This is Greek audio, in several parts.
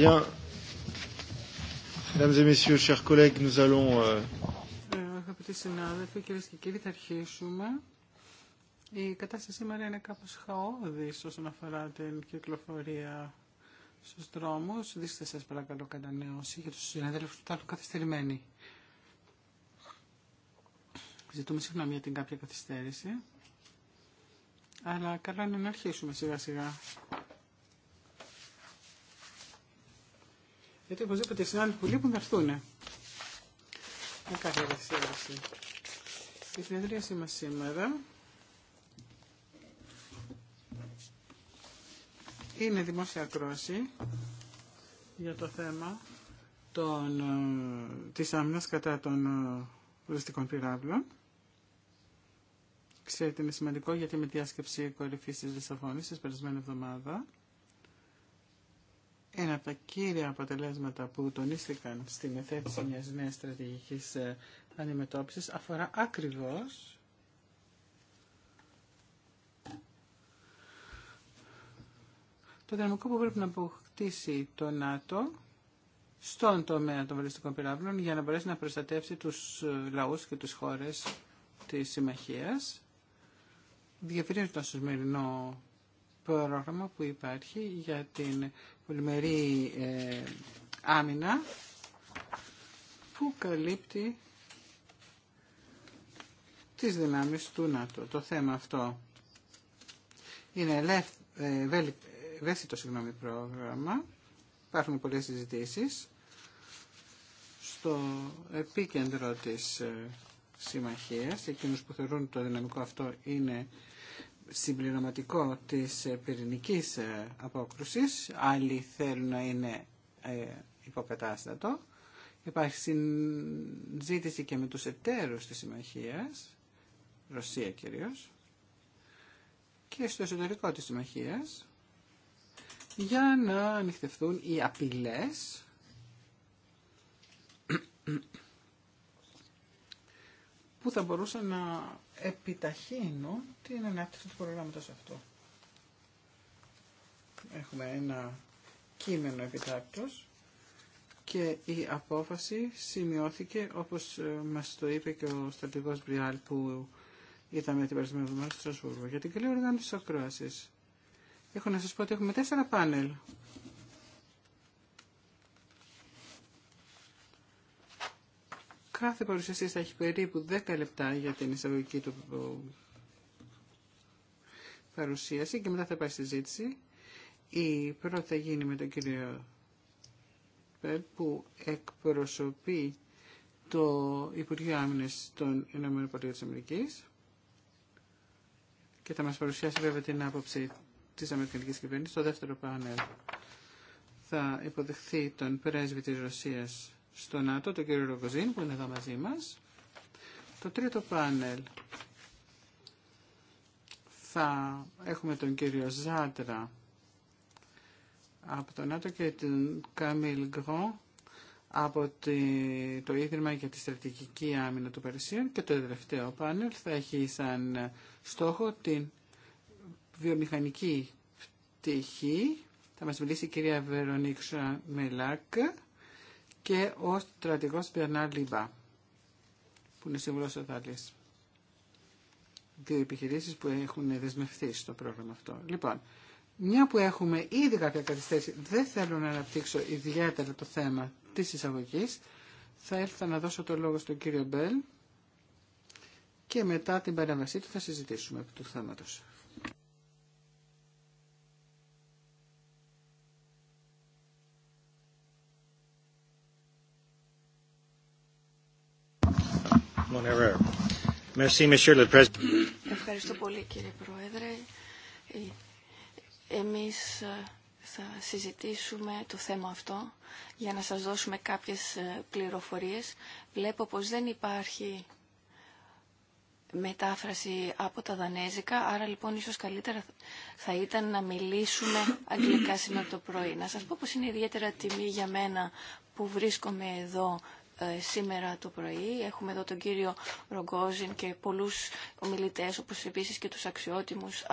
Bien. Mesdames et messieurs, chers collègues, nous allons. Euh, ε, κυρίε και κύριοι, θα αρχίσουμε. Η κατάσταση σήμερα είναι κάπω χαόδη όσον αφορά την κυκλοφορία στου δρόμου. Δείξτε σα παρακαλώ κατανέωση για του συναδέλφου που ήταν καθυστερημένοι. Ζητούμε συγγνώμη για την κάποια καθυστέρηση. Αλλά καλό είναι να αρχίσουμε σιγά σιγά. Γιατί οπωσδήποτε οι συνάδελφοι που λείπουν θα έρθουν. Με κάθε Η συνεδρίασή σήμερα είναι δημόσια ακρόαση για το θέμα των, ε, της άμυνας κατά των ε, ρουστικών πυράβλων. Ξέρετε, είναι σημαντικό γιατί με διάσκεψη κορυφή τη Λισαβόνη τη περασμένη εβδομάδα ένα από τα κύρια αποτελέσματα που τονίστηκαν στη εθέτηση μιας νέας στρατηγικής ε, αντιμετώπισης αφορά ακριβώς το δυναμικό που πρέπει να αποκτήσει το ΝΑΤΟ στον τομέα των βαλιστικών πυράβλων για να μπορέσει να προστατεύσει τους ε, λαούς και τους χώρες της συμμαχίας. Διαφέρει το σημερινό πρόγραμμα που υπάρχει για την πολυμερή ε, άμυνα που καλύπτει τις δυνάμεις του ΝΑΤΟ. Το θέμα αυτό είναι ελευ... Ε, ευαίσθητο συγγνώμη, πρόγραμμα. Υπάρχουν πολλές συζητήσεις. Στο επίκεντρο της ε, συμμαχίας, εκείνους που θεωρούν το δυναμικό αυτό είναι συμπληρωματικό της ε, πυρηνικής ε, απόκρουσης, άλλοι θέλουν να είναι ε, υποκατάστατο. Υπάρχει συζήτηση και με τους εταίρους της συμμαχίας, Ρωσία κυρίως, και στο εσωτερικό της συμμαχίας, για να ανοιχτευτούν οι απειλές που θα μπορούσαν να επιταχύνουν την ανάπτυξη του προγράμματος αυτού. Έχουμε ένα κείμενο επιτάκτος και η απόφαση σημειώθηκε όπως ε, μας το είπε και ο στρατηγός Μπριάλ που είδαμε την περασμένη εβδομάδα στο Στρασβούργο για την καλή οργάνωση της ακρόασης. Έχω να σας πω ότι έχουμε τέσσερα πάνελ Κάθε παρουσιαστή θα έχει περίπου 10 λεπτά για την εισαγωγική του παρουσίαση και μετά θα πάει ζήτηση. Η πρώτη θα γίνει με τον κύριο Περ που εκπροσωπεί το Υπουργείο Άμυνες των Αμερικής και θα μας παρουσιάσει βέβαια την άποψη της Αμερικανικής κυβέρνησης. Το δεύτερο πάνελ θα υποδεχθεί τον πρέσβη της Ρωσίας στο ΝΑΤΟ, τον κύριο Ρογκοζίν που είναι εδώ μαζί μας. Το τρίτο πάνελ θα έχουμε τον κύριο Ζάντρα από τον ΝΑΤΟ και τον Καμίλ Γκρό από το Ίδρυμα για τη Στρατηγική Άμυνα του Παρισίων και το τελευταίο πάνελ θα έχει σαν στόχο την βιομηχανική πτυχή. Θα μας μιλήσει η κυρία Βερονίξα Μελάκ και ο στρατηγός Μπερνάρ Λιμπά, που είναι σύμβουλος Δύο επιχειρήσεις που έχουν δεσμευθεί στο πρόγραμμα αυτό. Λοιπόν, μια που έχουμε ήδη κάποια καθυστέρηση, δεν θέλω να αναπτύξω ιδιαίτερα το θέμα της εισαγωγή. Θα έρθω να δώσω το λόγο στον κύριο Μπέλ και μετά την παρέμβασή του θα συζητήσουμε του θέματος. Ευχαριστώ πολύ κύριε Πρόεδρε. Ε, εμείς ε, θα συζητήσουμε το θέμα αυτό για να σας δώσουμε κάποιες ε, πληροφορίες. Βλέπω πως δεν υπάρχει μετάφραση από τα δανέζικα, άρα λοιπόν ίσως καλύτερα θα ήταν να μιλήσουμε αγγλικά σήμερα το πρωί. Να σας πω πως είναι ιδιαίτερα τιμή για μένα που βρίσκομαι εδώ ε, σήμερα το πρωί. Έχουμε εδώ τον κύριο Ρογκόζιν και πολλούς ομιλητές, όπως επίσης και τους αξιότιμους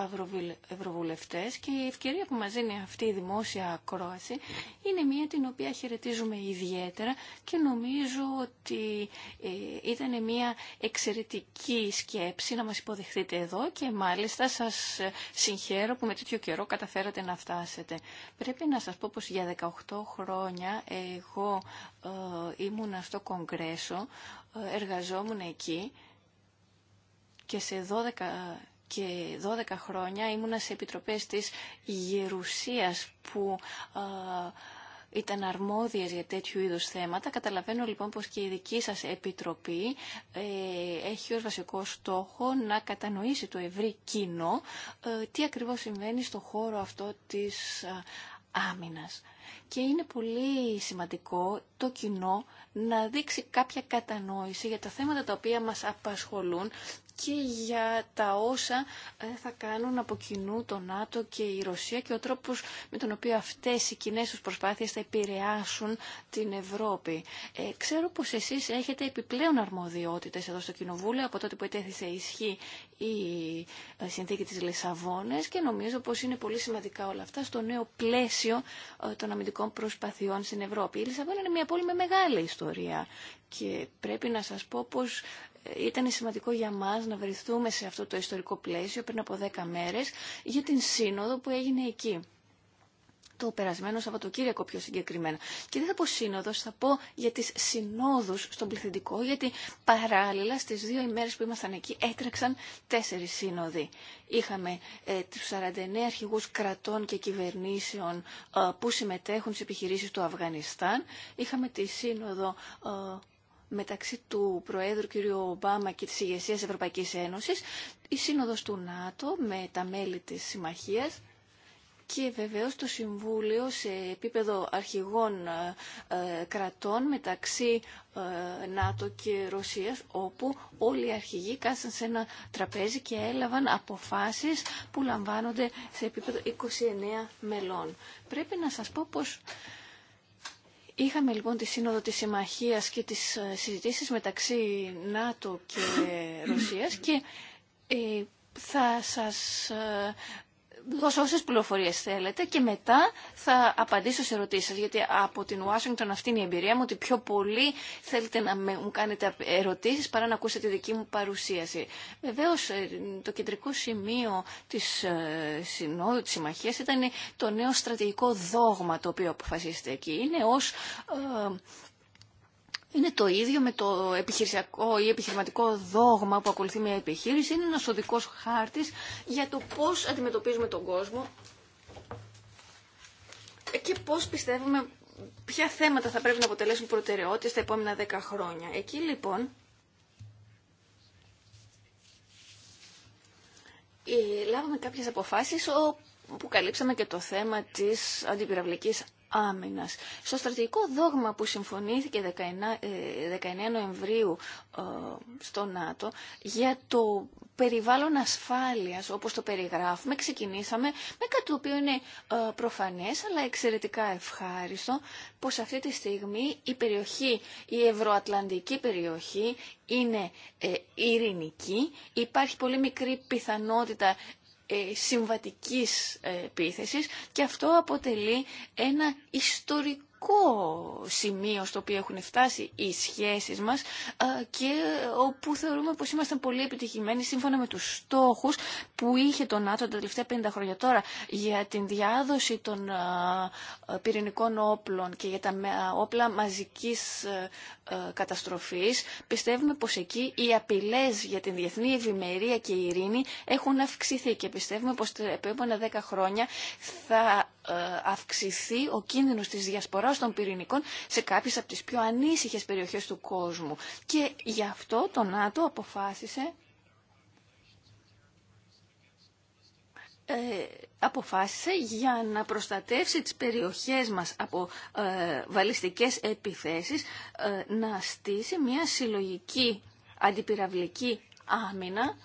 ευρωβουλευτές. Και η ευκαιρία που μας δίνει αυτή η δημόσια ακρόαση είναι μια την οποία χαιρετίζουμε ιδιαίτερα και νομίζω ότι ε, ήταν μια εξαιρετική σκέψη να μας υποδεχθείτε εδώ και μάλιστα σας ε, συγχαίρω που με τέτοιο καιρό καταφέρατε να φτάσετε. Πρέπει να σας πω πως για 18 χρόνια εγώ ε, ήμουν το Κογκρέσο, ε, εργαζόμουν εκεί και σε 12 και 12 χρόνια ήμουνα σε επιτροπές της Γερουσίας που ε, ήταν αρμόδιες για τέτοιου είδους θέματα. Καταλαβαίνω λοιπόν πως και η δική σας επιτροπή ε, έχει ως βασικό στόχο να κατανοήσει το ευρύ κοινό τι ακριβώς συμβαίνει στο χώρο αυτό της άμυνας και είναι πολύ σημαντικό το κοινό να δείξει κάποια κατανόηση για τα θέματα τα οποία μας απασχολούν και για τα όσα ε, θα κάνουν από κοινού το ΝΑΤΟ και η Ρωσία και ο τρόπος με τον οποίο αυτές οι κοινέ τους προσπάθειες θα επηρεάσουν την Ευρώπη. Ε, ξέρω πως εσείς έχετε επιπλέον αρμοδιότητες εδώ στο Κοινοβούλιο από τότε που ετέθησε ισχύ η ε, συνθήκη της Λισαβόνες και νομίζω πως είναι πολύ σημαντικά όλα αυτά στο νέο πλαίσιο των αμυντικών προσπαθειών στην Ευρώπη. Η Λισαβόνα είναι μια πόλη με μεγάλη ιστορία και πρέπει να σας πω πως ε, ήταν σημαντικό για μας να βρεθούμε σε αυτό το ιστορικό πλαίσιο πριν από 10 μέρες για την σύνοδο που έγινε εκεί το περασμένο Σαββατοκύριακο πιο συγκεκριμένα. Και δεν θα πω σύνοδο, θα πω για τι συνόδου στον πληθυντικό, γιατί παράλληλα στι δύο ημέρε που ήμασταν εκεί έτρεξαν τέσσερι σύνοδοι. Είχαμε ε, του 49 αρχηγού κρατών και κυβερνήσεων ε, που συμμετέχουν στι επιχειρήσει του Αφγανιστάν. Είχαμε τη σύνοδο. Ε, μεταξύ του Προέδρου κ. Ομπάμα και της ηγεσίας Ευρωπαϊκής Ένωσης, η Σύνοδος του ΝΑΤΟ με τα μέλη της Συμμαχίας, και βεβαίως το Συμβούλιο σε επίπεδο αρχηγών ε, ε, κρατών μεταξύ ε, ΝΑΤΟ και Ρωσίας όπου όλοι οι αρχηγοί κάθισαν σε ένα τραπέζι και έλαβαν αποφάσεις που λαμβάνονται σε επίπεδο 29 μελών. Πρέπει να σας πω πως Είχαμε λοιπόν τη σύνοδο της συμμαχίας και τις συζητήσεις μεταξύ ΝΑΤΟ και Ρωσίας και θα σας δώσω όσες πληροφορίες θέλετε και μετά θα απαντήσω σε ερωτήσεις σας, γιατί από την Ουάσιγκτον αυτή είναι η εμπειρία μου ότι πιο πολύ θέλετε να μου κάνετε ερωτήσεις παρά να ακούσετε τη δική μου παρουσίαση. Βεβαίω, ε, το κεντρικό σημείο της ε, Συνόδου της Συμμαχίας ήταν το νέο στρατηγικό δόγμα το οποίο αποφασίσετε εκεί. Είναι ως ε, είναι το ίδιο με το επιχειρησιακό ή επιχειρηματικό δόγμα που ακολουθεί μια επιχείρηση. Είναι ένας οδικός χάρτης για το πώς αντιμετωπίζουμε τον κόσμο και πώς πιστεύουμε ποια θέματα θα πρέπει να αποτελέσουν προτεραιότητες τα επόμενα δέκα χρόνια. Εκεί λοιπόν ε, λάβαμε κάποιες αποφάσεις που καλύψαμε και το θέμα της αντιπυραυλικής στο στρατηγικό δόγμα που συμφωνήθηκε 19, 19 ε, Νοεμβρίου ε, στο ΝΑΤΟ για το περιβάλλον ασφάλειας όπως το περιγράφουμε ξεκινήσαμε με κάτι το οποίο είναι ε, προφανές αλλά εξαιρετικά ευχάριστο πως αυτή τη στιγμή η περιοχή, η ευρωατλαντική περιοχή είναι ειρηνική, υπάρχει πολύ μικρή πιθανότητα ε, συμβατικής ε, επίθεσης και αυτό αποτελεί ένα ιστορικό κριτικό σημείο στο οποίο έχουν φτάσει οι σχέσεις μας και όπου θεωρούμε πως είμαστε πολύ επιτυχημένοι σύμφωνα με τους στόχους που είχε το ΝΑΤΟ τα τελευταία 50 χρόνια τώρα για την διάδοση των πυρηνικών όπλων και για τα όπλα μαζικής καταστροφής. Πιστεύουμε πως εκεί οι απειλές για την διεθνή ευημερία και η ειρήνη έχουν αυξηθεί και πιστεύουμε πως τα επόμενα 10 χρόνια θα ε, αυξηθεί ο κίνδυνος της διασποράς των πυρηνικών σε κάποιες από τις πιο ανήσυχες περιοχές του κόσμου. Και γι' αυτό το ΝΑΤΟ αποφάσισε ε, αποφάσισε για να προστατεύσει τις περιοχές μας από ε, βαλιστικές επιθέσεις ε, να στήσει μια συλλογική αντιπυραυλική άμυνα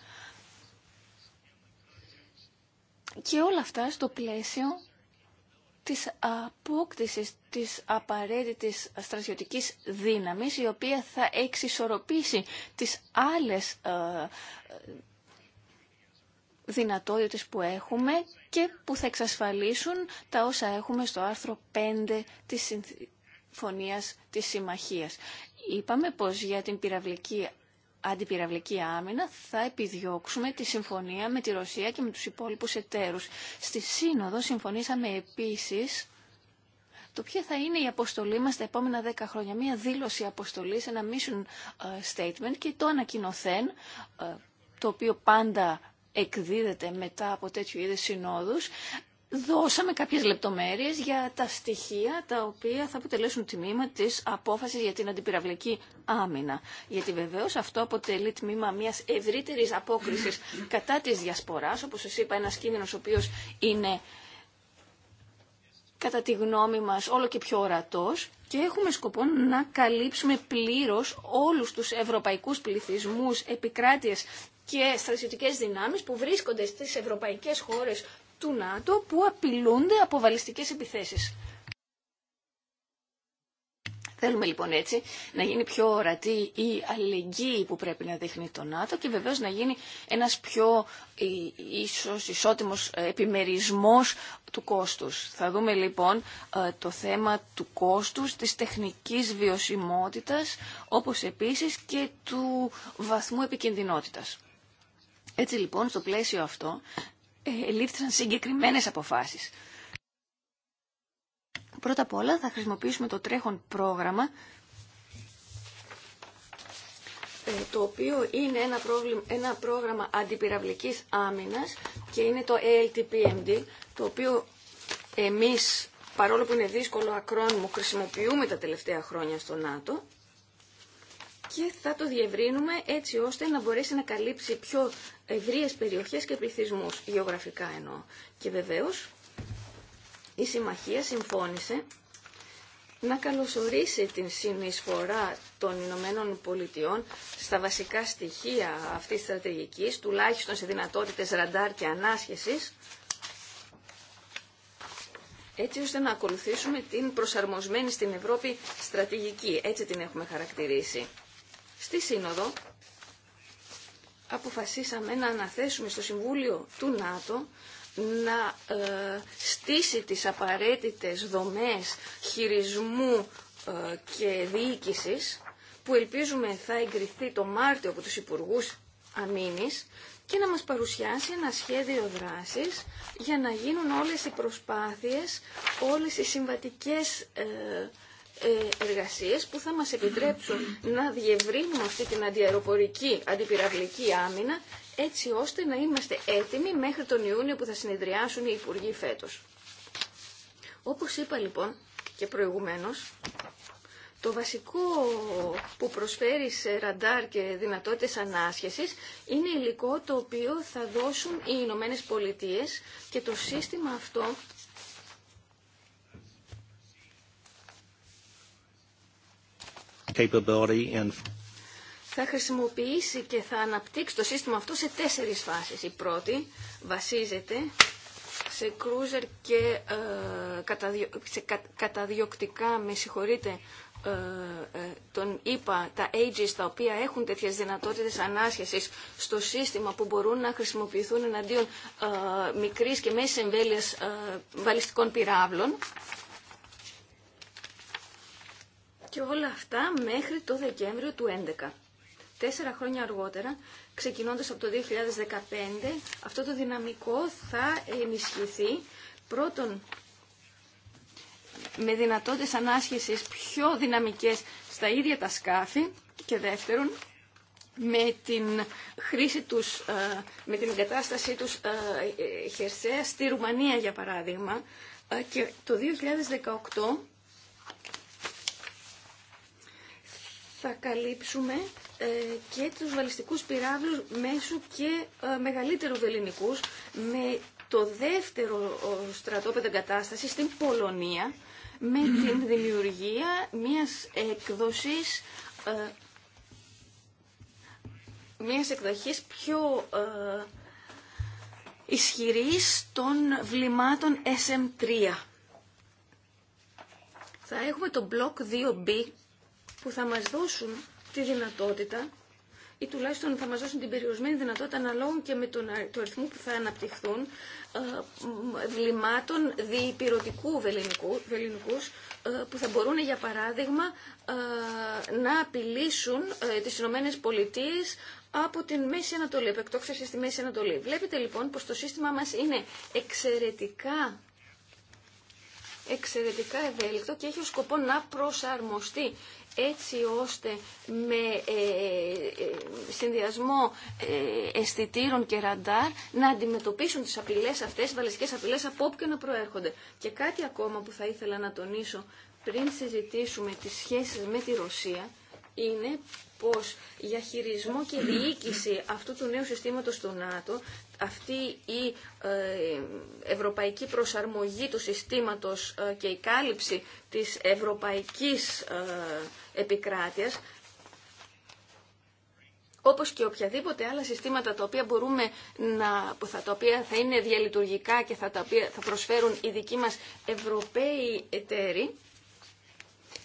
και όλα αυτά στο πλαίσιο της απόκτησης της απαραίτητης στρατιωτικής δύναμης η οποία θα εξισορροπήσει τις άλλες ε, ε, δυνατότητες που έχουμε και που θα εξασφαλίσουν τα όσα έχουμε στο άρθρο 5 της Συμφωνίας της Συμμαχίας. Είπαμε πως για την πυραυλική αντιπυραυλική άμυνα θα επιδιώξουμε τη συμφωνία με τη Ρωσία και με τους υπόλοιπους εταίρους. Στη Σύνοδο συμφωνήσαμε επίσης το ποια θα είναι η αποστολή μας τα επόμενα δέκα χρόνια. Μία δήλωση αποστολής, ένα mission ε, statement και το ανακοινοθέν, ε, το οποίο πάντα εκδίδεται μετά από τέτοιου είδες συνόδους, δώσαμε κάποιες λεπτομέρειες για τα στοιχεία τα οποία θα αποτελέσουν τμήμα της απόφασης για την αντιπυραυλική άμυνα. Γιατί βεβαίως αυτό αποτελεί τμήμα μιας ευρύτερης απόκρισης κατά της διασποράς, όπως σας είπα ένα κίνδυνος ο οποίος είναι κατά τη γνώμη μας όλο και πιο ορατός και έχουμε σκοπό να καλύψουμε πλήρως όλους τους ευρωπαϊκούς πληθυσμούς, επικράτειες και στρατιωτικές δυνάμεις που βρίσκονται στις ευρωπαϊκές χώρες του ΝΑΤΟ που απειλούνται από βαλιστικές επιθέσεις. Θέλουμε λοιπόν έτσι να γίνει πιο ορατή η αλληλεγγύη που πρέπει να δείχνει το ΝΑΤΟ και βεβαίως να γίνει ένας πιο ε, ίσως ισότιμος επιμερισμός του κόστους. Θα δούμε λοιπόν ε, το θέμα του κόστους, της τεχνικής βιωσιμότητας, όπως επίσης και του βαθμού επικινδυνότητας. Έτσι λοιπόν στο πλαίσιο αυτό λήφθησαν συγκεκριμένες αποφάσεις. Πρώτα απ' όλα θα χρησιμοποιήσουμε το τρέχον πρόγραμμα ε, το οποίο είναι ένα, ένα πρόγραμμα αντιπυραυλικής άμυνας και είναι το ALTPMD, το οποίο εμείς, παρόλο που είναι δύσκολο ακρόν χρησιμοποιούμε τα τελευταία χρόνια στο ΝΑΤΟ και θα το διευρύνουμε έτσι ώστε να μπορέσει να καλύψει πιο ευρείες περιοχές και πληθυσμούς, γεωγραφικά εννοώ. Και βεβαίως η Συμμαχία συμφώνησε να καλωσορίσει την συνεισφορά των Ηνωμένων Πολιτειών στα βασικά στοιχεία αυτής της στρατηγικής, τουλάχιστον σε δυνατότητες ραντάρ και ανάσχεσης, έτσι ώστε να ακολουθήσουμε την προσαρμοσμένη στην Ευρώπη στρατηγική. Έτσι την έχουμε χαρακτηρίσει. Στη Σύνοδο αποφασίσαμε να αναθέσουμε στο Συμβούλιο του ΝΑΤΟ να ε, στήσει τις απαραίτητες δομές χειρισμού ε, και διοίκησης που ελπίζουμε θα εγκριθεί το Μάρτιο από τους Υπουργούς Αμήνης και να μας παρουσιάσει ένα σχέδιο δράσης για να γίνουν όλες οι προσπάθειες, όλες οι συμβατικές ε, ε, εργασίες που θα μας επιτρέψουν να διευρύνουμε αυτή την αντιαεροπορική αντιπυραυλική άμυνα έτσι ώστε να είμαστε έτοιμοι μέχρι τον Ιούνιο που θα συνεδριάσουν οι Υπουργοί φέτος. Όπως είπα λοιπόν και προηγουμένως, το βασικό που προσφέρει σε ραντάρ και δυνατότητες ανάσχεσης είναι υλικό το οποίο θα δώσουν οι Ηνωμένε Πολιτείε και το σύστημα αυτό Θα χρησιμοποιήσει και θα αναπτύξει το σύστημα αυτό σε τέσσερις φάσεις. Η πρώτη βασίζεται σε κρούζερ και ε, καταδιοκτικά, με συγχωρείτε, ε, ε, τον είπα, τα Aegis, τα οποία έχουν τέτοιες δυνατότητες ανάσχεσης στο σύστημα που μπορούν να χρησιμοποιηθούν εναντίον μικρής και μέσης εμβέλειας βαλιστικών πυράβλων. Και όλα αυτά μέχρι το Δεκέμβριο του 2011. Τέσσερα χρόνια αργότερα, ξεκινώντας από το 2015, αυτό το δυναμικό θα ενισχυθεί πρώτον με δυνατότητες ανάσχεσης πιο δυναμικές στα ίδια τα σκάφη και δεύτερον με την χρήση τους, ε, με την εγκατάστασή τους ε, ε, χερσαία στη Ρουμανία για παράδειγμα και το 2018 θα καλύψουμε ε, και τους βαλιστικούς πυράβλους μέσω και ε, μεγαλύτερου βεληνικούς με το δεύτερο στρατόπεδο εγκατάσταση στην Πολωνία με την δημιουργία μιας έκδοσης ε, μιας εκδοχής πιο ε, ισχυρής των βλημάτων SM3. Θα έχουμε το μπλοκ 2B που θα μας δώσουν τη δυνατότητα ή τουλάχιστον θα μας δώσουν την περιορισμένη δυνατότητα αναλόγων και με τον το αριθμό που θα αναπτυχθούν ε, βλημάτων διπυρωτικού βεληνικού, ε, που θα μπορούν για παράδειγμα ε, να απειλήσουν τις Ηνωμένε Πολιτείες από την Μέση Ανατολή, επεκτόξευση στη Μέση Ανατολή. Βλέπετε λοιπόν πως το σύστημα μας είναι εξαιρετικά εξαιρετικά ευέλικτο και έχει ως σκοπό να προσαρμοστεί έτσι ώστε με ε, ε, συνδυασμό ε, αισθητήρων και ραντάρ να αντιμετωπίσουν τις απειλές αυτές, τις βαλιστικές απειλές από όπου και να προέρχονται. Και κάτι ακόμα που θα ήθελα να τονίσω πριν συζητήσουμε τις σχέσεις με τη Ρωσία είναι πως για χειρισμό και διοίκηση αυτού του νέου συστήματος του ΝΑΤΟ αυτή η ε, ευρωπαϊκή προσαρμογή του συστήματος ε, και η κάλυψη της ευρωπαϊκής ε, επικράτειας όπως και οποιαδήποτε άλλα συστήματα τα οποία μπορούμε να, θα, τα οποία θα είναι διαλειτουργικά και θα, τα οποία θα προσφέρουν οι δικοί μας Ευρωπαίοι εταίροι,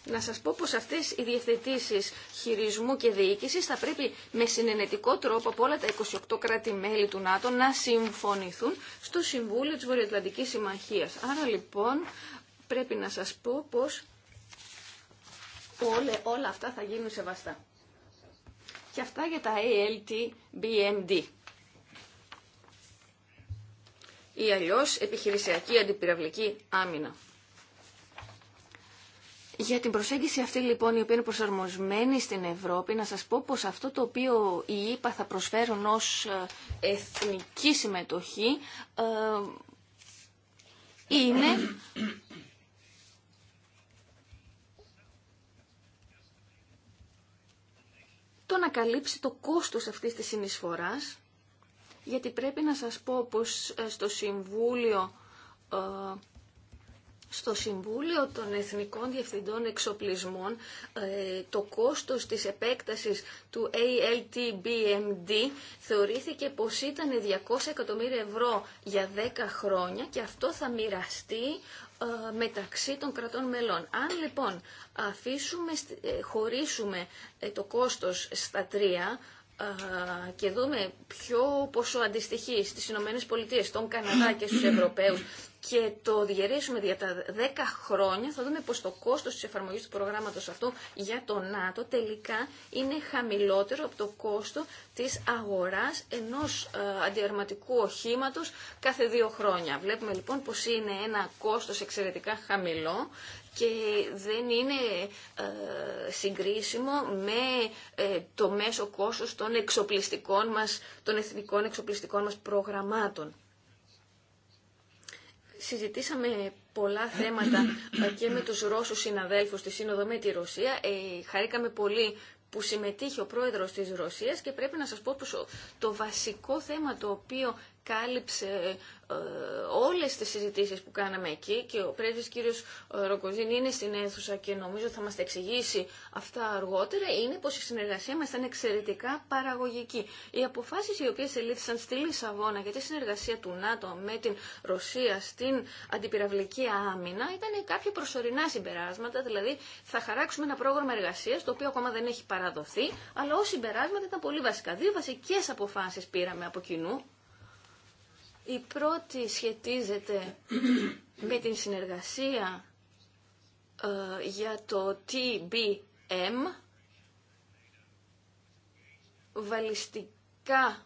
να σας πω πως αυτές οι διευθετήσεις χειρισμού και διοίκησης θα πρέπει με συνενετικό τρόπο από όλα τα 28 κράτη-μέλη του ΝΑΤΟ να συμφωνηθούν στο Συμβούλιο της Βορειοατλαντικής Συμμαχίας. Άρα λοιπόν πρέπει να σας πω πως όλα, όλα αυτά θα γίνουν σεβαστά. Και αυτά για τα ALT-BMD. Ή αλλιώς επιχειρησιακή αντιπυραυλική άμυνα. Για την προσέγγιση αυτή λοιπόν η οποία είναι προσαρμοσμένη στην Ευρώπη, να σας πω πως αυτό το οποίο οι ΕΕ θα προσφέρουν ως ε, εθνική συμμετοχή ε, είναι το να καλύψει το κόστος αυτής της συνεισφοράς, γιατί πρέπει να σας πω πως ε, στο Συμβούλιο στο Συμβούλιο των Εθνικών Διευθυντών Εξοπλισμών ε, το κόστος της επέκτασης του ALTBMD θεωρήθηκε πως ήταν 200 εκατομμύρια ευρώ για 10 χρόνια και αυτό θα μοιραστεί ε, μεταξύ των κρατών μελών. Αν λοιπόν αφήσουμε, ε, χωρίσουμε το κόστος στα τρία, και δούμε ποιο ποσό αντιστοιχεί στις Ηνωμένες Πολιτείες, στον Καναδά και στους Ευρωπαίους και το διαιρέσουμε για τα 10 χρόνια, θα δούμε πως το κόστος της εφαρμογής του προγράμματος αυτού για το ΝΑΤΟ τελικά είναι χαμηλότερο από το κόστο της αγοράς ενός ε, αντιαρματικού οχήματος κάθε δύο χρόνια. Βλέπουμε λοιπόν πως είναι ένα κόστος εξαιρετικά χαμηλό και δεν είναι ε, συγκρίσιμο με ε, το μέσο κόστος των εξοπλιστικών μας, των εθνικών εξοπλιστικών μας προγραμμάτων συζητήσαμε πολλά θέματα ε, και με τους Ρώσους συναδέλφους στη Σύνοδο με τη Ρωσία. Ε, χαρήκαμε πολύ που συμμετείχε ο πρόεδρος της Ρωσίας και πρέπει να σας πω πως το βασικό θέμα το οποίο κάλυψε ε, όλες τις συζητήσεις που κάναμε εκεί και ο πρέσβης κύριος ε, Ροκοζίν είναι στην αίθουσα και νομίζω θα μας τα εξηγήσει αυτά αργότερα είναι πως η συνεργασία μας ήταν εξαιρετικά παραγωγική. Οι αποφάσεις οι οποίες ελήφθησαν στη Λισαβόνα για τη συνεργασία του ΝΑΤΟ με την Ρωσία στην αντιπυραυλική άμυνα ήταν κάποια προσωρινά συμπεράσματα, δηλαδή θα χαράξουμε ένα πρόγραμμα εργασίας το οποίο ακόμα δεν έχει παραδοθεί, αλλά ως συμπεράσματα ήταν πολύ βασικά. Δύο βασικές αποφάσεις πήραμε από κοινού η πρώτη σχετίζεται με την συνεργασία ε, για το TBM, βαλιστικά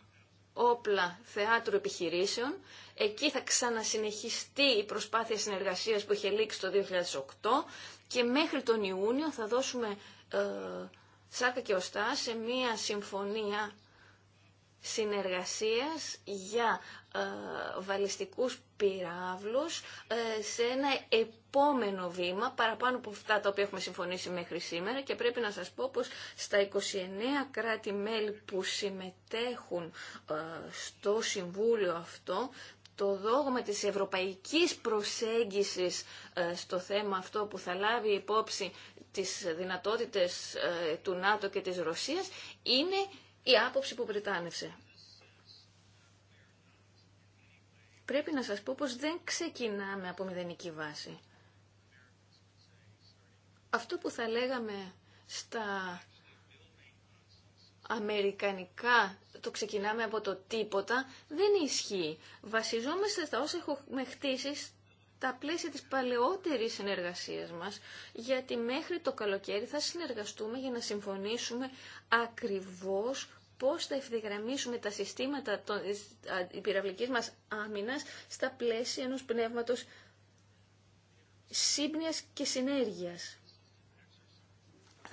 όπλα θεάτρου επιχειρήσεων. Εκεί θα ξανασυνεχιστεί η προσπάθεια συνεργασίας που είχε λήξει το 2008 και μέχρι τον Ιούνιο θα δώσουμε ε, σάκα και οστά σε μία συμφωνία συνεργασίας για ε, βαλιστικούς πυράβλους ε, σε ένα επόμενο βήμα παραπάνω από αυτά τα οποία έχουμε συμφωνήσει μέχρι σήμερα και πρέπει να σας πω πως στα 29 κράτη-μέλη που συμμετέχουν ε, στο Συμβούλιο αυτό το δόγμα της ευρωπαϊκής προσέγγισης ε, στο θέμα αυτό που θα λάβει υπόψη τις δυνατότητες του ΝΑΤΟ και της Ρωσίας είναι η άποψη που πριτάνευσε. Πρέπει να σας πω πως δεν ξεκινάμε από μηδενική βάση. Αυτό που θα λέγαμε στα αμερικανικά το ξεκινάμε από το τίποτα, δεν ισχύει. Βασιζόμαστε στα όσα έχουμε χτίσει τα πλαίσια της παλαιότερης συνεργασίας μας, γιατί μέχρι το καλοκαίρι θα συνεργαστούμε για να συμφωνήσουμε ακριβώς πώς θα ευθυγραμμίσουμε τα συστήματα της πυραυλικής μας άμυνας στα πλαίσια ενός πνεύματος σύμπνοιας και συνέργειας.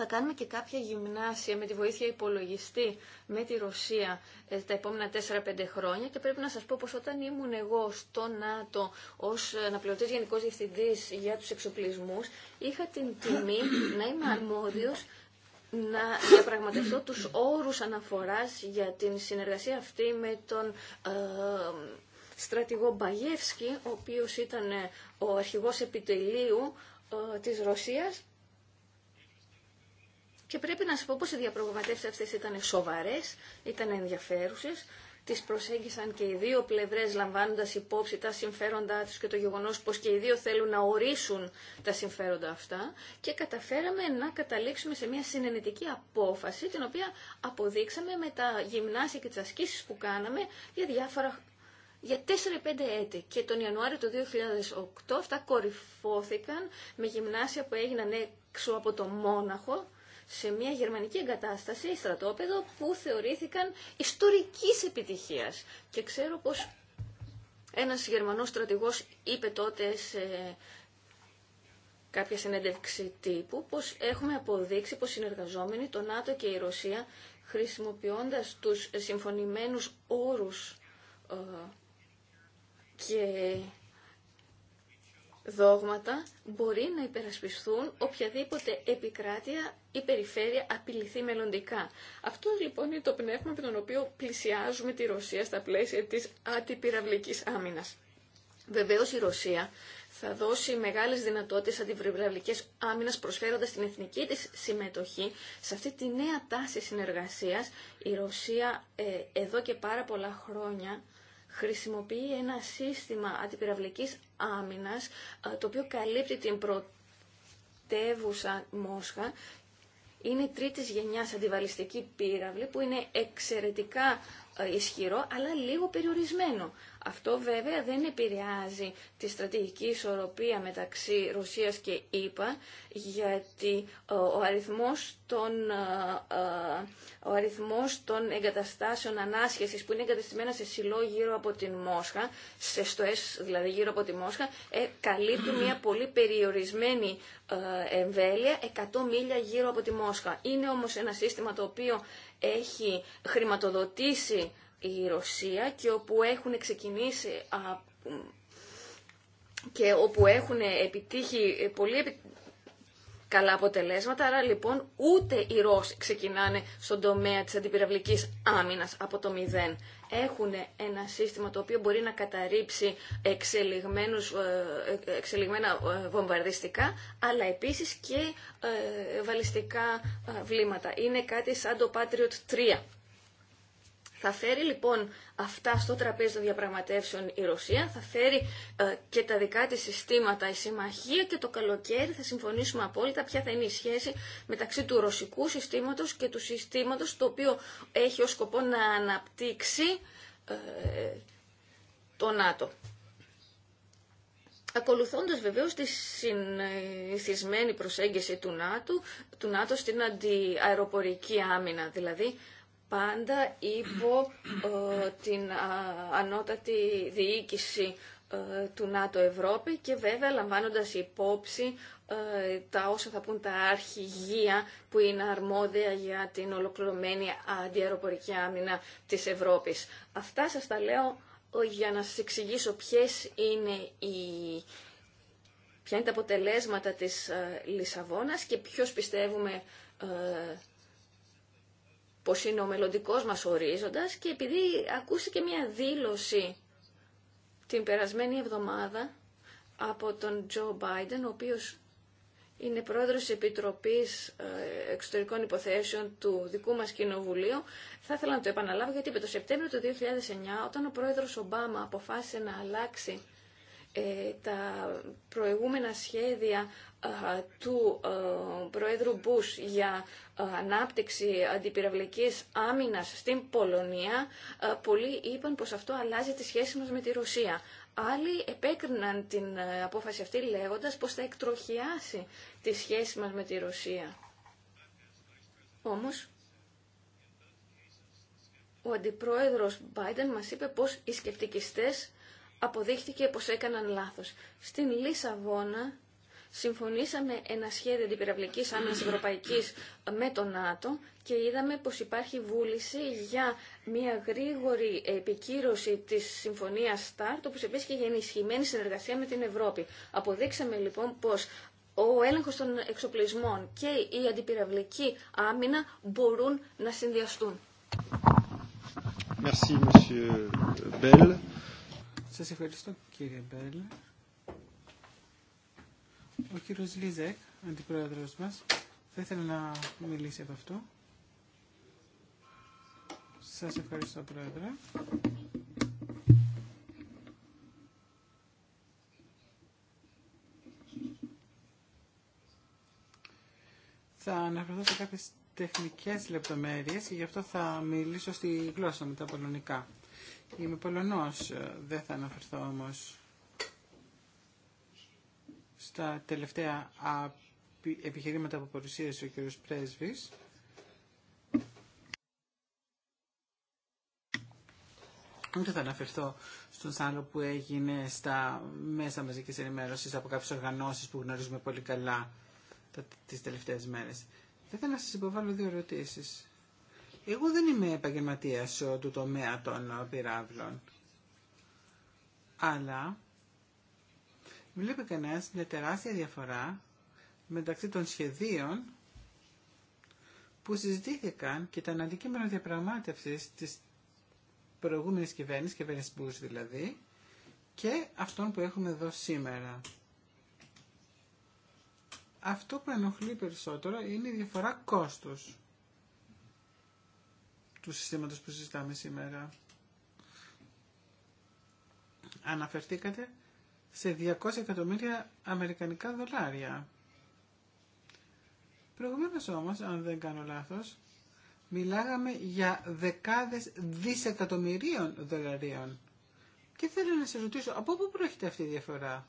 Θα κάνουμε και κάποια γυμνάσια με τη βοήθεια υπολογιστή με τη Ρωσία ε, τα επόμενα 4-5 χρόνια και πρέπει να σας πω πως όταν ήμουν εγώ στο ΝΑΤΟ ως αναπληρωτής γενικός διευθυντής για τους εξοπλισμούς είχα την τιμή να είμαι αρμόδιος να διαπραγματευτώ τους όρους αναφοράς για την συνεργασία αυτή με τον ε, στρατηγό Μπαγεύσκη, ο οποίος ήταν ε, ο αρχηγός επιτελείου ε, της Ρωσίας και πρέπει να σα πω πω οι διαπραγματεύσει αυτέ ήταν σοβαρέ, ήταν ενδιαφέρουσε. Τι προσέγγισαν και οι δύο πλευρέ λαμβάνοντα υπόψη τα συμφέροντά του και το γεγονό πω και οι δύο θέλουν να ορίσουν τα συμφέροντα αυτά. Και καταφέραμε να καταλήξουμε σε μια συνενετική απόφαση, την οποία αποδείξαμε με τα γυμνάσια και τι ασκήσει που κάναμε για διάφορα για 4-5 έτη και τον Ιανουάριο του 2008 αυτά κορυφώθηκαν με γυμνάσια που έγιναν έξω από το Μόναχο σε μια γερμανική εγκατάσταση, στρατόπεδο, που θεωρήθηκαν ιστορικής επιτυχίας. Και ξέρω πως ένας γερμανός στρατηγός είπε τότε σε κάποια συνέντευξη τύπου πως έχουμε αποδείξει πως συνεργαζόμενοι το ΝΑΤΟ και η Ρωσία χρησιμοποιώντας τους συμφωνημένους όρους ε, και δόγματα μπορεί να υπερασπιστούν οποιαδήποτε επικράτεια η περιφέρεια απειληθεί μελλοντικά. Αυτό λοιπόν είναι το πνεύμα με τον οποίο πλησιάζουμε τη Ρωσία στα πλαίσια της αντιπυραυλικής άμυνας. Βεβαίως η Ρωσία θα δώσει μεγάλες δυνατότητες αντιβρεβλαβικές άμυνας προσφέροντας την εθνική της συμμετοχή σε αυτή τη νέα τάση συνεργασίας. Η Ρωσία ε, εδώ και πάρα πολλά χρόνια χρησιμοποιεί ένα σύστημα αντιπυραυλικής άμυνας ε, το οποίο καλύπτει την πρωτεύουσα Μόσχα είναι η τρίτης γενιάς αντιβαλιστική πύραυλη που είναι εξαιρετικά ε, ισχυρό αλλά λίγο περιορισμένο. Αυτό βέβαια δεν επηρεάζει τη στρατηγική ισορροπία μεταξύ Ρωσίας και ΗΠΑ γιατί ε, ο αριθμός των, ε, ο αριθμός των εγκαταστάσεων ανάσχεσης που είναι εγκαταστημένα σε σιλό γύρω από την Μόσχα, σε στοές δηλαδή γύρω από τη Μόσχα, καλύπτει μια πολύ περιορισμένη εμβέλεια 100 μίλια γύρω από τη Μόσχα. Είναι όμως ένα σύστημα το οποίο έχει χρηματοδοτήσει η Ρωσία και όπου έχουν ξεκινήσει και όπου έχουν επιτύχει πολύ καλά αποτελέσματα. Άρα λοιπόν ούτε οι Ρώσοι ξεκινάνε στον τομέα της αντιπυραυλικής άμυνας από το μηδέν έχουν ένα σύστημα το οποίο μπορεί να καταρρύψει ε, εξελιγμένα ε, βομβαρδιστικά, αλλά επίσης και ε, βαλιστικά βλήματα. Είναι κάτι σαν το Patriot 3. Θα φέρει λοιπόν αυτά στο τραπέζι των διαπραγματεύσεων η Ρωσία, θα φέρει ε, και τα δικά της συστήματα η συμμαχία και το καλοκαίρι θα συμφωνήσουμε απόλυτα ποια θα είναι η σχέση μεταξύ του ρωσικού συστήματος και του συστήματος το οποίο έχει ως σκοπό να αναπτύξει ε, το ΝΑΤΟ. Ακολουθώντας βεβαίως τη συνηθισμένη προσέγγιση του ΝΑΤΟ, του ΝΑΤΟ στην αντιαεροπορική άμυνα, δηλαδή πάντα υπό ε, την ανώτατη διοίκηση ε, του ΝΑΤΟ Ευρώπη και βέβαια λαμβάνοντας υπόψη ε, τα όσα θα πούν τα αρχηγεία που είναι αρμόδια για την ολοκληρωμένη αντιαεροπορική άμυνα της Ευρώπης. Αυτά σας τα λέω για να σας εξηγήσω ποιες είναι οι ποια είναι τα αποτελέσματα της Λισαβόνας και ποιος πιστεύουμε πως είναι ο μελλοντικό μας ορίζοντας και επειδή ακούστηκε μια δήλωση την περασμένη εβδομάδα από τον Τζο Μπάιντεν, ο οποίος είναι πρόεδρος της Επιτροπής ε, Εξωτερικών Υποθέσεων του δικού μας Κοινοβουλίου. Θα ήθελα να το επαναλάβω γιατί είπε το Σεπτέμβριο του 2009 όταν ο πρόεδρος Ομπάμα αποφάσισε να αλλάξει ε, τα προηγούμενα σχέδια του Προέδρου Μπούς για ανάπτυξη αντιπυραυλικής άμυνας στην Πολωνία, πολλοί είπαν πως αυτό αλλάζει τη σχέση μας με τη Ρωσία. Άλλοι επέκριναν την απόφαση αυτή λέγοντας πως θα εκτροχιάσει τη σχέση μας με τη Ρωσία. Όμως, ο αντιπρόεδρος Biden μας είπε πως οι σκεπτικιστές αποδείχθηκε πως έκαναν λάθος. Στην Λισαβόνα συμφωνήσαμε ένα σχέδιο αντιπυραυλικής άμυνας ευρωπαϊκής με το ΝΑΤΟ και είδαμε πως υπάρχει βούληση για μια γρήγορη επικύρωση της συμφωνίας ΣΤΑΡΤ, όπως επίσης και για ενισχυμένη συνεργασία με την Ευρώπη. Αποδείξαμε λοιπόν πως ο έλεγχος των εξοπλισμών και η αντιπυραυλική άμυνα μπορούν να συνδυαστούν. Merci, Bell. Σας ευχαριστώ κύριε Μπέλ. Ο κύριος Λίζεκ, αντιπρόεδρος μας, θα ήθελε να μιλήσει από αυτό. Σας ευχαριστώ, Πρόεδρε. Θα αναφερθώ σε κάποιες τεχνικές λεπτομέρειες και γι' αυτό θα μιλήσω στη γλώσσα μου, τα πολωνικά. Είμαι πολωνός, ε, δεν θα αναφερθώ όμως στα τελευταία επιχειρήματα που παρουσίασε ο κ. Πρέσβης. Ούτε θα αναφερθώ στον άλλο που έγινε στα μέσα μαζικής ενημέρωσης από κάποιες οργανώσεις που γνωρίζουμε πολύ καλά τις τελευταίες μέρες. Θα ήθελα να σας υποβάλω δύο ερωτήσεις. Εγώ δεν είμαι επαγγελματίας του τομέα των πυράβλων. Αλλά βλέπει κανένας μια τεράστια διαφορά μεταξύ των σχεδίων που συζητήθηκαν και ήταν αντικείμενο διαπραγμάτευσης της προηγούμενης κυβέρνησης, κυβέρνησης Μπούς δηλαδή, και αυτών που έχουμε εδώ σήμερα. Αυτό που ενοχλεί περισσότερο είναι η διαφορά κόστους του συστήματος που συζητάμε σήμερα. Αναφερθήκατε σε 200 εκατομμύρια αμερικανικά δολάρια. Προηγουμένως όμως, αν δεν κάνω λάθος, μιλάγαμε για δεκάδες δισεκατομμυρίων δολαρίων. Και θέλω να σε ρωτήσω, από πού προέρχεται αυτή η διαφορά.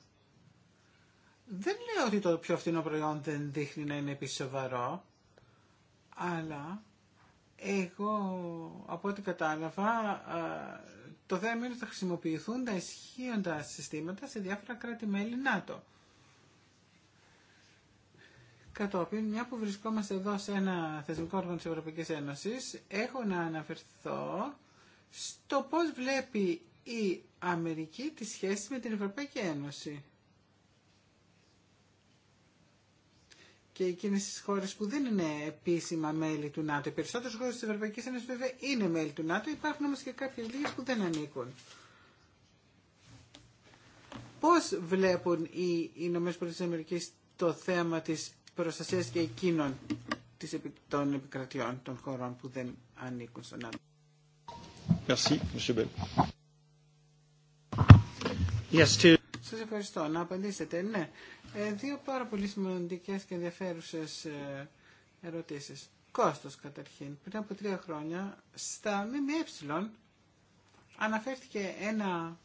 Δεν λέω ότι το πιο φθηνό προϊόν δεν δείχνει να είναι επίσης σοβαρό, αλλά εγώ από ό,τι κατάλαβα το θέμα είναι ότι θα χρησιμοποιηθούν τα ισχύοντα συστήματα σε διάφορα κράτη-μέλη ΝΑΤΟ. Κατόπιν, μια που βρισκόμαστε εδώ σε ένα θεσμικό όργανο της Ευρωπαϊκής Ένωσης, έχω να αναφερθώ στο πώς βλέπει η Αμερική τη σχέση με την Ευρωπαϊκή Ένωση. και εκείνες τις χώρες που δεν είναι επίσημα μέλη του ΝΑΤΟ. Οι περισσότερες χώρες της Ευρωπαϊκής Ένωσης βέβαια είναι μέλη του ΝΑΤΟ, υπάρχουν όμως και κάποιες λίγες που δεν ανήκουν. Πώς βλέπουν οι Ηνωμένες Πολιτείες το θέμα της προστασίας και εκείνων των επικρατιών των χωρών που δεν ανήκουν στο ΝΑΤΟ. Merci, Monsieur Σα ευχαριστώ. Να απαντήσετε. Ναι. Ε, δύο πάρα πολύ σημαντικέ και ενδιαφέρουσε ε, ερωτήσεις. Κόστος καταρχήν. Πριν από τρία χρόνια στα ΜΜΕ αναφέρθηκε ένα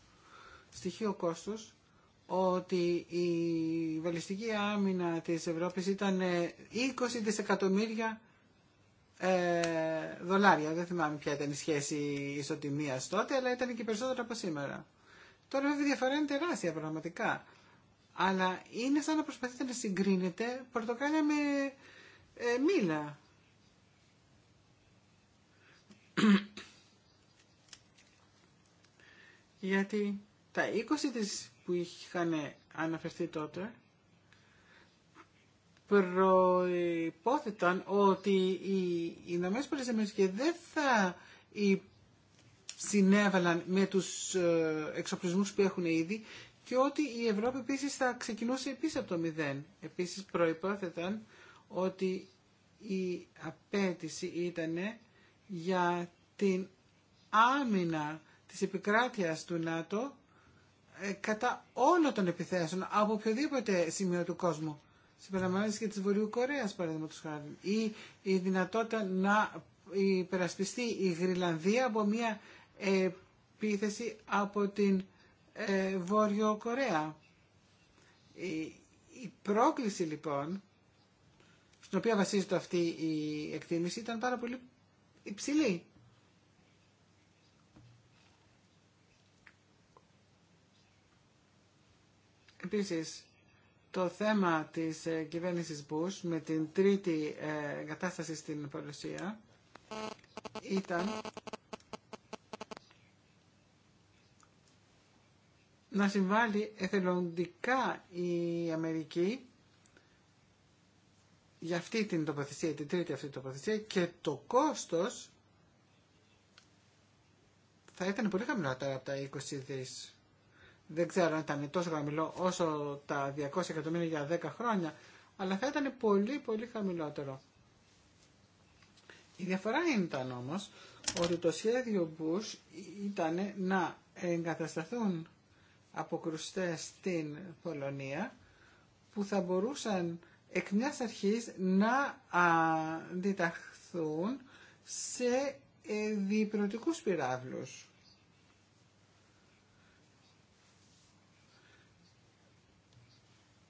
στοιχείο κόστους ότι η βαλιστική άμυνα της Ευρώπης ήταν 20 ε, δισεκατομμύρια ε, δολάρια. Δεν θυμάμαι ποια ήταν η σχέση ισοτιμίας τότε, αλλά ήταν και περισσότερα από σήμερα. Τώρα βέβαια η διαφορά είναι τεράστια πραγματικά. Αλλά είναι σαν να προσπαθείτε να συγκρίνετε πορτοκάλια με ε, μήλα. Γιατί τα 20 της που είχαν αναφερθεί τότε προϋπόθεταν ότι οι Ηνωμένες Πολιτείες δεν θα υπάρχουν συνέβαλαν με τους ε, εξοπλισμούς που έχουν ήδη και ότι η Ευρώπη επίσης θα ξεκινούσε επίσης από το μηδέν. Επίσης προϋπόθεταν ότι η απέτηση ήταν για την άμυνα της επικράτειας του ΝΑΤΟ ε, κατά όλων των επιθέσεων από οποιοδήποτε σημείο του κόσμου. Συμπεριλαμβάνει και της Βορειού παραδείγματος χάρη. Ή η δυνατότητα να υπερασπιστεί Γρυλανδία από μια επίθεση από την ε, Βόρειο Κορέα. Η, η πρόκληση λοιπόν, στην οποία βασίζεται αυτή η εκτίμηση, ήταν πάρα πολύ υψηλή. Επίσης, το θέμα της ε, κυβέρνησης Bush με την τρίτη ε, κατάσταση στην Παρουσία ήταν να συμβάλλει εθελοντικά η Αμερική για αυτή την τοποθεσία, την τρίτη αυτή τοποθεσία και το κόστος θα ήταν πολύ χαμηλότερο από τα 20 δις. Δεν ξέρω αν ήταν τόσο χαμηλό όσο τα 200 εκατομμύρια για 10 χρόνια, αλλά θα ήταν πολύ πολύ χαμηλότερο. Η διαφορά ήταν όμως ότι το σχέδιο Bush ήταν να εγκατασταθούν αποκρουστές στην Πολωνία που θα μπορούσαν εκ μιας αρχής να αντιταχθούν σε ε, διπρωτικούς πυράβλους.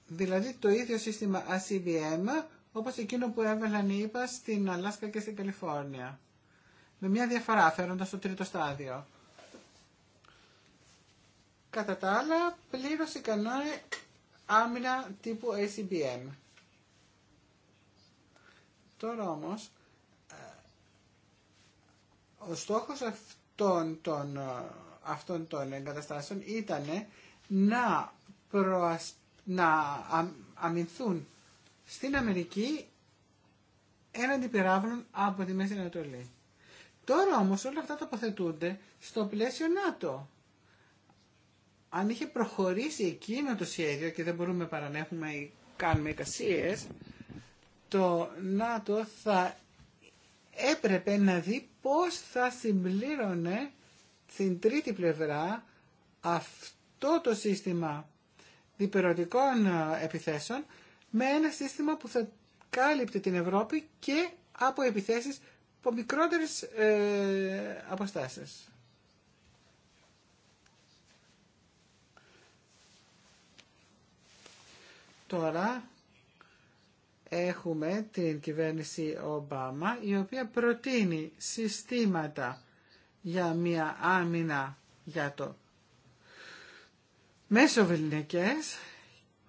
Δηλαδή το ίδιο σύστημα ACBM όπως εκείνο που έβαλαν οι ΙΠΑ στην Αλάσκα και στην Καλιφόρνια. Με μια διαφορά φέροντας το τρίτο στάδιο. Κατά τα άλλα, πλήρως ικανό ε, άμυνα τύπου ACBM. Τώρα όμως, ε, ο στόχος αυτών των, ε, αυτών των εγκαταστάσεων ήταν να, προασ... να αμυνθούν στην Αμερική έναντι πυράβλων από τη Μέση Ανατολή. Τώρα όμως όλα αυτά τοποθετούνται στο πλαίσιο ΝΑΤΟ αν είχε προχωρήσει εκείνο το σχέδιο και δεν μπορούμε παρά να έχουμε κάνουμε εικασίε, το ΝΑΤΟ θα έπρεπε να δει πώς θα συμπλήρωνε στην τρίτη πλευρά αυτό το σύστημα διπερωτικών ε, επιθέσεων με ένα σύστημα που θα κάλυπτε την Ευρώπη και από επιθέσεις από μικρότερες ε, τώρα έχουμε την κυβέρνηση Ομπάμα η οποία προτείνει συστήματα για μια άμυνα για το μεσοβελνικές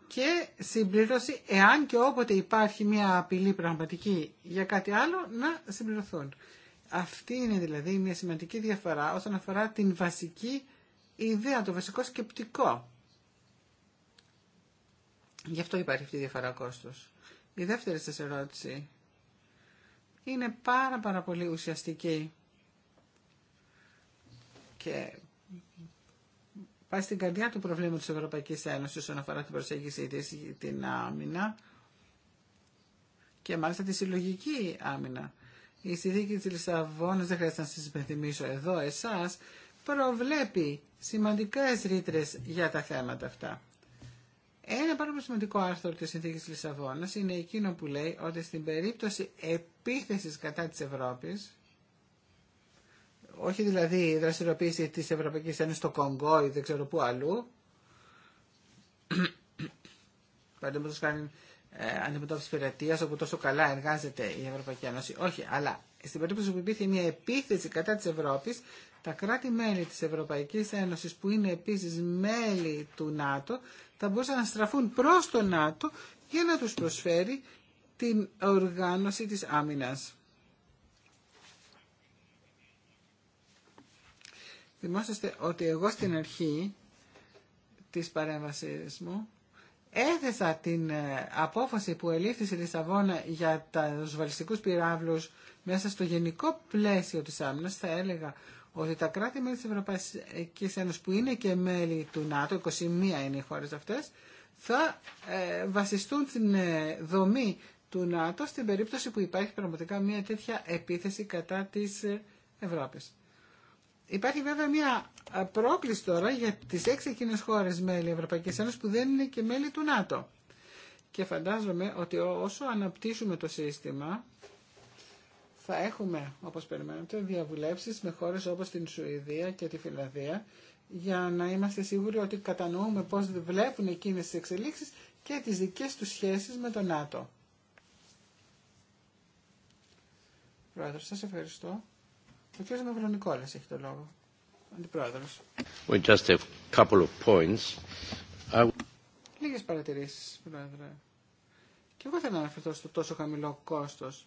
και συμπλήρωση εάν και όποτε υπάρχει μια απειλή πραγματική για κάτι άλλο να συμπληρωθούν. Αυτή είναι δηλαδή μια σημαντική διαφορά όσον αφορά την βασική ιδέα, το βασικό σκεπτικό. Γι' αυτό υπάρχει αυτή η διαφορά κόστο. Η δεύτερη σα ερώτηση είναι πάρα πάρα πολύ ουσιαστική και πάει στην καρδιά του προβλήματος τη Ευρωπαϊκή Ένωση όσον αφορά την προσέγγιση της, την άμυνα και μάλιστα τη συλλογική άμυνα. Η συνθήκη τη Λισαβόνα δεν χρειάζεται να σα υπενθυμίσω εδώ εσά, προβλέπει σημαντικέ ρήτρε για τα θέματα αυτά. Ένα πάρα πολύ σημαντικό άρθρο της Συνθήκης Λισαβόνας είναι εκείνο που λέει ότι στην περίπτωση επίθεσης κατά της Ευρώπης, όχι δηλαδή η δραστηριοποίηση της Ευρωπαϊκής Ένωσης στο Κονγκό ή δεν ξέρω πού αλλού, Παραδείγματο χάρη ε, αντιμετώπιση πειρατεία όπου τόσο καλά εργάζεται η Ευρωπαϊκή Ένωση. Όχι, αλλά στην περίπτωση που υπήρχε μια επίθεση κατά τη Ευρώπη, τα κράτη-μέλη τη Ευρωπαϊκή Ένωση που είναι επίση μέλη του ΝΑΤΟ θα μπορούσαν να στραφούν προ το ΝΑΤΟ για να του προσφέρει την οργάνωση της άμυνας. Θυμόσαστε ότι εγώ στην αρχή της παρέμβασης μου έθεσα την ε, απόφαση που ελήφθη στη Λισαβόνα για τους βαλιστικούς πυράβλους μέσα στο γενικό πλαίσιο της άμυνας, θα έλεγα ότι τα κράτη-μέλη της Ευρωπαϊκής Ένωσης που είναι και μέλη του ΝΑΤΟ, 21 είναι οι χώρες αυτές, θα ε, βασιστούν την ε, δομή του ΝΑΤΟ στην περίπτωση που υπάρχει πραγματικά μια τέτοια επίθεση κατά της Ευρώπης. Υπάρχει βέβαια μια πρόκληση τώρα για τις έξι εκείνες χώρες μέλη Ευρωπαϊκής Ένωσης που δεν είναι και μέλη του ΝΑΤΟ. Και φαντάζομαι ότι όσο αναπτύσσουμε το σύστημα θα έχουμε, όπως περιμένετε, διαβουλεύσεις με χώρες όπως την Σουηδία και τη Φιλανδία για να είμαστε σίγουροι ότι κατανοούμε πώς βλέπουν εκείνες τις εξελίξεις και τις δικές τους σχέσεις με το ΝΑΤΟ. Πρόεδρε, σας ευχαριστώ. Ο κ. Ναυρονικόλας έχει το λόγο. Αντιπρόεδρος. We just a couple of points. I... Λίγες παρατηρήσεις, πρόεδρε. Και εγώ θέλω να αναφερθώ στο τόσο χαμηλό κόστος.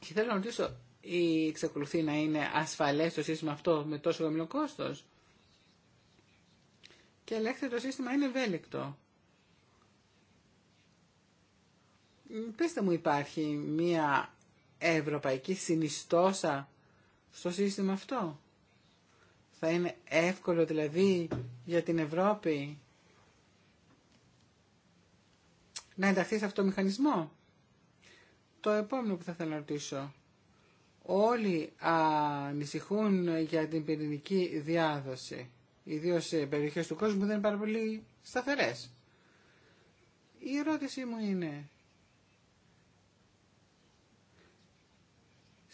Και θέλω να ρωτήσω, ή εξακολουθεί να είναι ασφαλές το σύστημα αυτό με τόσο χαμηλό κόστος. Και ελέγχτε το σύστημα είναι ευέλικτο. Πεςτε μου υπάρχει μία ευρωπαϊκή συνιστόσα στο σύστημα αυτό. Θα είναι εύκολο δηλαδή για την Ευρώπη να ενταχθεί σε αυτό το μηχανισμό. Το επόμενο που θα θέλω να ρωτήσω. Όλοι ανησυχούν για την πυρηνική διάδοση. Ιδίω σε περιοχές του κόσμου δεν είναι πάρα πολύ σταθερές. Η ερώτησή μου είναι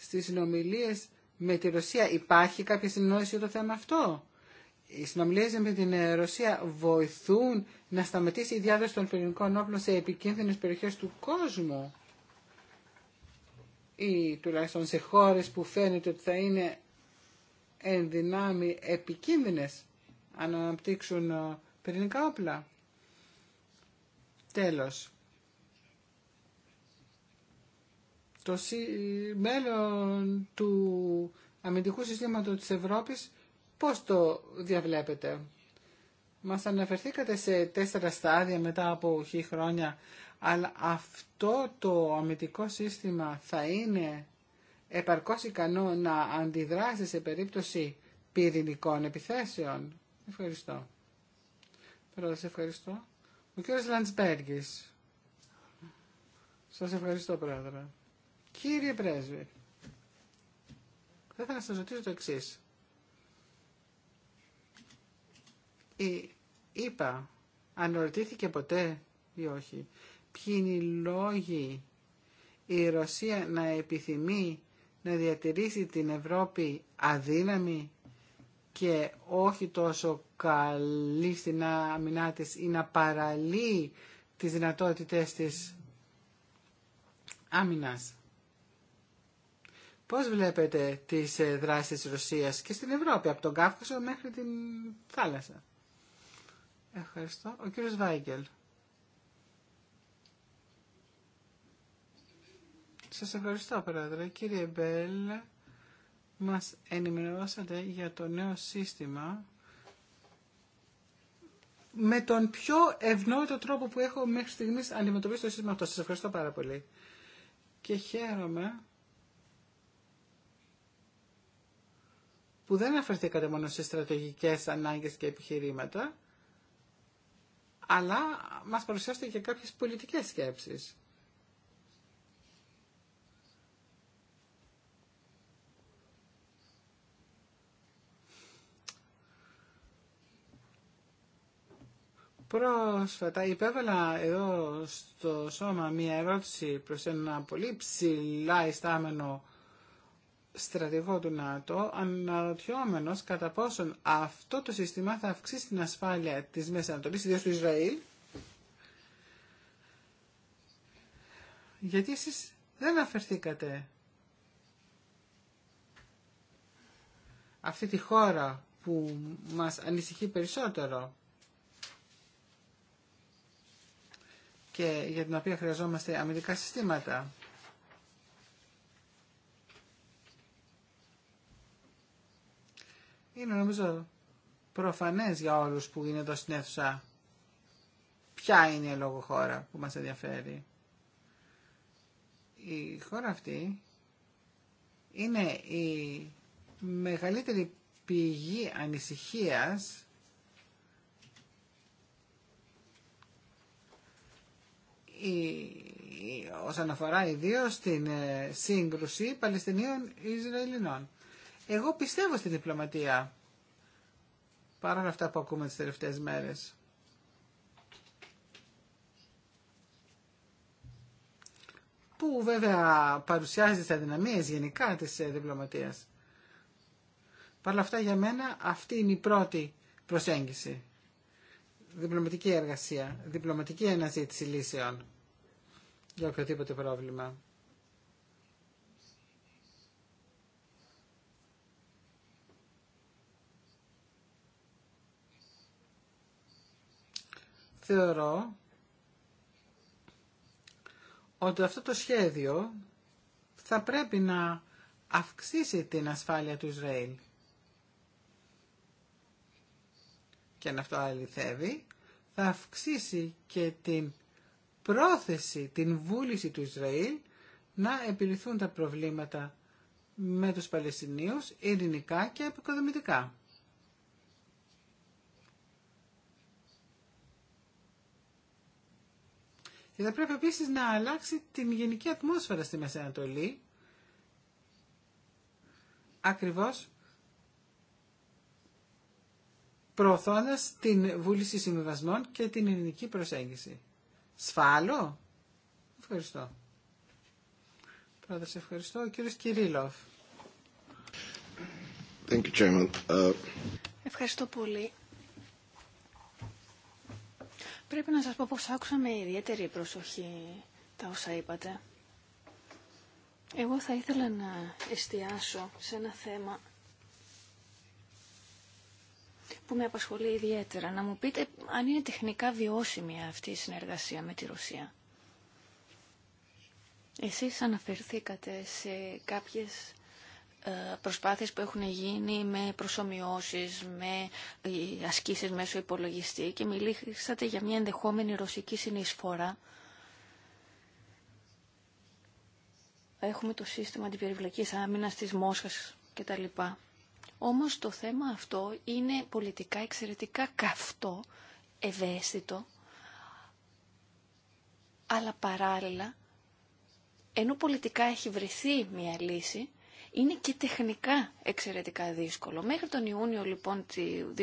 στις συνομιλίες με τη Ρωσία υπάρχει κάποια συνεννόηση για το θέμα αυτό. Οι συνομιλίες με την ε, Ρωσία βοηθούν να σταματήσει η διάδοση των πυρηνικών όπλων σε επικίνδυνες περιοχές του κόσμου ή τουλάχιστον σε χώρες που φαίνεται ότι θα είναι εν δυνάμει επικίνδυνες αν αναπτύξουν ε, πυρηνικά όπλα. Τέλος. το μέλλον του αμυντικού συστήματος της Ευρώπης πώς το διαβλέπετε. Μας αναφερθήκατε σε τέσσερα στάδια μετά από χι χρόνια, αλλά αυτό το αμυντικό σύστημα θα είναι επαρκώς ικανό να αντιδράσει σε περίπτωση πυρηνικών επιθέσεων. Ευχαριστώ. Πρώτα ευχαριστώ. Ο κύριος Λαντσπέργης. Σας ευχαριστώ, Πρόεδρε. Κύριε Πρέσβη, θα ήθελα να σας ρωτήσω το εξή. Είπα, Η είπα, αναρωτήθηκε ποτέ ή όχι, ποιοι είναι οι λόγοι η Ρωσία να επιθυμεί να διατηρήσει την Ευρώπη αδύναμη και όχι τόσο καλή στην άμυνά της ή να παραλύει τις δυνατότητες της άμυνας. Πώς βλέπετε τις ε, δράσεις της Ρωσίας και στην Ευρώπη, από τον Κάφκασο μέχρι την θάλασσα. Ευχαριστώ. Ο κύριος Βάγκελ. Σας ευχαριστώ, Πρόεδρε. Κύριε Μπέλ, μας ενημερώσατε για το νέο σύστημα με τον πιο ευνόητο τρόπο που έχω μέχρι στιγμής αντιμετωπίσει το σύστημα αυτό. Σας ευχαριστώ πάρα πολύ. Και χαίρομαι που δεν αφαιρθήκατε μόνο σε στρατηγικές ανάγκες και επιχειρήματα, αλλά μας παρουσιάσετε και κάποιες πολιτικές σκέψεις. Πρόσφατα υπέβαλα εδώ στο σώμα μία ερώτηση προς ένα πολύ ψηλά ιστάμενο στρατηγό του ΝΑΤΟ αναρωτιόμενος κατά πόσον αυτό το σύστημα θα αυξήσει την ασφάλεια της Μέσης Ανατολής, ιδίως του Ισραήλ. Γιατί εσείς δεν αφαιρθήκατε αυτή τη χώρα που μας ανησυχεί περισσότερο και για την οποία χρειαζόμαστε αμυντικά συστήματα. είναι νομίζω προφανές για όλους που είναι εδώ στην αίθουσα ποια είναι η λόγω χώρα που μας ενδιαφέρει. Η χώρα αυτή είναι η μεγαλύτερη πηγή ανησυχίας όσον αφορά ιδίως την ε, σύγκρουση Παλαιστινίων Ισραηλινών. Εγώ πιστεύω στη διπλωματία. Παρά αυτά που ακούμε τις τελευταίες μέρες. Που βέβαια παρουσιάζει τις αδυναμίες γενικά της ε, διπλωματίας. Παρ' όλα αυτά για μένα αυτή είναι η πρώτη προσέγγιση. Διπλωματική εργασία, διπλωματική αναζήτηση λύσεων για οποιοδήποτε πρόβλημα. θεωρώ ότι αυτό το σχέδιο θα πρέπει να αυξήσει την ασφάλεια του Ισραήλ. Και αν αυτό αληθεύει, θα αυξήσει και την πρόθεση, την βούληση του Ισραήλ να επιληθούν τα προβλήματα με τους Παλαιστινίους ειρηνικά και επικοδομητικά. Και θα πρέπει επίση να αλλάξει την γενική ατμόσφαιρα στη Μέση Ανατολή, ακριβώς προωθώντας την βούληση συμβιβασμών και την ελληνική προσέγγιση. Σφάλω. Ευχαριστώ. Πρόεδρε, ευχαριστώ. Ο κύριος Κυρίλοφ. Uh, ευχαριστώ πολύ. Πρέπει να σας πω πως άκουσα με ιδιαίτερη προσοχή τα όσα είπατε. Εγώ θα ήθελα να εστιάσω σε ένα θέμα που με απασχολεί ιδιαίτερα. Να μου πείτε αν είναι τεχνικά βιώσιμη αυτή η συνεργασία με τη Ρωσία. Εσείς αναφερθήκατε σε κάποιες ε, προσπάθειες που έχουν γίνει με προσωμιώσεις, με ασκήσεις μέσω υπολογιστή και μιλήσατε για μια ενδεχόμενη ρωσική συνεισφορά. Έχουμε το σύστημα αντιπεριβλακής άμυνας της Μόσχας κτλ. Όμως το θέμα αυτό είναι πολιτικά εξαιρετικά καυτό, ευαίσθητο, αλλά παράλληλα, ενώ πολιτικά έχει βρεθεί μια λύση, είναι και τεχνικά εξαιρετικά δύσκολο. Μέχρι τον Ιούνιο λοιπόν του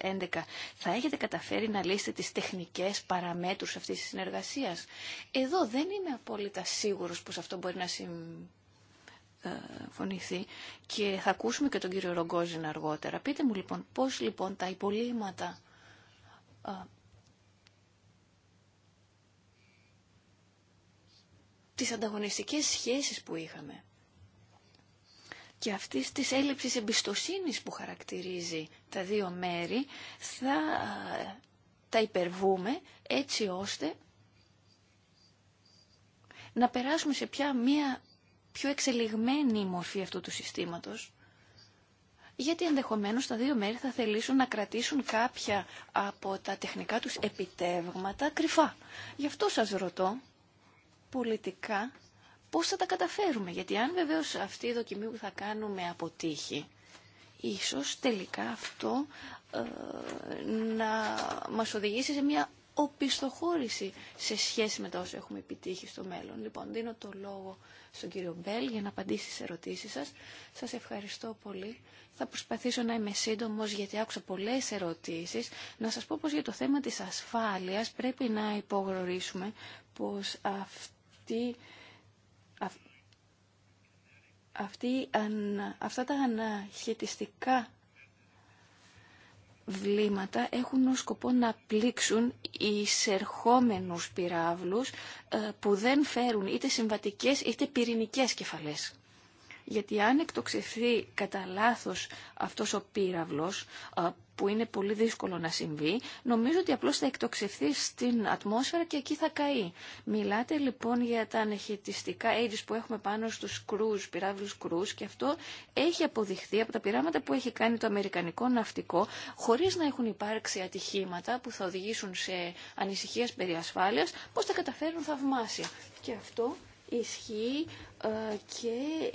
2011 θα έχετε καταφέρει να λύσετε τις τεχνικές παραμέτρους αυτής της συνεργασίας. Εδώ δεν είμαι απόλυτα σίγουρος πως αυτό μπορεί να συμφωνηθεί ε, και θα ακούσουμε και τον κύριο Ρογκόζιν αργότερα. Πείτε μου λοιπόν πώς λοιπόν τα υπολείμματα ε, τις ανταγωνιστικές σχέσεις που είχαμε και αυτή της έλλειψης εμπιστοσύνης που χαρακτηρίζει τα δύο μέρη θα ε, τα υπερβούμε έτσι ώστε να περάσουμε σε πια μία πιο εξελιγμένη μορφή αυτού του συστήματος γιατί ενδεχομένως τα δύο μέρη θα θελήσουν να κρατήσουν κάποια από τα τεχνικά τους επιτεύγματα κρυφά. Γι' αυτό σας ρωτώ πολιτικά πώς θα τα καταφέρουμε. Γιατί αν βεβαίως αυτή η δοκιμή που θα κάνουμε αποτύχει, ίσως τελικά αυτό ε, να μας οδηγήσει σε μια οπισθοχώρηση σε σχέση με το όσο έχουμε επιτύχει στο μέλλον. Λοιπόν, δίνω το λόγο στον κύριο Μπέλ για να απαντήσει στις ερωτήσεις σας. Σας ευχαριστώ πολύ. Θα προσπαθήσω να είμαι σύντομος γιατί άκουσα πολλές ερωτήσεις. Να σας πω πως για το θέμα της ασφάλειας πρέπει να υπογνωρίσουμε πως αυτή αυτή, αυτά τα αναχαιτιστικά βλήματα έχουν ως σκοπό να πλήξουν εισερχόμενους πυράβλους ε, που δεν φέρουν είτε συμβατικές είτε πυρηνικές κεφαλές γιατί αν εκτοξευθεί κατά λάθο αυτός ο πύραυλος, που είναι πολύ δύσκολο να συμβεί, νομίζω ότι απλώς θα εκτοξευθεί στην ατμόσφαιρα και εκεί θα καεί. Μιλάτε λοιπόν για τα ανεχετιστικά AIDS που έχουμε πάνω στους κρούς, πυράβλους κρούς και αυτό έχει αποδειχθεί από τα πειράματα που έχει κάνει το Αμερικανικό Ναυτικό χωρίς να έχουν υπάρξει ατυχήματα που θα οδηγήσουν σε ανησυχίες περί ασφάλειας, πώς τα καταφέρουν θαυμάσια. Και αυτό ισχύει ε, και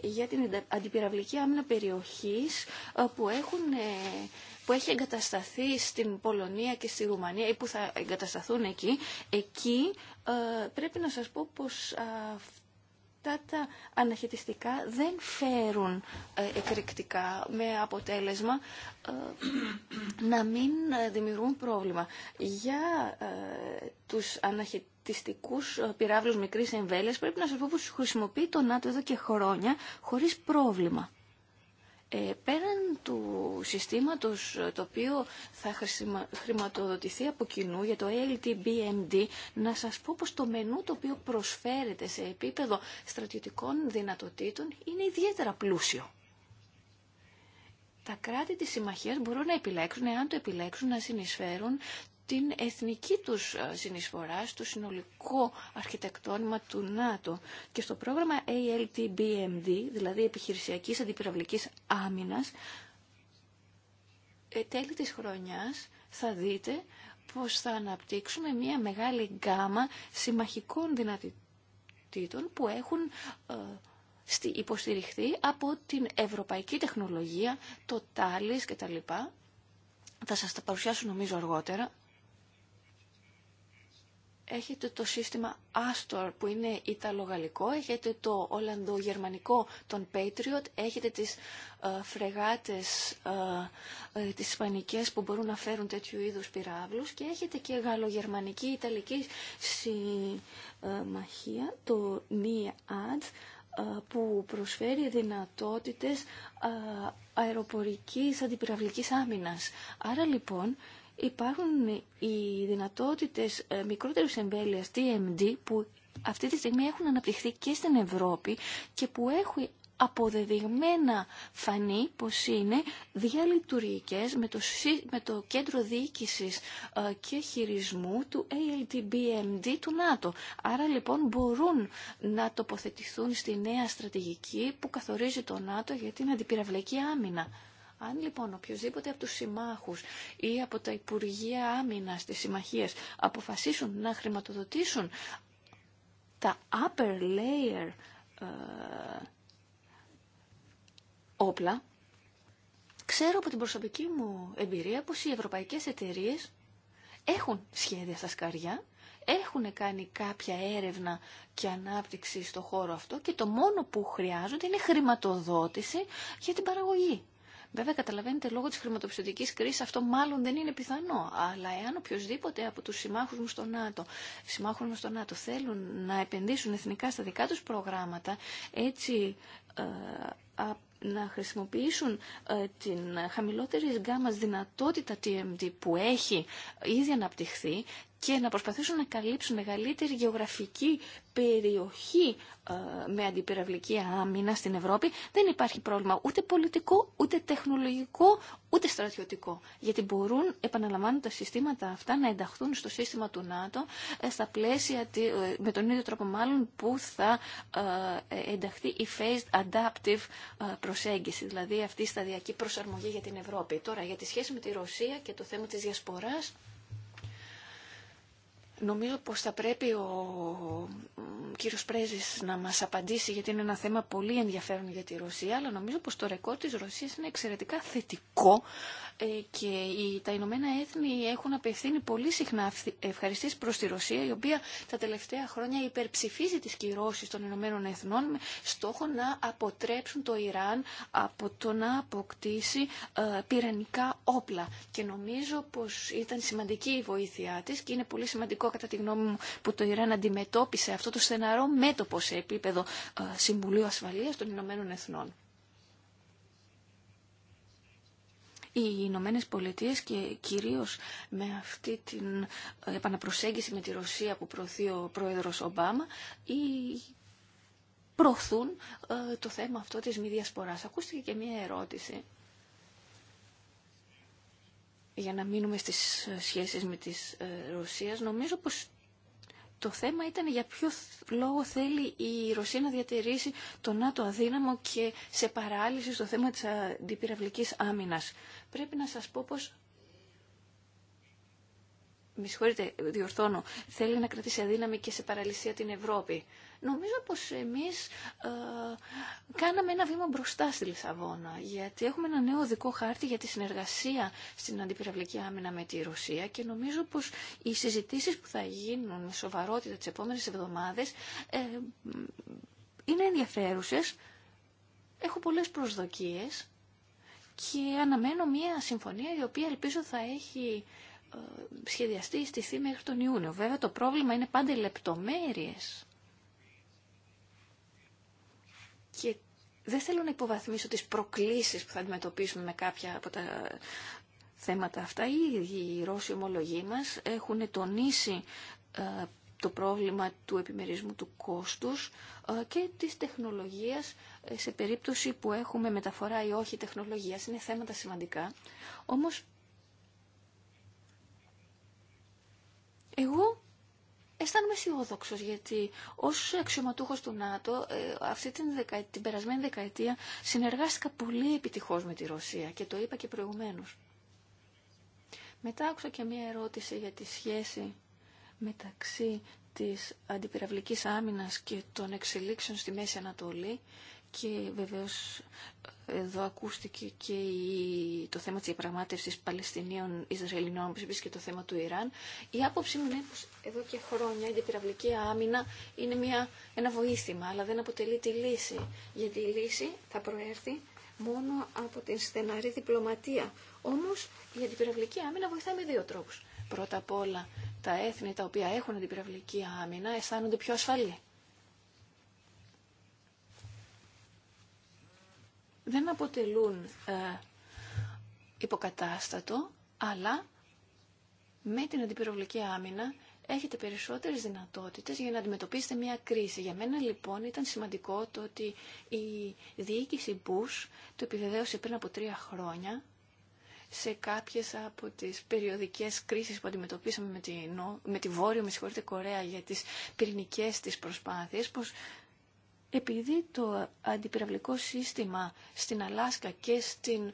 για την αντιπυραυλική άμυνα περιοχής ε, που, έχουν, ε, που έχει εγκατασταθεί στην Πολωνία και στη Ρουμανία ή που θα εγκατασταθούν εκεί. Εκεί πρέπει να σας πω πως αυτά τα αναχαιτιστικά δεν φέρουν ε, εκρηκτικά με αποτέλεσμα ε, να μην ε, δημιουργούν πρόβλημα. Για τους αναχαιτιστικούς πυράβλους μικρής εμβέλειας πρέπει να σας πω πως χρησιμοποιεί το ΝΑΤΟ εδώ και χρόνια χωρίς πρόβλημα. Ε, πέραν του συστήματος ε, το οποίο θα χρηματοδοτηθεί από κοινού για το LTBMD, να σας πω πως το μενού το οποίο προσφέρεται σε επίπεδο στρατιωτικών δυνατοτήτων είναι ιδιαίτερα πλούσιο. Τα κράτη της συμμαχίας μπορούν να επιλέξουν, εάν το επιλέξουν, να συνεισφέρουν την εθνική τους ε, συνεισφορά στο συνολικό αρχιτεκτόνιμα του ΝΑΤΟ. Και στο πρόγραμμα ALTBMD, δηλαδή Επιχειρησιακής Αντιπυραυλικής Άμυνας, ε, τέλη της χρονιάς θα δείτε πως θα αναπτύξουμε μια μεγάλη γκάμα συμμαχικών δυνατοτήτων που έχουν ε, υποστηριχθεί από την ευρωπαϊκή τεχνολογία, το τάλις κτλ. Θα σας τα παρουσιάσω νομίζω αργότερα έχετε το σύστημα Astor που είναι Ιταλογαλλικό, έχετε το Ολλανδογερμανικό των Patriot, έχετε τις ε, φρεγάτες ε, ε Ισπανικές που μπορούν να φέρουν τέτοιου είδους πυράβλους και έχετε και Γαλλογερμανική Ιταλική συμμαχία, το NIAD, e ε, που προσφέρει δυνατότητες ε, αεροπορικής αντιπυραυλικής άμυνας. Άρα λοιπόν υπάρχουν οι δυνατότητες ε, μικρότερης εμβέλειας TMD που αυτή τη στιγμή έχουν αναπτυχθεί και στην Ευρώπη και που έχουν αποδεδειγμένα φανεί πως είναι διαλειτουργικές με το, με το κέντρο διοίκησης ε, και χειρισμού του ALTBMD του ΝΑΤΟ. Άρα λοιπόν μπορούν να τοποθετηθούν στη νέα στρατηγική που καθορίζει το ΝΑΤΟ για την αντιπυραυλική άμυνα. Αν λοιπόν οποιοδήποτε από τους συμμάχους ή από τα Υπουργεία Άμυνας της Συμμαχίας αποφασίσουν να χρηματοδοτήσουν τα upper layer ε, όπλα, ξέρω από την προσωπική μου εμπειρία πως οι ευρωπαϊκές εταιρείες έχουν σχέδια στα σκαριά, έχουν κάνει κάποια έρευνα και ανάπτυξη στο χώρο αυτό και το μόνο που χρειάζονται είναι χρηματοδότηση για την παραγωγή. Βέβαια, καταλαβαίνετε, λόγω τη χρηματοπιστωτική κρίση αυτό μάλλον δεν είναι πιθανό. Αλλά εάν οποιοδήποτε από τους συμμάχου μου στο ΝΑΤΟ, μου στο ΝΑΤΟ θέλουν να επενδύσουν εθνικά στα δικά τους προγράμματα, έτσι ε, να χρησιμοποιήσουν ε, την χαμηλότερη γκάμα δυνατότητα TMD που έχει ήδη αναπτυχθεί και να προσπαθήσουν να καλύψουν μεγαλύτερη γεωγραφική περιοχή ε, με αντιπυραυλική άμυνα στην Ευρώπη, δεν υπάρχει πρόβλημα ούτε πολιτικό, ούτε τεχνολογικό, ούτε στρατιωτικό. Γιατί μπορούν, επαναλαμβάνω, τα συστήματα αυτά να ενταχθούν στο σύστημα του ΝΑΤΟ ε, στα πλαίσια, ε, με τον ίδιο τρόπο μάλλον που θα ενταχθεί η phased adaptive προσέγγιση, δηλαδή αυτή η σταδιακή προσαρμογή για την Ευρώπη. Τώρα, για τη σχέση με τη Ρωσία και το θέμα της διασποράς, Νομίζω πως θα πρέπει ο κύριος Πρέζης να μας απαντήσει γιατί είναι ένα θέμα πολύ ενδιαφέρον για τη Ρωσία αλλά νομίζω πως το ρεκόρ της Ρωσίας είναι εξαιρετικά θετικό ε, και τα Ηνωμένα Έθνη έχουν απευθύνει πολύ συχνά ευχαριστήσεις προς τη Ρωσία η οποία τα τελευταία χρόνια υπερψηφίζει τις κυρώσεις των Ηνωμένων Εθνών με στόχο να αποτρέψουν το Ιράν από το να αποκτήσει ε, πυρανικά όπλα και νομίζω πως ήταν σημαντική η βοήθειά της και είναι πολύ σημαντικό κατά τη γνώμη μου που το Ιράν αντιμετώπισε αυτό το στεναρό μέτωπο σε επίπεδο ε, Συμβουλίου Ασφαλείας των Ηνωμένων Εθνών. οι Ηνωμένε Πολιτείε και κυρίω με αυτή την ε, επαναπροσέγγιση με τη Ρωσία που προωθεί ο πρόεδρο Ομπάμα, προωθούν ε, το θέμα αυτό τη μη διασπορά. Ακούστηκε και μία ερώτηση για να μείνουμε στις σχέσεις με τις ε, Ρωσία. Νομίζω πως το θέμα ήταν για ποιο λόγο θέλει η Ρωσία να διατηρήσει το ΝΑΤΟ αδύναμο και σε παράλυση στο θέμα της αντιπυραυλικής άμυνας. Πρέπει να σας πω πως με συγχωρείτε, διορθώνω, θέλει να κρατήσει αδύναμη και σε παραλυσία την Ευρώπη. Νομίζω πως εμείς ε, κάναμε ένα βήμα μπροστά στη Λισαβόνα, γιατί έχουμε ένα νέο δικό χάρτη για τη συνεργασία στην αντιπυραυλική άμυνα με τη Ρωσία και νομίζω πως οι συζητήσεις που θα γίνουν με σοβαρότητα τις επόμενες εβδομάδες ε, είναι ενδιαφέρουσες. Έχω πολλές προσδοκίες και αναμένω μια συμφωνία η οποία ελπίζω θα έχει ε, σχεδιαστεί στη μέχρι τον Ιούνιο. Βέβαια το πρόβλημα είναι πάντα οι λεπτομέρειες και δεν θέλω να υποβαθμίσω τις προκλήσεις που θα αντιμετωπίσουμε με κάποια από τα θέματα αυτά. η οι Ρώσοι ομολογοί μας έχουν τονίσει ε, το πρόβλημα του επιμερισμού του κόστους ε, και της τεχνολογίας ε, σε περίπτωση που έχουμε μεταφορά ή όχι τεχνολογίας. Είναι θέματα σημαντικά. Όμως, εγώ αισθάνομαι αισιόδοξο γιατί ω αξιωματούχο του ΝΑΤΟ ε, αυτή την, την περασμένη δεκαετία συνεργάστηκα πολύ επιτυχώ με τη Ρωσία και το είπα και προηγουμένω. Μετά άκουσα και μία ερώτηση για τη σχέση μεταξύ της αντιπυραυλικής άμυνας και των εξελίξεων στη Μέση Ανατολή και βεβαίως εδώ ακούστηκε και το θέμα της διαπραγμάτευσης Παλαιστινίων Ισραηλινών, όπως επίσης και το θέμα του Ιράν. Η άποψή μου είναι πως εδώ και χρόνια η αντιπυραυλική άμυνα είναι μια, ένα βοήθημα, αλλά δεν αποτελεί τη λύση. Γιατί η λύση θα προέρθει μόνο από την στεναρή διπλωματία. Όμως η αντιπυραυλική άμυνα βοηθάει με δύο τρόπους. Πρώτα απ' όλα τα έθνη τα οποία έχουν αντιπυραυλική άμυνα αισθάνονται πιο ασφαλή. δεν αποτελούν ε, υποκατάστατο, αλλά με την αντιπυροβλική άμυνα έχετε περισσότερες δυνατότητες για να αντιμετωπίσετε μια κρίση. Για μένα λοιπόν ήταν σημαντικό το ότι η διοίκηση Bush το επιβεβαίωσε πριν από τρία χρόνια σε κάποιες από τις περιοδικές κρίσεις που αντιμετωπίσαμε με τη, με τη Βόρειο Κορέα για τις πυρηνικές της προσπάθειες, πως επειδή το αντιπυραυλικό σύστημα στην Αλάσκα και στην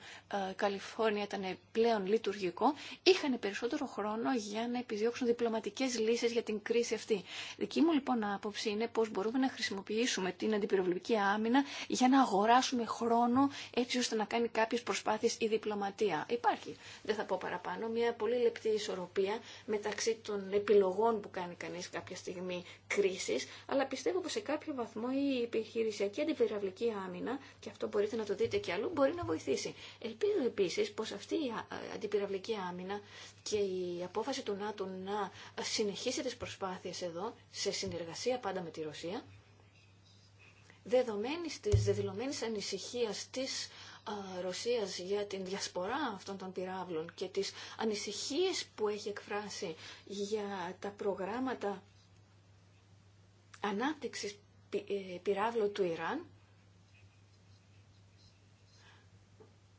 ε, Καλιφόρνια ήταν πλέον λειτουργικό, είχαν περισσότερο χρόνο για να επιδιώξουν διπλωματικές λύσεις για την κρίση αυτή. Δική μου λοιπόν άποψη είναι πώς μπορούμε να χρησιμοποιήσουμε την αντιπυραυλική άμυνα για να αγοράσουμε χρόνο έτσι ώστε να κάνει κάποιες προσπάθειες η διπλωματία. Υπάρχει, δεν θα πω παραπάνω, μια πολύ λεπτή ισορροπία μεταξύ των επιλογών που κάνει κανείς κάποια στιγμή κρίσης, αλλά πιστεύω πως σε κάποιο βαθμό η η επιχειρησιακή αντιπυραυλική άμυνα, και αυτό μπορείτε να το δείτε και αλλού, μπορεί να βοηθήσει. Ελπίζω επίσης πως αυτή η αντιπυραυλική άμυνα και η απόφαση του ΝΑΤΟ να συνεχίσει τις προσπάθειες εδώ, σε συνεργασία πάντα με τη Ρωσία, δεδομένης της δεδηλωμένη ανησυχίας της Ρωσίας για την διασπορά αυτών των πυράβλων και τις ανησυχίες που έχει εκφράσει για τα προγράμματα ανάπτυξης ε, πυράβλο του Ιράν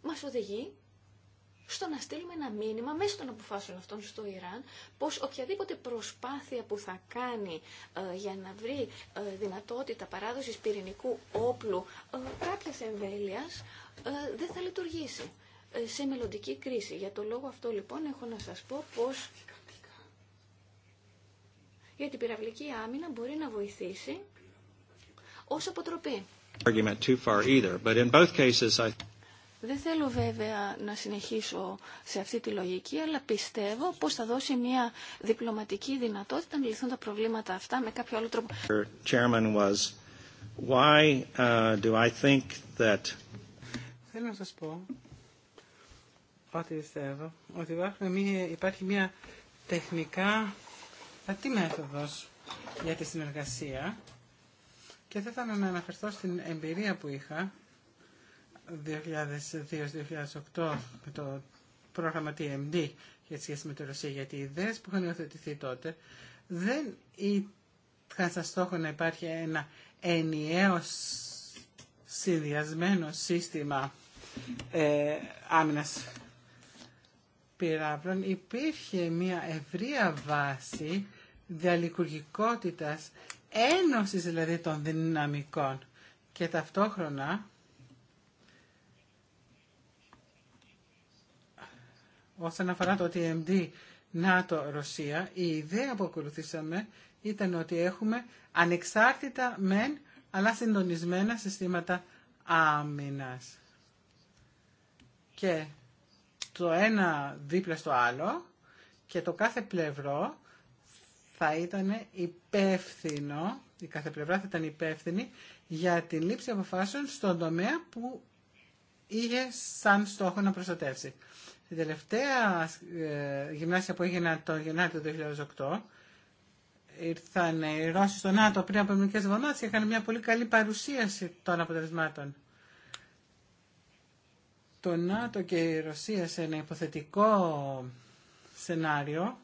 μας οδηγεί στο να στείλουμε ένα μήνυμα μέσα των αποφάσεων αυτών στο Ιράν πως οποιαδήποτε προσπάθεια που θα κάνει ε, για να βρει ε, δυνατότητα παράδοσης πυρηνικού όπλου ε, κάποιας εμβέλειας δεν θα λειτουργήσει σε μελλοντική κρίση. Για το λόγο αυτό λοιπόν έχω να σας πω πως για την πυραυλική άμυνα μπορεί να βοηθήσει ως αποτροπή. Δεν θέλω βέβαια να συνεχίσω σε αυτή τη λογική, αλλά πιστεύω πως θα δώσει μια διπλωματική δυνατότητα να λυθούν τα προβλήματα αυτά με κάποιο άλλο τρόπο. Uh, θέλω να σας πω ότι πιστεύω ότι υπάρχει μια, τεχνικά αυτή μέθοδος για τη συνεργασία και θα ήθελα να αναφερθώ στην εμπειρία που είχα 2002-2008 με το πρόγραμμα TMD για τη σχέση με τη Ρωσία, γιατί οι ιδέε που είχαν υιοθετηθεί τότε δεν είχαν σαν στόχο να υπάρχει ένα ενιαίο συνδυασμένο σύστημα ε, άμυνας πυράβλων. Υπήρχε μια ευρεία βάση διαλειτουργικότητας ένωσης δηλαδή των δυναμικών και ταυτόχρονα όσον αφορά το TMD ΝΑΤΟ-Ρωσία, η ιδέα που ακολουθήσαμε ήταν ότι έχουμε ανεξάρτητα μεν, αλλά συντονισμένα συστήματα άμυνας. Και το ένα δίπλα στο άλλο και το κάθε πλευρό θα ήταν υπεύθυνο, η κάθε πλευρά θα ήταν υπεύθυνη για την λήψη αποφάσεων στον τομέα που είχε σαν στόχο να προστατεύσει. Στην τελευταία ε, γυμνάσια που έγινε το Γενάριο του 2008, ήρθαν οι Ρώσοι στο ΝΑΤΟ πριν από μερικέ εβδομάδε και είχαν μια πολύ καλή παρουσίαση των αποτελεσμάτων. Το ΝΑΤΟ και η Ρωσία σε ένα υποθετικό σενάριο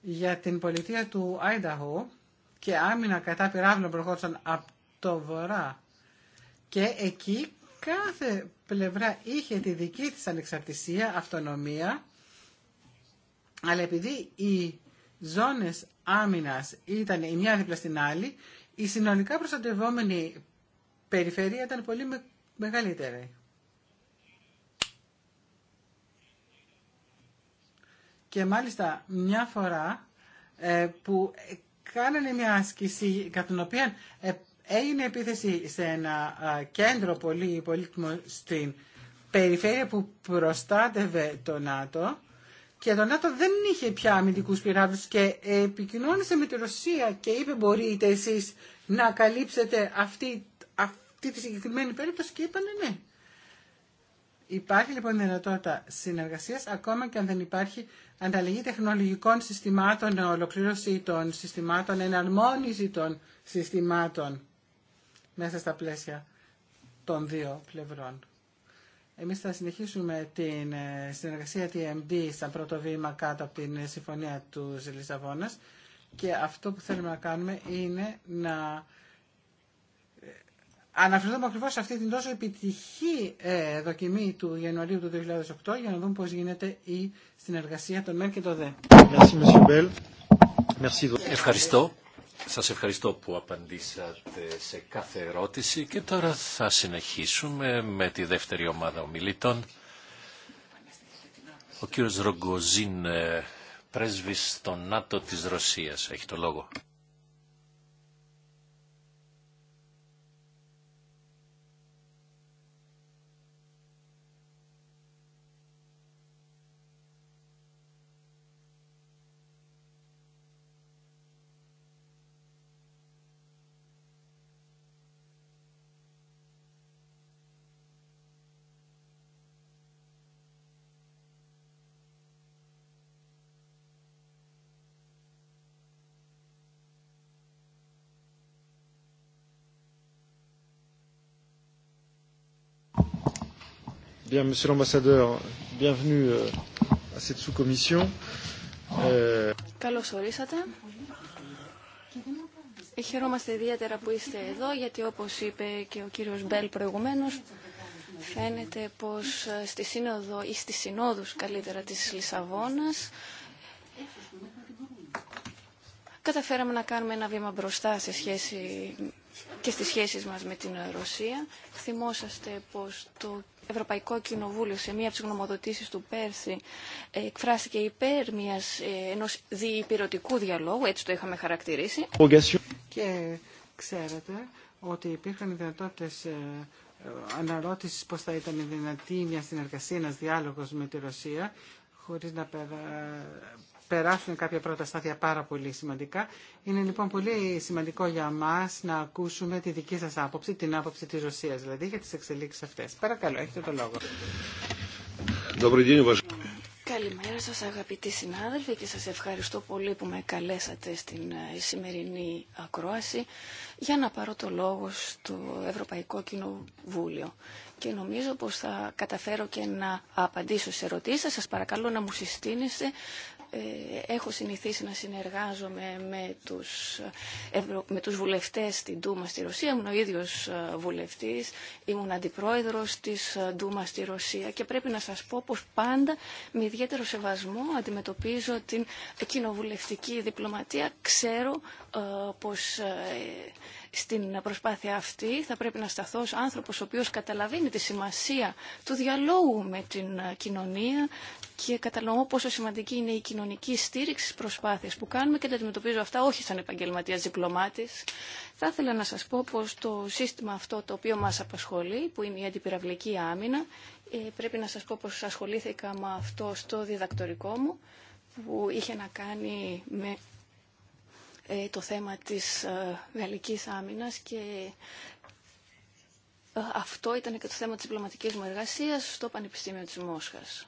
για την πολιτεία του Άινταχου και άμυνα κατά πυράβλων προχώρησαν από το βορρά. Και εκεί κάθε πλευρά είχε τη δική της ανεξαρτησία, αυτονομία, αλλά επειδή οι ζώνες άμυνας ήταν η μια δίπλα στην άλλη, η συνολικά προστατευόμενη περιφέρεια ήταν πολύ μεγαλύτερη. Και μάλιστα μια φορά ε, που κάνανε μια άσκηση κατά την οποία ε, έγινε επίθεση σε ένα κέντρο πολύ πολύτιμο στην περιφέρεια που προστάτευε το ΝΑΤΟ και το ΝΑΤΟ δεν είχε πια αμυντικούς πυράβλους και επικοινώνησε με τη Ρωσία και είπε μπορείτε εσείς να καλύψετε αυτή, αυτή τη συγκεκριμένη περίπτωση και είπανε ναι. Υπάρχει λοιπόν δυνατότητα συνεργασίας ακόμα και αν δεν υπάρχει ανταλλαγή τεχνολογικών συστημάτων, ολοκλήρωση των συστημάτων, εναρμόνιση των συστημάτων μέσα στα πλαίσια των δύο πλευρών. Εμείς θα συνεχίσουμε την ε, συνεργασία TMD σαν πρώτο βήμα κάτω από την ε, Συμφωνία του Λισαβόνας και αυτό που θέλουμε να κάνουμε είναι να Αναφερθούμε ακριβώ σε αυτή την τόσο επιτυχή ε, δοκιμή του Ιανουαρίου του 2008 για να δούμε πώ γίνεται η συνεργασία των ΜΕΝ και των ΔΕ. Ευχαριστώ. Σας ευχαριστώ που απαντήσατε σε κάθε ερώτηση και τώρα θα συνεχίσουμε με τη δεύτερη ομάδα ομιλητών. Ο κύριος Ρογκοζίν, ε, πρέσβης στο ΝΑΤΟ της Ρωσίας, έχει το λόγο. Bien, Monsieur l'ambassadeur, bienvenue euh, à cette sous-commission. Euh, Καλώς ορίσατε. Ε, χαιρόμαστε ιδιαίτερα που είστε εδώ, γιατί όπως είπε και ο κύριος Μπέλ προηγουμένως, φαίνεται πως ε, στη σύνοδο ή στις συνόδους καλύτερα της Λισαβόνας καταφέραμε να κάνουμε ένα βήμα μπροστά σε σχέση και στις σχέσεις μας με την Ρωσία. Θυμόσαστε πως το Ευρωπαϊκό Κοινοβούλιο σε μία από τις γνωμοδοτήσεις του πέρσι ε, εκφράστηκε υπέρ μιας, ε, ενός διυπηρωτικού διαλόγου, έτσι το είχαμε χαρακτηρίσει. Και ξέρετε ότι υπήρχαν δυνατότητες ε, αναρώτησης πώς θα ήταν δυνατή μια συνεργασία, ένας διάλογος με τη Ρωσία χωρίς να περάσουν κάποια πρώτα στάδια πάρα πολύ σημαντικά. Είναι λοιπόν πολύ σημαντικό για μας να ακούσουμε τη δική σας άποψη, την άποψη της Ρωσίας δηλαδή, για τι εξελίξει αυτές. Παρακαλώ, έχετε το λόγο. Καλημέρα σας αγαπητοί συνάδελφοι και σας ευχαριστώ πολύ που με καλέσατε στην ε, σημερινή ακρόαση για να πάρω το λόγο στο Ευρωπαϊκό Κοινοβούλιο. Και νομίζω πως θα καταφέρω και να απαντήσω σε ερωτήσεις. Σας παρακαλώ να μου συστήνεστε ε, έχω συνηθίσει να συνεργάζομαι με τους, με τους βουλευτές στην Τούμα στη Ρωσία. Ήμουν ο ίδιος ε, βουλευτής, ήμουν αντιπρόεδρος της ε, Τούμα στη Ρωσία και πρέπει να σας πω πως πάντα με ιδιαίτερο σεβασμό αντιμετωπίζω την κοινοβουλευτική διπλωματία. Ξέρω πως στην προσπάθεια αυτή θα πρέπει να σταθώ ως άνθρωπος ο οποίος καταλαβαίνει τη σημασία του διαλόγου με την ε, κοινωνία και κατανοώ πόσο σημαντική είναι η κοινωνική στήριξη προσπάθειας που κάνουμε και τα αντιμετωπίζω αυτά όχι σαν επαγγελματίας διπλωμάτης. Θα ήθελα να σας πω πως το σύστημα αυτό το οποίο μας απασχολεί, που είναι η αντιπυραυλική άμυνα, ε, πρέπει να σας πω πως ασχολήθηκα με αυτό στο διδακτορικό μου, που είχε να κάνει με ε, το θέμα της ε, γαλλικής άμυνας και ε, αυτό ήταν και το θέμα της διπλωματικής μου εργασίας στο Πανεπιστήμιο της Μόσχας.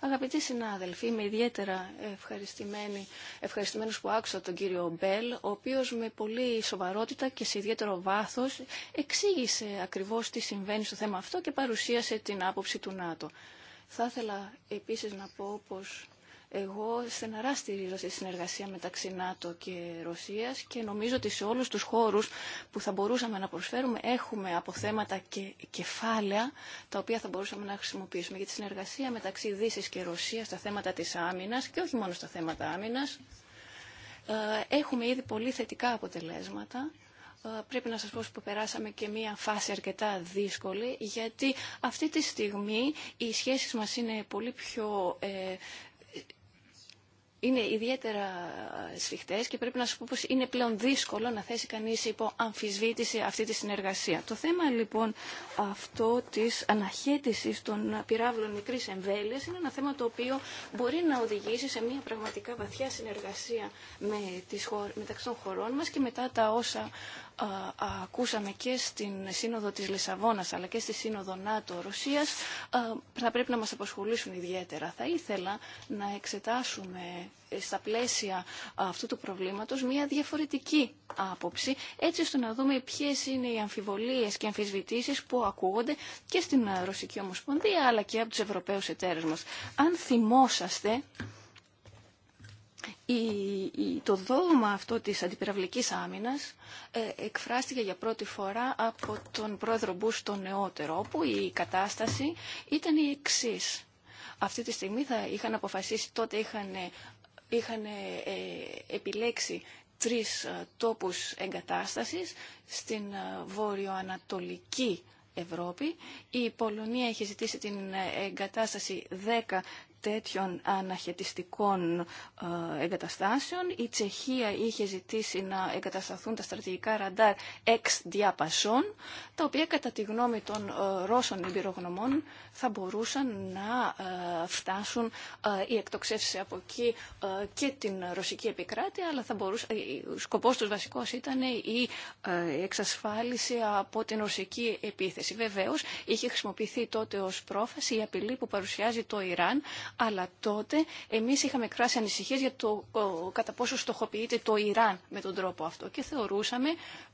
Αγαπητοί συνάδελφοι, είμαι ιδιαίτερα ευχαριστημένη, ευχαριστημένος που άκουσα τον κύριο Μπέλ, ο οποίος με πολύ σοβαρότητα και σε ιδιαίτερο βάθος εξήγησε ακριβώς τι συμβαίνει στο θέμα αυτό και παρουσίασε την άποψη του ΝΑΤΟ. Θα ήθελα επίσης να πω πως εγώ στεναρά στηρίζω τη συνεργασία μεταξύ ΝΑΤΟ και Ρωσίας και νομίζω ότι σε όλους τους χώρους που θα μπορούσαμε να προσφέρουμε έχουμε αποθέματα και κεφάλαια τα οποία θα μπορούσαμε να χρησιμοποιήσουμε για τη συνεργασία μεταξύ Δύσης και Ρωσίας στα θέματα της άμυνας και όχι μόνο στα θέματα άμυνας. Ε, έχουμε ήδη πολύ θετικά αποτελέσματα ε, πρέπει να σας πω που περάσαμε και μία φάση αρκετά δύσκολη, γιατί αυτή τη στιγμή οι σχέσεις μας είναι πολύ πιο ε, είναι ιδιαίτερα ε, σφιχτές και πρέπει να σου πω πως είναι πλέον δύσκολο να θέσει κανείς υπό αμφισβήτηση αυτή τη συνεργασία. Το θέμα λοιπόν αυτό της αναχέτησης των πυράβλων μικρής εμβέλειας είναι ένα θέμα το οποίο μπορεί να οδηγήσει σε μια πραγματικά βαθιά συνεργασία με τις χω... μεταξύ των χωρών μας και μετά τα όσα ακούσαμε και στην Σύνοδο της Λισαβόνας αλλά και στη Σύνοδο ΝΑΤΟ-Ρωσίας θα πρέπει να μας απασχολήσουν ιδιαίτερα. Θα ήθελα να εξετάσουμε στα πλαίσια αυτού του προβλήματος μια διαφορετική άποψη, έτσι ώστε να δούμε ποιες είναι οι αμφιβολίες και αμφισβητήσεις που ακούγονται και στην Ρωσική Ομοσπονδία, αλλά και από τους Ευρωπαίους εταίρους μας. Αν θυμόσαστε, το δόγμα αυτό της αντιπυραυλικής άμυνας ε, εκφράστηκε για πρώτη φορά από τον πρόεδρο Μπούς τον νεότερο, όπου η κατάσταση ήταν η εξής. Αυτή τη στιγμή θα είχαν αποφασίσει, τότε είχαν ε, είχαν ε, ε, επιλέξει τρεις ε, τόπους εγκατάστασης στην βόρειο-ανατολική Ευρώπη. Η Πολωνία έχει ζητήσει την εγκατάσταση 10 τέτοιων αναχαιτιστικών ε, εγκαταστάσεων. Η Τσεχία είχε ζητήσει να εγκατασταθούν τα στρατηγικά ραντάρ εξ διαπασών, τα οποία κατά τη γνώμη των ε, Ρώσων εμπειρογνωμών θα μπορούσαν να ε, φτάσουν οι εκτοξεύσεις από εκεί και την ρωσική επικράτεια, αλλά θα μπορούσε, ο σκοπός τους βασικός ήταν η εξασφάλιση από την ρωσική επίθεση. Βεβαίως, είχε χρησιμοποιηθεί τότε ως πρόφαση η απειλή που παρουσιάζει το Ιράν αλλά τότε εμείς είχαμε εκφράσει ανησυχίες για το κατά πόσο στοχοποιείται το Ιράν με τον τρόπο αυτό και θεωρούσαμε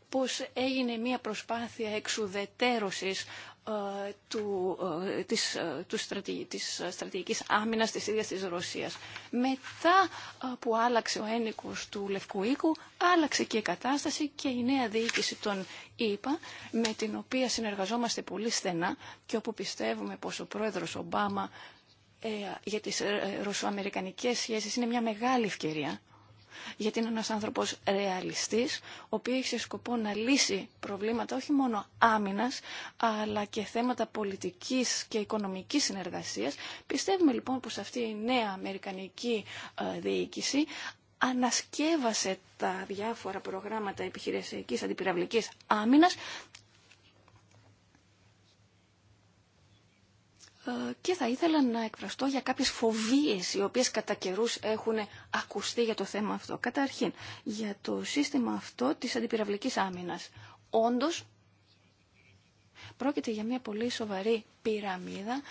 πως έγινε μια προσπάθεια εξουδετέρωσης ε, του, ε, της, ε, του στρατη, της στρατηγικής άμυνας της ίδιας της Ρωσίας. Μετά ε, που άλλαξε ο ένικος του Λευκού Οίκου, άλλαξε και η κατάσταση και η νέα διοίκηση των ΗΠΑ, με την οποία συνεργαζόμαστε πολύ στενά και όπου πιστεύουμε πως ο πρόεδρος Ομπάμα ε, για τις ε, ρωσοαμερικανικές σχέσεις είναι μια μεγάλη ευκαιρία γιατί είναι ένας άνθρωπος ρεαλιστής, ο οποίος έχει σκοπό να λύσει προβλήματα όχι μόνο άμυνας, αλλά και θέματα πολιτικής και οικονομικής συνεργασίας. Πιστεύουμε λοιπόν πως αυτή η νέα αμερικανική ε, διοίκηση ανασκεύασε τα διάφορα προγράμματα επιχειρησιακής αντιπυραυλικής άμυνας Ε, και θα ήθελα να εκφραστώ για κάποιες φοβίες οι οποίες κατά καιρού έχουν ακουστεί για το θέμα αυτό. Καταρχήν, για το σύστημα αυτό της αντιπυραυλικής άμυνας. Όντως, πρόκειται για μια πολύ σοβαρή πυραμίδα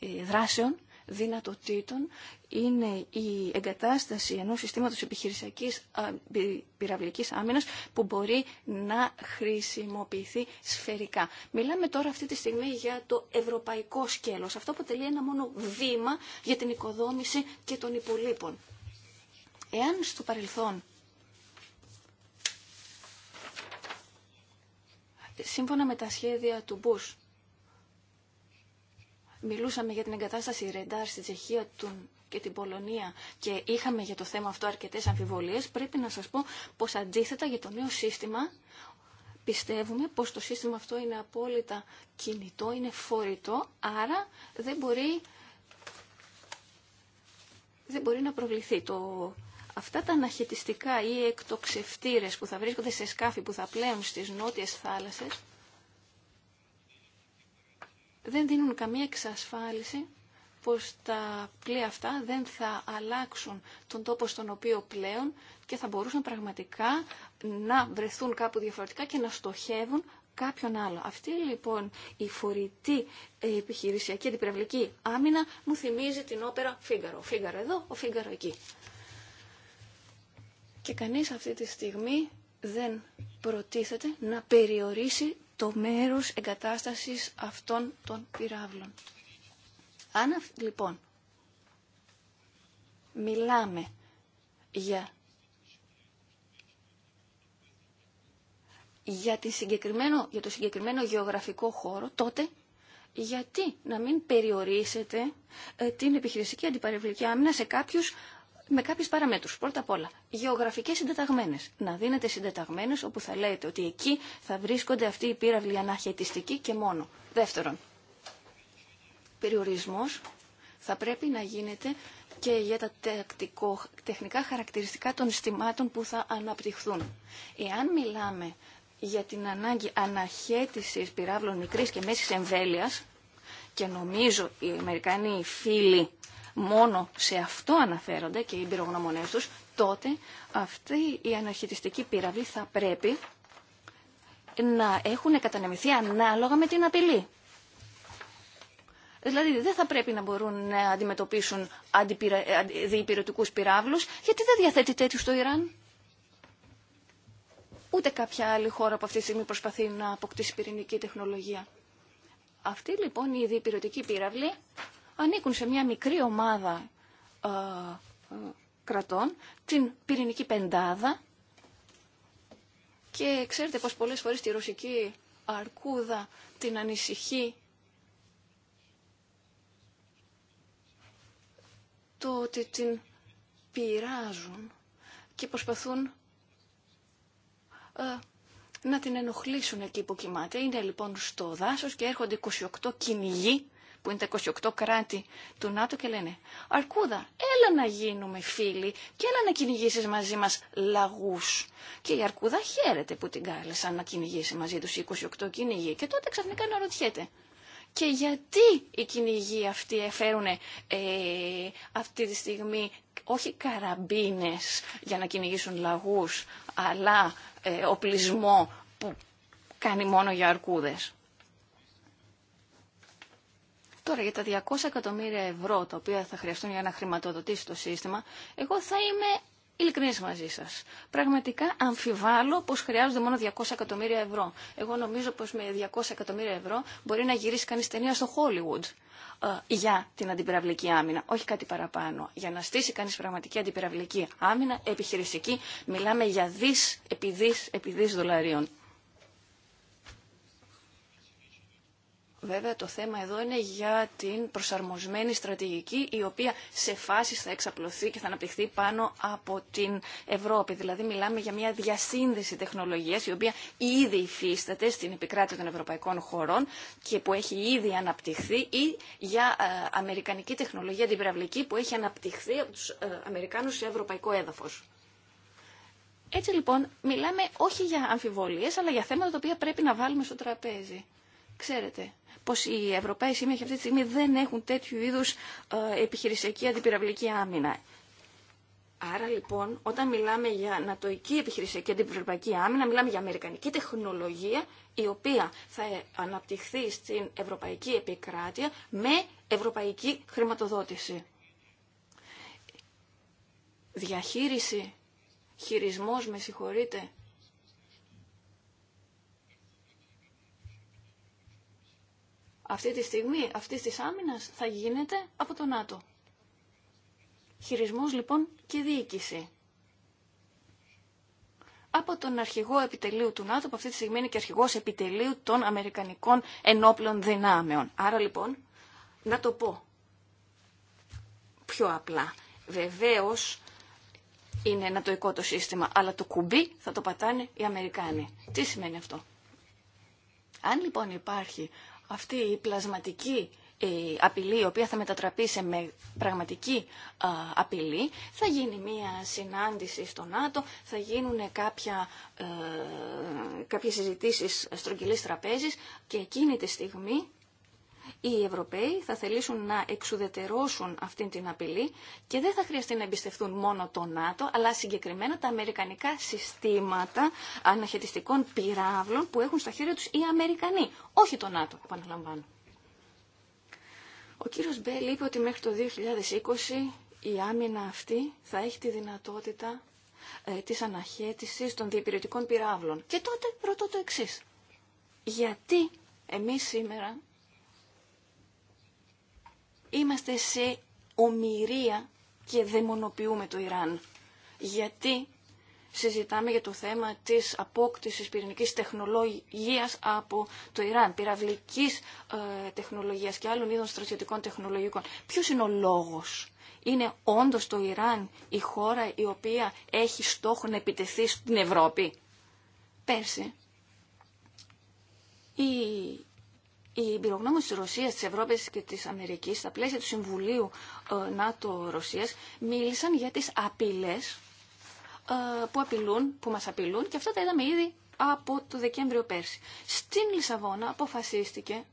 ε, δράσεων δυνατοτήτων είναι η εγκατάσταση ενός συστήματος επιχειρησιακής πυραυλικής άμυνας που μπορεί να χρησιμοποιηθεί σφαιρικά. Μιλάμε τώρα αυτή τη στιγμή για το ευρωπαϊκό σκέλος. Αυτό αποτελεί ένα μόνο βήμα για την οικοδόμηση και των υπολείπων. Εάν στο παρελθόν σύμφωνα με τα σχέδια του Μπούς μιλούσαμε για την εγκατάσταση ρεντάρ στη Τσεχία και την Πολωνία και είχαμε για το θέμα αυτό αρκετές αμφιβολίες, πρέπει να σας πω πως αντίθετα για το νέο σύστημα πιστεύουμε πως το σύστημα αυτό είναι απόλυτα κινητό, είναι φορητό, άρα δεν μπορεί, δεν μπορεί να προβληθεί το... Αυτά τα αναχαιτιστικά ή εκτοξευτήρες που θα βρίσκονται σε σκάφη που θα πλέουν στις νότιες θάλασσες, δεν δίνουν καμία εξασφάλιση πως τα πλοία αυτά δεν θα αλλάξουν τον τόπο στον οποίο πλέον και θα μπορούσαν πραγματικά να βρεθούν κάπου διαφορετικά και να στοχεύουν κάποιον άλλο. Αυτή λοιπόν η φορητή ε, επιχειρησιακή αντιπυραυλική άμυνα μου θυμίζει την όπερα Φίγκαρο. Φίγκαρο εδώ, ο Φίγκαρο εκεί. Και κανείς αυτή τη στιγμή δεν προτίθεται να περιορίσει το μέρος εγκατάστασης αυτών των πυράβλων. Αν λοιπόν μιλάμε για για, συγκεκριμένο, για το συγκεκριμένο γεωγραφικό χώρο, τότε γιατί να μην περιορίσετε ε, την επιχειρησική αντιπαρευλική άμυνα σε κάποιους με κάποιε παραμέτρους. Πρώτα απ' όλα, γεωγραφικές συντεταγμένε, Να δίνετε συντεταγμένε, όπου θα λέτε ότι εκεί θα βρίσκονται αυτοί οι πύραυλοι αναχαιτιστικοί και μόνο. Δεύτερον, περιορισμό θα πρέπει να γίνεται και για τα τεχνικά χαρακτηριστικά των στιμάτων που θα αναπτυχθούν. Εάν μιλάμε για την ανάγκη αναχέτησης πυράβλων μικρής και μέσης εμβέλειας, και νομίζω οι Αμερικανοί φίλοι μόνο σε αυτό αναφέρονται και οι πυρογνωμονές τους, τότε αυτή η αναρχιτιστική πύραυλη θα πρέπει να έχουν κατανεμηθεί ανάλογα με την απειλή. Δηλαδή δεν θα πρέπει να μπορούν να αντιμετωπίσουν διυπηρετικού πυράβλους, γιατί δεν διαθέτει τέτοιους στο Ιράν. Ούτε κάποια άλλη χώρα που αυτή τη στιγμή προσπαθεί να αποκτήσει πυρηνική τεχνολογία. Αυτή λοιπόν η διπυρωτική πύραυλη ανήκουν σε μια μικρή ομάδα ε, ε, κρατών, την πυρηνική πεντάδα και ξέρετε πως πολλές φορές τη ρωσική αρκούδα την ανησυχεί το ότι την πειράζουν και προσπαθούν ε, να την ενοχλήσουν εκεί που κοιμάται. Είναι λοιπόν στο δάσος και έρχονται 28 κυνηγοί που είναι τα 28 κράτη του ΝΑΤΟ και λένε «Αρκούδα, έλα να γίνουμε φίλοι και έλα να κυνηγήσει μαζί μας λαγούς». Και η Αρκούδα χαίρεται που την κάλεσαν να κυνηγήσει μαζί τους 28 κυνηγοί και τότε ξαφνικά να ρωτιέται και γιατί οι κυνηγοί αυτοί φέρουν ε, αυτή τη στιγμή όχι καραμπίνες για να κυνηγήσουν λαγούς, αλλά ε, οπλισμό που κάνει μόνο για αρκούδες. Τώρα για τα 200 εκατομμύρια ευρώ τα οποία θα χρειαστούν για να χρηματοδοτήσει το σύστημα, εγώ θα είμαι ειλικρινή μαζί σα. Πραγματικά αμφιβάλλω πω χρειάζονται μόνο 200 εκατομμύρια ευρώ. Εγώ νομίζω πω με 200 εκατομμύρια ευρώ μπορεί να γυρίσει κανεί ταινία στο Hollywood ε, για την αντιπυραυλική άμυνα, όχι κάτι παραπάνω. Για να στήσει κανεί πραγματική αντιπυραυλική άμυνα επιχειρησική, μιλάμε για δι επί δολαρίων. Βέβαια το θέμα εδώ είναι για την προσαρμοσμένη στρατηγική η οποία σε φάσεις θα εξαπλωθεί και θα αναπτυχθεί πάνω από την Ευρώπη. Δηλαδή μιλάμε για μια διασύνδεση τεχνολογίας η οποία ήδη υφίσταται στην επικράτεια των ευρωπαϊκών χωρών και που έχει ήδη αναπτυχθεί ή για ε, αμερικανική τεχνολογία την πυραυλική που έχει αναπτυχθεί από τους ε, Αμερικάνους σε ευρωπαϊκό έδαφος. Έτσι λοιπόν μιλάμε όχι για αμφιβολίες αλλά για θέματα τα οποία πρέπει να βάλουμε στο τραπέζι. Ξέρετε, πως οι Ευρωπαίοι και αυτή τη στιγμή δεν έχουν τέτοιου είδους ε, επιχειρησιακή αντιπυραυλική άμυνα. Άρα λοιπόν, όταν μιλάμε για νατοική επιχειρησιακή αντιπυραυλική άμυνα, μιλάμε για αμερικανική τεχνολογία η οποία θα αναπτυχθεί στην ευρωπαϊκή επικράτεια με ευρωπαϊκή χρηματοδότηση. Διαχείριση, χειρισμός, με συγχωρείτε, αυτή τη στιγμή αυτή της άμυνας θα γίνεται από το ΝΑΤΟ. Χειρισμός λοιπόν και διοίκηση. Από τον αρχηγό επιτελείου του ΝΑΤΟ, που αυτή τη στιγμή είναι και αρχηγός επιτελείου των Αμερικανικών ενόπλων δυνάμεων. Άρα λοιπόν, να το πω πιο απλά. Βεβαίως, είναι ένα τοικό το σύστημα, αλλά το κουμπί θα το πατάνε οι Αμερικάνοι. Τι σημαίνει αυτό. Αν λοιπόν υπάρχει αυτή η πλασματική απειλή, η οποία θα μετατραπεί σε με πραγματική απειλή. Θα γίνει μία συνάντηση στο ΝΑΤΟ, θα γίνουν κάποια, ε, κάποιες συζητήσεις στρογγυλής τραπέζης και εκείνη τη στιγμή οι Ευρωπαίοι θα θελήσουν να εξουδετερώσουν αυτή την απειλή και δεν θα χρειαστεί να εμπιστευτούν μόνο το ΝΑΤΟ, αλλά συγκεκριμένα τα αμερικανικά συστήματα αναχαιτιστικών πυράβλων που έχουν στα χέρια τους οι Αμερικανοί, όχι το ΝΑΤΟ, επαναλαμβάνω. Ο κύριος Μπέλ είπε ότι μέχρι το 2020 η άμυνα αυτή θα έχει τη δυνατότητα ε, της αναχέτησης των διεπηρετικών πυράβλων. Και τότε ρωτώ το εξής. Γιατί εμείς σήμερα είμαστε σε ομοιρία και δαιμονοποιούμε το Ιράν. Γιατί συζητάμε για το θέμα της απόκτησης πυρηνικής τεχνολογίας από το Ιράν, πυραυλικής ε, τεχνολογίας και άλλων είδων στρατιωτικών τεχνολογικών. Ποιος είναι ο λόγος. Είναι όντως το Ιράν η χώρα η οποία έχει στόχο να επιτεθεί στην Ευρώπη. Πέρσι η οι εμπειρογνώμονε τη Ρωσία, τη Ευρώπη και τη Αμερική, στα πλαίσια του Συμβουλίου ε, ΝΑΤΟ-Ρωσία, μίλησαν για τι απειλέ ε, που, απειλούν, που μας απειλούν και αυτά τα είδαμε ήδη από το Δεκέμβριο πέρσι. Στην Λισαβόνα αποφασίστηκε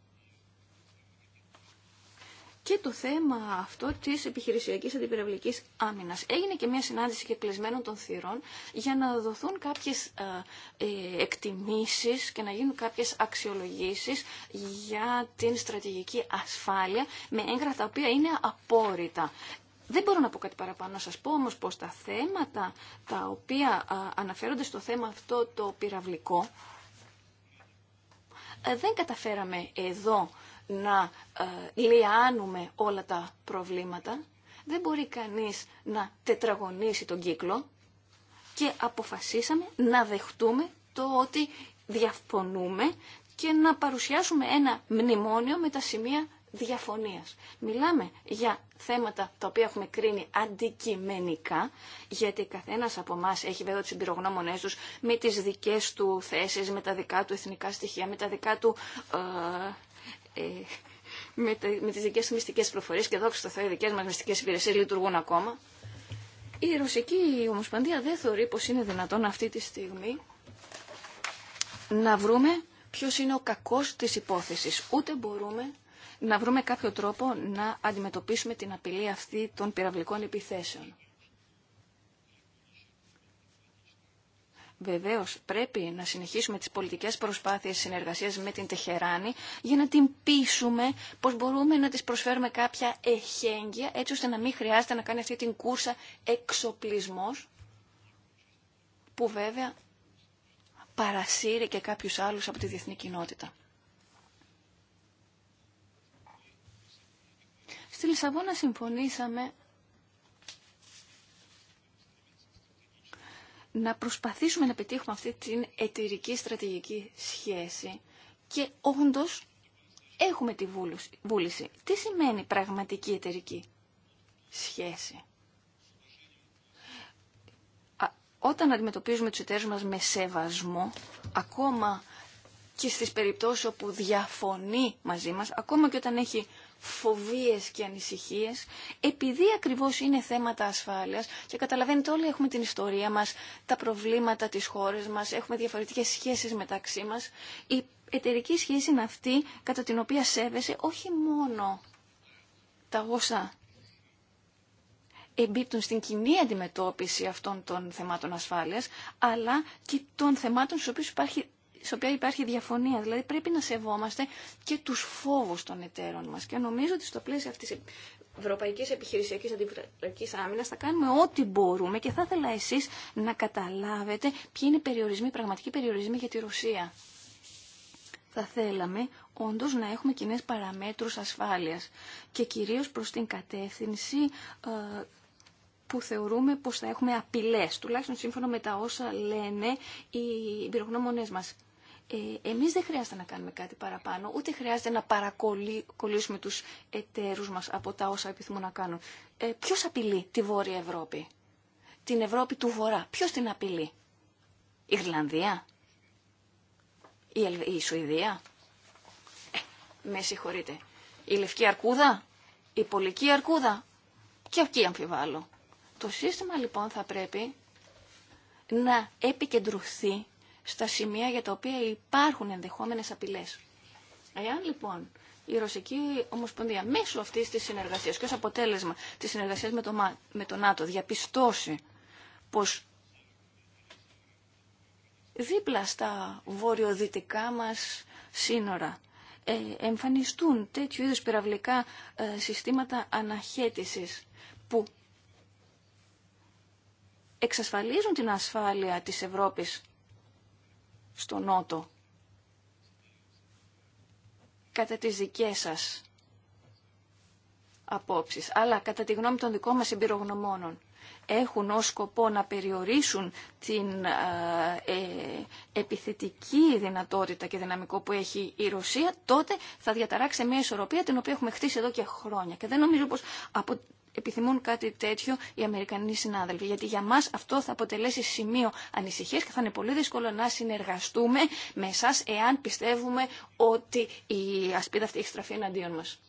και το θέμα αυτό της επιχειρησιακής αντιπυραυλικής άμυνας. Έγινε και μια συνάντηση και κλεισμένων των θυρών για να δοθούν κάποιες ε, ε, εκτιμήσεις και να γίνουν κάποιες αξιολογήσεις για την στρατηγική ασφάλεια με έγγραφα τα οποία είναι απόρριτα. Δεν μπορώ να πω κάτι παραπάνω, να σας πω όμως πως τα θέματα τα οποία ε, αναφέρονται στο θέμα αυτό το πυραυλικό δεν καταφέραμε εδώ να ε, λιάνουμε όλα τα προβλήματα. Δεν μπορεί κανείς να τετραγωνίσει τον κύκλο και αποφασίσαμε να δεχτούμε το ότι διαφωνούμε και να παρουσιάσουμε ένα μνημόνιο με τα σημεία διαφωνίας. Μιλάμε για θέματα τα οποία έχουμε κρίνει αντικειμενικά, γιατί καθένας από εμά έχει βέβαια τις εμπειρογνώμονές τους με τις δικές του θέσεις, με τα δικά του εθνικά στοιχεία, με τα δικά του ε, ε, με, τα, με τις δικές του μυστικές προφορίες και δόξα θα οι δικές μας μυστικές υπηρεσίες λειτουργούν ακόμα. Η Ρωσική Ομοσπονδία δεν θεωρεί πως είναι δυνατόν αυτή τη στιγμή να βρούμε ποιος είναι ο κακός της υπόθεσης. Ούτε μπορούμε να βρούμε κάποιο τρόπο να αντιμετωπίσουμε την απειλή αυτή των πυραυλικών επιθέσεων. Βεβαίω πρέπει να συνεχίσουμε τι πολιτικέ προσπάθειε συνεργασία με την Τεχεράνη για να την πείσουμε πώ μπορούμε να τη προσφέρουμε κάποια εχέγγυα έτσι ώστε να μην χρειάζεται να κάνει αυτή την κούρσα εξοπλισμό που βέβαια παρασύρει και κάποιους άλλους από τη διεθνή κοινότητα. Στη Λισαβόνα συμφωνήσαμε να προσπαθήσουμε να πετύχουμε αυτή την εταιρική στρατηγική σχέση και όντως έχουμε τη βούληση. Τι σημαίνει πραγματική εταιρική σχέση. Όταν αντιμετωπίζουμε τους εταίρους μας με σεβασμό, ακόμα και στις περιπτώσεις όπου διαφωνεί μαζί μας, ακόμα και όταν έχει φοβίες και ανησυχίες, επειδή ακριβώς είναι θέματα ασφάλειας και καταλαβαίνετε όλοι έχουμε την ιστορία μας, τα προβλήματα της χώρας μας, έχουμε διαφορετικές σχέσεις μεταξύ μας. Η εταιρική σχέση είναι αυτή κατά την οποία σέβεσαι όχι μόνο τα όσα εμπίπτουν στην κοινή αντιμετώπιση αυτών των θεμάτων ασφάλειας, αλλά και των θεμάτων στους οποίους υπάρχει σε οποία υπάρχει διαφωνία. Δηλαδή πρέπει να σεβόμαστε και τους φόβους των εταίρων μας. Και νομίζω ότι στο πλαίσιο αυτής της Ευρωπαϊκής Επιχειρησιακής Αντιβρακής Άμυνας θα κάνουμε ό,τι μπορούμε και θα ήθελα εσείς να καταλάβετε ποιοι είναι οι περιορισμοί, πραγματικοί περιορισμοί για τη Ρωσία. Θα θέλαμε όντω να έχουμε κοινέ παραμέτρους ασφάλειας και κυρίως προς την κατεύθυνση ε, που θεωρούμε πως θα έχουμε απειλές, τουλάχιστον σύμφωνα με τα όσα λένε οι πυρογνώμονές μας. Ε, εμείς δεν χρειάζεται να κάνουμε κάτι παραπάνω, ούτε χρειάζεται να παρακολύσουμε τους εταίρους μας από τα όσα επιθυμούν να κάνουν. Ε, ποιος απειλεί τη Βόρεια Ευρώπη, την Ευρώπη του Βορρά, ποιος την απειλεί. Η Ιρλανδία, η, η Σουηδία, ε, με συγχωρείτε, η Λευκή Αρκούδα, η Πολική Αρκούδα και εκεί αμφιβάλλω. Το σύστημα λοιπόν θα πρέπει να επικεντρωθεί στα σημεία για τα οποία υπάρχουν ενδεχόμενες απειλές. Εάν λοιπόν η Ρωσική Ομοσπονδία μέσω αυτής της συνεργασίας και ως αποτέλεσμα της συνεργασίας με το, ΝΑΤΟ διαπιστώσει πως δίπλα στα βορειοδυτικά μας σύνορα ε, εμφανιστούν τέτοιου είδους πυραυλικά ε, συστήματα αναχέτησης που εξασφαλίζουν την ασφάλεια της Ευρώπης στο Νότο κατά τις δικές σας απόψεις, αλλά κατά τη γνώμη των δικών μας εμπειρογνωμόνων έχουν ως σκοπό να περιορίσουν την ε, ε, επιθετική δυνατότητα και δυναμικό που έχει η Ρωσία, τότε θα διαταράξει μια ισορροπία την οποία έχουμε χτίσει εδώ και χρόνια. Και δεν νομίζω πως από επιθυμούν κάτι τέτοιο οι Αμερικανοί συνάδελφοι. Γιατί για μας αυτό θα αποτελέσει σημείο ανησυχίας και θα είναι πολύ δύσκολο να συνεργαστούμε με εσά εάν πιστεύουμε ότι η ασπίδα αυτή έχει στραφεί εναντίον μας.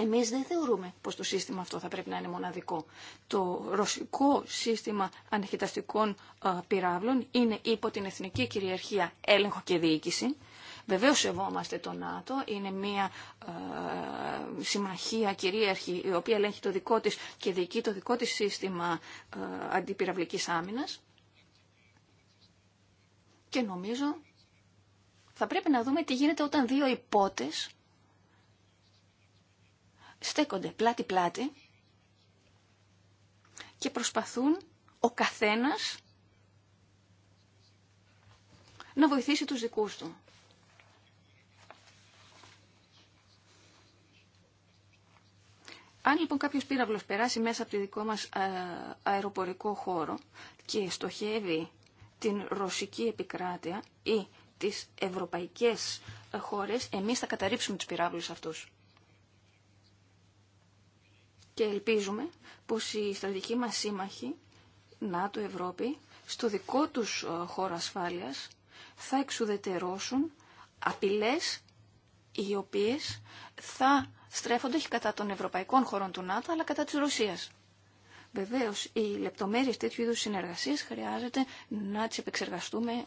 Εμεί δεν θεωρούμε πω το σύστημα αυτό θα πρέπει να είναι μοναδικό. Το ρωσικό σύστημα ανεχταστικών πυράβλων είναι υπό την εθνική κυριαρχία έλεγχο και διοίκηση. Βεβαίω σεβόμαστε το ΝΑΤΟ, είναι μια συμμαχία κυρίαρχη η οποία ελέγχει το δικό της και διοικεί το δικό της σύστημα ε, αντιπυραυλικής άμυνας. Και νομίζω θα πρέπει να δούμε τι γίνεται όταν δύο υπότες στέκονται πλάτη-πλάτη και προσπαθούν ο καθένας να βοηθήσει τους δικούς του. Αν λοιπόν κάποιος πύραυλος περάσει μέσα από τη δικό μας ε, αεροπορικό χώρο και στοχεύει την ρωσική επικράτεια ή τις ευρωπαϊκές ε, χώρες, εμείς θα καταρρύψουμε τους πυράβλους αυτούς και ελπίζουμε πως οι στρατηγικοί μας σύμμαχοι, ΝΑΤΟ, Ευρώπη, στο δικό τους ε, χώρο ασφάλειας θα εξουδετερώσουν απειλές οι οποίες θα στρέφονται όχι κατά των ευρωπαϊκών χωρών του ΝΑΤΟ αλλά κατά της Ρωσίας. Βεβαίως, οι λεπτομέρειε τέτοιου είδου συνεργασίες χρειάζεται να τις επεξεργαστούμε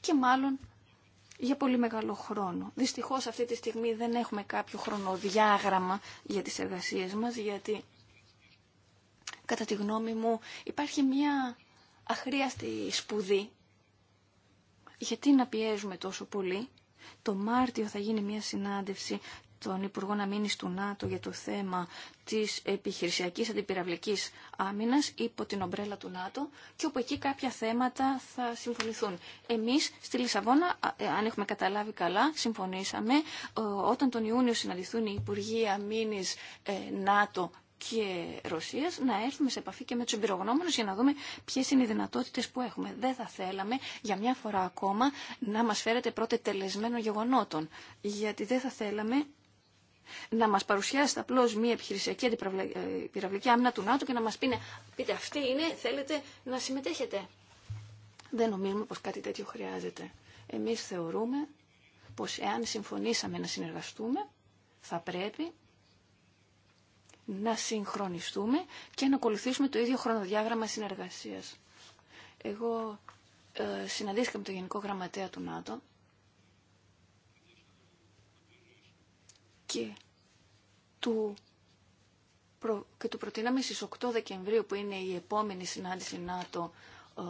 και μάλλον για πολύ μεγάλο χρόνο. Δυστυχώς αυτή τη στιγμή δεν έχουμε κάποιο χρονοδιάγραμμα για τις εργασίες μας, γιατί κατά τη γνώμη μου υπάρχει μια αχρίαστη σπουδή. Γιατί να πιέζουμε τόσο πολύ. Το Μάρτιο θα γίνει μια συνάντηση των Υπουργών Αμήνης του ΝΑΤΟ για το θέμα της επιχειρησιακής αντιπυραυλικής άμυνας υπό την ομπρέλα του ΝΑΤΟ και όπου εκεί κάποια θέματα θα συμφωνηθούν. Εμείς στη Λισαβόνα, ε, αν έχουμε καταλάβει καλά, συμφωνήσαμε όταν τον Ιούνιο συναντηθούν οι Υπουργοί Αμήνης ε, ΝΑΤΟ και Ρωσίας να έρθουμε σε επαφή και με τους εμπειρογνώμονες για να δούμε ποιες είναι οι δυνατότητες που έχουμε. Δεν θα θέλαμε για μια φορά ακόμα να μας φέρετε πρώτε τελεσμένο γεγονότων, γιατί δεν θα θέλαμε να μας παρουσιάσετε απλώ μια επιχειρησιακή αντιπυραυλική ε, άμυνα του ΝΑΤΟ και να μας πίνε, πείτε αυτή είναι, θέλετε να συμμετέχετε. Δεν νομίζουμε πως κάτι τέτοιο χρειάζεται. Εμείς θεωρούμε πως εάν συμφωνήσαμε να συνεργαστούμε, θα πρέπει να συγχρονιστούμε και να ακολουθήσουμε το ίδιο χρονοδιάγραμμα συνεργασίας. Εγώ ε, συναντήθηκα με τον Γενικό Γραμματέα του ΝΑΤΟ και του, προ... και του προτείναμε στις 8 Δεκεμβρίου που είναι η επόμενη συνάντηση ΝΑΤΟ ε,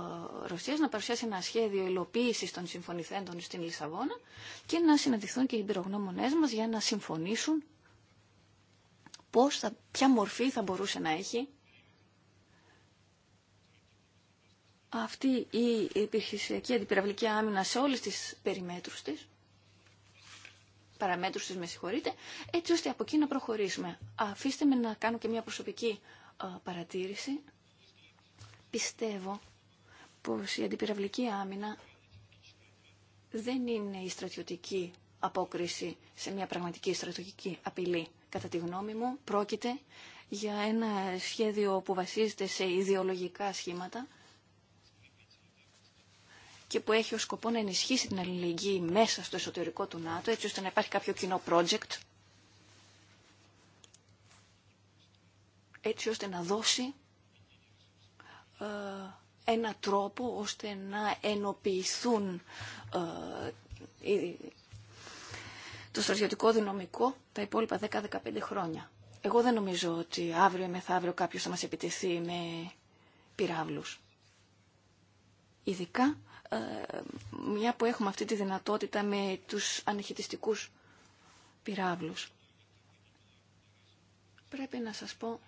Ρωσίας να παρουσιάσει ένα σχέδιο υλοποίηση των συμφωνηθέντων στην Λισαβόνα και να συναντηθούν και οι εμπειρογνώμονές μας για να συμφωνήσουν πώς θα, ποια μορφή θα μπορούσε να έχει αυτή η επιχειρησιακή αντιπυραυλική άμυνα σε όλες τις περιμέτρους της παραμέτρους της, με συγχωρείτε, έτσι ώστε από εκεί να προχωρήσουμε. Αφήστε με να κάνω και μια προσωπική παρατήρηση. Πιστεύω πως η αντιπυραυλική άμυνα δεν είναι η στρατιωτική απόκριση σε μια πραγματική στρατιωτική απειλή. Κατά τη γνώμη μου, πρόκειται για ένα σχέδιο που βασίζεται σε ιδεολογικά σχήματα και που έχει ως σκοπό να ενισχύσει την αλληλεγγύη μέσα στο εσωτερικό του ΝΑΤΟ, έτσι ώστε να υπάρχει κάποιο κοινό project, έτσι ώστε να δώσει ε, ένα τρόπο ώστε να ενοποιηθούν ε, το στρατιωτικό δυναμικό τα υπόλοιπα 10-15 χρόνια. Εγώ δεν νομίζω ότι αύριο ή μεθαύριο κάποιος θα μας επιτεθεί με πυράβλους. Ειδικά ε, μια που έχουμε αυτή τη δυνατότητα με τους ανεχητιστικούς πυράβλους. Πρέπει να σας πω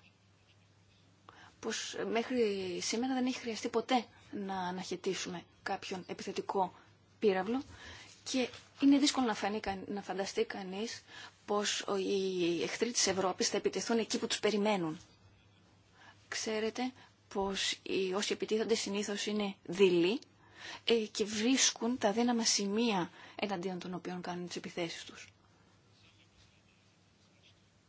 πως μέχρι σήμερα δεν έχει χρειαστεί ποτέ να αναχαιτήσουμε κάποιον επιθετικό πύραυλο και είναι δύσκολο να, φανεί, να φανταστεί κανείς πως οι εχθροί της Ευρώπης θα επιτεθούν εκεί που τους περιμένουν. Ξέρετε πως οι όσοι επιτίθονται συνήθως είναι δειλοί ε, και βρίσκουν τα δύναμα σημεία εναντίον των οποίων κάνουν τις επιθέσεις τους.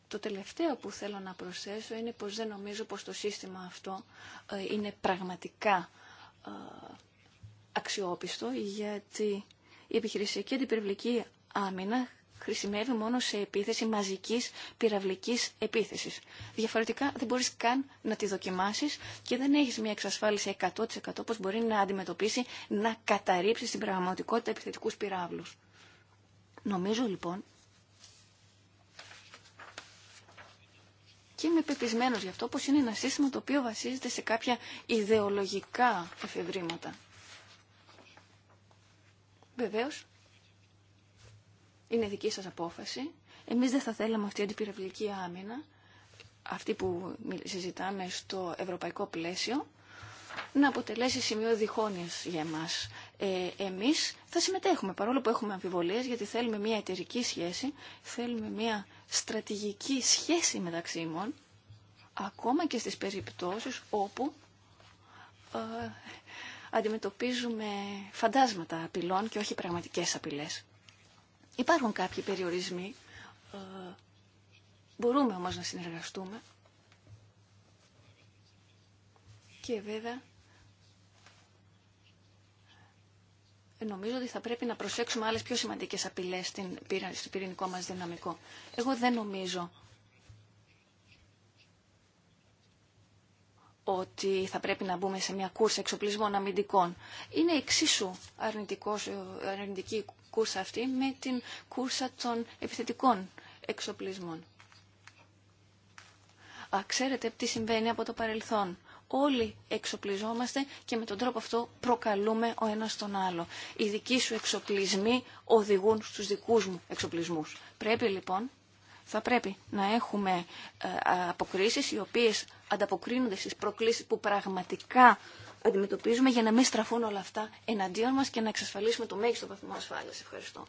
Το τελευταίο που θέλω να προσθέσω είναι πως δεν νομίζω πως το σύστημα αυτό ε, είναι πραγματικά ε, αξιόπιστο γιατί η επιχειρησιακή αντιπεριβλική άμυνα χρησιμεύει μόνο σε επίθεση μαζικής πυραυλικής επίθεσης. Διαφορετικά δεν μπορείς καν να τη δοκιμάσεις και δεν έχεις μια εξασφάλιση 100% πως μπορεί να αντιμετωπίσει, να καταρρύψει στην πραγματικότητα επιθετικούς πυράβλους. Νομίζω λοιπόν και είμαι πεπισμένο γι' αυτό πως είναι ένα σύστημα το οποίο βασίζεται σε κάποια ιδεολογικά εφευρήματα. Βεβαίως, είναι δική σας απόφαση. Εμείς δεν θα θέλαμε αυτή η αντιπυραυλική άμυνα, αυτή που συζητάμε στο ευρωπαϊκό πλαίσιο, να αποτελέσει σημείο διχόνοιας για εμάς. Ε, εμείς θα συμμετέχουμε, παρόλο που έχουμε αμφιβολίες, γιατί θέλουμε μια εταιρική σχέση, θέλουμε μια στρατηγική σχέση μεταξύ ημών, ακόμα και στις περιπτώσεις όπου ε, αντιμετωπίζουμε φαντάσματα απειλών και όχι πραγματικές απειλές. Υπάρχουν κάποιοι περιορισμοί. Ε, μπορούμε όμως να συνεργαστούμε. Και βέβαια, νομίζω ότι θα πρέπει να προσέξουμε άλλες πιο σημαντικές απειλές στην, στο πυρηνικό μας δυναμικό. Εγώ δεν νομίζω ότι θα πρέπει να μπούμε σε μια κούρσα εξοπλισμών αμυντικών. Είναι εξίσου αρνητικός, ε, αρνητική η κούρσα αυτή με την κούρσα των επιθετικών εξοπλισμών. Α, ξέρετε τι συμβαίνει από το παρελθόν. Όλοι εξοπλιζόμαστε και με τον τρόπο αυτό προκαλούμε ο ένας τον άλλο. Οι δικοί σου εξοπλισμοί οδηγούν στους δικούς μου εξοπλισμούς. Πρέπει λοιπόν θα πρέπει να έχουμε ε, αποκρίσεις οι οποίες ανταποκρίνονται στις προκλήσεις που πραγματικά αντιμετωπίζουμε για να μην στραφούν όλα αυτά εναντίον μας και να εξασφαλίσουμε το μέγιστο βαθμό ασφάλειας. Ευχαριστώ.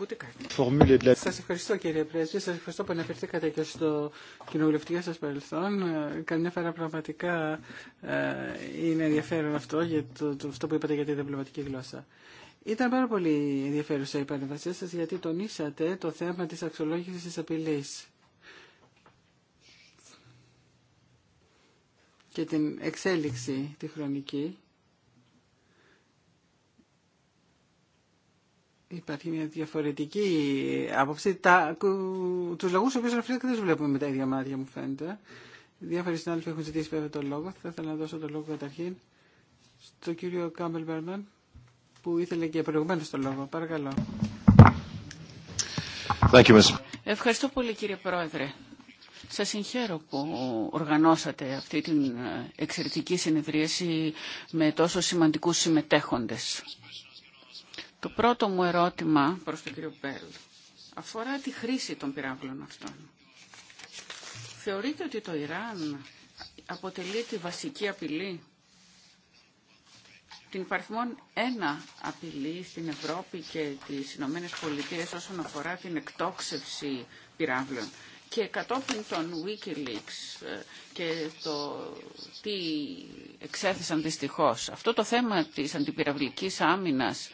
ακούτε κάτι. Σας ευχαριστώ κύριε Πρέσβη, σας ευχαριστώ που αναφερθήκατε και στο κοινοβουλευτικό σας παρελθόν. Ε, καμιά φορά πραγματικά ε, είναι ενδιαφέρον αυτό, για το, αυτό που είπατε για τη διπλωματική γλώσσα. Ήταν πάρα πολύ ενδιαφέρουσα η παρέμβασή σας γιατί τονίσατε το θέμα της αξιολόγησης τη απειλή. και την εξέλιξη τη χρονική Υπάρχει μια διαφορετική άποψη. Τα, τους λόγους που και δεν τους βλέπουμε με τα ίδια μάτια μου φαίνεται. Διάφοροι συνάδελφοι έχουν ζητήσει βέβαια το λόγο. Θα ήθελα να δώσω το λόγο καταρχήν στον κύριο Κάμπελ Μπέρμαν που ήθελε και προηγουμένως το λόγο. Παρακαλώ. Ευχαριστώ πολύ κύριε Πρόεδρε. Σας συγχαίρω που οργανώσατε αυτή την εξαιρετική συνεδρίαση με τόσο σημαντικούς συμμετέχοντες. Το πρώτο μου ερώτημα προς τον κύριο Μπέλ αφορά τη χρήση των πυράβλων αυτών. Θεωρείτε ότι το Ιράν αποτελεί τη βασική απειλή, την υπαρθμόν ένα απειλή στην Ευρώπη και τις Ηνωμένε Πολιτείε όσον αφορά την εκτόξευση πυράβλων. Και κατόπιν των Wikileaks ε, και το τι εξέθεσαν δυστυχώς, αυτό το θέμα της αντιπυραυλικής άμυνας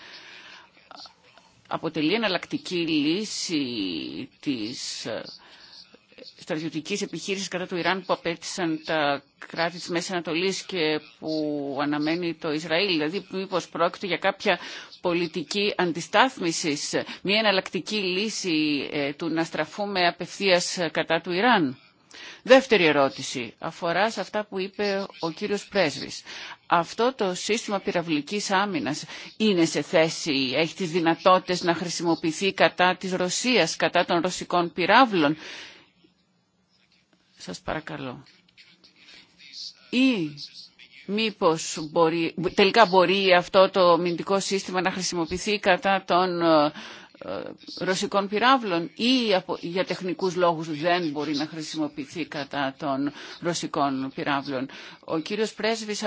αποτελεί εναλλακτική λύση της ε, στρατιωτικής επιχείρησης κατά του Ιράν που απέτησαν τα κράτη της Μέσης Ανατολής και που αναμένει το Ισραήλ. Δηλαδή, μήπω πρόκειται για κάποια πολιτική αντισταθμιση μια εναλλακτική λύση ε, του να στραφούμε απευθείας κατά του Ιράν. Δεύτερη ερώτηση αφορά σε αυτά που είπε ο κύριος Πρέσβης. Αυτό το σύστημα πυραυλικής άμυνας είναι σε θέση, έχει τις δυνατότητες να χρησιμοποιηθεί κατά της Ρωσίας, κατά των ρωσικών πυράβλων. Σας παρακαλώ. Ή μήπως μπορεί, τελικά μπορεί αυτό το μυντικό σύστημα να χρησιμοποιηθεί κατά των ε, ρωσικών πυράβλων ή για τεχνικούς λόγους δεν μπορεί να χρησιμοποιηθεί κατά των ρωσικών πυράβλων. Ο κύριος Πρέσβης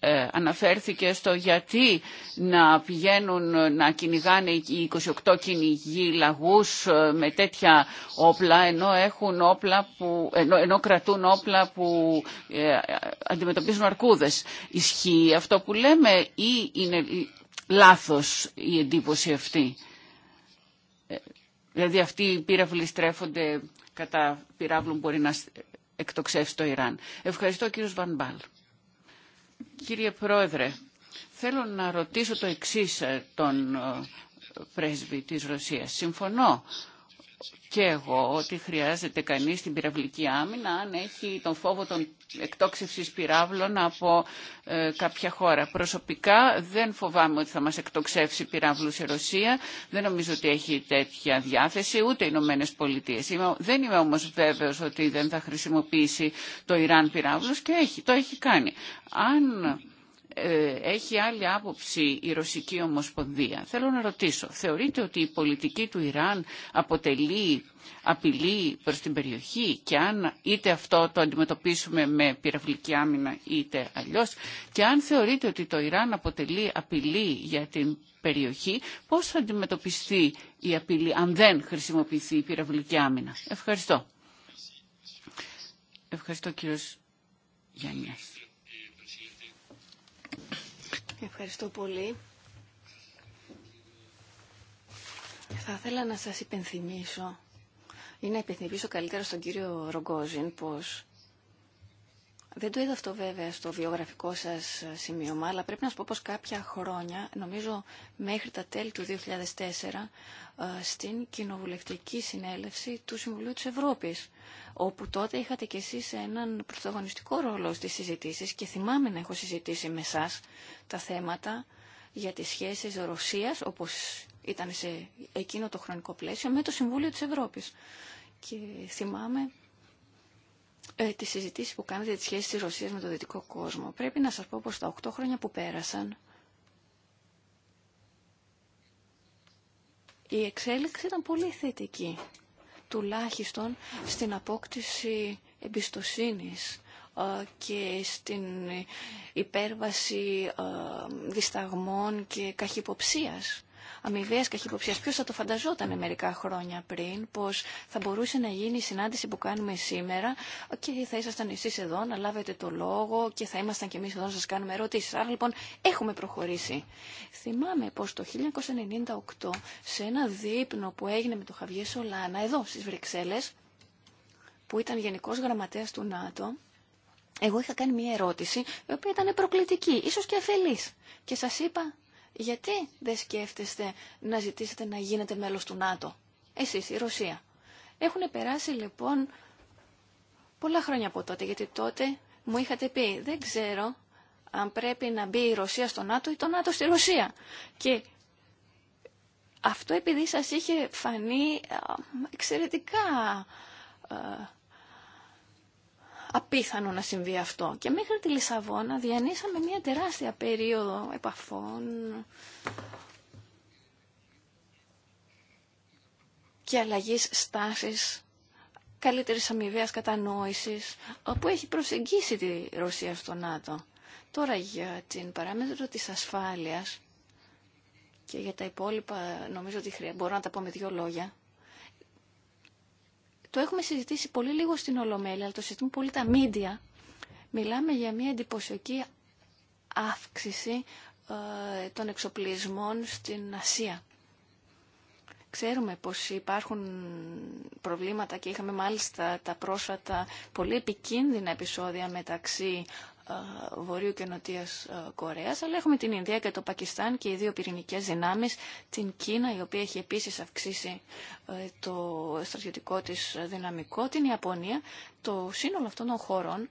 ε, αναφέρθηκε στο γιατί να πηγαίνουν να κυνηγάνε οι 28 κυνηγοί λαγούς ε, με τέτοια όπλα ενώ, έχουν όπλα που, ενώ, κρατούν όπλα που ε, αντιμετωπίζουν αρκούδες. Ισχύει αυτό που λέμε ή είναι λάθος η εντύπωση αυτή. Ε, δηλαδή αυτοί οι πύραυλοι στρέφονται κατά πυράβλων που μπορεί να εκτοξεύσει το Ιράν. Ευχαριστώ κύριος Βανμπάλ. Κύριε Πρόεδρε, θέλω να ρωτήσω το εξής ε, τον ε, πρέσβη της Ρωσίας. Συμφωνώ και εγώ ότι χρειάζεται κανείς την πυραυλική άμυνα αν έχει τον φόβο των εκτόξευσης πυράβλων από ε, κάποια χώρα. Προσωπικά δεν φοβάμαι ότι θα μας εκτοξεύσει πυράβλου η Ρωσία. Δεν νομίζω ότι έχει τέτοια διάθεση ούτε οι Ηνωμένε Πολιτείε. Δεν είμαι όμως βέβαιος ότι δεν θα χρησιμοποιήσει το Ιράν πυράβλους και έχει, το έχει κάνει. Αν ε, έχει άλλη άποψη η Ρωσική Ομοσπονδία. Θέλω να ρωτήσω, θεωρείτε ότι η πολιτική του Ιράν αποτελεί απειλή προς την περιοχή και αν είτε αυτό το αντιμετωπίσουμε με πυραυλική άμυνα είτε αλλιώς και αν θεωρείτε ότι το Ιράν αποτελεί απειλή για την περιοχή, πώς θα αντιμετωπιστεί η απειλή αν δεν χρησιμοποιηθεί η πυραυλική άμυνα. Ευχαριστώ. Ευχαριστώ κύριος Γιάννιας. Ευχαριστώ πολύ. Θα ήθελα να σας υπενθυμίσω ή να υπενθυμίσω καλύτερα στον κύριο Ρογκόζιν πως δεν το είδα αυτό βέβαια στο βιογραφικό σας σημείωμα, αλλά πρέπει να σου πω πως κάποια χρόνια, νομίζω μέχρι τα τέλη του 2004, ε, στην κοινοβουλευτική συνέλευση του Συμβουλίου της Ευρώπης, όπου τότε είχατε κι εσείς έναν πρωταγωνιστικό ρόλο στις συζητήσεις και θυμάμαι να έχω συζητήσει με εσά τα θέματα για τις σχέσεις Ρωσίας, όπως ήταν σε εκείνο το χρονικό πλαίσιο, με το Συμβούλιο της Ευρώπης. Και θυμάμαι ε, τις που κάνετε για τις σχέσεις της Ρωσίας με το δυτικό κόσμο. Πρέπει να σας πω πως τα 8 χρόνια που πέρασαν η εξέλιξη ήταν πολύ θετική. Τουλάχιστον στην απόκτηση εμπιστοσύνης ε, και στην υπέρβαση ε, δισταγμών και καχυποψίας αμοιβαία καχυποψία. Ποιο θα το φανταζόταν μερικά χρόνια πριν πω θα μπορούσε να γίνει η συνάντηση που κάνουμε σήμερα και θα ήσασταν εσεί εδώ να λάβετε το λόγο και θα ήμασταν κι εμεί εδώ να σα κάνουμε ερωτήσει. Άρα λοιπόν έχουμε προχωρήσει. Θυμάμαι πω το 1998 σε ένα δείπνο που έγινε με τον Χαβιέ Σολάνα εδώ στι Βρυξέλλε που ήταν Γενικό Γραμματέα του ΝΑΤΟ, εγώ είχα κάνει μια ερώτηση, η οποία ήταν προκλητική, ίσως και αφελής. Και σας είπα γιατί δεν σκέφτεστε να ζητήσετε να γίνετε μέλος του ΝΑΤΟ. Εσείς, η Ρωσία. Έχουν περάσει λοιπόν πολλά χρόνια από τότε, γιατί τότε μου είχατε πει, δεν ξέρω αν πρέπει να μπει η Ρωσία στο ΝΑΤΟ ή το ΝΑΤΟ στη Ρωσία. Και αυτό επειδή σας είχε φανεί εξαιρετικά απίθανο να συμβεί αυτό. Και μέχρι τη Λισαβόνα διανύσαμε μια τεράστια περίοδο επαφών και αλλαγής στάσης, καλύτερης αμοιβαίας κατανόησης, όπου έχει προσεγγίσει τη Ρωσία στο ΝΑΤΟ. Τώρα για την παράμετρο της ασφάλειας και για τα υπόλοιπα νομίζω ότι μπορώ να τα πω με δύο λόγια. Το έχουμε συζητήσει πολύ λίγο στην Ολομέλεια, αλλά το συζητούν πολύ τα μίντια. Μιλάμε για μια εντυπωσιακή αύξηση ε, των εξοπλισμών στην Ασία. Ξέρουμε πως υπάρχουν προβλήματα και είχαμε μάλιστα τα πρόσφατα πολύ επικίνδυνα επεισόδια μεταξύ ε, Βορείου και Νοτία ε, Κορέας, αλλά έχουμε την Ινδία και το Πακιστάν και οι δύο πυρηνικέ δυνάμει, την Κίνα η οποία έχει επίση αυξήσει ε, το στρατιωτικό της δυναμικό, την Ιαπωνία, το σύνολο αυτών των χωρών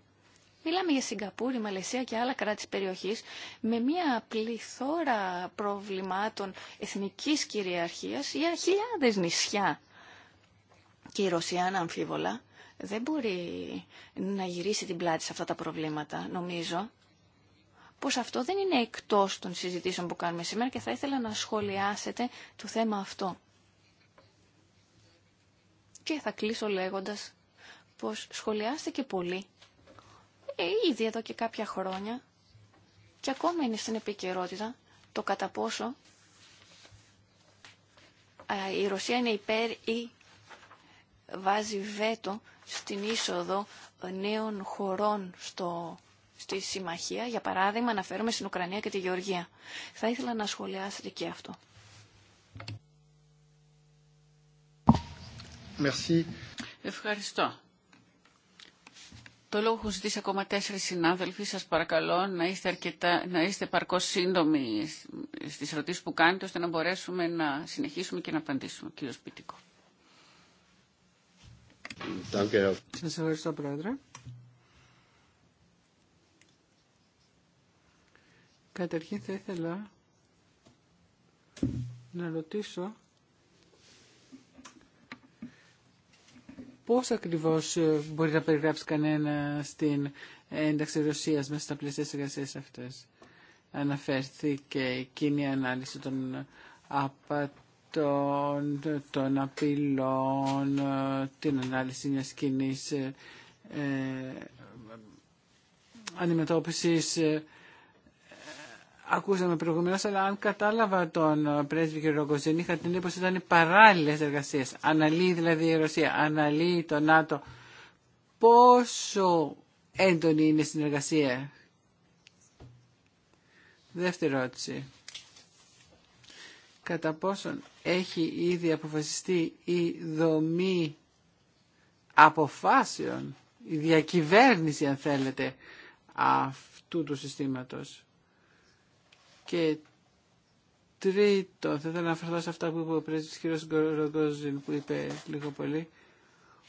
Μιλάμε για Σιγκαπούρη, Μαλαισία και άλλα κράτη της περιοχής με μια πληθώρα προβλημάτων κυριαρχία ή χιλιάδε νησιά για χιλιαδε νησιά. Και η Ρωσία αμφίβολα, δεν μπορεί να γυρίσει την πλάτη σε αυτά τα προβλήματα, νομίζω πως αυτό δεν είναι εκτός των συζητήσεων που κάνουμε σήμερα και θα ήθελα να σχολιάσετε το θέμα αυτό. Και θα κλείσω λέγοντας πως σχολιάστηκε πολύ, ε, ήδη εδώ και κάποια χρόνια, και ακόμα είναι στην επικαιρότητα το κατά πόσο η Ρωσία είναι υπέρ ή βάζει βέτο στην είσοδο νέων χωρών στο, στη συμμαχία. Για παράδειγμα, αναφέρομαι στην Ουκρανία και τη Γεωργία. Θα ήθελα να σχολιάσετε και αυτό. Ευχαριστώ. Το λόγο έχουν ζητήσει ακόμα τέσσερις συνάδελφοι. Σας παρακαλώ να είστε, αρκετά, να είστε παρκώς σύντομοι στις ερωτήσει που κάνετε, ώστε να μπορέσουμε να συνεχίσουμε και να απαντήσουμε. Κύριο Σπιτικό. Σας ευχαριστώ, Πρόεδρε. Καταρχήν θα ήθελα να ρωτήσω πώς ακριβώς ε, μπορεί να περιγράψει κανένα στην ένταξη Ρωσίας μέσα στα πλαίσια της αυτές. Αναφέρθηκε εκείνη η ανάλυση των απατών των, των απειλών, ε, την ανάλυση μιας κοινή ε, ε, αντιμετώπισης. Ε, ακούσαμε προηγουμένως, αλλά αν κατάλαβα τον πρέσβη κ. Ρογκοζίνη, είχα την εντύπωση ότι ήταν παράλληλες εργασίες. Αναλύει δηλαδή η Ρωσία, αναλύει το ΝΑΤΟ. Πόσο έντονη είναι η συνεργασία. Δεύτερη ερώτηση. Κατά πόσον έχει ήδη αποφασιστεί η δομή αποφάσεων, η διακυβέρνηση αν θέλετε αυτού του συστήματος. Και τρίτο, θα ήθελα να αναφερθώ σε αυτά που είπε ο πρέσβης κ. Ρογκόζιν που είπε λίγο πολύ,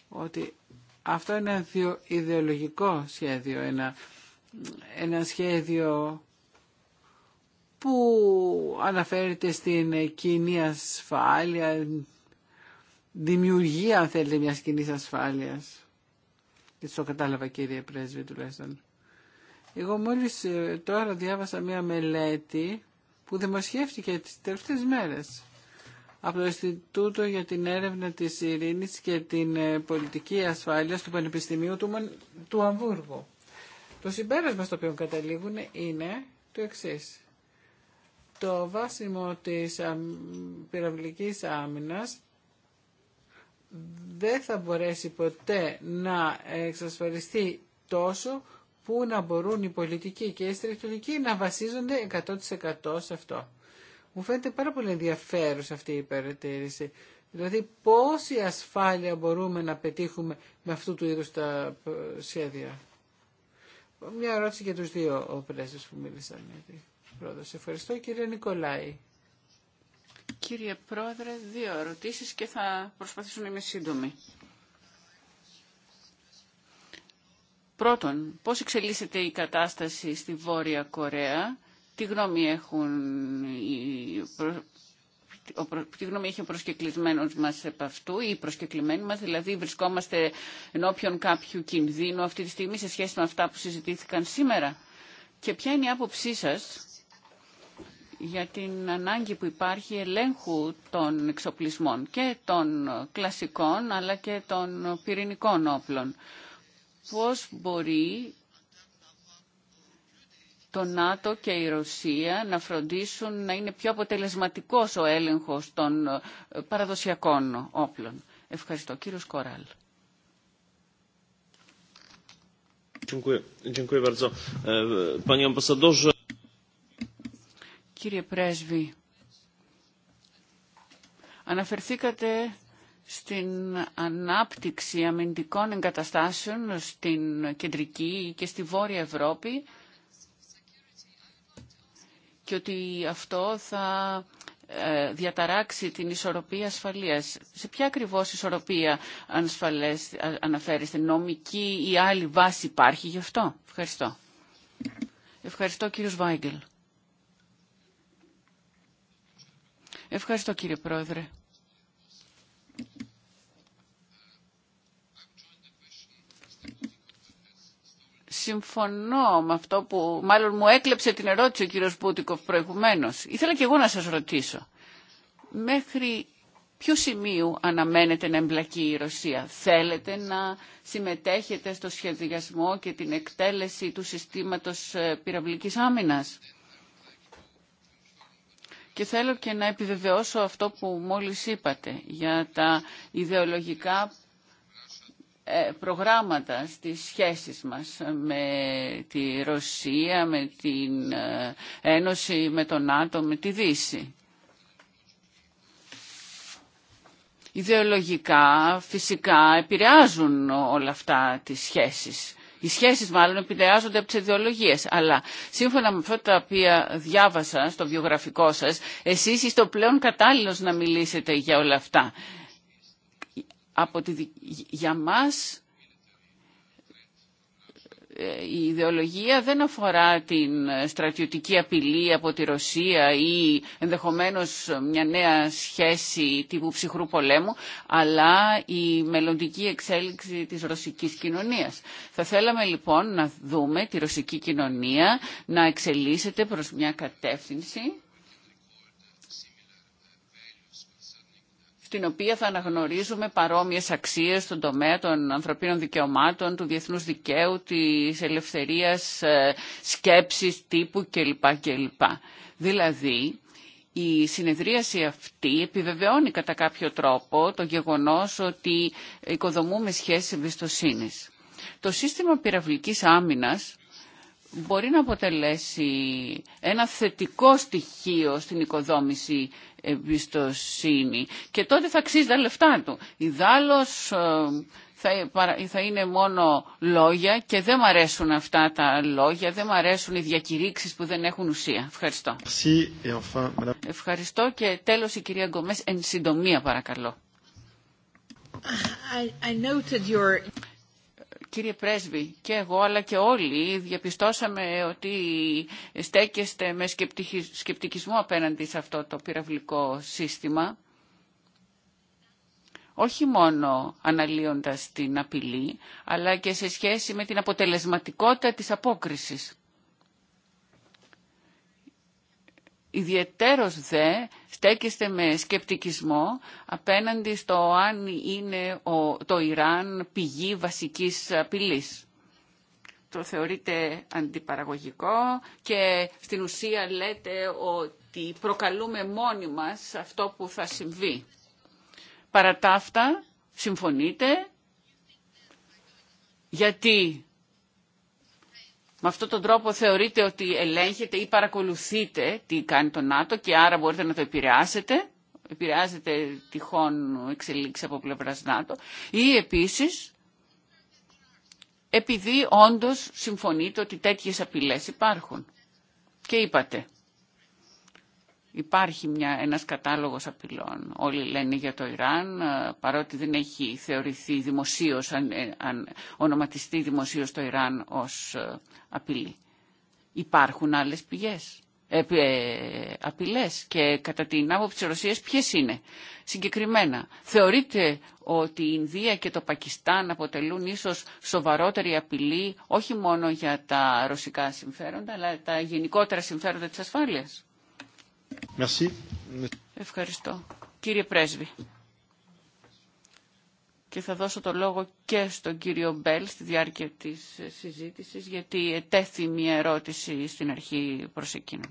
ότι αυτό είναι ένα ιδεολογικό σχέδιο, ένα, ένα σχέδιο που αναφέρεται στην κοινή ασφάλεια, δημιουργία αν θέλετε μια κοινή ασφάλειας. Έτσι το κατάλαβα κύριε πρέσβη τουλάχιστον. Εγώ μόλις ε, τώρα διάβασα μια μελέτη που δημοσιεύτηκε τις τελευταίες μέρες από το Ινστιτούτο για την Έρευνα της Ειρήνης και την ε, Πολιτική Ασφάλειας του Πανεπιστημίου του, του Αμβούργου. Το συμπέρασμα στο οποίο καταλήγουν είναι το εξής το βάσιμο της πυραυλικής άμυνας δεν θα μπορέσει ποτέ να εξασφαλιστεί τόσο που να μπορούν οι πολιτικοί και οι στρατιωτικοί να βασίζονται 100% σε αυτό. Μου φαίνεται πάρα πολύ ενδιαφέρουσα αυτή η υπερατήρηση. Δηλαδή πόση ασφάλεια μπορούμε να πετύχουμε με αυτού του είδους τα ε, σχέδια. Μια ερώτηση για τους δύο πρέσβες που μίλησαν. Ευχαριστώ κύριε Νικολάη. Κύριε Πρόεδρε, δύο ερωτήσεις και θα προσπαθήσω να είμαι σύντομη. Πρώτον, πώς εξελίσσεται η κατάσταση στη Βόρεια Κορέα, τι γνώμη έχουν οι τι γνώμη έχει ο προσκεκλημένος μας επ' αυτού ή οι προσκεκλημένοι μας, δηλαδή βρισκόμαστε ενώπιον κάποιου κινδύνου αυτή τη στιγμή σε σχέση με αυτά που συζητήθηκαν σήμερα. Και ποια είναι η άποψή σας για την ανάγκη που υπάρχει ελέγχου των εξοπλισμών και των κλασικών αλλά και των πυρηνικών όπλων. Πώς μπορεί το ΝΑΤΟ και η Ρωσία να φροντίσουν να είναι πιο αποτελεσματικός ο έλεγχος των ε, παραδοσιακών όπλων. Ευχαριστώ. Κύριος Κοράλ. Dziękuję. Dziękuję bardzo. E, panie ambasadorze. Κύριε Πρέσβη, αναφερθήκατε στην ανάπτυξη αμυντικών εγκαταστάσεων στην κεντρική και στη βόρεια Ευρώπη και ότι αυτό θα ε, διαταράξει την ισορροπία ασφαλείας. Σε ποια ακριβώς ισορροπία ασφαλές αναφέρεστε, νομική ή άλλη βάση υπάρχει γι' αυτό. Ευχαριστώ. Ευχαριστώ κύριος Βάγκελ. Ευχαριστώ κύριε Πρόεδρε. Συμφωνώ με αυτό που μάλλον μου έκλεψε την ερώτηση ο κύριος Μπούτικοφ προηγουμένως. Ήθελα και εγώ να σας ρωτήσω. Μέχρι ποιο σημείου αναμένετε να εμπλακεί η Ρωσία. Θέλετε να συμμετέχετε στο σχεδιασμό και την εκτέλεση του συστήματος ε, πυραυλικής άμυνας. Και θέλω και να επιβεβαιώσω αυτό που μόλις είπατε για τα ιδεολογικά ε, προγράμματα στις σχέσεις μας με τη Ρωσία, με την ε, Ένωση, με τον ΝΑΤΟ, με τη Δύση. Ιδεολογικά, φυσικά, επηρεάζουν όλα αυτά τις σχέσεις οι σχέσεις μάλλον επηρεάζονται από τις ιδεολογίε, Αλλά σύμφωνα με αυτά τα οποία διάβασα στο βιογραφικό σας, εσείς είστε ο πλέον κατάλληλος να μιλήσετε για όλα αυτά. Από τη... Για μας ε, η ιδεολογία δεν αφορά την ε, στρατιωτική απειλή από τη Ρωσία ή ενδεχομένως μια νέα σχέση τύπου ψυχρού πολέμου, αλλά η μελλοντική εξέλιξη της ρωσικής κοινωνίας. Θα θέλαμε λοιπόν να δούμε τη ρωσική κοινωνία να εξελίσσεται προς μια κατεύθυνση στην οποία θα αναγνωρίζουμε παρόμοιες αξίες στον τομέα των ανθρωπίνων δικαιωμάτων, του διεθνούς δικαίου, της ελευθερίας ε, σκέψης, τύπου κλπ. Δηλαδή, η συνεδρίαση αυτή επιβεβαιώνει κατά κάποιο τρόπο το γεγονός ότι οικοδομούμε σχέσεις εμπιστοσύνη. Το σύστημα πυραυλικής άμυνας μπορεί να αποτελέσει ένα θετικό στοιχείο στην οικοδόμηση εμπιστοσύνη και τότε θα αξίζει τα λεφτά του. Ιδάλλως ε, θα είναι μόνο λόγια και δεν μ' αρέσουν αυτά τα λόγια, δεν μ' αρέσουν οι διακηρύξεις που δεν έχουν ουσία. Ευχαριστώ. Ευχαριστώ και τέλος η κυρία Γκομές εν συντομία παρακαλώ. Κύριε Πρέσβη, και εγώ αλλά και όλοι διαπιστώσαμε ότι στέκεστε με σκεπτικισμό απέναντι σε αυτό το πυραυλικό σύστημα. Όχι μόνο αναλύοντας την απειλή, αλλά και σε σχέση με την αποτελεσματικότητα της απόκρισης. Ιδιαιτέρως δε στέκεστε με σκεπτικισμό απέναντι στο αν είναι ο, το Ιράν πηγή βασικής απειλής. Το θεωρείτε αντιπαραγωγικό και στην ουσία λέτε ότι προκαλούμε μόνοι μας αυτό που θα συμβεί. Παρά τα αυτά, συμφωνείτε γιατί με αυτόν τον τρόπο θεωρείτε ότι ελέγχετε ή παρακολουθείτε τι κάνει το ΝΑΤΟ και άρα μπορείτε να το επηρεάσετε. Επηρεάζετε τυχόν εξελίξει από πλευρά ΝΑΤΟ. Ή επίσης, επειδή όντως συμφωνείτε ότι τέτοιες απειλές υπάρχουν. Και είπατε, υπάρχει μια, ένας κατάλογος απειλών. Όλοι λένε για το Ιράν, ε, παρότι δεν έχει θεωρηθεί δημοσίως, αν, ε, αν ονοματιστεί δημοσίως το Ιράν ως ε, απειλή. Υπάρχουν άλλες πηγές, ε, ε, απειλές και κατά την άποψη της Ρωσίας ποιες είναι συγκεκριμένα. Θεωρείτε ότι η Ινδία και το Πακιστάν αποτελούν ίσως σοβαρότερη απειλή όχι μόνο για τα ρωσικά συμφέροντα αλλά τα γενικότερα συμφέροντα της ασφάλειας. Ευχαριστώ. Κύριε Πρέσβη και θα δώσω το λόγο και στον κύριο Μπέλ στη διάρκεια της συζήτησης γιατί ετέθη μια ερώτηση στην αρχή προς εκείνον.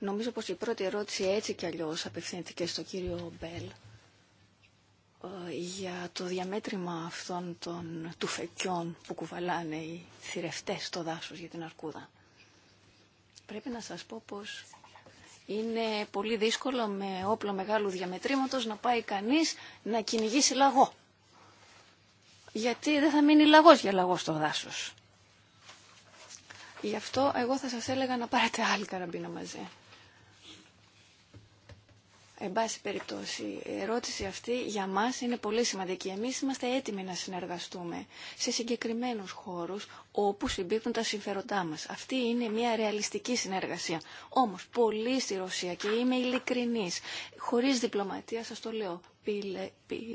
Νομίζω πως η πρώτη ερώτηση έτσι κι αλλιώς και στον κύριο Μπέλ ε, για το διαμέτρημα αυτών των τουφεκιών που κουβαλάνε οι θηρευτές στο δάσος για την Αρκούδα. Πρέπει να σας πω πως είναι πολύ δύσκολο με όπλο μεγάλου διαμετρήματος να πάει κανείς να κυνηγήσει λαγό. Γιατί δεν θα μείνει λαγός για λαγό στο δάσος. Γι' αυτό εγώ θα σας έλεγα να πάρετε άλλη καραμπίνα μαζί. Εν πάση περιπτώσει, η ερώτηση αυτή για μας είναι πολύ σημαντική. Εμείς είμαστε έτοιμοι να συνεργαστούμε σε συγκεκριμένους χώρους όπου συμπίπτουν τα συμφέροντά μας. Αυτή είναι μια ρεαλιστική συνεργασία. Όμως, πολύ στη Ρωσία και είμαι ειλικρινής, χωρίς διπλωματία σας το λέω,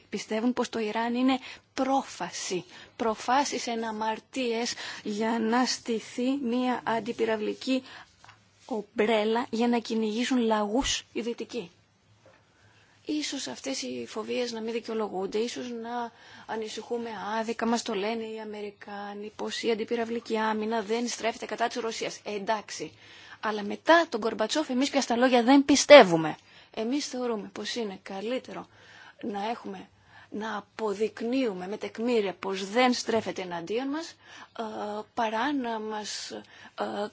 πιστεύουν πως το Ιράν είναι πρόφαση. προφάσει σε αναμαρτίες για να στηθεί μια αντιπυραυλική ομπρέλα για να κυνηγήσουν λαγούς οι δυτικοί. Ίσως αυτές οι φοβίες να μην δικαιολογούνται, ίσως να ανησυχούμε άδικα, μας το λένε οι Αμερικάνοι, πως η αντιπυραυλική άμυνα δεν στρέφεται κατά της Ρωσίας. Ε, εντάξει. Αλλά μετά τον Κορμπατσόφ εμείς πια στα λόγια δεν πιστεύουμε. Εμείς θεωρούμε πως είναι καλύτερο να έχουμε να αποδεικνύουμε με τεκμήρια πως δεν στρέφεται εναντίον μας ε, παρά να μας ε,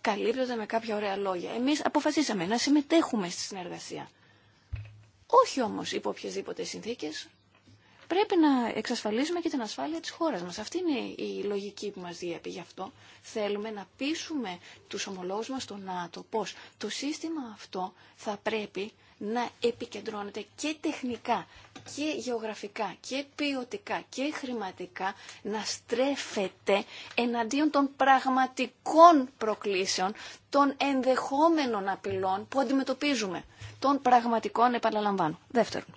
καλύπτονται με κάποια ωραία λόγια. Εμείς αποφασίσαμε να συμμετέχουμε στη συνεργασία. Όχι όμως υπό οποιασδήποτε συνθήκες. Πρέπει να εξασφαλίσουμε και την ασφάλεια της χώρας μας. Αυτή είναι η λογική που μας διέπει. Γι' αυτό θέλουμε να πείσουμε τους ομολόγους μας στο ΝΑΤΟ πως το σύστημα αυτό θα πρέπει να επικεντρώνεται και τεχνικά και γεωγραφικά και ποιοτικά και χρηματικά να στρέφεται εναντίον των πραγματικών προκλήσεων, των ενδεχόμενων απειλών που αντιμετωπίζουμε, των πραγματικών επαναλαμβάνω. Δεύτερον,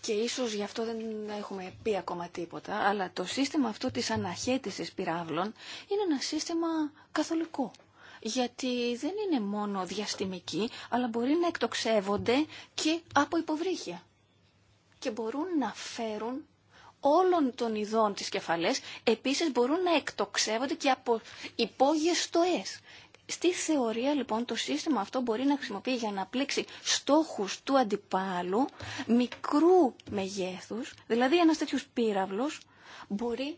και ίσως γι' αυτό δεν έχουμε πει ακόμα τίποτα, αλλά το σύστημα αυτό της αναχέτησης πυράβλων είναι ένα σύστημα καθολικό γιατί δεν είναι μόνο διαστημικοί, αλλά μπορεί να εκτοξεύονται και από υποβρύχια. Και μπορούν να φέρουν όλων των ειδών της κεφαλές, επίσης μπορούν να εκτοξεύονται και από υπόγειες στοές. Στη θεωρία λοιπόν το σύστημα αυτό μπορεί να χρησιμοποιεί για να πλήξει στόχους του αντιπάλου μικρού μεγέθους, δηλαδή ένας τέτοιος πύραυλος μπορεί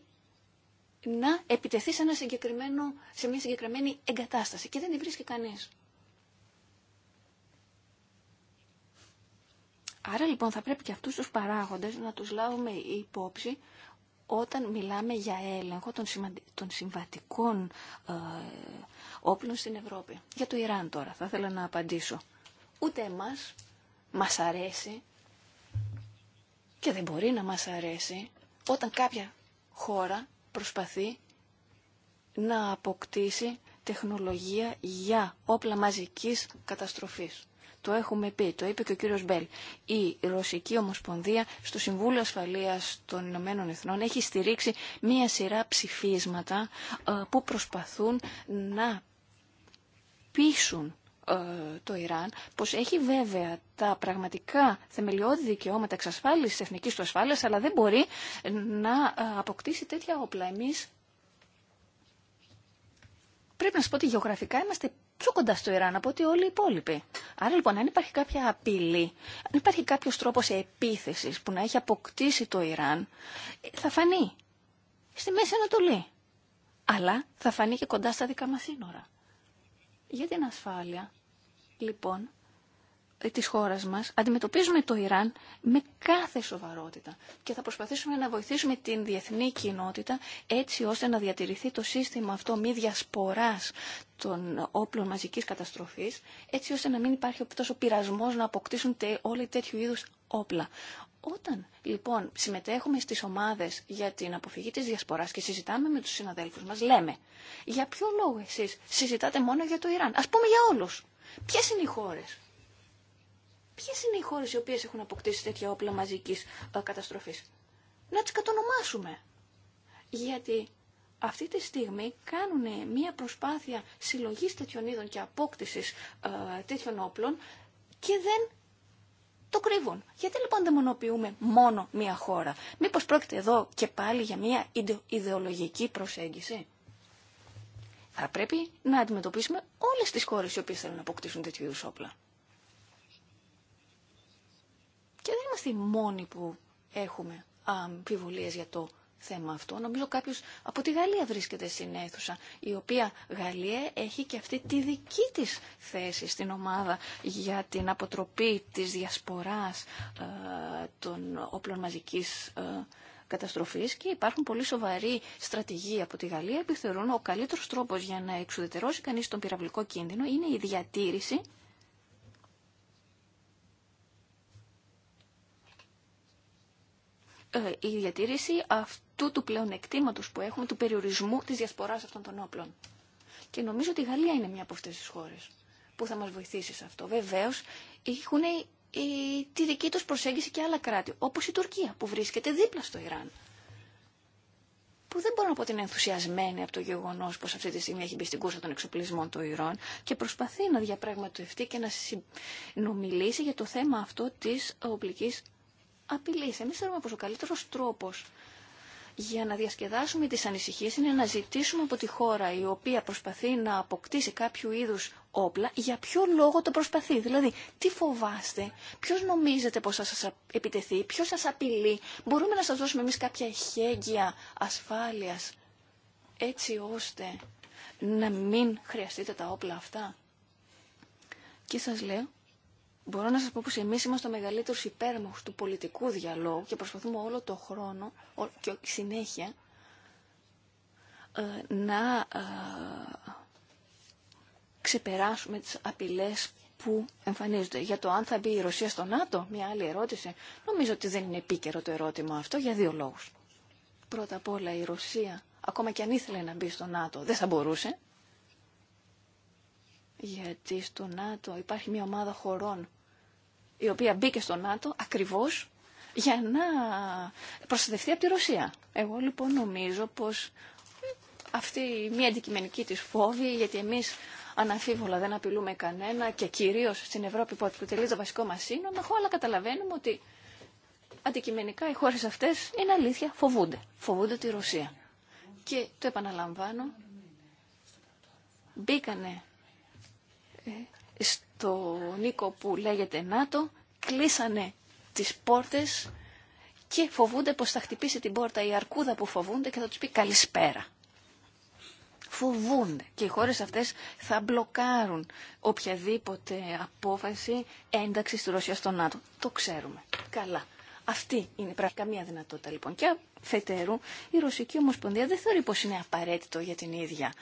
να επιτεθεί σε, ένα συγκεκριμένο, σε μια συγκεκριμένη εγκατάσταση και δεν τη βρίσκει κανείς. Άρα λοιπόν θα πρέπει και αυτούς τους παράγοντες να τους λάβουμε υπόψη όταν μιλάμε για έλεγχο των, των συμβατικών ε, όπλων στην Ευρώπη. Για το Ιράν τώρα θα ήθελα να απαντήσω. Ούτε εμάς μας αρέσει και δεν μπορεί να μας αρέσει όταν κάποια χώρα προσπαθεί να αποκτήσει τεχνολογία για όπλα μαζικής καταστροφής. Το έχουμε πει, το είπε και ο κύριος Μπέλ. Η Ρωσική Ομοσπονδία στο Συμβούλιο Ασφαλείας των Ηνωμένων Εθνών έχει στηρίξει μία σειρά ψηφίσματα ε, που προσπαθούν να πείσουν ε, το Ιράν, πως έχει βέβαια τα πραγματικά θεμελιώδη δικαιώματα εξασφάλισης εθνικής του ασφάλειας, αλλά δεν μπορεί να ε, αποκτήσει τέτοια όπλα. Εμείς πρέπει να σας πω ότι γεωγραφικά είμαστε πιο κοντά στο Ιράν από ότι όλοι οι υπόλοιποι. Άρα λοιπόν, αν υπάρχει κάποια απειλή, αν υπάρχει κάποιος τρόπος επίθεσης που να έχει αποκτήσει το Ιράν, θα φανεί στη Μέση Ανατολή. Αλλά θα φανεί και κοντά στα δικά μας σύνορα. Για την ασφάλεια, λοιπόν, της χώρας μας αντιμετωπίζουμε το Ιράν με κάθε σοβαρότητα και θα προσπαθήσουμε να βοηθήσουμε την διεθνή κοινότητα έτσι ώστε να διατηρηθεί το σύστημα αυτό μη διασποράς των όπλων μαζικής καταστροφής έτσι ώστε να μην υπάρχει τόσο πειρασμός να αποκτήσουν όλοι τέτοιου είδους όπλα. Όταν λοιπόν συμμετέχουμε στις ομάδες για την αποφυγή της διασποράς και συζητάμε με τους συναδέλφους μας, λέμε για ποιο λόγο εσείς συζητάτε μόνο για το Ιράν. Ας πούμε για όλους. Ποιες είναι οι χώρες. Ποιες είναι οι χώρες οι οποίες έχουν αποκτήσει τέτοια όπλα μαζικής ε, καταστροφής. Να τις κατονομάσουμε. Γιατί αυτή τη στιγμή κάνουν μια προσπάθεια συλλογής τέτοιων είδων και απόκτησης ε, τέτοιων όπλων και δεν το κρύβουν. Γιατί λοιπόν δαιμονοποιούμε μόνο μία χώρα. Μήπως πρόκειται εδώ και πάλι για μία ιδεολογική προσέγγιση. Θα πρέπει να αντιμετωπίσουμε όλες τις χώρες οι οποίες θέλουν να αποκτήσουν τέτοιου είδους όπλα. Και δεν είμαστε οι μόνοι που έχουμε αμφιβολίες για το θέμα αυτό. Νομίζω κάποιος από τη Γαλλία βρίσκεται στην αίθουσα, η οποία Γαλλία έχει και αυτή τη δική της θέση στην ομάδα για την αποτροπή της διασποράς ε, των όπλων μαζικής ε, καταστροφής και υπάρχουν πολύ σοβαροί στρατηγοί από τη Γαλλία που θεωρούν ο καλύτερος τρόπος για να εξουδετερώσει κανείς τον πυραυλικό κίνδυνο είναι η διατήρηση Ε, η διατήρηση αυτού του πλεονεκτήματος που έχουμε, του περιορισμού της διασποράς αυτών των όπλων. Και νομίζω ότι η Γαλλία είναι μια από αυτές τις χώρες που θα μας βοηθήσει σε αυτό. Βεβαίως, έχουν τη δική τους προσέγγιση και άλλα κράτη, όπως η Τουρκία που βρίσκεται δίπλα στο Ιράν. Που δεν μπορώ να πω ότι είναι ενθουσιασμένη από το γεγονό πω αυτή τη στιγμή έχει μπει στην κούρσα των εξοπλισμών του Ιράν και προσπαθεί να διαπραγματευτεί και να συνομιλήσει για το θέμα αυτό τη οπλική Απειλή. Εμείς θέλουμε πως ο καλύτερος τρόπος για να διασκεδάσουμε τι ανησυχίε είναι να ζητήσουμε από τη χώρα η οποία προσπαθεί να αποκτήσει κάποιο είδου όπλα για ποιο λόγο το προσπαθεί. Δηλαδή, τι φοβάστε, ποιο νομίζετε πως θα σας επιτεθεί, ποιο σας απειλεί. Μπορούμε να σας δώσουμε εμεί κάποια χέγγια ασφάλεια, έτσι ώστε να μην χρειαστείτε τα όπλα αυτά. Και σας λέω μπορώ να σα πω πως εμείς είμαστε ο μεγαλύτερο υπέρμαχο του πολιτικού διαλόγου και προσπαθούμε όλο το χρόνο και συνέχεια ε, να ε, ξεπεράσουμε τις απειλές που εμφανίζονται. Για το αν θα μπει η Ρωσία στο ΝΑΤΟ, μια άλλη ερώτηση. Νομίζω ότι δεν είναι επίκαιρο το ερώτημα αυτό για δύο λόγους. Πρώτα απ' όλα η Ρωσία, ακόμα και αν ήθελε να μπει στο ΝΑΤΟ, δεν θα μπορούσε. Γιατί στο ΝΑΤΟ υπάρχει μια ομάδα χωρών η οποία μπήκε στο ΝΑΤΟ ακριβώς για να προστατευτεί από τη Ρωσία. Εγώ λοιπόν νομίζω πως αυτή η μία αντικειμενική της φόβη, γιατί εμείς αναφίβολα δεν απειλούμε κανένα και κυρίως στην Ευρώπη που αποτελεί το βασικό μας έχω αλλά καταλαβαίνουμε ότι αντικειμενικά οι χώρες αυτές είναι αλήθεια, φοβούνται. Φοβούνται τη Ρωσία. Και το επαναλαμβάνω, μπήκανε στο Νίκο που λέγεται ΝΑΤΟ, κλείσανε τις πόρτες και φοβούνται πως θα χτυπήσει την πόρτα η αρκούδα που φοβούνται και θα τους πει καλησπέρα. Φοβούνται και οι χώρες αυτές θα μπλοκάρουν οποιαδήποτε απόφαση ένταξης του Ρωσία στο ΝΑΤΟ. Το ξέρουμε. Καλά. Αυτή είναι πραγματικά μια δυνατότητα λοιπόν. Και αφετέρου η Ρωσική Ομοσπονδία δεν θεωρεί πως είναι απαραίτητο για την ίδια.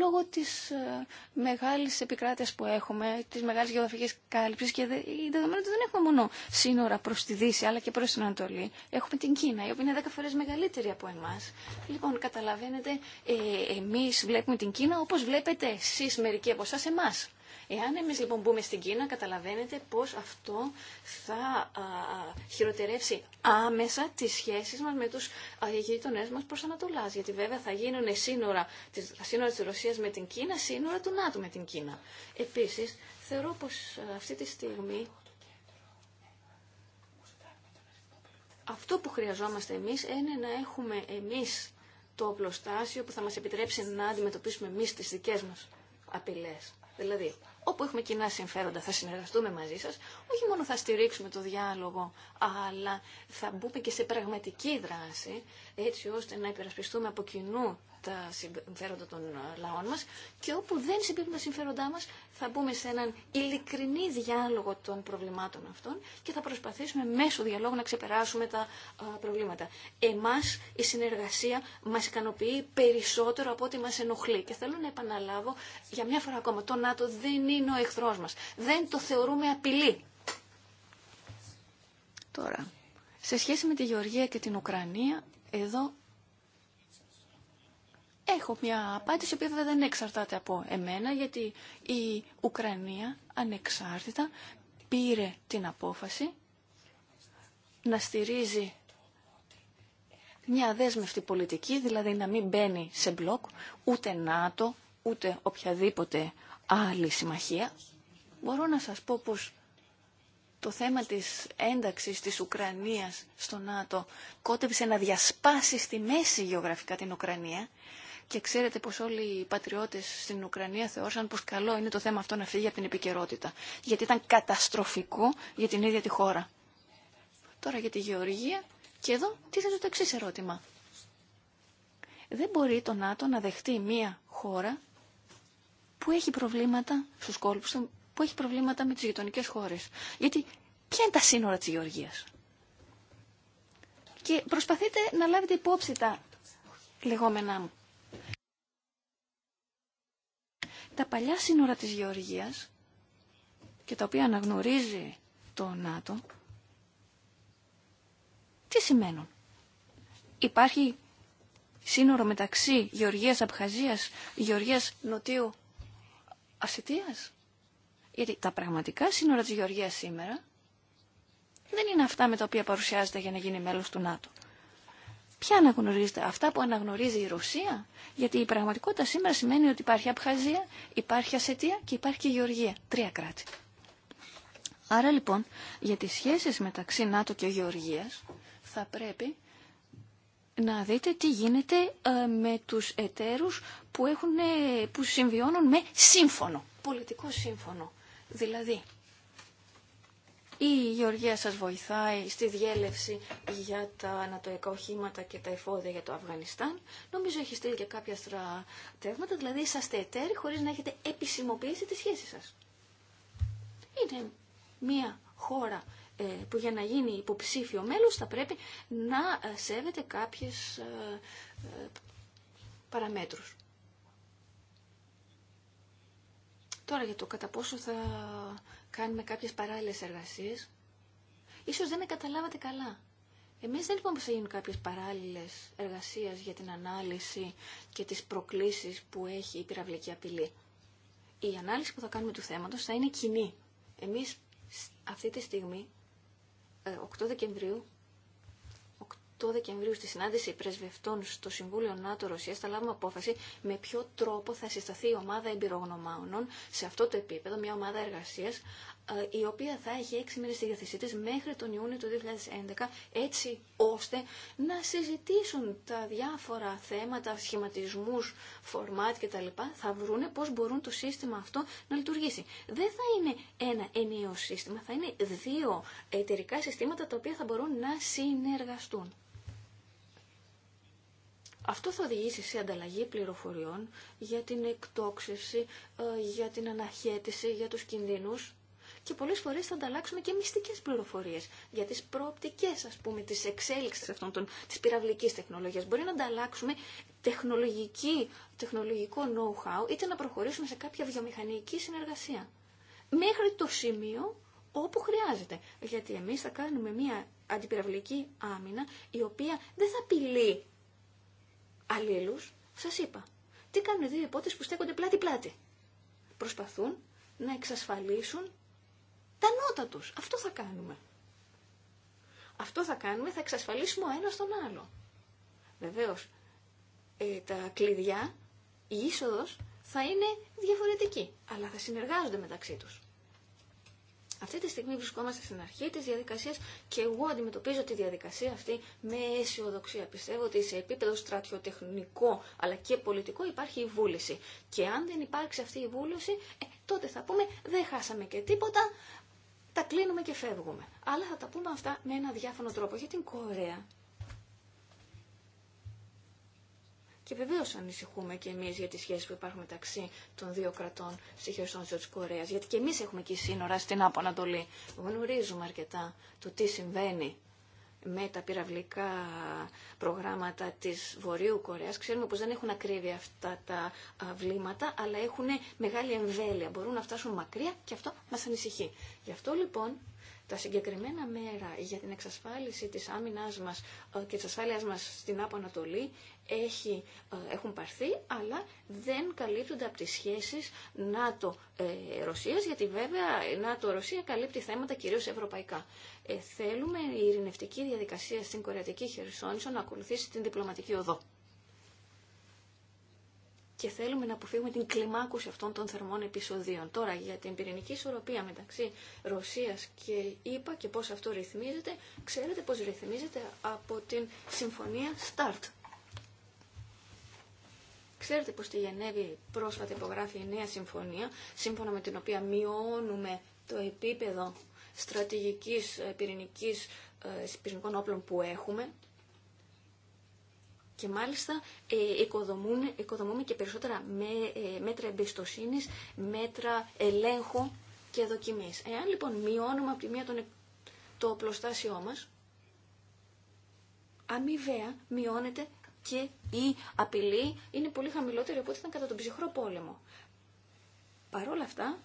Λόγω της ε, μεγάλης επικράτειας που έχουμε, της μεγάλης γεωγραφικής κάλυψης και δε, δεδομένου ότι δεν έχουμε μόνο σύνορα προς τη Δύση αλλά και προς την Ανατολή, έχουμε την Κίνα η οποία είναι δέκα φορές μεγαλύτερη από εμάς. Λοιπόν, καταλαβαίνετε, ε, εμείς βλέπουμε την Κίνα όπως βλέπετε εσείς μερικοί από εσά εμάς. Εάν εμεί λοιπόν μπούμε στην Κίνα, καταλαβαίνετε πώς αυτό θα χειροτερεύσει άμεσα τις σχέσεις μας με τους γείτονε μας προς Ανατολάς. Γιατί βέβαια θα γίνουν σύνορα, σύνορα της Ρωσίας με την Κίνα, σύνορα του ΝΑΤΟ με την Κίνα. Επίσης, θεωρώ πως αυτή τη στιγμή αυτό που χρειαζόμαστε εμείς είναι να έχουμε εμείς το οπλοστάσιο που θα μας επιτρέψει να αντιμετωπίσουμε εμείς τις δικές μας απειλές. Δηλαδή, όπου έχουμε κοινά συμφέροντα θα συνεργαστούμε μαζί σας, όχι μόνο θα στηρίξουμε το διάλογο, αλλά θα μπούμε και σε πραγματική δράση, έτσι ώστε να υπερασπιστούμε από κοινού τα συμφέροντα των λαών μας και όπου δεν συμπίπτουν τα συμφέροντά μας θα μπούμε σε έναν ειλικρινή διάλογο των προβλημάτων αυτών και θα προσπαθήσουμε μέσω διαλόγου να ξεπεράσουμε τα προβλήματα. Εμάς η συνεργασία μας ικανοποιεί περισσότερο από ό,τι μας ενοχλεί και θέλω να επαναλάβω για μια φορά ακόμα το ΝΑΤΟ δεν είναι ο εχθρός μας. Δεν το θεωρούμε απειλή. Τώρα, σε σχέση με τη Γεωργία και την Ουκρανία, εδώ Έχω μια απάντηση, η οποία δεν εξαρτάται από εμένα, γιατί η Ουκρανία ανεξάρτητα πήρε την απόφαση να στηρίζει μια δέσμευτη πολιτική, δηλαδή να μην μπαίνει σε μπλοκ ούτε ΝΑΤΟ, ούτε οποιαδήποτε άλλη συμμαχία. Μπορώ να σας πω πως το θέμα της ένταξης της Ουκρανίας στο ΝΑΤΟ κότεψε να διασπάσει στη μέση γεωγραφικά την Ουκρανία και ξέρετε πως όλοι οι πατριώτες στην Ουκρανία θεώρησαν πως καλό είναι το θέμα αυτό να φύγει από την επικαιρότητα. Γιατί ήταν καταστροφικό για την ίδια τη χώρα. Τώρα για τη Γεωργία και εδώ τίθεται το εξή ερώτημα. Δεν μπορεί το ΝΑΤΟ να δεχτεί μία χώρα που έχει προβλήματα στους κόλπους, που έχει προβλήματα με τις γειτονικέ χώρες. Γιατί ποια είναι τα σύνορα της Γεωργίας. Και προσπαθείτε να λάβετε υπόψη τα λεγόμενά μου. τα παλιά σύνορα της Γεωργίας και τα οποία αναγνωρίζει το ΝΑΤΟ, τι σημαίνουν. Υπάρχει σύνορο μεταξύ Γεωργίας Απχαζίας, Γεωργίας Νοτίου Ασιτίας. Γιατί τα πραγματικά σύνορα της Γεωργίας σήμερα δεν είναι αυτά με τα οποία παρουσιάζεται για να γίνει μέλος του ΝΑΤΟ. Ποια αναγνωρίζετε, αυτά που αναγνωρίζει η Ρωσία, γιατί η πραγματικότητα σήμερα σημαίνει ότι υπάρχει Απχαζία, υπάρχει Ασετία και υπάρχει και Γεωργία. Τρία κράτη. Άρα λοιπόν για τις σχέσεις μεταξύ ΝΑΤΟ και Γεωργίας θα πρέπει να δείτε τι γίνεται ε, με τους εταίρους που, έχουν, που συμβιώνουν με σύμφωνο, πολιτικό σύμφωνο. Δηλαδή η Γεωργία σας βοηθάει στη διέλευση για τα ανατοϊκά οχήματα και τα εφόδια για το Αφγανιστάν. Νομίζω έχει στείλει και κάποια στρατεύματα, δηλαδή είσαστε εταίροι χωρίς να έχετε επισημοποιήσει τη σχέση σας. Είναι μια χώρα ε, που για να γίνει υποψήφιο μέλος θα πρέπει να ε, σέβεται κάποιες ε, παραμέτρους. Τώρα για το κατά πόσο θα κάνουμε κάποιες παράλληλες εργασίες. Ίσως δεν με καταλάβατε καλά. Εμείς δεν είπαμε πως θα γίνουν κάποιες παράλληλες εργασίες για την ανάλυση και τις προκλήσεις που έχει η πυραυλική απειλή. Η ανάλυση που θα κάνουμε του θέματος θα είναι κοινή. Εμείς αυτή τη στιγμή, 8 ε, Δεκεμβρίου, 8 Δεκεμβρίου στη συνάντηση πρεσβευτών στο Συμβούλιο ΝΑΤΟ Ρωσία θα λάβουμε απόφαση με ποιο τρόπο θα συσταθεί η ομάδα εμπειρογνωμάων σε αυτό το επίπεδο, μια ομάδα εργασία, ε, η οποία θα έχει έξι μήνε στη διαθεσή τη μέχρι τον Ιούνιο του 2011, έτσι ώστε να συζητήσουν τα διάφορα θέματα, σχηματισμού, φορμάτ κτλ. Θα βρούνε πώ μπορούν το σύστημα αυτό να λειτουργήσει. Δεν θα είναι ένα ενιαίο σύστημα, θα είναι δύο εταιρικά συστήματα τα οποία θα μπορούν να συνεργαστούν. Αυτό θα οδηγήσει σε ανταλλαγή πληροφοριών για την εκτόξευση, ε, για την αναχέτηση, για τους κινδύνους και πολλές φορές θα ανταλλάξουμε και μυστικές πληροφορίες για τις προοπτικές, ας πούμε, της εξέλιξης αυτών των, της πυραυλικής τεχνολογίας. Μπορεί να ανταλλάξουμε τεχνολογική, τεχνολογικό know-how είτε να προχωρήσουμε σε κάποια βιομηχανική συνεργασία. Μέχρι το σημείο όπου χρειάζεται. Γιατί εμείς θα κάνουμε μια αντιπυραυλική άμυνα η οποία δεν θα απειλεί Αλλήλους, σας είπα, τι κάνουν δύο υπότες που στέκονται πλάτη-πλάτη. Προσπαθούν να εξασφαλίσουν τα νότα τους. Αυτό θα κάνουμε. Αυτό θα κάνουμε, θα εξασφαλίσουμε ο ένας τον άλλο. Βεβαίως, ε, τα κλειδιά, η είσοδος θα είναι διαφορετική, αλλά θα συνεργάζονται μεταξύ τους. Αυτή τη στιγμή βρισκόμαστε στην αρχή τη διαδικασία και εγώ αντιμετωπίζω τη διαδικασία αυτή με αισιοδοξία. Πιστεύω ότι σε επίπεδο στρατιωτεχνικό αλλά και πολιτικό υπάρχει η βούληση. Και αν δεν υπάρξει αυτή η βούληση, ε, τότε θα πούμε δεν χάσαμε και τίποτα, τα κλείνουμε και φεύγουμε. Αλλά θα τα πούμε αυτά με ένα διάφορο τρόπο. Για την Κορέα Και βεβαίω ανησυχούμε και εμεί για τι σχέσει που υπάρχουν μεταξύ των δύο κρατών στη χερσόνησο τη Κορέα. Γιατί και εμεί έχουμε εκεί σύνορα στην Άπο Ανατολή. Γνωρίζουμε αρκετά το τι συμβαίνει με τα πυραυλικά προγράμματα τη Βορείου Κορέα. Ξέρουμε πω δεν έχουν ακρίβεια αυτά τα βλήματα, αλλά έχουν μεγάλη εμβέλεια. Μπορούν να φτάσουν μακριά και αυτό μα ανησυχεί. Γι' αυτό λοιπόν τα συγκεκριμένα μέρα για την εξασφάλιση της άμυνάς μας ε, και της ασφάλειας μας στην Άπο Ανατολή έχει, ε, έχουν πάρθει, αλλά δεν καλύπτονται από τις σχέσεις ΝΑΤΟ-Ρωσίας, γιατί βέβαια η ΝΑΤΟ-Ρωσία καλύπτει θέματα κυρίως ευρωπαϊκά. Ε, θέλουμε η ειρηνευτική διαδικασία στην Κορεατική Χερσόνησο να ακολουθήσει την διπλωματική οδό. Και θέλουμε να αποφύγουμε την κλιμάκωση αυτών των θερμών επεισοδίων. Τώρα για την πυρηνική ισορροπία μεταξύ Ρωσίας και ΗΠΑ και πώς αυτό ρυθμίζεται, ξέρετε πώς ρυθμίζεται από την συμφωνία START Ξέρετε πως στη Γενέβη πρόσφατα υπογράφει η νέα συμφωνία, σύμφωνα με την οποία μειώνουμε το επίπεδο στρατηγικής ε, πυρηνικής, ε, πυρηνικών όπλων που έχουμε και μάλιστα ε, οικοδομούμε και περισσότερα μέτρα εμπιστοσύνης, μέτρα ελέγχου και δοκιμής. Εάν λοιπόν μειώνουμε από τη μία το οπλοστάσιό μας, αμοιβαία μειώνεται και η απειλή είναι πολύ χαμηλότερη από ό,τι ήταν κατά τον ψυχρό πόλεμο. Παρ' όλα αυτά,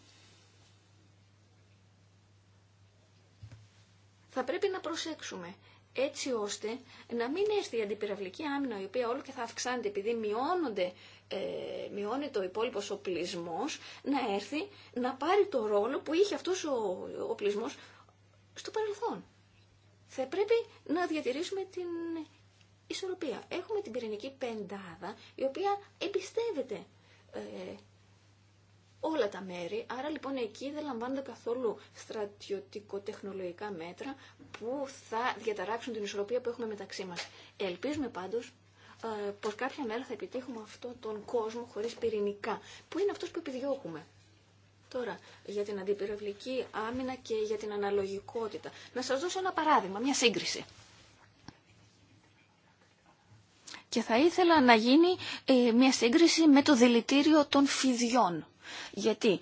θα πρέπει να προσέξουμε έτσι ώστε να μην έρθει η αντιπυραυλική άμυνα η οποία όλο και θα αυξάνεται επειδή μειώνονται, ε, μειώνεται ο υπόλοιπο οπλισμό, να έρθει να πάρει το ρόλο που είχε αυτός ο οπλισμός στο παρελθόν. Θα πρέπει να διατηρήσουμε την ισορροπία. Έχουμε την πυρηνική πεντάδα η οποία εμπιστεύεται ε, όλα τα μέρη, άρα λοιπόν εκεί δεν λαμβάνονται καθόλου στρατιωτικο-τεχνολογικά μέτρα που θα διαταράξουν την ισορροπία που έχουμε μεταξύ μας. Ελπίζουμε πάντως ε, πως κάποια μέρα θα επιτύχουμε αυτόν τον κόσμο χωρίς πυρηνικά, που είναι αυτός που επιδιώκουμε. Τώρα, για την αντιπυραυλική άμυνα και για την αναλογικότητα. Να σας δώσω ένα παράδειγμα, μια σύγκριση. και θα ήθελα να γίνει ε, μια σύγκριση με το δηλητήριο των φιδιών. Γιατί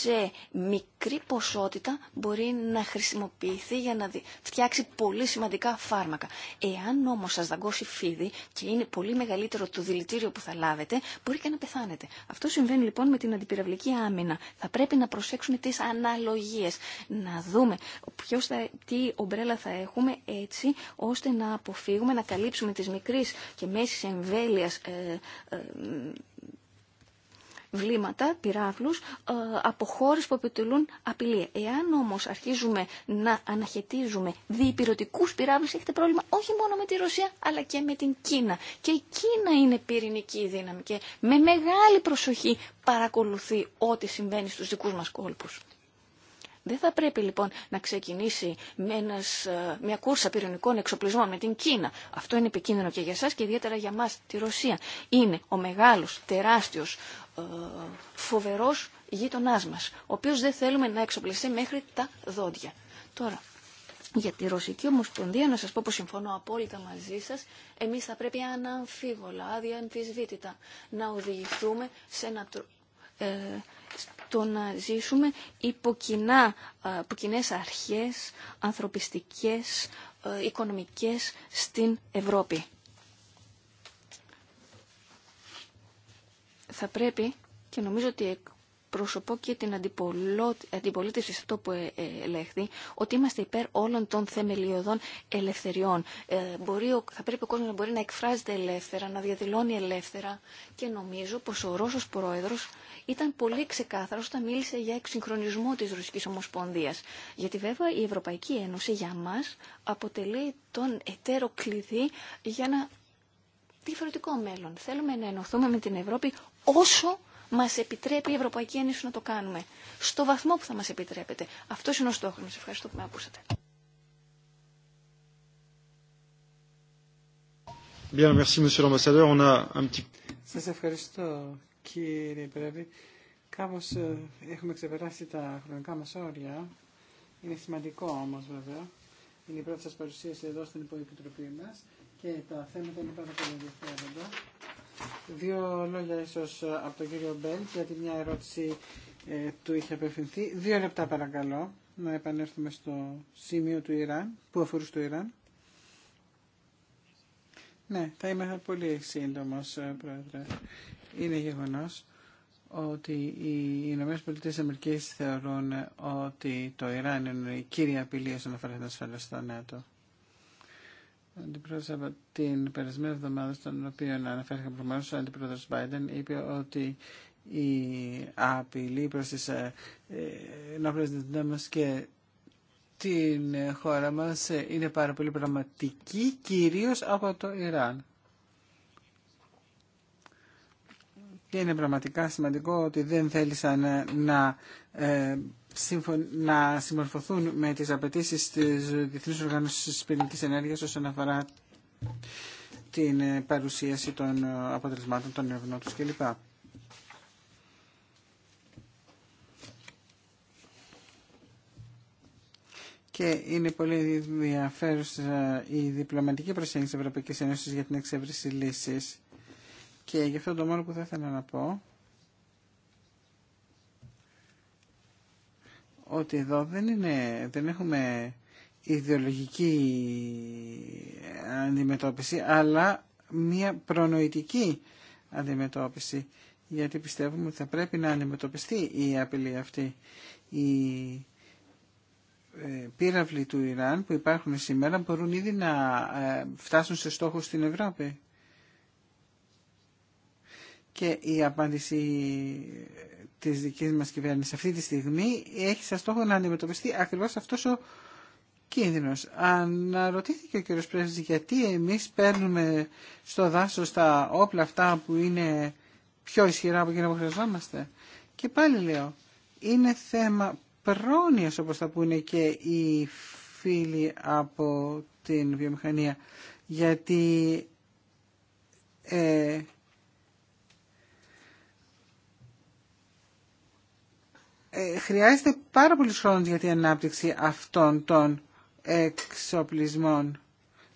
σε μικρή ποσότητα μπορεί να χρησιμοποιηθεί για να φτιάξει πολύ σημαντικά φάρμακα. Εάν όμως σας δαγκώσει φίδι και είναι πολύ μεγαλύτερο το δηλητήριο που θα λάβετε, μπορεί και να πεθάνετε. Αυτό συμβαίνει λοιπόν με την αντιπυραυλική άμυνα. Θα πρέπει να προσέξουμε τις αναλογίες, να δούμε ποιος θα, τι ομπρέλα θα έχουμε έτσι ώστε να αποφύγουμε, να καλύψουμε τις μικρής και μέσης εμβέλειας ε, ε, βλήματα, πυράβλους, ε, από χώρες που επιτελούν απειλή. Εάν όμως αρχίζουμε να αναχαιτίζουμε διυπηρωτικούς πυράβλους, έχετε πρόβλημα όχι μόνο με τη Ρωσία, αλλά και με την Κίνα. Και η Κίνα είναι πυρηνική δύναμη και με μεγάλη προσοχή παρακολουθεί ό,τι συμβαίνει στους δικούς μας κόλπους. Δεν θα πρέπει λοιπόν να ξεκινήσει με ε, μια κούρσα πυρηνικών εξοπλισμών με την Κίνα. Αυτό είναι επικίνδυνο και για σας και ιδιαίτερα για μας τη Ρωσία. Είναι ο μεγάλος, τεράστιος, ε, φοβερός γείτονά μας, ο οποίος δεν θέλουμε να εξοπλιστεί μέχρι τα δόντια. Τώρα, για τη Ρωσική Ομοσπονδία, να σας πω που συμφωνώ απόλυτα μαζί σας, εμείς θα πρέπει αναμφίβολα, αδιαμφισβήτητα, να οδηγηθούμε σε ένα, ε, το να ζήσουμε υπό, κοινά, ε, αρχές ανθρωπιστικές, ε, οικονομικές στην Ευρώπη. Θα πρέπει και νομίζω ότι προσωπώ και την αντιπολίτευση σε αυτό που ε- ε- ελέγχθη, ότι είμαστε υπέρ όλων των θεμελιωδών ελευθεριών. Ε, θα πρέπει ο κόσμος να μπορεί να εκφράζεται ελεύθερα, να διαδηλώνει ελεύθερα και νομίζω πως ο Ρώσος Πρόεδρος ήταν πολύ ξεκάθαρος όταν μίλησε για εξυγχρονισμό της Ρωσικής Ομοσπονδίας. Γιατί βέβαια η Ευρωπαϊκή Ένωση για μας αποτελεί τον εταίρο κλειδί για ένα διαφορετικό μέλλον. Θέλουμε να ενωθούμε με την Ευρώπη όσο Μα επιτρέπει η Ευρωπαϊκή Ένωση να το κάνουμε. Στο βαθμό που θα μας επιτρέπεται. Αυτό είναι ο στόχο μας. Ευχαριστώ που με ακούσατε. Σα ευχαριστώ, κύριε Πρέβη. Κάπως ε, έχουμε ξεπεράσει τα χρονικά μας όρια. Είναι σημαντικό όμως βέβαια. Είναι η πρώτη σας παρουσίαση εδώ στην υποεπιτροπή μας και τα θέματα είναι πάρα πολύ ενδιαφέροντα. Δύο λόγια ίσως από τον κύριο Μπέλτ, γιατί μια ερώτηση ε, του είχε απευθυνθεί. Δύο λεπτά παρακαλώ να επανέλθουμε στο σημείο του Ιράν, που αφορούσε το Ιράν. Ναι, θα είμαι πολύ σύντομο, ε, Πρόεδρε. Είναι γεγονός ότι οι Ηνωμένε Πολιτείε Αμερικής θεωρούν ότι το Ιράν είναι η κύρια απειλή όσον αφορά την ασφάλεια στο ΝΑΤΟ. Αντιπρόεδρος την περασμένη εβδομάδα, στον οποίο αναφέρθηκα προηγουμένω, ο αντιπρόεδρο Βάιντεν είπε ότι η απειλή προ τι ε, ενόπλε μα και την χώρα μα είναι πάρα πολύ πραγματική, κυρίω από το Ιράν. Και είναι πραγματικά σημαντικό ότι δεν θέλησαν να, ε, να συμμορφωθούν με τις απαιτήσεις της Διεθνής Οργάνωσης Πυρηνικής Ενέργειας όσον αφορά την παρουσίαση των αποτελεσμάτων των ερευνών τους κλπ. Και είναι πολύ ενδιαφέρουσα η διπλωματική προσέγγιση της Ευρωπαϊκής Ένωσης για την εξέβριση λύσης. Και γι' αυτό το μόνο που θα ήθελα να πω ότι εδώ δεν, είναι, δεν έχουμε ιδεολογική αντιμετώπιση, αλλά μια προνοητική αντιμετώπιση, γιατί πιστεύουμε ότι θα πρέπει να αντιμετωπιστεί η απειλή αυτή. Η ε, πύραυλοι του Ιράν που υπάρχουν σήμερα μπορούν ήδη να ε, φτάσουν σε στόχους στην Ευρώπη. Και η απάντηση της δικής μας κυβέρνησης αυτή τη στιγμή έχει σαν στόχο να αντιμετωπιστεί ακριβώς αυτός ο κίνδυνος. Αναρωτήθηκε ο κ. Πρέσβης γιατί εμείς παίρνουμε στο δάσος τα όπλα αυτά που είναι πιο ισχυρά από εκείνα που χρειαζόμαστε. Και πάλι λέω, είναι θέμα πρόνοιας όπως θα πούνε και οι φίλοι από την βιομηχανία. Γιατί ε, Ε, χρειάζεται πάρα πολλούς χρόνους για την ανάπτυξη αυτών των εξοπλισμών.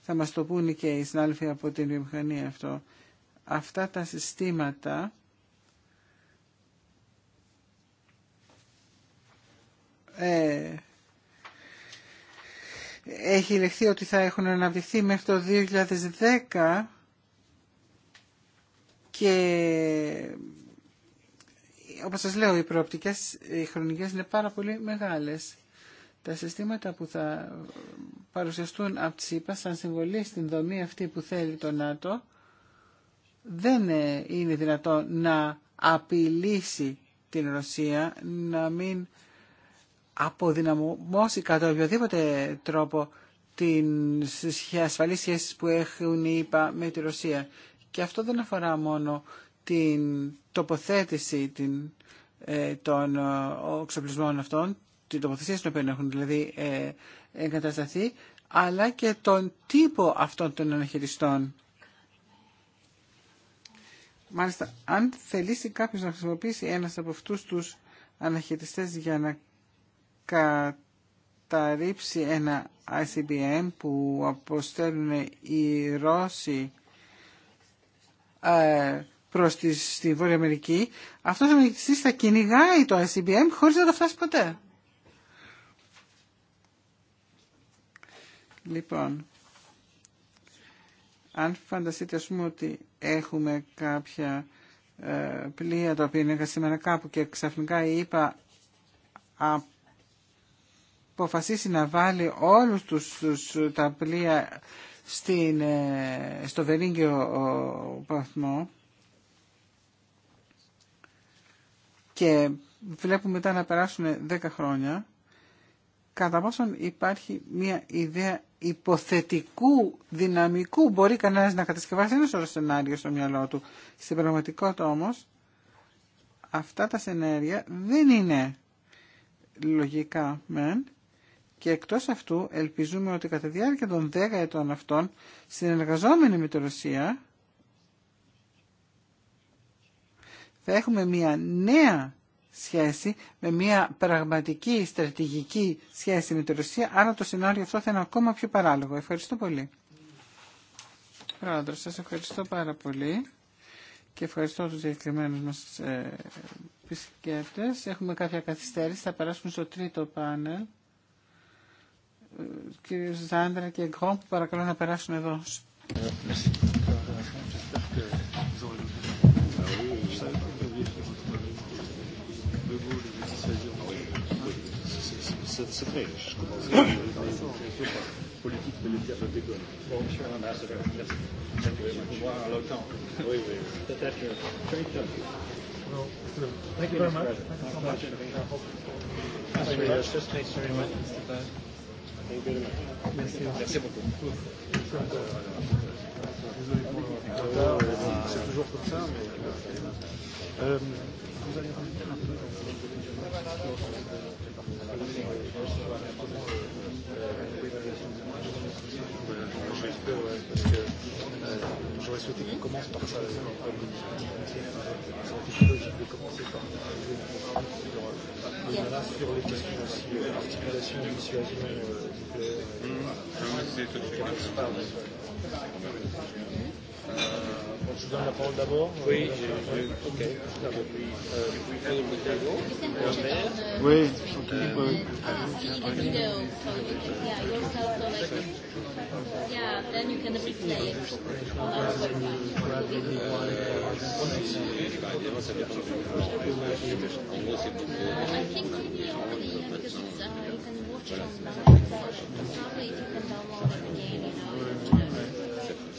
Θα μας το πούνε και οι συνάδελφοι από την βιομηχανία αυτό. Αυτά τα συστήματα ε, έχει λεχθεί ότι θα έχουν αναπτυχθεί μέχρι το 2010 και όπως σας λέω, οι προοπτικές οι χρονικές είναι πάρα πολύ μεγάλες. Τα συστήματα που θα παρουσιαστούν από τη ΣΥΠΑ σαν συμβολή στην δομή αυτή που θέλει το ΝΑΤΟ δεν ε, είναι δυνατό να απειλήσει την Ρωσία να μην αποδυναμώσει κατά οποιοδήποτε τρόπο την ασφαλή σχέσεις που έχουν οι ΙΠΑ με τη Ρωσία. Και αυτό δεν αφορά μόνο την τοποθέτηση την, ε, των ε, εξοπλισμών αυτών, την τοποθεσία στην οποία έχουν δηλαδή ε, εγκατασταθεί, αλλά και τον τύπο αυτών των αναχειριστών. Μάλιστα, αν θελήσει κάποιος να χρησιμοποιήσει ένας από αυτούς τους αναχαιριστές για να καταρρύψει ένα ICBM που αποστέλνουν οι Ρώσοι προς τη, στη Βόρεια Αμερική, αυτός ο θα κυνηγάει το ICBM χωρίς να το φτάσει ποτέ. Λοιπόν, αν φανταστείτε ας πούμε ότι έχουμε κάποια ε, πλοία τα οποία είναι σήμερα κάπου και ξαφνικά η ΕΠΑ αποφασίσει να βάλει όλους τους, τους τα πλοία στην, στο Βερίγγιο παθμό, και βλέπουμε μετά να περάσουν 10 χρόνια, κατά πόσον υπάρχει μια ιδέα υποθετικού δυναμικού, μπορεί κανένας να κατασκευάσει ένα σωρό σενάριο στο μυαλό του. Στην πραγματικότητα όμως, αυτά τα σενάρια δεν είναι λογικά μεν, και εκτός αυτού ελπίζουμε ότι κατά τη διάρκεια των 10 ετών αυτών συνεργαζόμενοι με τη Ρωσία θα έχουμε μια νέα σχέση με μια πραγματική στρατηγική σχέση με τη Ρωσία, άρα το σενάριο αυτό θα είναι ακόμα πιο παράλογο. Ευχαριστώ πολύ. Πρόεδρο, σας ευχαριστώ πάρα πολύ και ευχαριστώ τους διακεκριμένους μας ε, Έχουμε κάποια καθυστέρηση, θα περάσουμε στο τρίτο πάνελ. Κύριε Ζάντρα και που παρακαλώ να περάσουμε εδώ. se créent. politique de Thank you very much. Oui, thank you very much. Thank you very much. Thank you very Merci. beaucoup. C'est toujours comme ça, mais... vous allez J'aurais souhaité qu'on commence par ça. commencer sur les Je donne la parole d'abord. Oui, Oui, I think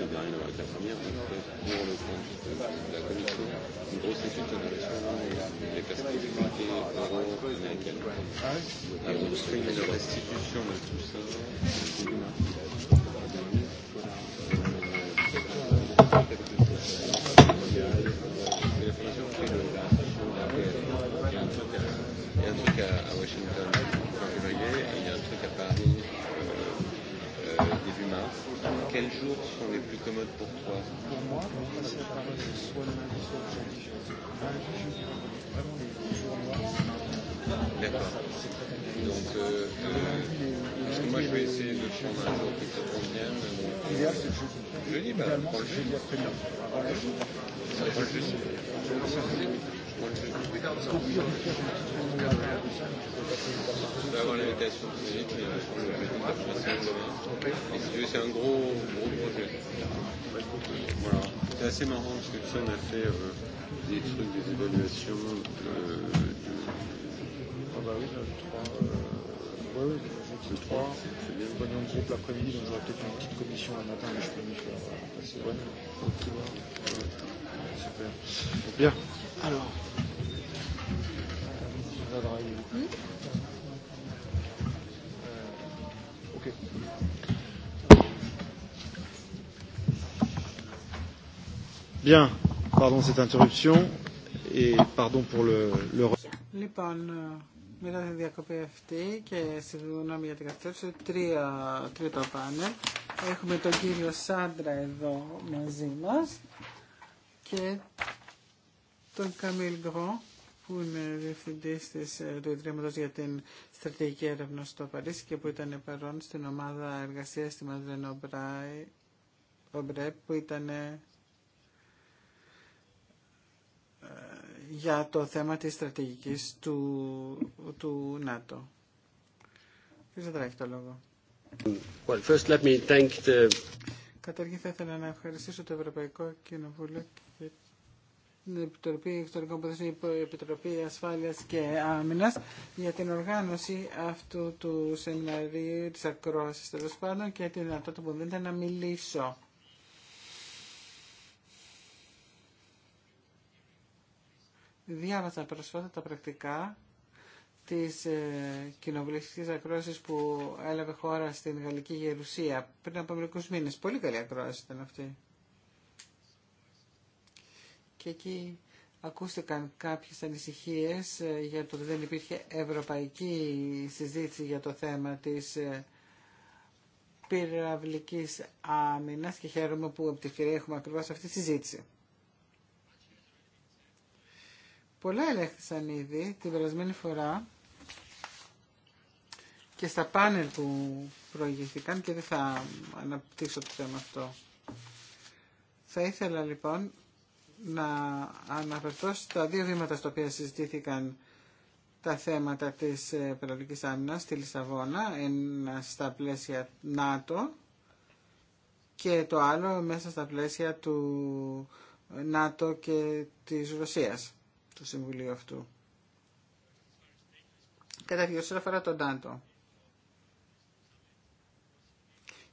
il y avait rien à voir avec la première, pour le de la commission, une grosse les euro-américaines. La restitution de tout ça. un truc à Washington. Quels jours sont les plus commodes pour toi Pour moi, c'est soit le lundi, soit le jeudi. Vraiment les jours noirs. D'accord. Donc, euh, parce que moi je vais essayer de prendre un jour qui te convienne. L'idéal c'est le jeudi. Jeudi, bah, prends le jeudi. Prends le jeudi. Je avoir l'invitation physique et je vais mettre une C'est un gros, gros projet. Voilà. C'est assez marrant parce que tu a fait euh, des trucs, des évaluations. Euh, Ah bah oui, le 3. Euh... Ouais, le 3. C'est bien. Réunion de groupe l'après-midi, donc j'aurais peut-être une petite commission le matin, mais je peux m'y faire passer. Ouais. Super. Bien. Alors. Hmm? Bien, pardon cette interruption et pardon pour le, le... Λοιπόν, ε, μετά τη διακοπή αυτή και συγγνώμη για την καθυστέρηση, τρίτο πάνελ. Έχουμε τον κύριο Σάντρα εδώ μαζί μας και τον Καμίλ Γκρό, που είναι διευθυντή ε, του Ιδρύματο για την Στρατηγική Έρευνα στο Παρίσι και που ήταν παρόν στην ομάδα εργασία στη Μαδρέν Ομπρέ, που ήταν ε, για το θέμα της στρατηγικής του, ΝΑΤΟ. Ποιος θα το λόγο. Well, first let me thank the... Καταρχήν θα ήθελα να ευχαριστήσω το Ευρωπαϊκό Κοινοβούλιο την Επιτροπή Εξωτερικών Υποθέσεων, η Επιτροπή Ασφάλειας και Άμυνα. για την οργάνωση αυτού του σεμιναρίου, τη ακρόαση τέλο πάντων και την δυνατότητα που δίνεται να μιλήσω. Διάβασα προσφάτα τα πρακτικά της ε, κοινοβουλευτικής ακρόασης που έλαβε χώρα στην Γαλλική Γερουσία πριν από μερικούς μήνες. Πολύ καλή ακρόαση ήταν αυτή και εκεί ακούστηκαν κάποιες ανησυχίες ε, για το ότι δεν υπήρχε ευρωπαϊκή συζήτηση για το θέμα της ε, πυραυλικής άμυνας και χαίρομαι που από τη φυρία έχουμε ακριβώς αυτή τη συζήτηση. Πολλά ελέγχθησαν ήδη την περασμένη φορά και στα πάνελ που προηγήθηκαν και δεν θα αναπτύξω το θέμα αυτό. Θα ήθελα λοιπόν να αναφερθώ στα δύο βήματα στα οποία συζητήθηκαν τα θέματα της ε, περιοδικής άμυνας στη Λισαβόνα, ένα στα πλαίσια ΝΑΤΟ και το άλλο μέσα στα πλαίσια του ΝΑΤΟ και της Ρωσίας, του Συμβουλίου αυτού. Καταρχήν, όσον αφορά τον ΝΑΤΟ.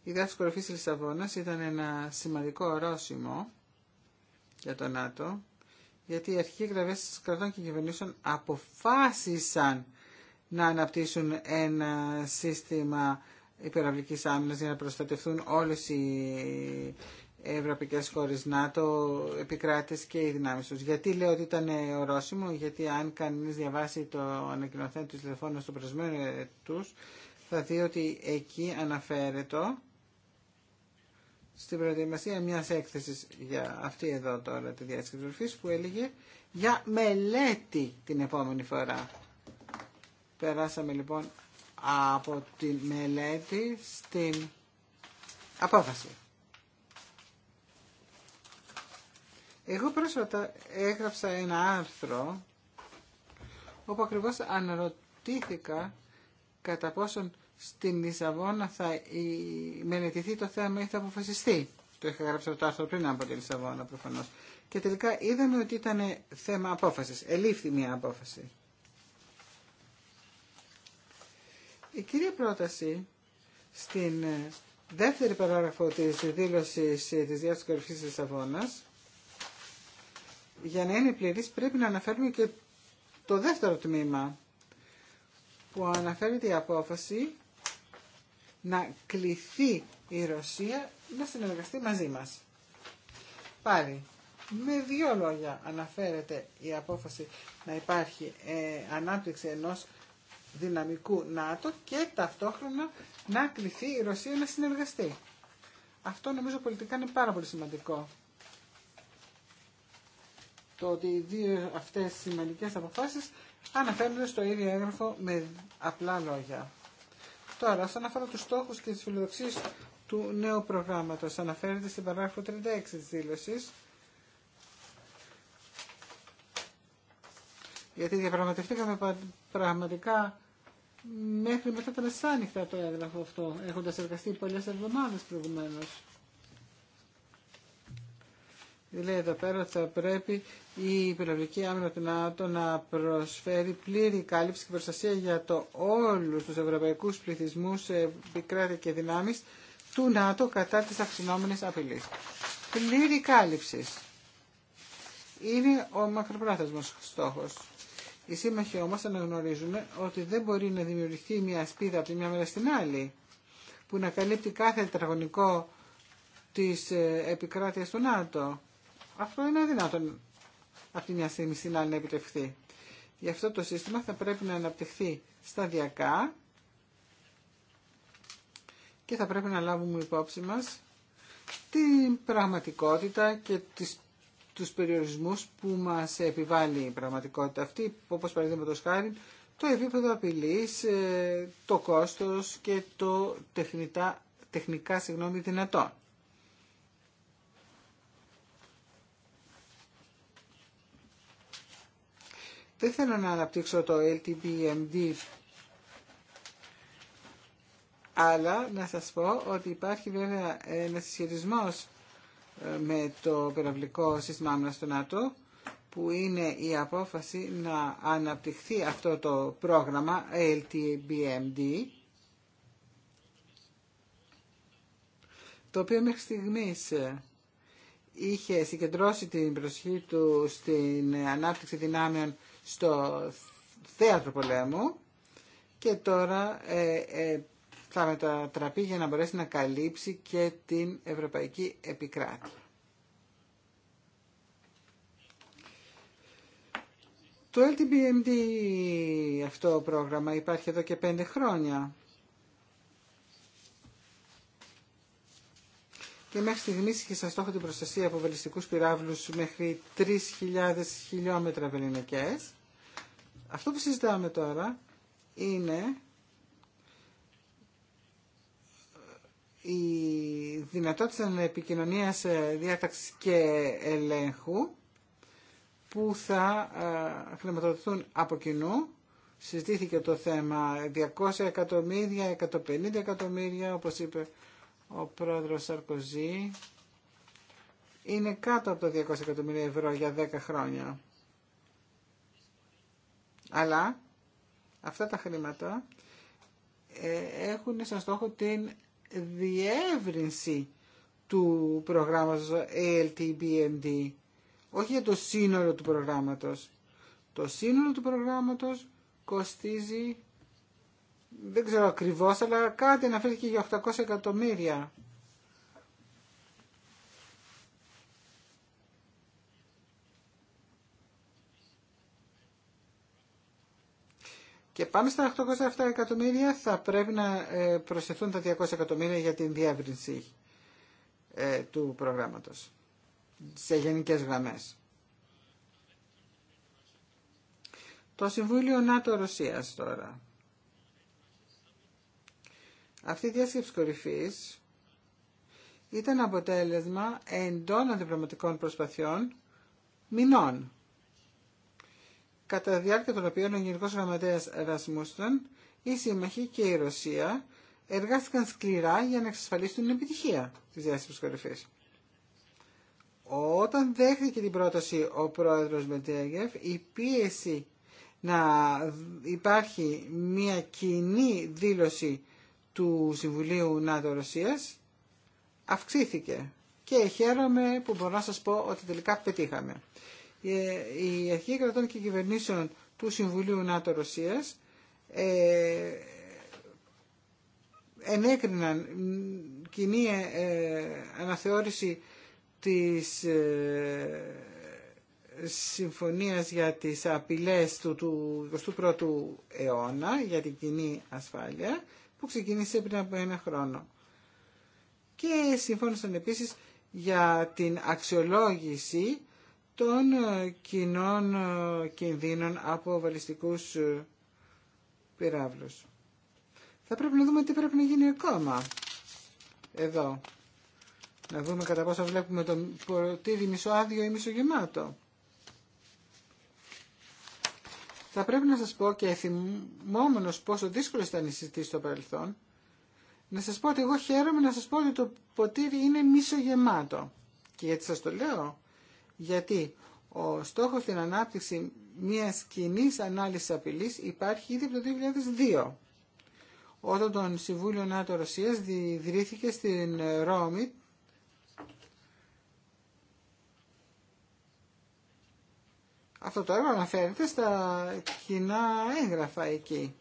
Η δάση κορυφή τη Λισαβόνα ήταν ένα σημαντικό ορόσημο για το ΝΑΤΟ, γιατί οι αρχικοί της κρατών και κυβερνήσεων αποφάσισαν να αναπτύσσουν ένα σύστημα υπεραυλικής άμυνας για να προστατευτούν όλες οι ευρωπαϊκές χώρες ΝΑΤΟ, επικράτες και οι δυνάμεις τους. Γιατί λέω ότι ήταν ορόσημο, γιατί αν κανείς διαβάσει το ανακοινωθέν του τηλεφώνου στο προσμένο τους, θα δει ότι εκεί αναφέρεται στην προετοιμασία μια έκθεση για αυτή εδώ τώρα τη διάσκεψη που έλεγε για μελέτη την επόμενη φορά. Περάσαμε λοιπόν από τη μελέτη στην απόφαση. Εγώ πρόσφατα έγραψα ένα άρθρο όπου ακριβώς αναρωτήθηκα κατά πόσον στην Λισαβόνα θα μελετηθεί το θέμα ή θα αποφασιστεί. Το είχα γράψει από το άρθρο πριν από τη Λισαβόνα προφανώ. Και τελικά είδαμε ότι ήταν θέμα απόφαση. Ελήφθη μια απόφαση. Η θα αποφασιστει το ειχα γραψει το αρθρο πριν απο τη λισαβονα προφανω πρόταση στην ε, δεύτερη παράγραφο της δήλωσης ε, της Διάστασης Κορυφή της Αβώνας, για να είναι πληρής πρέπει να αναφέρουμε και το δεύτερο τμήμα, που αναφέρει η απόφαση να κληθεί η Ρωσία να συνεργαστεί μαζί μας. Πάλι, με δύο λόγια αναφέρεται η απόφαση να υπάρχει ε, ανάπτυξη ενός δυναμικού ΝΑΤΟ και ταυτόχρονα να κληθεί η Ρωσία να συνεργαστεί. Αυτό νομίζω πολιτικά είναι πάρα πολύ σημαντικό. Το ότι οι δύο αυτές σημαντικές αποφάσεις αναφέρονται στο ίδιο έγγραφο με απλά λόγια. Τώρα, να αφορά τους στόχους και τις φιλοδοξίες του νέου προγράμματος, αναφέρεται στην παράγραφο 36 της δήλωσης, γιατί διαπραγματευτήκαμε πραγματικά μέχρι μετά τα μεσάνυχτα το έγγραφο αυτό, έχοντας εργαστεί πολλές εβδομάδες προηγουμένως. Λέει εδώ πέρα θα πρέπει η πυραυλική άμυνα του ΝΑΤΟ να προσφέρει πλήρη κάλυψη και προστασία για το όλους τους ευρωπαϊκούς πληθυσμούς, επικράτη και δυνάμεις του ΝΑΤΟ κατά της αυξηνόμενης απειλής. Πλήρη κάλυψη. Είναι ο μακροπράθεσμος στόχος. Οι σύμμαχοι όμως αναγνωρίζουν ότι δεν μπορεί να δημιουργηθεί μια σπίδα από τη μια μέρα στην άλλη που να καλύπτει κάθε τετραγωνικό της ε, επικράτειας του ΝΑΤΟ. Αυτό είναι αδυνάτον από τη μια στιγμή στην άλλη να επιτευχθεί. Γι' αυτό το σύστημα θα πρέπει να αναπτυχθεί σταδιακά και θα πρέπει να λάβουμε υπόψη μας την πραγματικότητα και τις, τους περιορισμούς που μας επιβάλλει η πραγματικότητα αυτή, όπως παραδείγματο χάρη το επίπεδο απειλής, ε, το κόστος και το τεχνικά συγγνώμη δυνατόν. Δεν θέλω να αναπτύξω το LTBMD, αλλά να σας πω ότι υπάρχει βέβαια ένας συσχετισμός ε, με το περιοβλικό σύστημα άμυνας στο ΝΑΤΟ, που είναι η απόφαση να αναπτυχθεί αυτό το πρόγραμμα LTBMD, το οποίο μέχρι στιγμής ε, είχε συγκεντρώσει την προσοχή του στην ανάπτυξη δυνάμεων στο θέατρο πολέμου και τώρα ε, ε, θα μετατραπεί για να μπορέσει να καλύψει και την ευρωπαϊκή επικράτεια. Το LTBMD αυτό πρόγραμμα υπάρχει εδώ και πέντε χρόνια. Και μέχρι στιγμή είχε σαν στόχο την προστασία από βελιστικού πυράβλου μέχρι 3.000 χιλιόμετρα βεληνικέ. Αυτό που συζητάμε τώρα είναι η δυνατότητα επικοινωνίας ε, διάταξη και ελέγχου που θα ε, χρηματοδοτηθούν από κοινού. Συζητήθηκε το θέμα 200 εκατομμύρια, 150 εκατομμύρια, όπως είπε ο πρόεδρος Σαρκοζή. Είναι κάτω από τα 200 εκατομμύρια ευρώ για 10 χρόνια. Αλλά αυτά τα χρήματα ε, έχουν σαν στόχο την διεύρυνση του προγράμματος ALTBMD, όχι για το σύνολο του προγράμματος. Το σύνολο του προγράμματος κοστίζει, δεν ξέρω ακριβώς, αλλά κάτι και για 800 εκατομμύρια. Και πάμε στα 807 εκατομμύρια θα πρέπει να ε, προσθεθούν τα 200 εκατομμύρια για την διεύρυνση ε, του προγράμματος σε γενικές γραμμές. Το Συμβούλιο ΝΑΤΟ-Ρωσίας τώρα. Αυτή η διάσκεψη κορυφής ήταν αποτέλεσμα εντών διπλωματικών προσπαθειών μηνών κατά τη διάρκεια των οποίων ο Γενικό Γραμματέα Ρασμούστον, η Συμμαχή και η Ρωσία εργάστηκαν σκληρά για να εξασφαλίσουν την επιτυχία της διάσκεψης κορυφή. Όταν δέχθηκε την πρόταση ο πρόεδρος Μετέγεφ, η πίεση να υπάρχει μια κοινή δήλωση του Συμβουλίου ΝΑΤΟ-Ρωσίας αυξήθηκε και χαίρομαι που μπορώ να σας πω ότι τελικά πετύχαμε. Ε, η αρχή κρατών και κυβερνήσεων του Συμβουλίου ΝΑΤΟ Ρωσίας ε, ενέκριναν κοινή ε, αναθεώρηση της ε, συμφωνίας για τις απειλές του, του 21ου αιώνα για την κοινή ασφάλεια που ξεκίνησε πριν από ένα χρόνο. Και συμφώνησαν επίσης για την αξιολόγηση των ε, κοινών ε, κινδύνων από βαλιστικούς ε, πυράβλους. Θα πρέπει να δούμε τι πρέπει να γίνει ακόμα εδώ. Να δούμε κατά πόσο βλέπουμε το ποτήρι μισοάδιο ή μισογεμάτο. Θα πρέπει να σας πω και θυμόμενος πόσο δύσκολο ήταν η συζητήση στο παρελθόν, να σας πω ότι εγώ χαίρομαι να σας πω ότι το ποτήρι είναι μισογεμάτο. Και γιατί σας το λέω, γιατί ο στόχος στην ανάπτυξη μιας κοινή ανάλυσης απειλής υπάρχει ήδη από το 2002 όταν το Συμβούλιο ΝΑΤΟ Ρωσίας διδρύθηκε στην Ρώμη Αυτό το έργο αναφέρεται στα κοινά έγγραφα εκεί.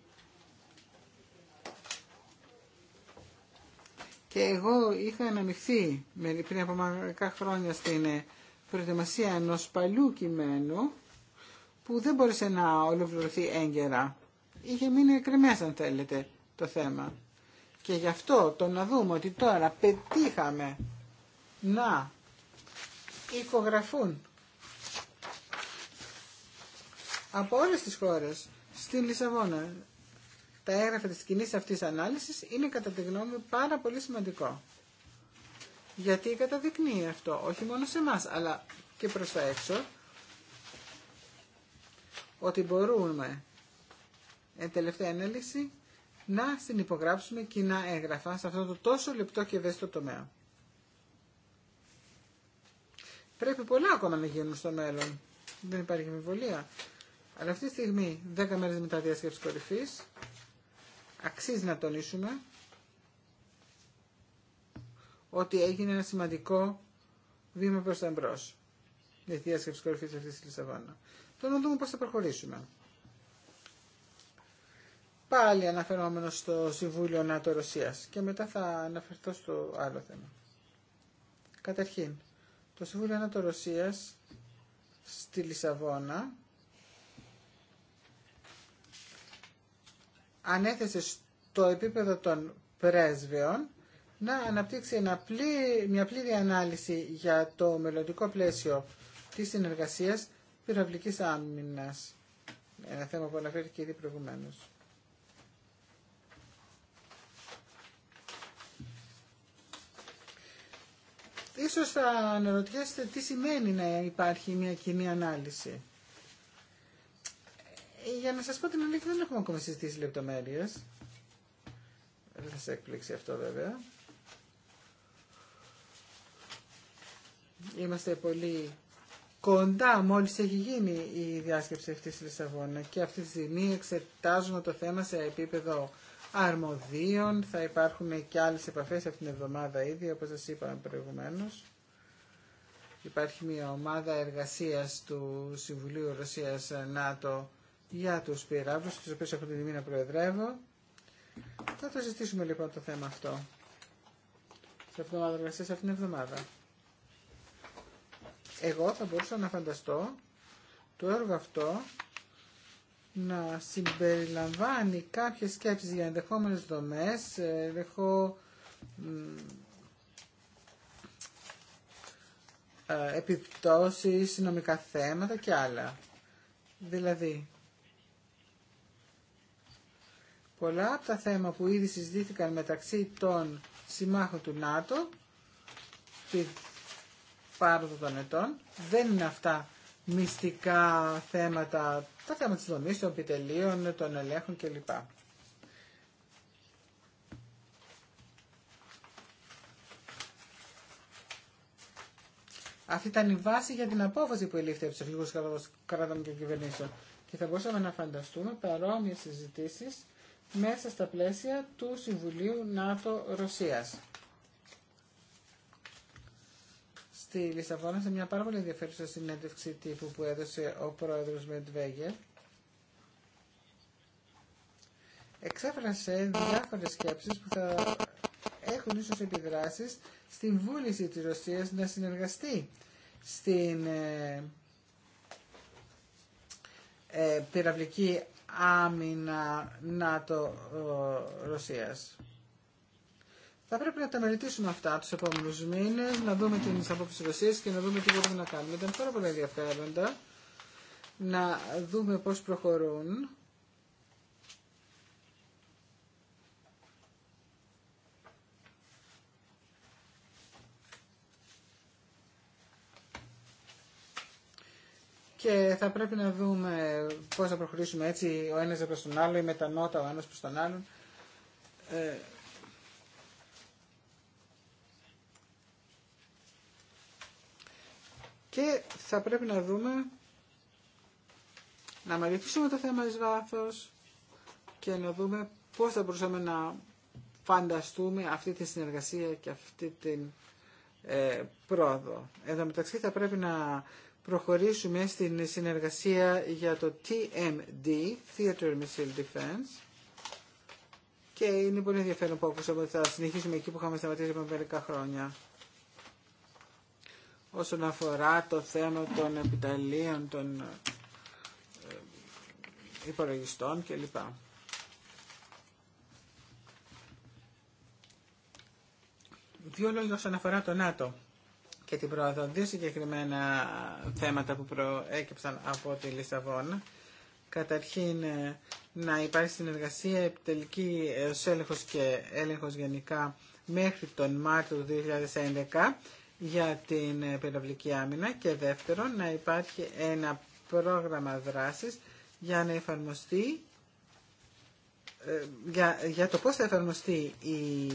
Και εγώ είχα αναμειχθεί πριν από μερικά χρόνια στην προετοιμασία ενός παλιού κειμένου που δεν μπόρεσε να ολοκληρωθεί έγκαιρα. Είχε μείνει εκκρεμές αν θέλετε το θέμα. Και γι' αυτό το να δούμε ότι τώρα πετύχαμε να οικογραφούν από όλες τις χώρες στην Λισαβόνα τα έγγραφα της κοινή αυτής ανάλυσης είναι κατά τη γνώμη πάρα πολύ σημαντικό γιατί καταδεικνύει αυτό, όχι μόνο σε μας, αλλά και προς τα έξω, ότι μπορούμε, εν τελευταία ανάλυση, να συνυπογράψουμε κοινά έγγραφα σε αυτό το τόσο λεπτό και ευαίσθητο τομέα. Πρέπει πολλά ακόμα να γίνουν στο μέλλον. Δεν υπάρχει εμβολία. Αλλά αυτή τη στιγμή, 10 μέρες μετά τη διάσκεψη κορυφής, αξίζει να τονίσουμε ότι έγινε ένα σημαντικό βήμα προς τα εμπρός για τη Σκέψη κορυφής αυτής στη Λισαβόνα. Τώρα να δούμε πώς θα προχωρήσουμε. Πάλι αναφερόμενο στο Συμβούλιο ΝΑΤΟ Ρωσίας και μετά θα αναφερθώ στο άλλο θέμα. Καταρχήν, το Συμβούλιο ΝΑΤΟ Ρωσίας στη Λισαβόνα ανέθεσε στο επίπεδο των πρέσβεων να αναπτύξει ένα μια πλήρη ανάλυση για το μελλοντικό πλαίσιο της συνεργασίας πυραυλικής άμυνας. Ένα θέμα που αναφέρθηκε ήδη προηγουμένως. Ίσως θα αναρωτιέστε τι σημαίνει να υπάρχει μια κοινή ανάλυση. Για να σας πω την αλήθεια δεν έχουμε ακόμα συζητήσει λεπτομέρειες. Δεν θα σε εκπλήξει αυτό βέβαια. είμαστε πολύ κοντά μόλις έχει γίνει η διάσκεψη αυτή στη Λισαβόνα και αυτή τη στιγμή εξετάζουμε το θέμα σε επίπεδο αρμοδίων. Θα υπάρχουν και άλλες επαφές αυτήν την εβδομάδα ήδη, όπως σας είπαμε προηγουμένως. Υπάρχει μια ομάδα εργασίας του Συμβουλίου Ρωσίας-ΝΑΤΟ για τους πυράβλους, τους οποίους έχω την τιμή να προεδρεύω. Θα το συζητήσουμε λοιπόν το θέμα αυτό. Σε εβδομάδα εργασίας αυτήν την εβδομάδα εγώ θα μπορούσα να φανταστώ το έργο αυτό να συμπεριλαμβάνει κάποιες σκέψεις για ενδεχόμενες δομές, ενδεχό ε, επιπτώσεις, νομικά θέματα και άλλα. Δηλαδή, πολλά από τα θέματα που ήδη συζητήθηκαν μεταξύ των συμμάχων του ΝΑΤΟ πάροδο των ετών. Δεν είναι αυτά μυστικά θέματα, τα θέματα της δομής, των επιτελείων, των ελέγχων κλπ. Αυτή ήταν η βάση για την απόφαση που ελήφθη από του αρχηγού κρατών και κυβερνήσεων. Και θα μπορούσαμε να φανταστούμε παρόμοιε συζητήσει μέσα στα πλαίσια του Συμβουλίου ΝΑΤΟ-Ρωσία. στη Λισαβόνα σε μια πάρα πολύ ενδιαφέρουσα συνέντευξη τύπου που έδωσε ο πρόεδρος Μεντβέγερ, εξέφρασε διάφορες σκέψεις που θα έχουν ίσως επιδράσεις στην βούληση της Ρωσίας να συνεργαστεί στην ε, ε, πυραυλική άμυνα ΝΑΤΟ-Ρωσίας. Ε, θα πρέπει να τα μελετήσουμε αυτά του επόμενου μήνε, να δούμε τι είναι τη Ρωσία και να δούμε τι μπορούμε να κάνουμε. Ήταν πάρα πολύ ενδιαφέροντα να δούμε πώς προχωρούν. Και θα πρέπει να δούμε πώς θα προχωρήσουμε έτσι ο ένας προς τον άλλο ή με τα νότα ο ένας προς τον άλλον. Ε, Και θα πρέπει να δούμε να μελετήσουμε το θέμα της βάθος και να δούμε πώς θα μπορούσαμε να φανταστούμε αυτή τη συνεργασία και αυτή την ε, πρόοδο. Εδώ μεταξύ θα πρέπει να προχωρήσουμε στην συνεργασία για το TMD, Theater Missile Defense, και είναι πολύ ενδιαφέρον που ακούσαμε ότι θα συνεχίσουμε εκεί που είχαμε σταματήσει με μερικά χρόνια όσον αφορά το θέμα των επιταλείων, των ε, υπολογιστών κλπ. Δύο λόγια όσον αφορά το ΝΑΤΟ και την πρόοδο. Δύο συγκεκριμένα θέματα που προέκυψαν από τη Λισαβόνα. Καταρχήν ε, να υπάρχει συνεργασία επιτελική ε, έλεγχος και έλεγχος γενικά μέχρι τον Μάρτιο του 2011 για την πυραυλική άμυνα και δεύτερον να υπάρχει ένα πρόγραμμα δράσης για να εφαρμοστεί ε, για, για το πώς θα εφαρμοστεί η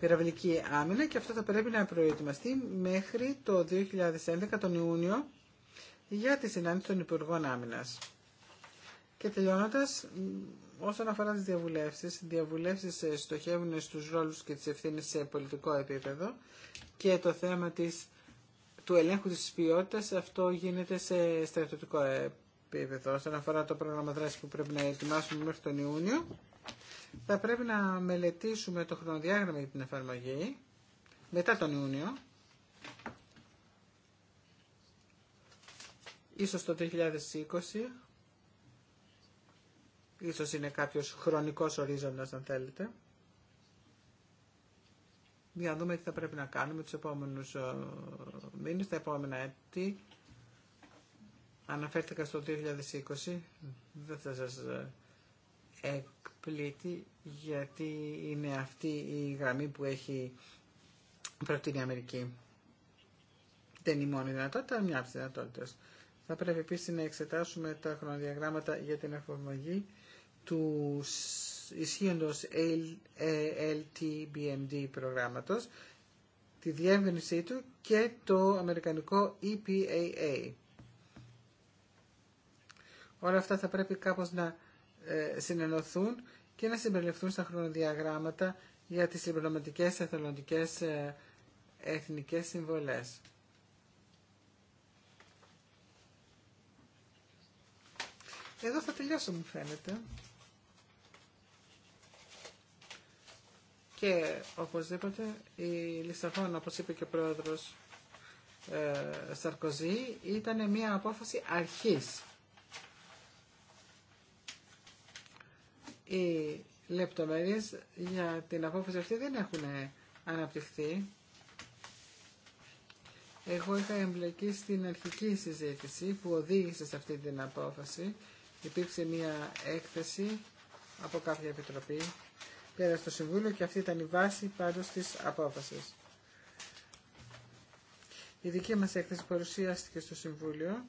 πυραυλική άμυνα και αυτό θα πρέπει να προετοιμαστεί μέχρι το 2011 τον Ιούνιο για τη συνάντηση των Υπουργών Άμυνας. Και τελειώνοντα, όσον αφορά τι διαβουλεύσει, οι διαβουλεύσει ε, στοχεύουν στου ρόλου και τι ευθύνε σε πολιτικό επίπεδο και το θέμα της, του ελέγχου τη ποιότητα αυτό γίνεται σε στρατιωτικό επίπεδο. Όσον αφορά το πρόγραμμα δράση που πρέπει να ετοιμάσουμε μέχρι τον Ιούνιο, θα πρέπει να μελετήσουμε το χρονοδιάγραμμα για την εφαρμογή μετά τον Ιούνιο. Ίσως το 2020 Ίσως είναι κάποιος χρονικός ορίζοντας αν θέλετε. Για να δούμε τι θα πρέπει να κάνουμε τους επόμενους ε, μήνες, τα επόμενα έτη. Αναφέρθηκα στο 2020, δεν θα σας ε, εκπλήττει γιατί είναι αυτή η γραμμή που έχει προτείνει η Αμερική. Δεν είναι η δυνατότητα, μια από τις δυνατότητες. Θα πρέπει επίσης να εξετάσουμε τα χρονοδιαγράμματα για την εφαρμογή του ισχύοντος LTBMD προγράμματος, τη διεύθυνσή του και το αμερικανικό EPAA. Όλα αυτά θα πρέπει κάπως να ε, συνενωθούν και να συμπεριληφθούν στα χρονοδιαγράμματα για τις συμπληρωματικές εθελοντικές ε, εθνικές συμβολές. Εδώ θα τελειώσω μου φαίνεται. Και οπωσδήποτε η Λισαβόν, όπως είπε και ο πρόεδρος ε, Σαρκοζή, ήταν μια απόφαση αρχής. Οι λεπτομέρειες για την απόφαση αυτή δεν έχουν αναπτυχθεί. Εγώ είχα εμπλεκεί στην αρχική συζήτηση που οδήγησε σε αυτή την απόφαση. Υπήρξε μια έκθεση από κάποια επιτροπή πέρα στο Συμβούλιο και αυτή ήταν η βάση πάντως τη απόφαση. Η δική μας έκθεση που παρουσιάστηκε στο Συμβούλιο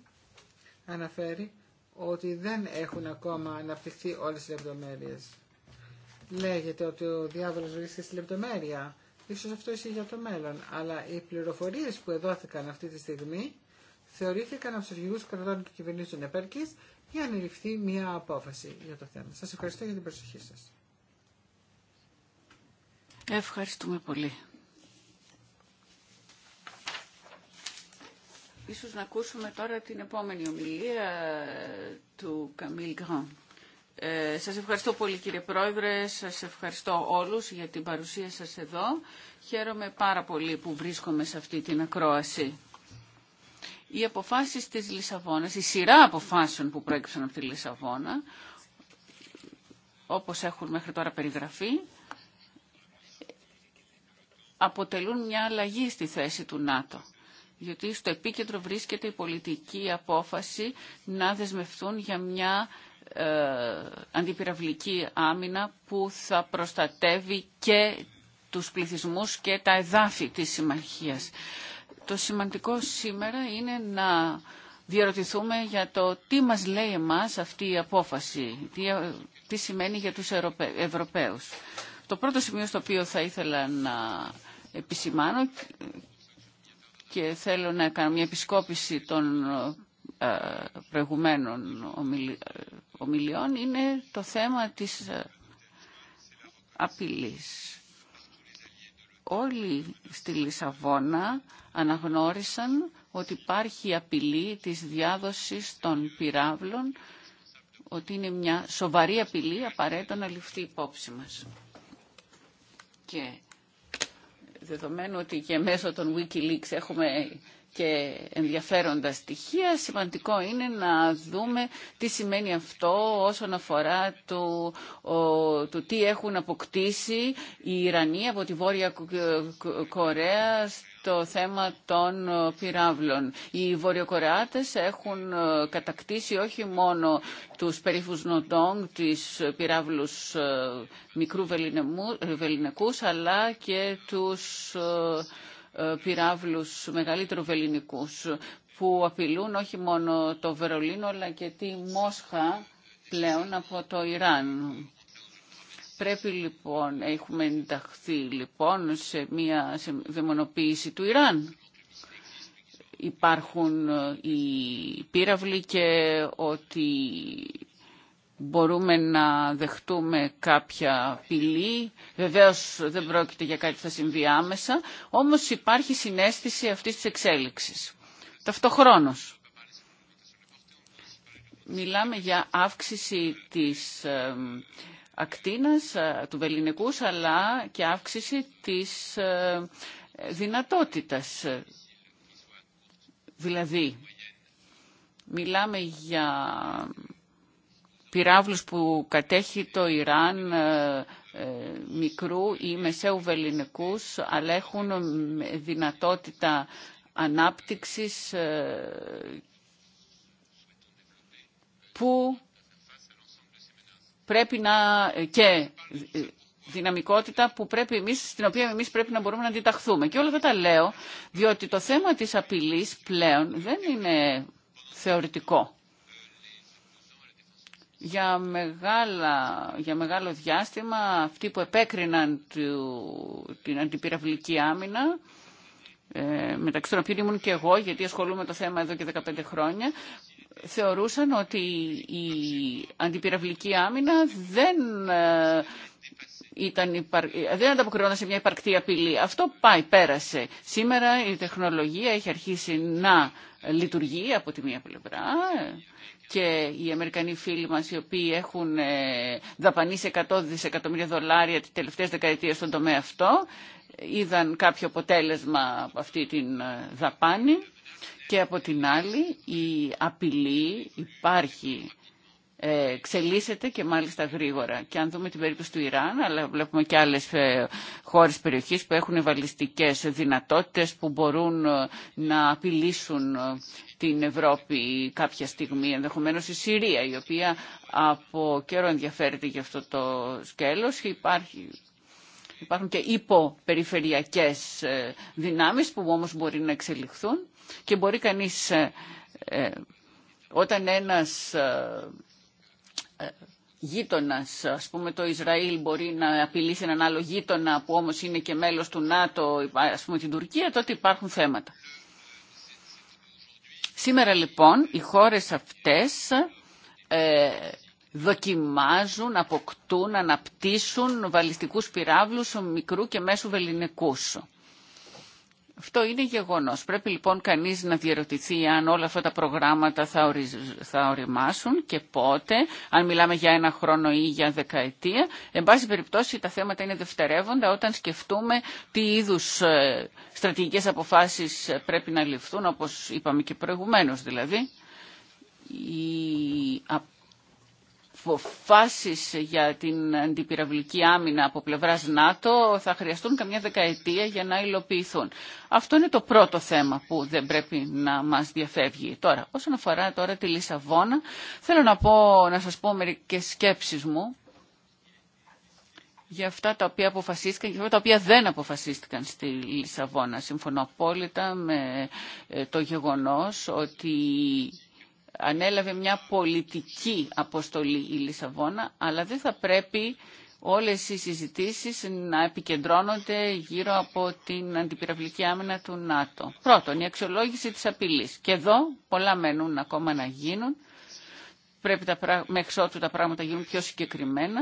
αναφέρει ότι δεν έχουν ακόμα αναπτυχθεί όλες οι λεπτομέρειες. Λέγεται ότι ο διάβολος βρίσκεται στη λεπτομέρεια. Ίσως αυτό ισχύει για το μέλλον, αλλά οι πληροφορίες που εδόθηκαν αυτή τη στιγμή θεωρήθηκαν από τους αρχηγούς κρατών και κυβερνήσεων επέρκης για να ληφθεί μια απόφαση για το θέμα. Σα ευχαριστώ για την προσοχή σας. Ευχαριστούμε πολύ. Ίσως να ακούσουμε τώρα την επόμενη ομιλία ε, του Καμίλ Γκραν. Ε, σας ευχαριστώ πολύ κύριε Πρόεδρε, σας ευχαριστώ όλους για την παρουσία σας εδώ. Χαίρομαι πάρα πολύ που βρίσκομαι σε αυτή την ακρόαση. Οι αποφάσεις της Λισαβόνας, η σειρά αποφάσεων που προέκυψαν από τη Λισαβόνα, όπως έχουν μέχρι τώρα περιγραφεί, αποτελούν μια αλλαγή στη θέση του ΝΑΤΟ. Γιατί στο επίκεντρο βρίσκεται η πολιτική απόφαση να δεσμευτούν για μια ε, αντιπυραυλική άμυνα που θα προστατεύει και τους πληθυσμούς και τα εδάφη της συμμαχίας. Το σημαντικό σήμερα είναι να διαρωτηθούμε για το τι μας λέει εμάς αυτή η απόφαση, τι, τι σημαίνει για τους Ευρωπαίους. Το πρώτο σημείο στο οποίο θα ήθελα να επισημάνω και θέλω να κάνω μια επισκόπηση των ε, προηγουμένων ε, ομιλιών είναι το θέμα της ε, απειλής. Όλοι στη Λισαβόνα αναγνώρισαν ότι υπάρχει απειλή της διάδοσης των πυράβλων, ότι είναι μια σοβαρή απειλή απαραίτητα να ληφθεί υπόψη μας. Και δεδομένου ότι και μέσω των Wikileaks έχουμε και ενδιαφέροντα στοιχεία, σημαντικό είναι να δούμε τι σημαίνει αυτό όσον αφορά το, το τι έχουν αποκτήσει οι Ιρανοί από τη Βόρεια Κορέα το θέμα των ε, πυράβλων. Οι Βορειοκορεάτες έχουν ε, κατακτήσει όχι μόνο τους περίφους νοτών, τις πυράβλους ε, μικρού βελινεκούς, αλλά και τους πυράβλους μεγαλύτερου τροβελίνικούς, που απειλούν όχι μόνο το Βερολίνο, αλλά και τη Μόσχα πλέον από το Ιράν. Πρέπει λοιπόν, έχουμε ενταχθεί λοιπόν σε μια σε δαιμονοποίηση του Ιράν. Υπάρχουν ε, οι πύραυλοι και ότι μπορούμε να δεχτούμε κάποια πυλή. Βεβαίως δεν πρόκειται για κάτι που θα συμβεί άμεσα, όμως υπάρχει συνέστηση αυτής της εξέλιξης. Ταυτοχρόνως. Μιλάμε για αύξηση της ε, ακτίνας ε, του βεληνικούς αλλά και αύξηση της ε, δυνατότητας. Δηλαδή, μιλάμε για πυράβλους που κατέχει το Ιράν ε, μικρού ή μεσαίου βεληνικούς, αλλά έχουν δυνατότητα ανάπτυξης που πρέπει να και ε, δυναμικότητα που πρέπει εμείς, στην οποία εμείς πρέπει να μπορούμε να αντιταχθούμε. Και όλα αυτά τα λέω, διότι το θέμα της απειλής πλέον δεν είναι θεωρητικό. Για, μεγάλα, για μεγάλο διάστημα αυτοί που επέκριναν την αντιπυραυλική άμυνα ε, μεταξύ των οποίων ήμουν και εγώ, γιατί ασχολούμαι το θέμα εδώ και 15 χρόνια, θεωρούσαν ότι η αντιπυραυλική άμυνα δεν ε, ήταν υπαρ... δεν ανταποκρινόταν σε μια υπαρκτή απειλή. Αυτό πάει, πέρασε. Σήμερα η τεχνολογία έχει αρχίσει να λειτουργεί από τη μία πλευρά και οι Αμερικανοί φίλοι μας οι οποίοι έχουν ε, δαπανίσει 100 δισεκατομμύρια δολάρια τις τελευταίες δεκαετίες στον τομέα αυτό είδαν κάποιο αποτέλεσμα από αυτή την ε, δαπάνη και από την άλλη η απειλή υπάρχει, ε, εξελίσσεται και μάλιστα γρήγορα. Και αν δούμε την περίπτωση του Ιράν, αλλά βλέπουμε και άλλες ε, χώρες περιοχής που έχουν βαλιστικές δυνατότητες που μπορούν ε, να απειλήσουν την Ευρώπη κάποια στιγμή, ενδεχομένως η Συρία, η οποία από καιρό ενδιαφέρεται για αυτό το σκέλος υπάρχει Υπάρχουν και υποπεριφερειακές ε, δυνάμεις που όμως μπορεί να εξελιχθούν και μπορεί κανείς ε, ε, όταν ένας γείτονα, ας πούμε το Ισραήλ μπορεί να απειλήσει έναν άλλο γείτονα που όμως είναι και μέλος του ΝΑΤΟ, ας πούμε την Τουρκία, τότε υπάρχουν θέματα. Σήμερα λοιπόν οι χώρες αυτές δοκιμάζουν, αποκτούν, αναπτύσσουν βαλιστικούς πυράβλους μικρού και μέσου βεληνικούς. Αυτό είναι γεγονός. Πρέπει λοιπόν κανείς να διερωτηθεί αν όλα αυτά τα προγράμματα θα, οριμάσουν και πότε, αν μιλάμε για ένα χρόνο ή για δεκαετία. Εν πάση περιπτώσει τα θέματα είναι δευτερεύοντα όταν σκεφτούμε τι είδους ε, στρατηγικές αποφάσεις πρέπει να ληφθούν, όπως είπαμε και προηγουμένως δηλαδή. Η αποφάσεις για την αντιπυραυλική άμυνα από πλευράς ΝΑΤΟ θα χρειαστούν καμιά δεκαετία για να υλοποιηθούν. Αυτό είναι το πρώτο θέμα που δεν πρέπει να μας διαφεύγει. Τώρα, όσον αφορά τώρα τη Λισαβόνα, θέλω να, πω, να σας πω μερικές σκέψεις μου για αυτά τα οποία αποφασίστηκαν και αυτά τα οποία δεν αποφασίστηκαν στη Λισαβόνα. Συμφωνώ απόλυτα με ε, το γεγονός ότι ανέλαβε μια πολιτική αποστολή η Λισαβόνα, αλλά δεν θα πρέπει όλες οι συζητήσεις να επικεντρώνονται γύρω από την αντιπυραυλική άμυνα του ΝΑΤΟ. Πρώτον, η αξιολόγηση της απειλής. Και εδώ πολλά μένουν ακόμα να γίνουν. Πρέπει τα μέχρι ότου τα πράγματα γίνουν πιο συγκεκριμένα.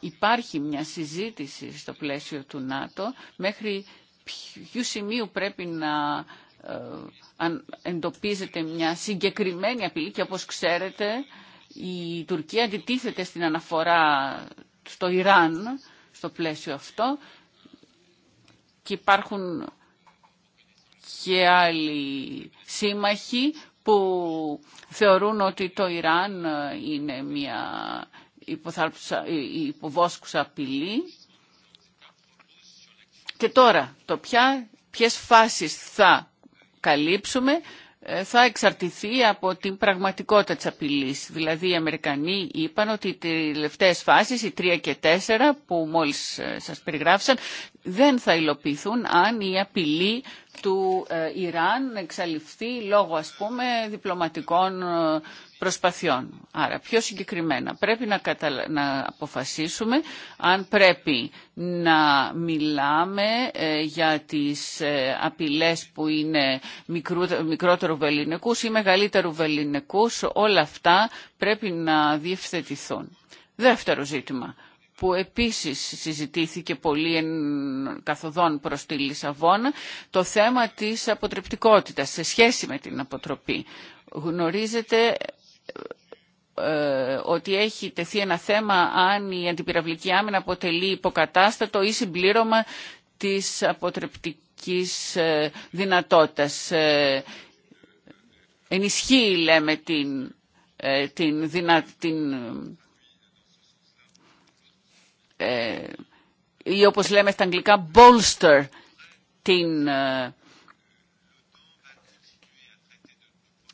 Υπάρχει μια συζήτηση στο πλαίσιο του ΝΑΤΟ μέχρι ποιου σημείου πρέπει να ε, αν εντοπίζεται μια συγκεκριμένη απειλή και όπως ξέρετε η Τουρκία αντιτίθεται στην αναφορά στο Ιράν στο πλαίσιο αυτό και υπάρχουν και άλλοι σύμμαχοι που θεωρούν ότι το Ιράν είναι μια ε, υποβόσκουσα απειλή. Και τώρα, το ποια, ποιες φάσεις θα καλύψουμε ε, θα εξαρτηθεί από την πραγματικότητα της απειλής. Δηλαδή οι Αμερικανοί είπαν ότι οι τελευταίες φάσεις, οι τρία και τέσσερα που μόλις ε, σας περιγράφησαν, δεν θα υλοποιηθούν αν η απειλή του ε, Ιράν εξαλειφθεί λόγω ας πούμε διπλωματικών Άρα πιο συγκεκριμένα πρέπει να, να αποφασίσουμε αν πρέπει να μιλάμε ε, για τις ε, απειλές που είναι μικρότερου βεληνικούς ή μεγαλύτερου βεληνικούς. Όλα αυτά πρέπει να διευθετηθούν. Δεύτερο ζήτημα που επίσης συζητήθηκε πολύ εν, καθοδόν προς τη Λισαβόνα, το θέμα της αποτρεπτικότητας σε σχέση με την αποτροπή. Γνωρίζετε ε, ότι έχει τεθεί ένα θέμα αν η αντιπυραυλική άμυνα αποτελεί υποκατάστατο ή συμπλήρωμα της αποτρεπτικής ε, δυνατότητας. Ε, ενισχύει, λέμε, την, την, την ή όπως λέμε στα αγγλικά bolster την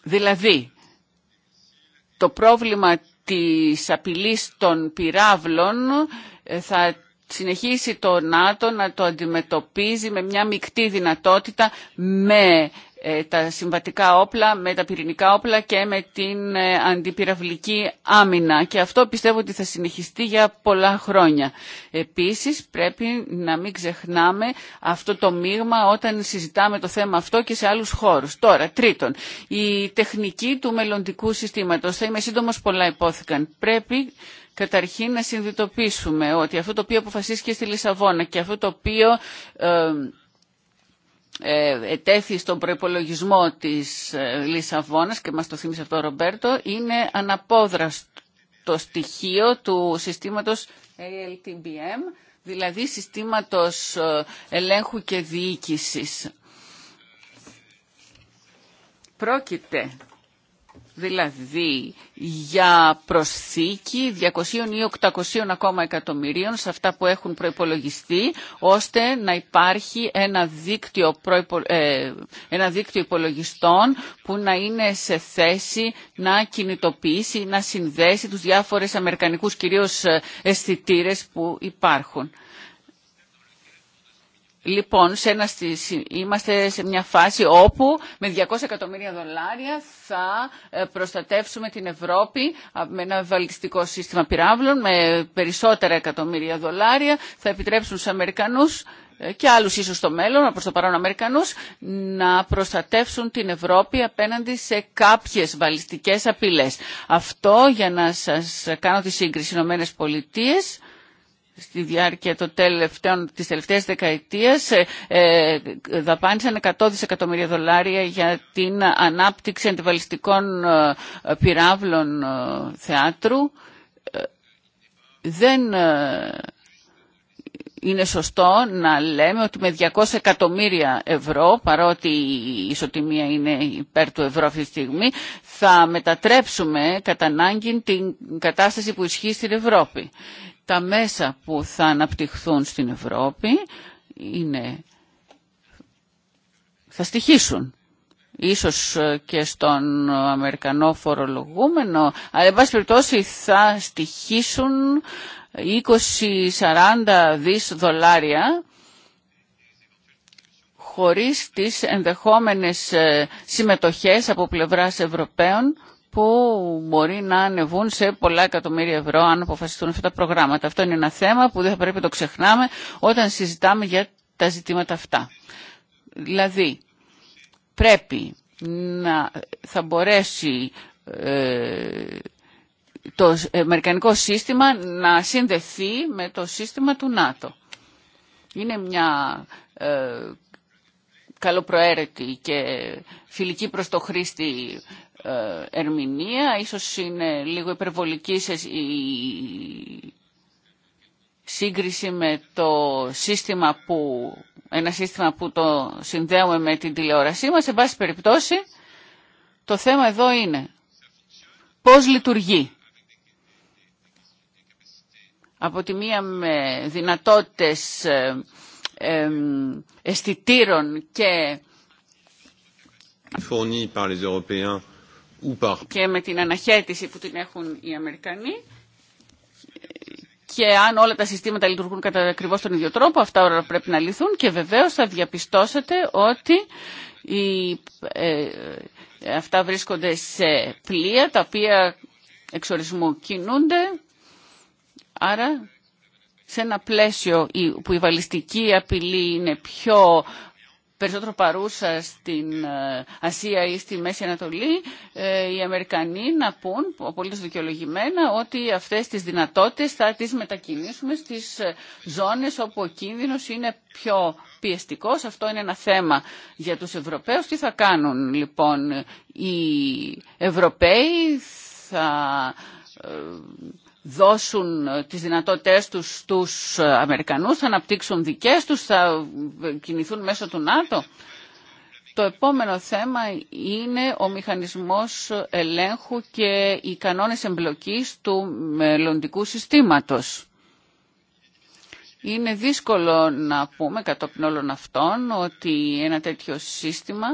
δηλαδή το πρόβλημα της απειλής των πυράβλων ε, θα συνεχίσει το ΝΑΤΟ να το αντιμετωπίζει με μια μεικτή δυνατότητα με ε, τα συμβατικά όπλα με τα πυρηνικά όπλα και με την ε, αντιπυραυλική άμυνα και αυτό πιστεύω ότι θα συνεχιστεί για πολλά χρόνια. Επίσης πρέπει να μην ξεχνάμε αυτό το μείγμα όταν συζητάμε το θέμα αυτό και σε άλλους χώρους. Τώρα, τρίτον, η τεχνική του μελλοντικού συστήματος, θα είμαι σύντομος πολλά υπόθηκαν, πρέπει καταρχήν να συνειδητοποιήσουμε ότι αυτό το οποίο αποφασίστηκε στη Λισαβόνα και αυτό το οποίο... Ε, ε, ετέθη στον προπολογισμό της ε, Λισαβόνας και μας το θύμισε αυτό ο Ρομπέρτο είναι αναπόδραστο στοιχείο του συστήματος ALTBM δηλαδή συστήματος ε, ελέγχου και διοίκησης. Πρόκειται δηλαδή για προσθήκη 200 ή 800 ακόμα εκατομμυρίων σε αυτά που έχουν προϋπολογιστεί, ώστε να υπάρχει ένα δίκτυο, ε, ένα δίκτυο υπολογιστών που να είναι σε θέση να κινητοποιήσει, να συνδέσει τους διάφορες αμερικανικούς κυρίως ε, αισθητήρε που υπάρχουν. Λοιπόν, σε ένα, είμαστε σε μια φάση όπου με 200 εκατομμύρια δολάρια θα ε, προστατεύσουμε την Ευρώπη με ένα βαλιστικό σύστημα πυράβλων, με περισσότερα εκατομμύρια δολάρια, θα επιτρέψουν στους Αμερικανούς ε, και άλλους ίσως στο μέλλον, το παρόν Αμερικανούς, να προστατεύσουν την Ευρώπη απέναντι σε κάποιες βαλιστικές απειλές. Αυτό για να σας κάνω τη σύγκριση Ηνωμένες Πολιτείες στη διάρκεια των τελευταίων, της τελευταίας δεκαετίας ε, ε, δαπάνησαν 100 δισεκατομμύρια δολάρια για την ανάπτυξη αντιβαλιστικών ε, πυράβλων θεάτρου. Δεν είναι σωστό να λέμε ότι με 200 εκατομμύρια ευρώ, παρότι η ισοτιμία είναι υπέρ του ευρώ αυτή τη στιγμή, θα μετατρέψουμε κατά ανάγκη την κατάσταση που ισχύει στην Ευρώπη τα μέσα που θα αναπτυχθούν στην Ευρώπη είναι, θα στοιχήσουν ίσως ε, και στον Αμερικανό φορολογούμενο, αλλά εν περιπτώσει θα στοιχήσουν 20-40 δις δολάρια χωρίς τις ενδεχόμενες ε, συμμετοχές από πλευράς Ευρωπαίων που μπορεί να ανεβούν σε πολλά εκατομμύρια ευρώ αν αποφασιστούν αυτά τα προγράμματα. Αυτό είναι ένα θέμα που δεν θα πρέπει να το ξεχνάμε όταν συζητάμε για τα ζητήματα αυτά. Δηλαδή, πρέπει να θα μπορέσει ε, το αμερικανικό σύστημα να συνδεθεί με το σύστημα του ΝΑΤΟ. Είναι μια ε, καλοπροαίρετη και φιλική προς το χρήστη ε, ερμηνεία, ίσως είναι λίγο υπερβολική η σύγκριση με το σύστημα που, ένα σύστημα που το συνδέουμε με την τηλεόρασή μας. Σε βάση περιπτώσει, το θέμα εδώ είναι πώς λειτουργεί. Από τη μία με δυνατότητες ε, αισθητήρων και και με την αναχέτηση που την έχουν οι Αμερικανοί και αν όλα τα συστήματα λειτουργούν κατά ακριβώς τον ίδιο τρόπο, αυτά όλα πρέπει να λυθούν και βεβαίως θα διαπιστώσετε ότι οι, ε, αυτά βρίσκονται σε πλοία τα οποία εξορισμού κινούνται, άρα σε ένα πλαίσιο που η βαλιστική απειλή είναι πιο περισσότερο παρούσα ε, στην ε, Ασία ή στη Μέση Ανατολή, ε, οι Αμερικανοί να πούν, απολύτως δικαιολογημένα, ότι αυτές τις δυνατότητες θα τις μετακινήσουμε στις ζώνες όπου ο κίνδυνος είναι πιο πιεστικός. Αυτό είναι ένα θέμα για τους Ευρωπαίους. Τι θα κάνουν λοιπόν οι Ευρωπαίοι, θα δώσουν ε, τις δυνατότητές τους στους ε, Αμερικανούς, θα αναπτύξουν δικές τους, θα ε, κινηθούν μέσω του ΝΑΤΟ. Το επόμενο θέμα είναι ο μηχανισμός ελέγχου και οι κανόνες εμπλοκής του μελλοντικού συστήματος. Είναι δύσκολο να πούμε κατόπιν όλων αυτών ότι ένα τέτοιο σύστημα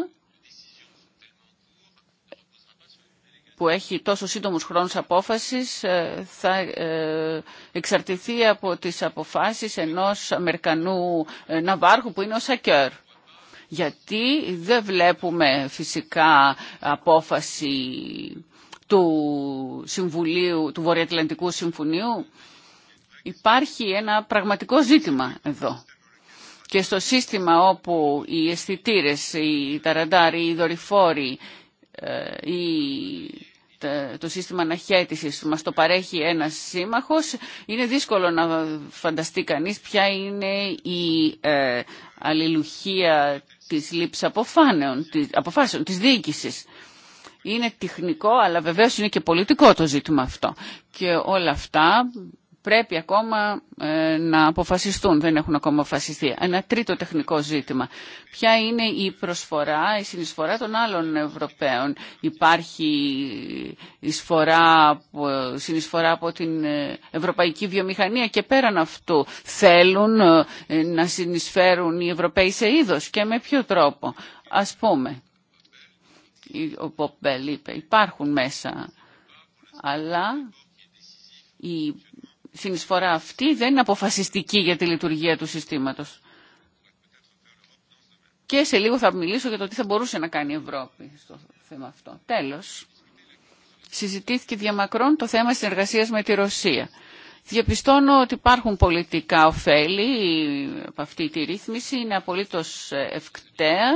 που έχει τόσο σύντομους χρόνους απόφασης ε, θα ε, εξαρτηθεί από τις αποφάσεις ενός Αμερικανού ε, ναυάρχου που είναι ο Σακέρ. Γιατί δεν βλέπουμε φυσικά απόφαση του, Συμβουλίου, του Βορειοατλαντικού Συμφωνίου. Υπάρχει ένα πραγματικό ζήτημα εδώ και στο σύστημα όπου οι αισθητήρε, οι ταραντάροι, οι δορυφόροι, οι το σύστημα αναχέτησης που μας το παρέχει ένας σύμμαχος, είναι δύσκολο να φανταστεί κανείς ποια είναι η ε, αλληλουχία της λήψης αποφάσεων, της διοίκησης. Είναι τεχνικό, αλλά βεβαίως είναι και πολιτικό το ζήτημα αυτό. Και όλα αυτά πρέπει ακόμα ε, να αποφασιστούν, δεν έχουν ακόμα αποφασιστεί. Ένα τρίτο τεχνικό ζήτημα. Ποια είναι η προσφορά, η συνεισφορά των άλλων Ευρωπαίων. Υπάρχει εισφορά, συνεισφορά από την ε, ευρωπαϊκή βιομηχανία και πέραν αυτού θέλουν ε, να συνεισφέρουν οι Ευρωπαίοι σε είδος και με ποιο τρόπο. Ας πούμε, ο Ποπέλ είπε, υπάρχουν μέσα, αλλά η συνεισφορά αυτή δεν είναι αποφασιστική για τη λειτουργία του συστήματος. Και σε λίγο θα μιλήσω για το τι θα μπορούσε να κάνει η Ευρώπη στο θέμα αυτό. Τέλος, συζητήθηκε διαμακρών το θέμα συνεργασίας με τη Ρωσία. Διαπιστώνω ότι υπάρχουν πολιτικά ωφέλη από αυτή τη ρύθμιση, είναι απολύτως ευκταία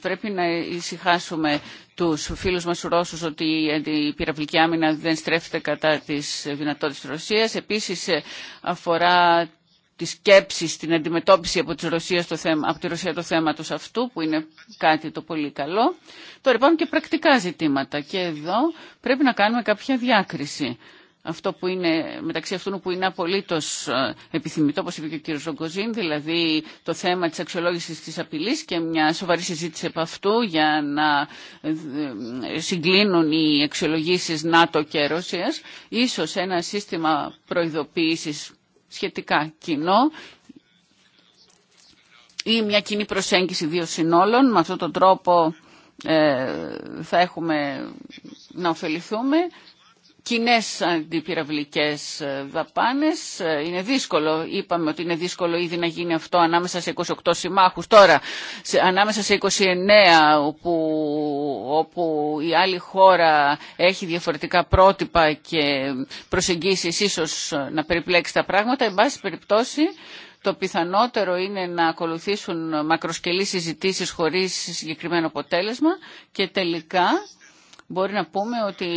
Πρέπει να ησυχάσουμε τους φίλους μας Ρώσους ότι η πυραυλική άμυνα δεν στρέφεται κατά της δυνατότητας της Ρωσίας. Επίσης ε, αφορά τις σκέψη, την αντιμετώπιση από, τη Ρωσία το θέμα, από το θέματος αυτού, που είναι κάτι το πολύ καλό. Τώρα υπάρχουν και πρακτικά ζητήματα και εδώ πρέπει να κάνουμε κάποια διάκριση αυτό που είναι, μεταξύ αυτού που είναι απολύτω ε, επιθυμητό, όπω είπε και ο κ. Ρογκοζίν, δηλαδή το θέμα τη αξιολόγηση τη απειλή και μια σοβαρή συζήτηση από αυτού για να ε, ε, συγκλίνουν οι αξιολογήσει ΝΑΤΟ και Ρωσία. Ίσως ένα σύστημα προειδοποίηση σχετικά κοινό ή μια κοινή προσέγγιση δύο συνόλων. Με αυτόν τον τρόπο θα έχουμε να ωφεληθούμε κοινέ αντιπυραυλικέ ε, δαπάνε, ε, Είναι δύσκολο, είπαμε ότι είναι δύσκολο ήδη να γίνει αυτό ανάμεσα σε 28 συμμάχου. Τώρα, ανάμεσα σε 29 όπου, όπου η άλλη χώρα έχει διαφορετικά πρότυπα και προσεγγίσει ίσω να περιπλέξει τα πράγματα, εν πάση περιπτώσει το πιθανότερο είναι να ακολουθήσουν μακροσκελή συζητήσεις χωρίς συγκεκριμένο αποτέλεσμα και τελικά μπορεί να πούμε ότι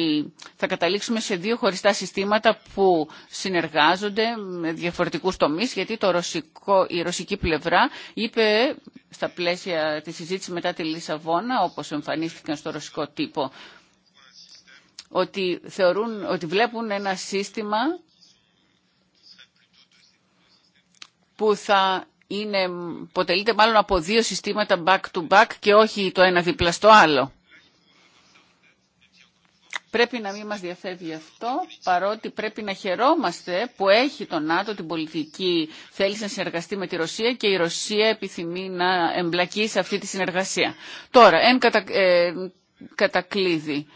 θα καταλήξουμε σε δύο χωριστά συστήματα που συνεργάζονται με διαφορετικούς τομείς, γιατί το ρωσικό, η ρωσική πλευρά είπε στα πλαίσια της συζήτησης μετά τη Λισαβόνα, όπως εμφανίστηκαν στο ρωσικό τύπο, ότι, θεωρούν, ότι βλέπουν ένα σύστημα που θα είναι, αποτελείται μάλλον από δύο συστήματα back to back και όχι το ένα δίπλα στο άλλο. Πρέπει να μην μας διαφεύγει αυτό, παρότι πρέπει να χαιρόμαστε που έχει το ΝΑΤΟ την πολιτική θέληση να συνεργαστεί με τη Ρωσία και η Ρωσία επιθυμεί να εμπλακεί σε αυτή τη συνεργασία. Τώρα, εν κατα, ε, κατακλείδη.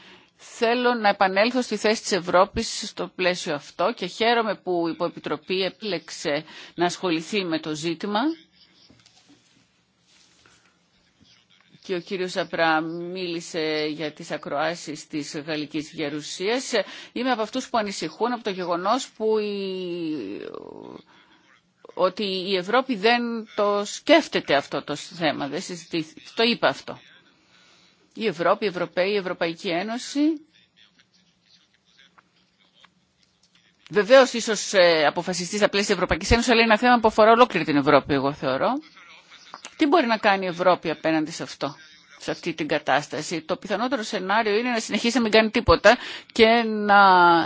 Θέλω να επανέλθω στη θέση της Ευρώπης στο πλαίσιο αυτό και χαίρομαι που η Υποεπιτροπή έπλεξε να ασχοληθεί με το ζήτημα και ο κύριος Απρά μίλησε για τις ακροάσεις της Γαλλικής Γερουσίας. Είμαι από αυτούς που ανησυχούν από το γεγονός που η... ότι η Ευρώπη δεν το σκέφτεται αυτό το θέμα, δεν συζητήθηκε. Το είπα αυτό. Η Ευρώπη, η η Ευρωπαϊκή Ένωση Βεβαίω, ίσω ε, αποφασιστεί στα πλαίσια τη Ευρωπαϊκή Ένωση, αλλά είναι ένα θέμα που αφορά ολόκληρη την Ευρώπη, εγώ θεωρώ. Τι μπορεί να κάνει η Ευρώπη απέναντι σε αυτό, σε αυτή την κατάσταση. Το πιθανότερο σενάριο είναι να συνεχίσει να μην κάνει τίποτα και να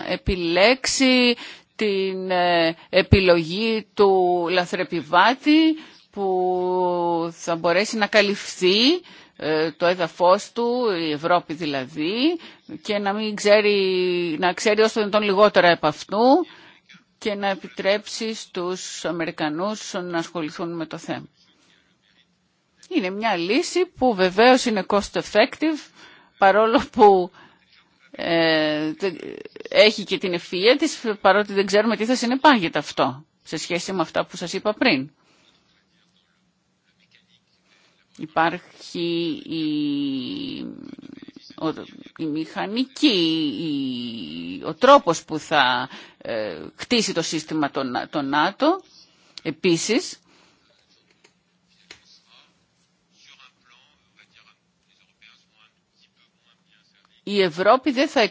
επιλέξει την ε, επιλογή του λαθρεπιβάτη που θα μπορέσει να καλυφθεί ε, το έδαφος του, η Ευρώπη δηλαδή, και να μην ξέρει, να ξέρει όσο τον λιγότερα από αυτού και να επιτρέψει στους Αμερικανούς να ασχοληθούν με το θέμα. Είναι μια λύση που βεβαίως είναι cost effective παρόλο που ε, έχει και την ευφυΐα της παρότι δεν ξέρουμε τι θα συνεπάγεται αυτό σε σχέση με αυτά που σας είπα πριν. Υπάρχει η, ο, μηχανική, ο τρόπος που θα ε, χτίσει το σύστημα το, το ΝΑΤΟ. Επίσης, η Ευρώπη δεν θα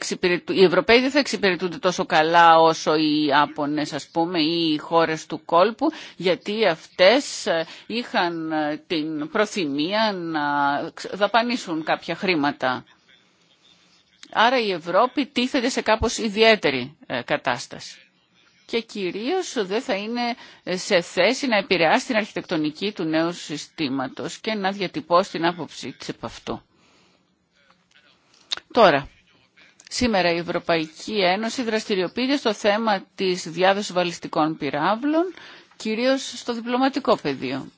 οι Ευρωπαίοι δεν θα εξυπηρετούνται τόσο καλά όσο οι Άπωνες ας πούμε ή οι χώρες του κόλπου γιατί αυτές ε, είχαν ε, την προθυμία να δαπανίσουν κάποια χρήματα. Άρα η Ευρώπη τίθεται σε κάπως ιδιαίτερη ε, κατάσταση και κυρίως δεν θα είναι σε θέση να επηρεάσει την αρχιτεκτονική του νέου συστήματος και να διατυπώσει την άποψή της επ' αυτού. Τώρα, σήμερα η Ευρωπαϊκή Ένωση δραστηριοποιείται στο θέμα της διάδοσης βαλιστικών πυράβλων, κυρίως στο διπλωματικό πεδίο.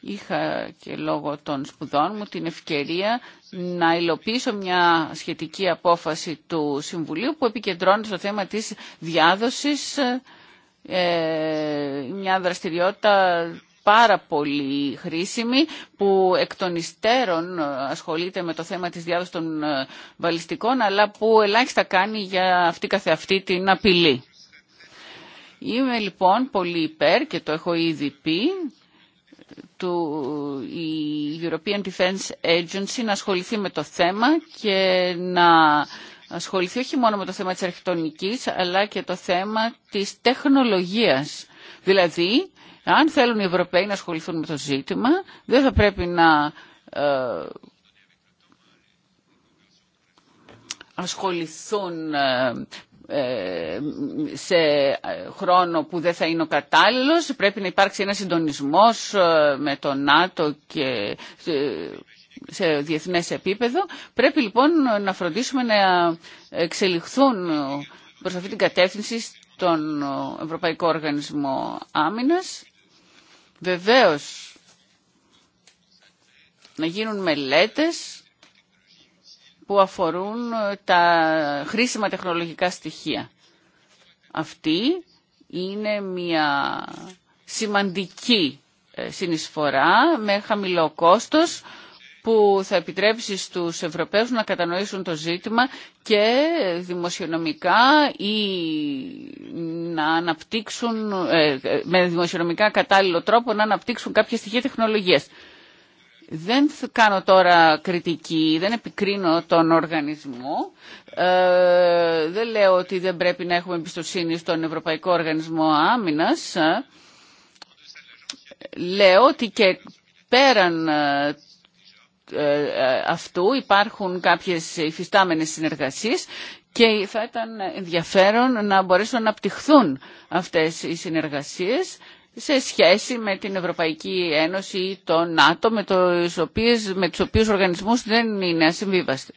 Είχα και λόγω των σπουδών μου την ευκαιρία να υλοποιήσω μια σχετική απόφαση του Συμβουλίου που επικεντρώνει στο θέμα της διάδοσης ε, μια δραστηριότητα πάρα πολύ χρήσιμη που εκ των υστέρων ε, ασχολείται με το θέμα της διάδοσης των ε, βαλιστικών αλλά που ελάχιστα κάνει για αυτή καθεαυτή την απειλή. Είμαι λοιπόν πολύ υπέρ και το έχω ήδη πει του η European Defense Agency να ασχοληθεί με το θέμα και να ασχοληθεί όχι μόνο με το θέμα της αρχιτονικής αλλά και το θέμα της τεχνολογίας. Δηλαδή αν θέλουν οι Ευρωπαίοι να ασχοληθούν με το ζήτημα, δεν θα πρέπει να ε, ασχοληθούν ε, ε, σε χρόνο που δεν θα είναι ο κατάλληλος. Πρέπει να υπάρξει ένα συντονισμός με το ΝΑΤΟ και σε διεθνές επίπεδο. Πρέπει λοιπόν να φροντίσουμε να εξελιχθούν προς αυτή την κατεύθυνση στον Ευρωπαϊκό Οργανισμό Άμυνας Βεβαίως, να γίνουν μελέτες που αφορούν ε, τα χρήσιμα τεχνολογικά στοιχεία. Αυτή είναι μια σημαντική ε, συνεισφορά με χαμηλό κόστος που θα επιτρέψει στους Ευρωπαίους να κατανοήσουν το ζήτημα και δημοσιονομικά ή να αναπτύξουν, ε, με δημοσιονομικά κατάλληλο τρόπο, να αναπτύξουν κάποια στοιχεία τεχνολογίας. Δεν κάνω τώρα κριτική, δεν επικρίνω τον οργανισμό. Ε, δεν λέω ότι δεν πρέπει να έχουμε εμπιστοσύνη στον Ευρωπαϊκό Οργανισμό Άμυνας. Ε, λέω ότι και πέραν ε, ε, ε, αυτού υπάρχουν κάποιες υφιστάμενες συνεργασίες και θα ήταν ενδιαφέρον να μπορέσουν να πτυχθούν αυτές οι συνεργασίες σε σχέση με την Ευρωπαϊκή Ένωση ή το ΝΑΤΟ με τους οποίους, με τους οποίους οργανισμούς δεν είναι ασυμβίβαστοι.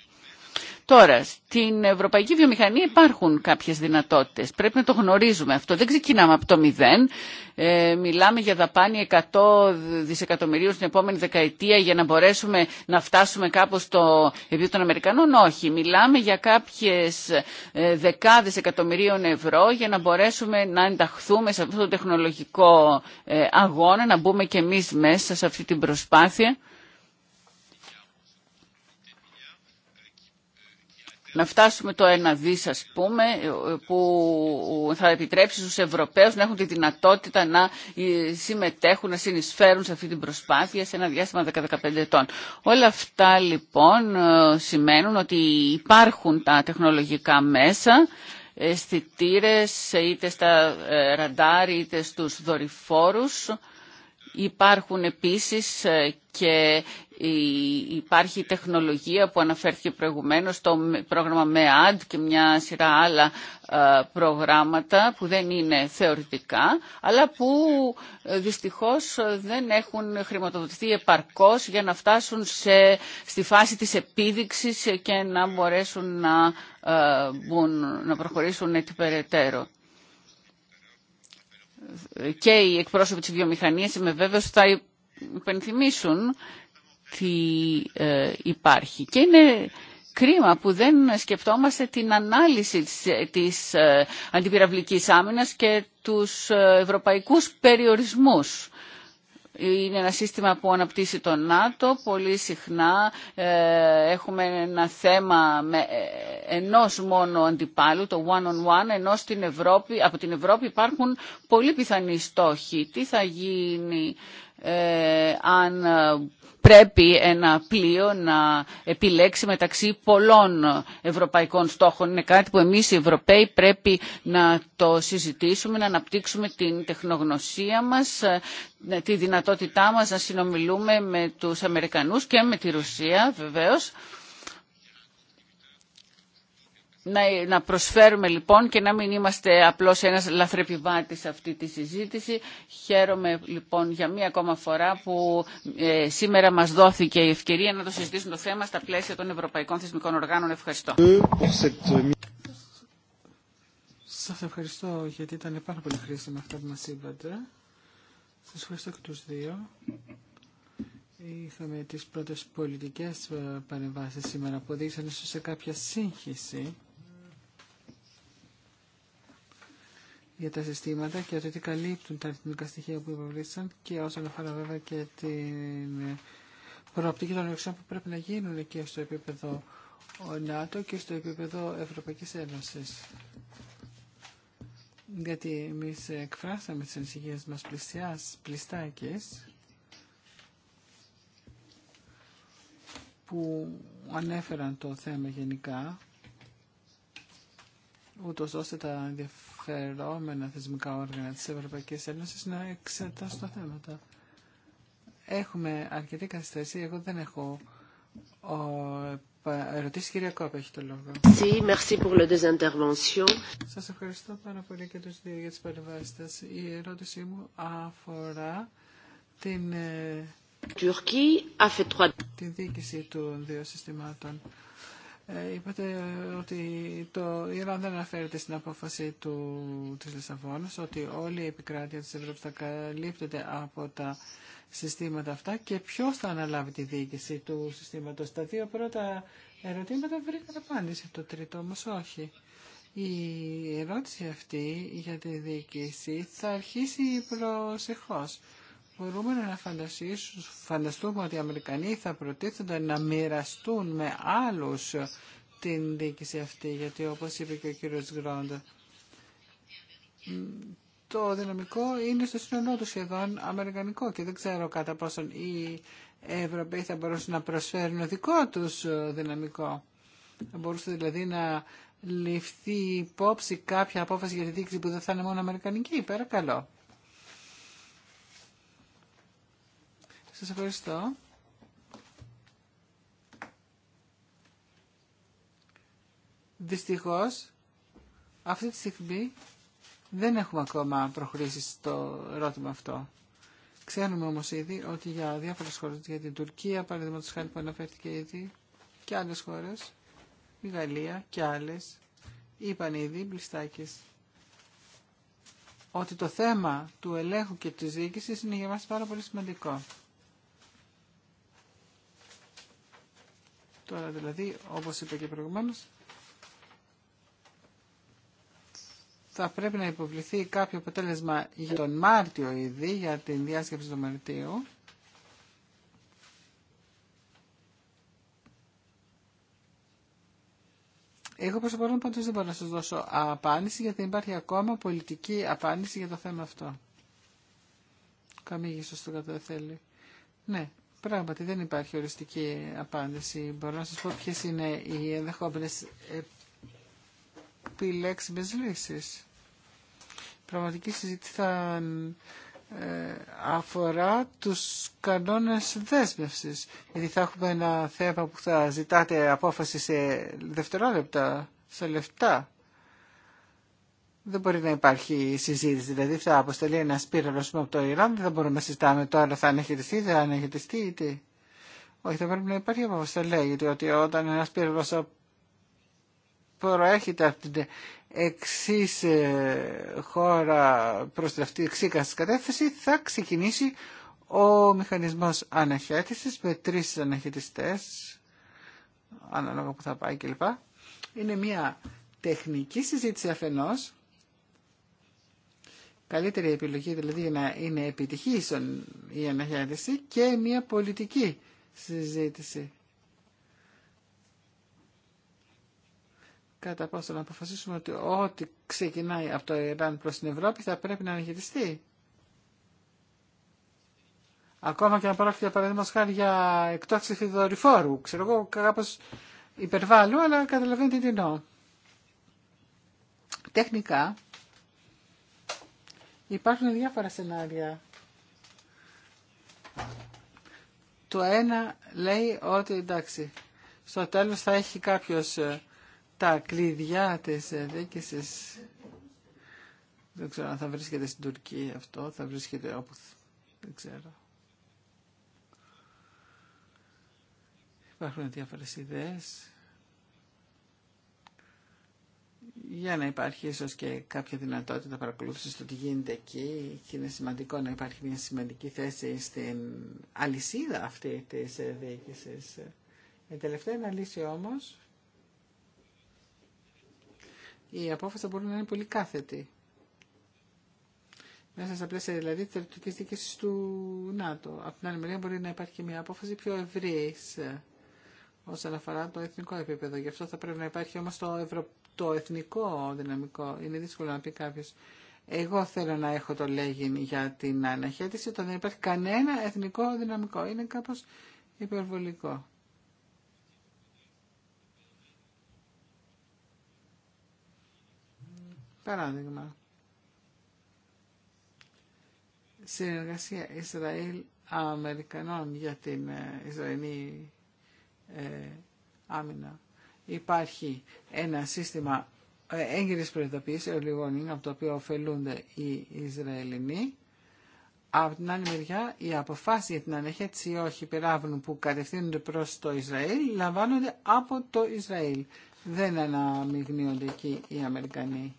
Τώρα, στην ευρωπαϊκή βιομηχανία υπάρχουν κάποιες δυνατότητες. Πρέπει να το γνωρίζουμε αυτό. Δεν ξεκινάμε από το μηδέν. Ε, μιλάμε για δαπάνη 100 δισεκατομμυρίων στην επόμενη δεκαετία για να μπορέσουμε να φτάσουμε κάπου στο επίπεδο των Αμερικανών. Όχι. Μιλάμε για κάποιες ε, δεκάδες εκατομμυρίων ευρώ για να μπορέσουμε να ενταχθούμε σε αυτό το τεχνολογικό ε, αγώνα, να μπούμε και εμείς μέσα σε αυτή την προσπάθεια. να φτάσουμε το ένα δις ας πούμε που θα επιτρέψει στους Ευρωπαίους να έχουν τη δυνατότητα να ε, συμμετέχουν, να συνεισφέρουν σε αυτή την προσπάθεια σε ένα διάστημα 10-15 ετών. Όλα αυτά λοιπόν ε, σημαίνουν ότι υπάρχουν τα τεχνολογικά μέσα αισθητήρε είτε στα ε, ραντάρ είτε στους δορυφόρους Υπάρχουν επίσης ε, και υπάρχει τεχνολογία που αναφέρθηκε προηγουμένως, στο πρόγραμμα MEAD και μια σειρά άλλα ε, προγράμματα που δεν είναι θεωρητικά, αλλά που ε, δυστυχώς δεν έχουν χρηματοδοτηθεί επαρκώς για να φτάσουν σε, στη φάση της επίδειξης και να μπορέσουν να, μπουν, να προχωρήσουν έτσι και οι εκπρόσωποι της βιομηχανίας είμαι βέβαιος θα υπενθυμίσουν τι ε, υπάρχει. Και είναι κρίμα που δεν σκεφτόμαστε την ανάλυση της ε, αντιπυραυλικής άμυνας και τους ε, ευρωπαϊκούς περιορισμούς είναι ένα σύστημα που αναπτύσσει το ΝΑΤΟ. Πολύ συχνά ε, έχουμε ένα θέμα με ε, ενός μόνο αντιπάλου, το one-on-one, -on -one, on ενω Ευρώπη, από την Ευρώπη υπάρχουν πολύ πιθανοί στόχοι. Τι θα γίνει ε, αν πρέπει ένα πλοίο να επιλέξει μεταξύ πολλών ευρωπαϊκών στόχων. Είναι κάτι που εμείς οι Ευρωπαίοι πρέπει να το συζητήσουμε, να αναπτύξουμε την τεχνογνωσία μας, ε, τη δυνατότητά μας να συνομιλούμε με τους Αμερικανούς και με τη Ρωσία βεβαίως να, προσφέρουμε λοιπόν και να μην είμαστε απλώς ένας λαθρεπιβάτης σε αυτή τη συζήτηση. Χαίρομαι λοιπόν για μία ακόμα φορά που ε, σήμερα μας δόθηκε η ευκαιρία να το συζητήσουμε το θέμα στα πλαίσια των Ευρωπαϊκών Θεσμικών Οργάνων. Ευχαριστώ. Σας ευχαριστώ γιατί ήταν πάρα πολύ χρήσιμα αυτά που μας είπατε. Σας ευχαριστώ και τους δύο. Είχαμε τις πρώτες πολιτικές ε, παρεμβάσεις σήμερα που οδήγησαν σε κάποια σύγχυση. για τα συστήματα και ότι καλύπτουν τα αριθμητικά στοιχεία που υποβλήθησαν και όσον αφορά βέβαια και την προοπτική των εργασιών που πρέπει να γίνουν και στο επίπεδο ΝΑΤΟ και στο επίπεδο Ευρωπαϊκής Ένωσης. Γιατί εμεί εκφράσαμε τι ανησυχίες μας πλησιάς, που ανέφεραν το θέμα γενικά ούτως ώστε τα ενδιαφερόμενα θεσμικά όργανα τη Ευρωπαϊκή Ένωση να εξετάσουν τα θέματα. Έχουμε αρκετή καθυστέρηση. Εγώ δεν έχω ο, ερωτήσει. Κυρία Κόπ, έχει το λόγο. Σα Σας ευχαριστώ πάρα πολύ και του δύο για τι παρεμβάσει σα. Η ερώτησή μου αφορά την, Τουρκία ε, την διοίκηση των δύο συστημάτων. Ε, είπατε ότι το Ιράν δεν αναφέρεται στην απόφαση του, της Λισαβόνας, ότι όλη η επικράτεια της Ευρώπης θα καλύπτεται από τα συστήματα αυτά και ποιος θα αναλάβει τη διοίκηση του συστήματος. Τα δύο πρώτα ερωτήματα βρήκαν απάντηση, το τρίτο όμως όχι. Η ερώτηση αυτή για τη διοίκηση θα αρχίσει προσεχώς. Μπορούμε να φανταστούμε ότι οι Αμερικανοί θα προτίθενται να μοιραστούν με άλλους την δίκηση αυτή, γιατί όπως είπε και ο κύριος Γκρόντ, το δυναμικό είναι στο σύνολό του σχεδόν αμερικανικό και δεν ξέρω κατά πόσον οι Ευρωπαίοι θα μπορούσαν να προσφέρουν δικό τους δυναμικό. Θα μπορούσε δηλαδή να ληφθεί υπόψη κάποια απόφαση για τη δίκηση που δεν θα είναι μόνο αμερικανική. καλό. Σας ευχαριστώ. Δυστυχώς, αυτή τη στιγμή δεν έχουμε ακόμα προχωρήσει στο ερώτημα αυτό. Ξέρουμε όμως ήδη ότι για διάφορες χώρες, για την Τουρκία, παραδείγματο χάρη που αναφέρθηκε ήδη, και άλλες χώρες, η Γαλλία και άλλες, είπαν ήδη μπλιστάκες ότι το θέμα του ελέγχου και της διοίκησης είναι για μας πάρα πολύ σημαντικό. Τώρα δηλαδή, όπως είπα και προηγουμένως, θα πρέπει να υποβληθεί κάποιο αποτέλεσμα για τον Μάρτιο ήδη, για την διάσκεψη του Μαρτίου. Εγώ προς το πάντως δεν μπορώ να σας δώσω απάντηση γιατί υπάρχει ακόμα πολιτική απάντηση για το θέμα αυτό. Καμίγη το κατά θέλει. Ναι, Πράγματι δεν υπάρχει οριστική απάντηση. Μπορώ να σας πω ποιες είναι οι ενδεχόμενες επιλέξιμες λύσεις. Πραγματική συζήτηση θα ε, αφορά τους κανόνες δέσμευσης. Γιατί θα έχουμε ένα θέμα που θα ζητάτε απόφαση σε δευτερόλεπτα, σε λεφτά. Δεν μπορεί να υπάρχει συζήτηση. Δηλαδή θα αποστελεί ένα πύραυλο από το Ιράν. Δεν μπορούμε να συζητάμε τώρα θα αναχαιριστεί, θα αναχαιριστεί ή τι. Όχι, θα πρέπει να υπάρχει αποστολή. Γιατί ότι όταν ένα πύραυλο προέρχεται από την εξή ε, χώρα προ την αυτή κατεύθυνση, θα ξεκινήσει ο μηχανισμό αναχέτηση με τρει αναχαιριστέ, ανάλογα που θα πάει κλπ. Είναι μια τεχνική συζήτηση αφενός καλύτερη επιλογή δηλαδή να είναι επιτυχή η αναγέννηση και μια πολιτική συζήτηση. Κατά πόσο να αποφασίσουμε ότι ό,τι ξεκινάει από το Ιράν προς την Ευρώπη θα πρέπει να αναγυριστεί. Ακόμα και αν πρόκειται για παράδειγμα χάρη για εκτόξευση δορυφόρου. Ξέρω εγώ κάπως υπερβάλλω αλλά καταλαβαίνετε τι εννοώ. Τεχνικά Υπάρχουν διάφορα σενάρια. Το ένα λέει ότι εντάξει, στο τέλος θα έχει κάποιος ε, τα κλειδιά της δίκησης. Δεν ξέρω αν θα βρίσκεται στην Τουρκία αυτό, θα βρίσκεται όπου δεν ξέρω. Υπάρχουν διάφορες ιδέες. για να υπάρχει ίσω και κάποια δυνατότητα παρακολούθηση του τι γίνεται εκεί και είναι σημαντικό να υπάρχει μια σημαντική θέση στην αλυσίδα αυτή τη διοίκηση. Η τελευταία αναλύση όμω. η απόφαση μπορεί να είναι πολύ κάθετη. Μέσα στα πλαίσια δηλαδή τη θεωρητική διοίκηση του ΝΑΤΟ. Από την άλλη μεριά μπορεί να υπάρχει μια απόφαση πιο ευρύ ε, όσον αφορά το εθνικό επίπεδο. Γι' αυτό θα πρέπει να υπάρχει όμω το ευρωπαϊκό το εθνικό δυναμικό. Είναι δύσκολο να πει κάποιο. Εγώ θέλω να έχω το λέγιν για την αναχέτηση όταν δεν υπάρχει κανένα εθνικό δυναμικό. Είναι κάπως υπερβολικό. Παράδειγμα. Συνεργασία Ισραήλ-Αμερικανών για την ε, Ισραηλή ε, άμυνα υπάρχει ένα σύστημα ε, έγκυρης προειδοποίησης ολιγόνιν ε, από το οποίο ωφελούνται οι Ισραηλινοί. Από την άλλη μεριά, η αποφάσει για την ανέχετηση ή όχι πυράβλων που κατευθύνονται προς το Ισραήλ λαμβάνονται από το Ισραήλ. Δεν αναμειγνύονται εκεί οι Αμερικανοί.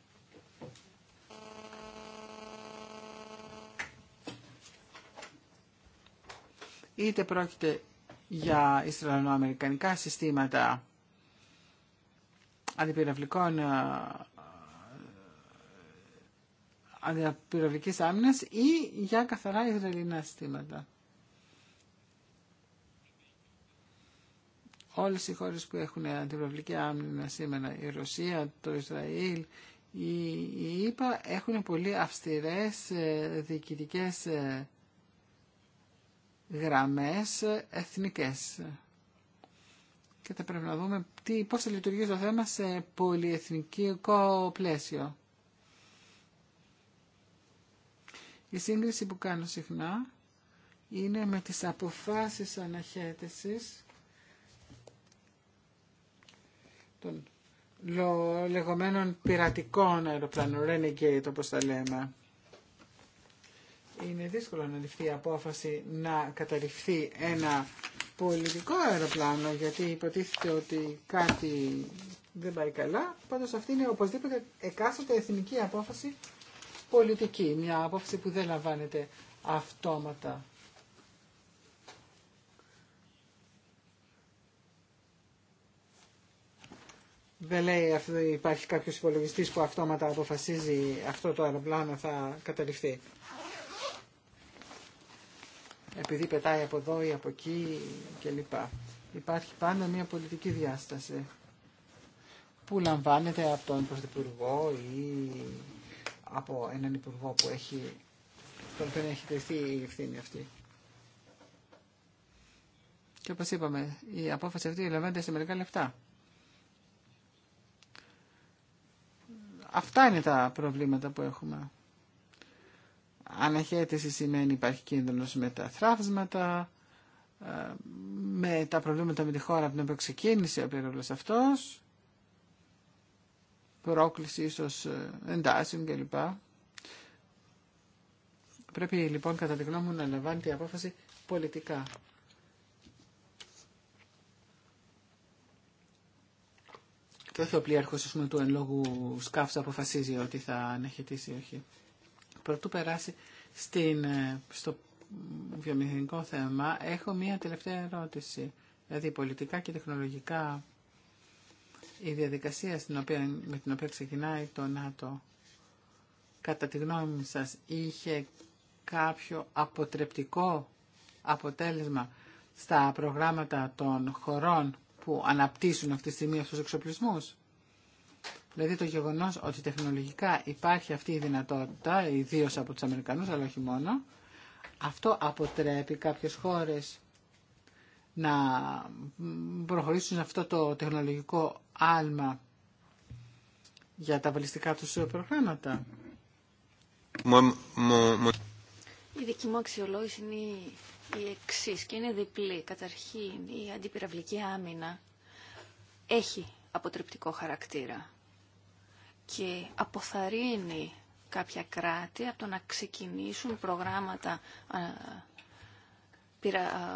Είτε πρόκειται για Ισραηλοαμερικανικά συστήματα αντιπυραυλικών ε, ε, αντιπυραυλικής άμυνας ή για καθαρά Ισραηλινά συστήματα. Όλες οι χώρες που έχουν αντιπυραυλική άμυνα σήμερα, η Ρωσία, το Ισραήλ, η ΙΠΑ έχουν πολύ αυστηρές ε, διοικητικές γραμμές εθνικές και θα πρέπει να δούμε τι, πώς θα λειτουργεί το θέμα σε πολυεθνικό πλαίσιο. Η σύγκριση που κάνω συχνά είναι με τις αποφάσεις αναχέτησης των λεγόμενων πειρατικών αεροπλάνων, renegade όπως τα λέμε. Είναι δύσκολο να ληφθεί η απόφαση να καταληφθεί ένα πολιτικό αεροπλάνο, γιατί υποτίθεται ότι κάτι δεν πάει καλά. Πάντως αυτή είναι οπωσδήποτε εκάστοτε εθνική απόφαση πολιτική, μια απόφαση που δεν λαμβάνεται αυτόματα. Δεν λέει υπάρχει κάποιος υπολογιστής που αυτόματα αποφασίζει αυτό το αεροπλάνο θα καταληφθεί επειδή πετάει από εδώ ή από εκεί κλπ. Υπάρχει πάντα μια πολιτική διάσταση που λαμβάνεται από τον Πρωθυπουργό ή από έναν Υπουργό που έχει, τον οποίο έχει κρυφθεί η ευθύνη αυτή. Και όπως είπαμε, η απόφαση αυτή λαμβάνεται σε μερικά λεφτά. Αυτά είναι τα προβλήματα που έχουμε αναχέτηση σημαίνει υπάρχει κίνδυνος με τα θράψματα, ε, με τα προβλήματα με τη χώρα από την οποία ξεκίνησε ο πυρόβλος αυτός, πρόκληση ίσως ε, εντάσσεων κλπ. Πρέπει λοιπόν κατά τη γνώμη μου να λαμβάνει η απόφαση πολιτικά. Και όχι ο πλήρχος του εν λόγου σκάφους αποφασίζει ότι θα αναχαιτήσει ή όχι πρωτού περάσει ε, στο βιομηχανικό θέμα, έχω μία τελευταία ερώτηση. Δηλαδή, πολιτικά και τεχνολογικά, η διαδικασία στην οποία, με την οποία ξεκινάει το ΝΑΤΟ, κατά τη γνώμη σας, είχε κάποιο αποτρεπτικό αποτέλεσμα στα προγράμματα των χωρών που αναπτύσσουν αυτή τη στιγμή αυτούς τους εξοπλισμούς. Δηλαδή το γεγονό ότι τεχνολογικά υπάρχει αυτή η δυνατότητα, ιδίω από του Αμερικανού, αλλά όχι μόνο, αυτό αποτρέπει κάποιες χώρες να προχωρήσουν σε αυτό το τεχνολογικό άλμα για τα βαλιστικά τους προγράμματα. Η δική μου αξιολόγηση είναι η εξή και είναι διπλή. Καταρχήν, η αντιπυραυλική άμυνα έχει αποτρεπτικό χαρακτήρα και αποθαρρύνει κάποια κράτη από το να ξεκινήσουν προγράμματα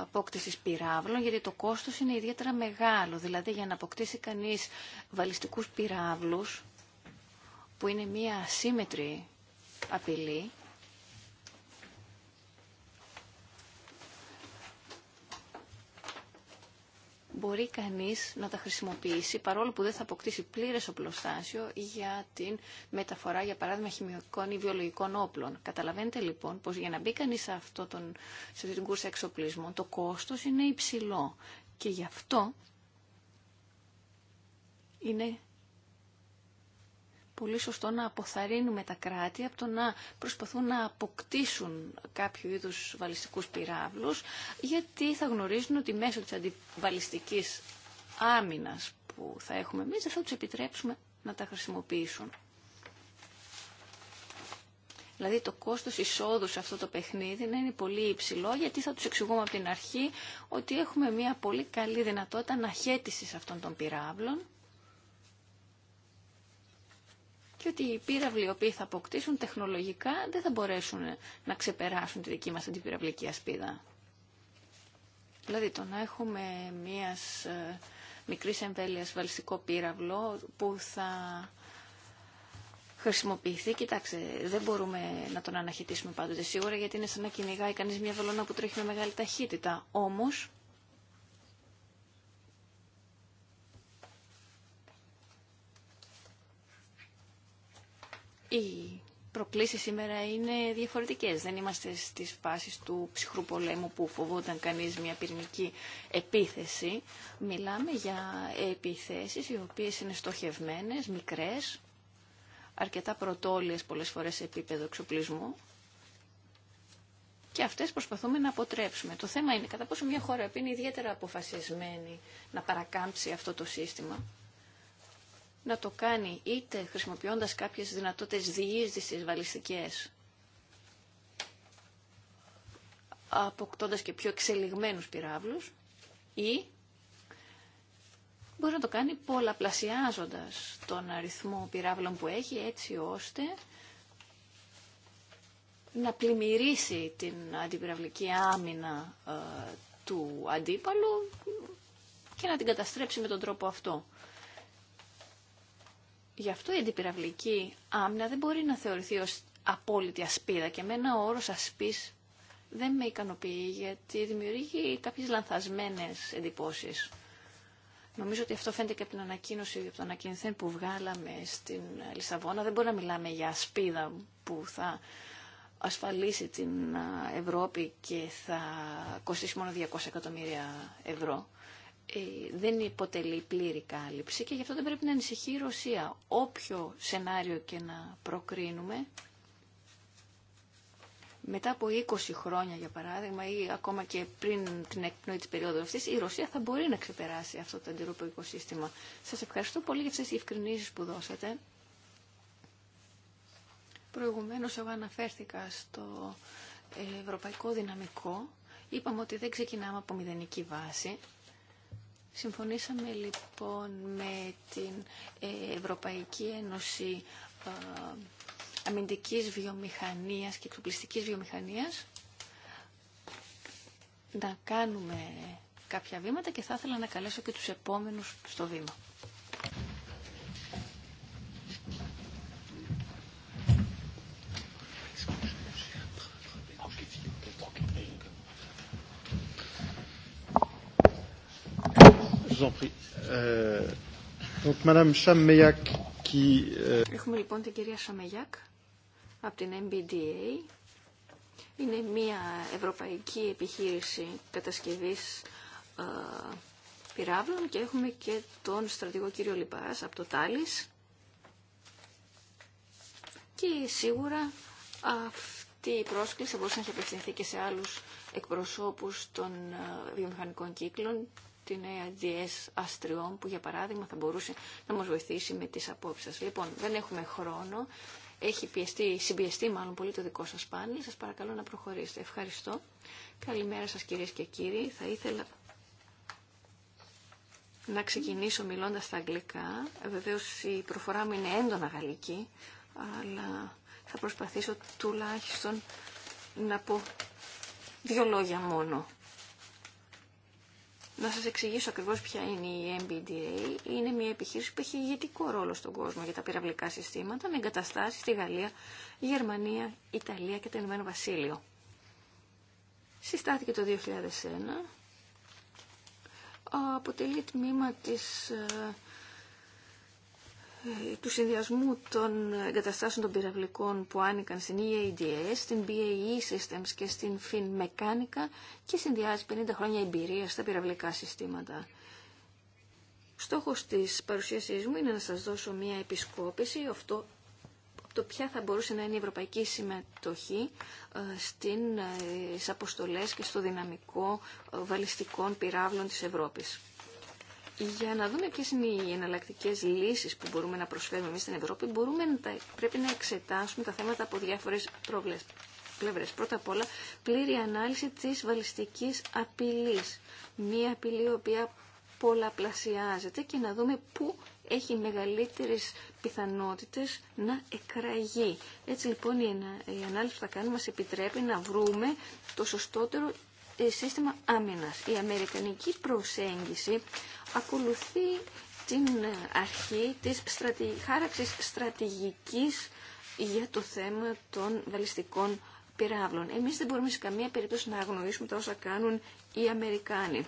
απόκτηση πυράβλων, γιατί το κόστος είναι ιδιαίτερα μεγάλο. Δηλαδή, για να αποκτήσει κανείς βαλιστικούς πυράβλους, που είναι μία ασύμμετρη απειλή, μπορεί κανείς να τα χρησιμοποιήσει παρόλο που δεν θα αποκτήσει πλήρες οπλοστάσιο για την μεταφορά για παράδειγμα χημικών ή βιολογικών όπλων. Καταλαβαίνετε λοιπόν πως για να μπει κανείς σε, αυτό τον, σε αυτή την κούρσα εξοπλισμών το κόστος είναι υψηλό και γι' αυτό είναι πολύ σωστό να αποθαρρύνουμε τα κράτη από το να προσπαθούν να αποκτήσουν κάποιο είδους βαλιστικούς πυράβλους, γιατί θα γνωρίζουν ότι μέσω της αντιβαλιστικής άμυνας που θα έχουμε εμείς δεν θα τους επιτρέψουμε να τα χρησιμοποιήσουν. Δηλαδή το κόστος εισόδου σε αυτό το παιχνίδι να είναι πολύ υψηλό γιατί θα τους εξηγούμε από την αρχή ότι έχουμε μια πολύ καλή δυνατότητα αναχέτησης αυτών των πυράβλων και ότι οι πύραυλοι οι οποίοι θα αποκτήσουν τεχνολογικά δεν θα μπορέσουν να ξεπεράσουν τη δική μας αντιπυραυλική ασπίδα. Δηλαδή το να έχουμε μια ε, μικρή εμβέλειας βαλιστικό πύραυλο που θα χρησιμοποιηθεί. Κοιτάξτε, δεν μπορούμε να τον αναχαιτήσουμε πάντοτε σίγουρα γιατί είναι σαν να κυνηγάει κανείς μια βελόνα που τρέχει με μεγάλη ταχύτητα. Όμως, Οι προκλήσεις σήμερα είναι διαφορετικές. Δεν είμαστε στις φάσεις του ψυχρού πολέμου που φοβόταν κανείς μια πυρηνική επίθεση. Μιλάμε για επιθέσεις οι οποίες είναι στοχευμένες, μικρές, αρκετά πρωτόλιες πολλές φορές σε επίπεδο εξοπλισμού και αυτές προσπαθούμε να αποτρέψουμε. Το θέμα είναι κατά πόσο μια χώρα που είναι ιδιαίτερα αποφασισμένη να παρακάμψει αυτό το σύστημα να το κάνει είτε χρησιμοποιώντας κάποιες δυνατότητες διείσδυσης βαλιστικές, αποκτώντας και πιο εξελιγμένους πυράβλους, ή μπορεί να το κάνει πολλαπλασιάζοντας τον αριθμό πυράβλων που έχει, έτσι ώστε να πλημμυρίσει την αντιπυραυλική άμυνα ε, του αντίπαλου και να την καταστρέψει με τον τρόπο αυτό. Γι' αυτό η αντιπυραυλική άμυνα δεν μπορεί να θεωρηθεί ως απόλυτη ασπίδα και με ένα όρο ασπής δεν με ικανοποιεί γιατί δημιουργεί κάποιες λανθασμένες εντυπώσεις. Νομίζω ότι αυτό φαίνεται και από την ανακοίνωση, από το ανακοινθέν που βγάλαμε στην Λισαβόνα. Δεν μπορεί να μιλάμε για ασπίδα που θα ασφαλίσει την Ευρώπη και θα κοστίσει μόνο 200 εκατομμύρια ευρώ. Ε, δεν υποτελεί πλήρη κάλυψη και γι' αυτό δεν πρέπει να ανησυχεί η Ρωσία. Όποιο σενάριο και να προκρίνουμε, μετά από 20 χρόνια για παράδειγμα ή ακόμα και πριν την εκπνοή της περίοδου αυτής, η Ρωσία θα μπορεί να ξεπεράσει αυτό το αντιρροπαϊκό σύστημα. Σας ευχαριστώ πολύ για αυτές τις ευκρινήσεις που δώσατε. Προηγουμένως εγώ αναφέρθηκα στο ευρωπαϊκό δυναμικό. Είπαμε ότι δεν ξεκινάμε από μηδενική βάση. Συμφωνήσαμε λοιπόν με την ε, Ευρωπαϊκή Ένωση ε, Αμυντικής Βιομηχανίας και Εξοπλιστικής Βιομηχανίας να κάνουμε κάποια βήματα και θα ήθελα να καλέσω και τους επόμενους στο βήμα. Euh, euh, έχουμε λοιπόν την κυρία Σαμεγιάκ από την MBDA. Είναι μια ευρωπαϊκή επιχείρηση κατασκευής ε, πυράβλων και έχουμε και τον στρατηγό κύριο Λιπάς από το Τάλις. Και σίγουρα αυτή η πρόσκληση μπορούσε να έχει απευθυνθεί και σε άλλους εκπροσώπους των ε, βιομηχανικών κύκλων την ADS αστριών που για παράδειγμα θα μπορούσε να μας βοηθήσει με τις απόψεις σας. Λοιπόν, δεν έχουμε χρόνο. Έχει πιεστεί, συμπιεστεί μάλλον πολύ το δικό σας πάνελ. Σας παρακαλώ να προχωρήσετε. Ευχαριστώ. Καλημέρα σας κυρίες και κύριοι. Θα ήθελα να ξεκινήσω μιλώντας στα αγγλικά. Βεβαίως η προφορά μου είναι έντονα γαλλική, αλλά θα προσπαθήσω τουλάχιστον να πω δύο λόγια μόνο. Να σας εξηγήσω ακριβώς ποια είναι η MBDA. Είναι μια επιχείρηση που έχει ηγετικό ρόλο στον κόσμο για τα πυραυλικά συστήματα με εγκαταστάσεις στη Γαλλία, Γερμανία, Ιταλία και το Ηνωμένο Βασίλειο. Συστάθηκε το 2001. Αποτελεί τμήμα της ε, του συνδυασμού των εγκαταστάσεων των πυραυλικών που άνοικαν στην EADS, στην BAE Systems και στην Mechanica και συνδυάζει 50 χρόνια εμπειρία στα πυραυλικά συστήματα. Στόχος της παρουσίασής μου είναι να σας δώσω μια επισκόπηση αυτό, από το ποια θα μπορούσε να είναι η ευρωπαϊκή συμμετοχή ε, ε, στις αποστολές και στο δυναμικό ε, βαλιστικών πυράβλων της Ευρώπης για να δούμε ποιε είναι οι εναλλακτικέ λύσεις που μπορούμε να προσφέρουμε εμεί στην Ευρώπη, μπορούμε να πρέπει να εξετάσουμε τα θέματα από διάφορε πλευρέ. Πρώτα απ' όλα, πλήρη ανάλυση τη βαλιστικής απειλής. Μία απειλή η οποία πολλαπλασιάζεται και να δούμε πού έχει μεγαλύτερες πιθανότητες να εκραγεί. Έτσι λοιπόν η ανάλυση που θα κάνουμε μας επιτρέπει να βρούμε το σωστότερο ε, σύστημα άμυνας. Η αμερικανική προσέγγιση ακολουθεί την ε, αρχή της στρατη... χάραξης στρατηγικής για το θέμα των βαλιστικών πυράβλων. Εμείς δεν μπορούμε σε καμία περίπτωση να αγνοήσουμε τα όσα κάνουν οι Αμερικάνοι.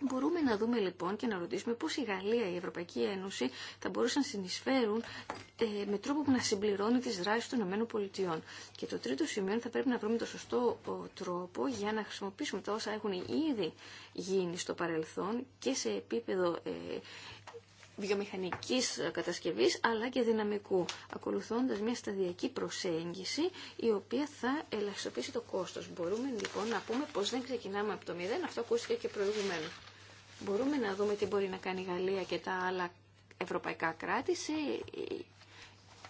Μπορούμε να δούμε λοιπόν και να ρωτήσουμε πώς η Γαλλία, η Ευρωπαϊκή Ένωση θα μπορούσαν να συνεισφέρουν ε, με τρόπο που να συμπληρώνει τις δράσεις των ΗΠΑ. Και το τρίτο σημείο θα πρέπει να βρούμε το σωστό τρόπο για να χρησιμοποιήσουμε τα όσα έχουν ήδη γίνει στο παρελθόν και σε επίπεδο ε, βιομηχανικής κατασκευής αλλά και δυναμικού, ακολουθώντας μια σταδιακή προσέγγιση η οποία θα ελαχιστοποιήσει το κόστος. Μπορούμε λοιπόν να πούμε πως δεν ξεκινάμε από το μηδέν, αυτό ακούστηκε και προηγουμένως. Μπορούμε να δούμε τι μπορεί να κάνει η Γαλλία και τα άλλα ευρωπαϊκά κράτη σε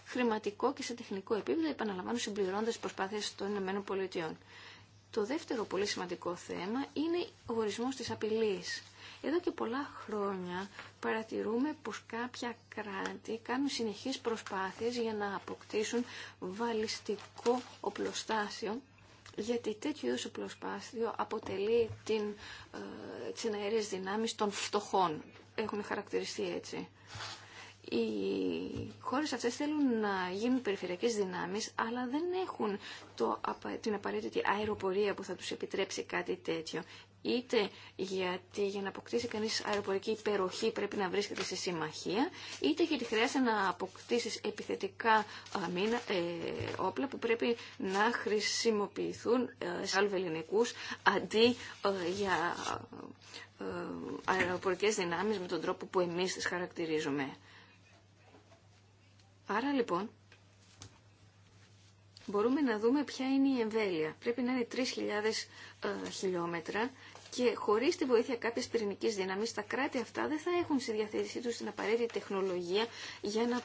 χρηματικό και σε τεχνικό επίπεδο, επαναλαμβάνω τι προσπάθειες των ΗΠΑ. Το δεύτερο πολύ σημαντικό θέμα είναι ο ορισμό της απειλής. Εδώ και πολλά χρόνια παρατηρούμε πως κάποια κράτη κάνουν συνεχείς προσπάθειες για να αποκτήσουν βαλιστικό οπλοστάσιο γιατί τέτοιου είδους οπλοσπάστιο αποτελεί την, ε, τις δυνάμεις των φτωχών. Έχουν χαρακτηριστεί έτσι. Οι χώρες αυτές θέλουν να γίνουν περιφερειακές δυνάμεις, αλλά δεν έχουν το, την απαραίτητη αεροπορία που θα τους επιτρέψει κάτι τέτοιο είτε γιατί για να αποκτήσει κανείς αεροπορική υπεροχή πρέπει να βρίσκεται σε συμμαχία, είτε γιατί χρειάζεται να αποκτήσεις επιθετικά αμήνα, ε, όπλα που πρέπει να χρησιμοποιηθούν ε, σε άλλους ελληνικούς αντί ε, για ε, αεροπορικές δυνάμεις με τον τρόπο που εμείς τις χαρακτηρίζουμε. Άρα λοιπόν, μπορούμε να δούμε ποια είναι η εμβέλεια. Πρέπει να είναι 3.000 ε, χιλιόμετρα και χωρί τη βοήθεια κάποιες πυρηνική δύναμη, τα κράτη αυτά δεν θα έχουν στη διαθέσή του την απαραίτητη τεχνολογία για να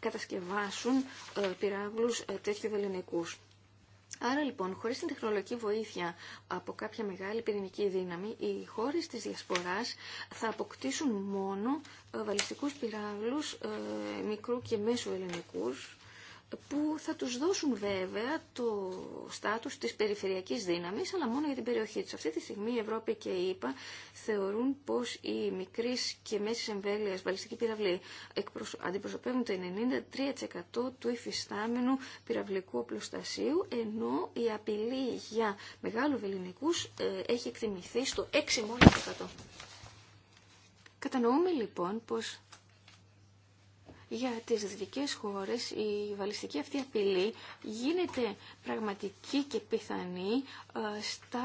κατασκευάσουν ε, πυράβλους ε, τέτοιου ελληνικούς. Άρα λοιπόν, χωρίς την τεχνολογική βοήθεια από κάποια μεγάλη πυρηνική δύναμη, οι χώρες της διασποράς θα αποκτήσουν μόνο ε, βαλιστικούς πυράβλους μικρού και μέσου ελληνικούς, που θα τους δώσουν βέβαια το στάτους της περιφερειακής δύναμης, αλλά μόνο για την περιοχή τους. Αυτή τη στιγμή η Ευρώπη και η ΕΠΑ θεωρούν πως οι μικρής και μέσης εμβέλειας βαλιστική πυραυλή αντιπροσωπεύουν το 93% του υφιστάμενου πυραυλικού οπλοστασίου, ενώ η απειλή για μεγάλου βεληνικούς ε, έχει εκτιμηθεί στο 6 μόνο Κατανοούμε λοιπόν πως για τις δυτικές χώρες η βαλιστική αυτή απειλή γίνεται πραγματική και πιθανή ε, στα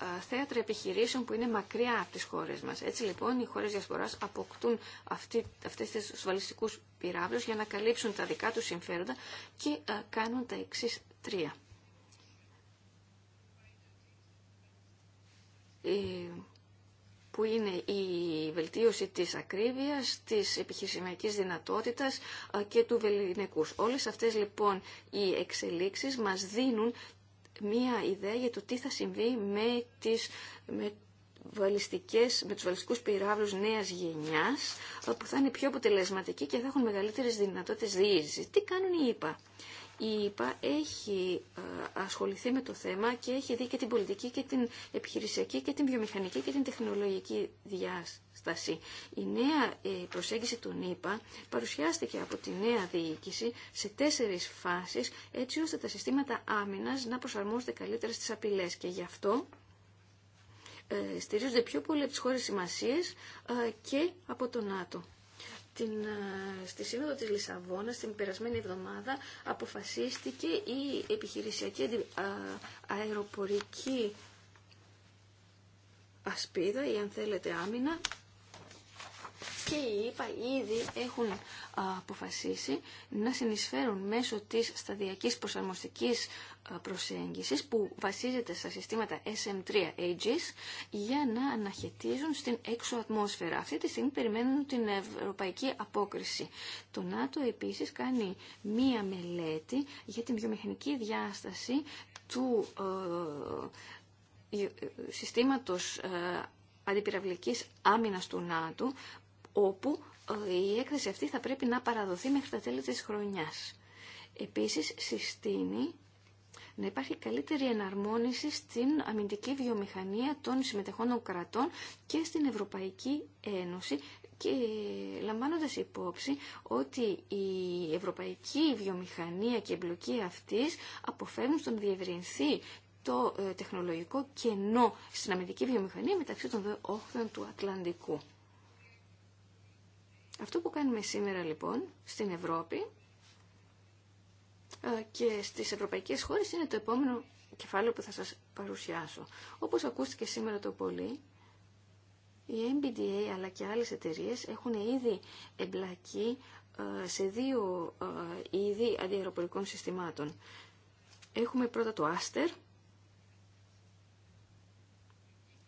ε, θέατρα επιχειρήσεων που είναι μακριά από τις χώρες μας. Έτσι λοιπόν οι χώρες διασποράς αποκτούν αυτή, αυτές τις βαλιστικούς πυράβλους για να καλύψουν τα δικά τους συμφέροντα και ε, κάνουν τα εξή τρία που είναι η βελτίωση της ακρίβειας, της επιχειρησιακής δυνατότητας ε, και του βεληνικούς. Όλες αυτές λοιπόν οι εξελίξεις μας δίνουν μία ιδέα για το τι θα συμβεί με, τις, με, βαλιστικές, με τους βαλιστικούς πυράβλους νέας γενιάς ε, που θα είναι πιο αποτελεσματικοί και θα έχουν μεγαλύτερες δυνατότητες διείσδυσης. Τι κάνουν οι ΙΠΑ. Η ΕΠΑ έχει ασχοληθεί με το θέμα και έχει δει και την πολιτική και την επιχειρησιακή και την βιομηχανική και την τεχνολογική διάσταση. Η νέα ε, προσέγγιση του ΝΥΠΑ παρουσιάστηκε από τη νέα διοίκηση σε τέσσερις φάσεις έτσι ώστε τα συστήματα άμυνας να προσαρμόζονται καλύτερα στις απειλές και γι' αυτό ε, στηρίζονται πιο πολύ από τις χώρες σημασίες ε, και από το ΝΑΤΟ. Ε, στη Σύνοδο της Λισαβόνας την περασμένη εβδομάδα αποφασίστηκε η επιχειρησιακή αεροπορική ασπίδα ή αν θέλετε άμυνα και οι ΕΕΠΑ ήδη έχουν αποφασίσει να συνεισφέρουν μέσω της σταδιακής προσαρμοστικής προσέγγισης που βασίζεται στα συστήματα SM3 Aegis για να αναχαιτίζουν στην έξω ατμόσφαιρα. Αυτή τη στιγμή περιμένουν την ευρωπαϊκή απόκριση. Το ΝΑΤΟ επίσης κάνει μία μελέτη για την βιομηχανική διάσταση του συστήματος αντιπυραυλικής άμυνας του ΝΑΤΟ όπου ε, η έκθεση αυτή θα πρέπει να παραδοθεί μέχρι τα τέλη της χρονιάς. Επίσης, συστήνει να υπάρχει καλύτερη εναρμόνιση στην αμυντική βιομηχανία των συμμετεχόντων κρατών και στην Ευρωπαϊκή Ένωση και λαμβάνοντας υπόψη ότι η ευρωπαϊκή βιομηχανία και η εμπλοκή αυτής αποφεύγουν στον διευρυνθεί το ε, τεχνολογικό κενό στην αμυντική βιομηχανία μεταξύ των δύο όχθων του Ατλαντικού. Αυτό που κάνουμε σήμερα λοιπόν στην Ευρώπη ε, και στις ευρωπαϊκές χώρες είναι το επόμενο κεφάλαιο που θα σας παρουσιάσω. Όπως ακούστηκε σήμερα το πολύ, η MBDA αλλά και άλλες εταιρείες έχουν ήδη εμπλακεί ε, σε δύο ε, είδη αντιαεροπορικών συστημάτων. Έχουμε πρώτα το Άστερ,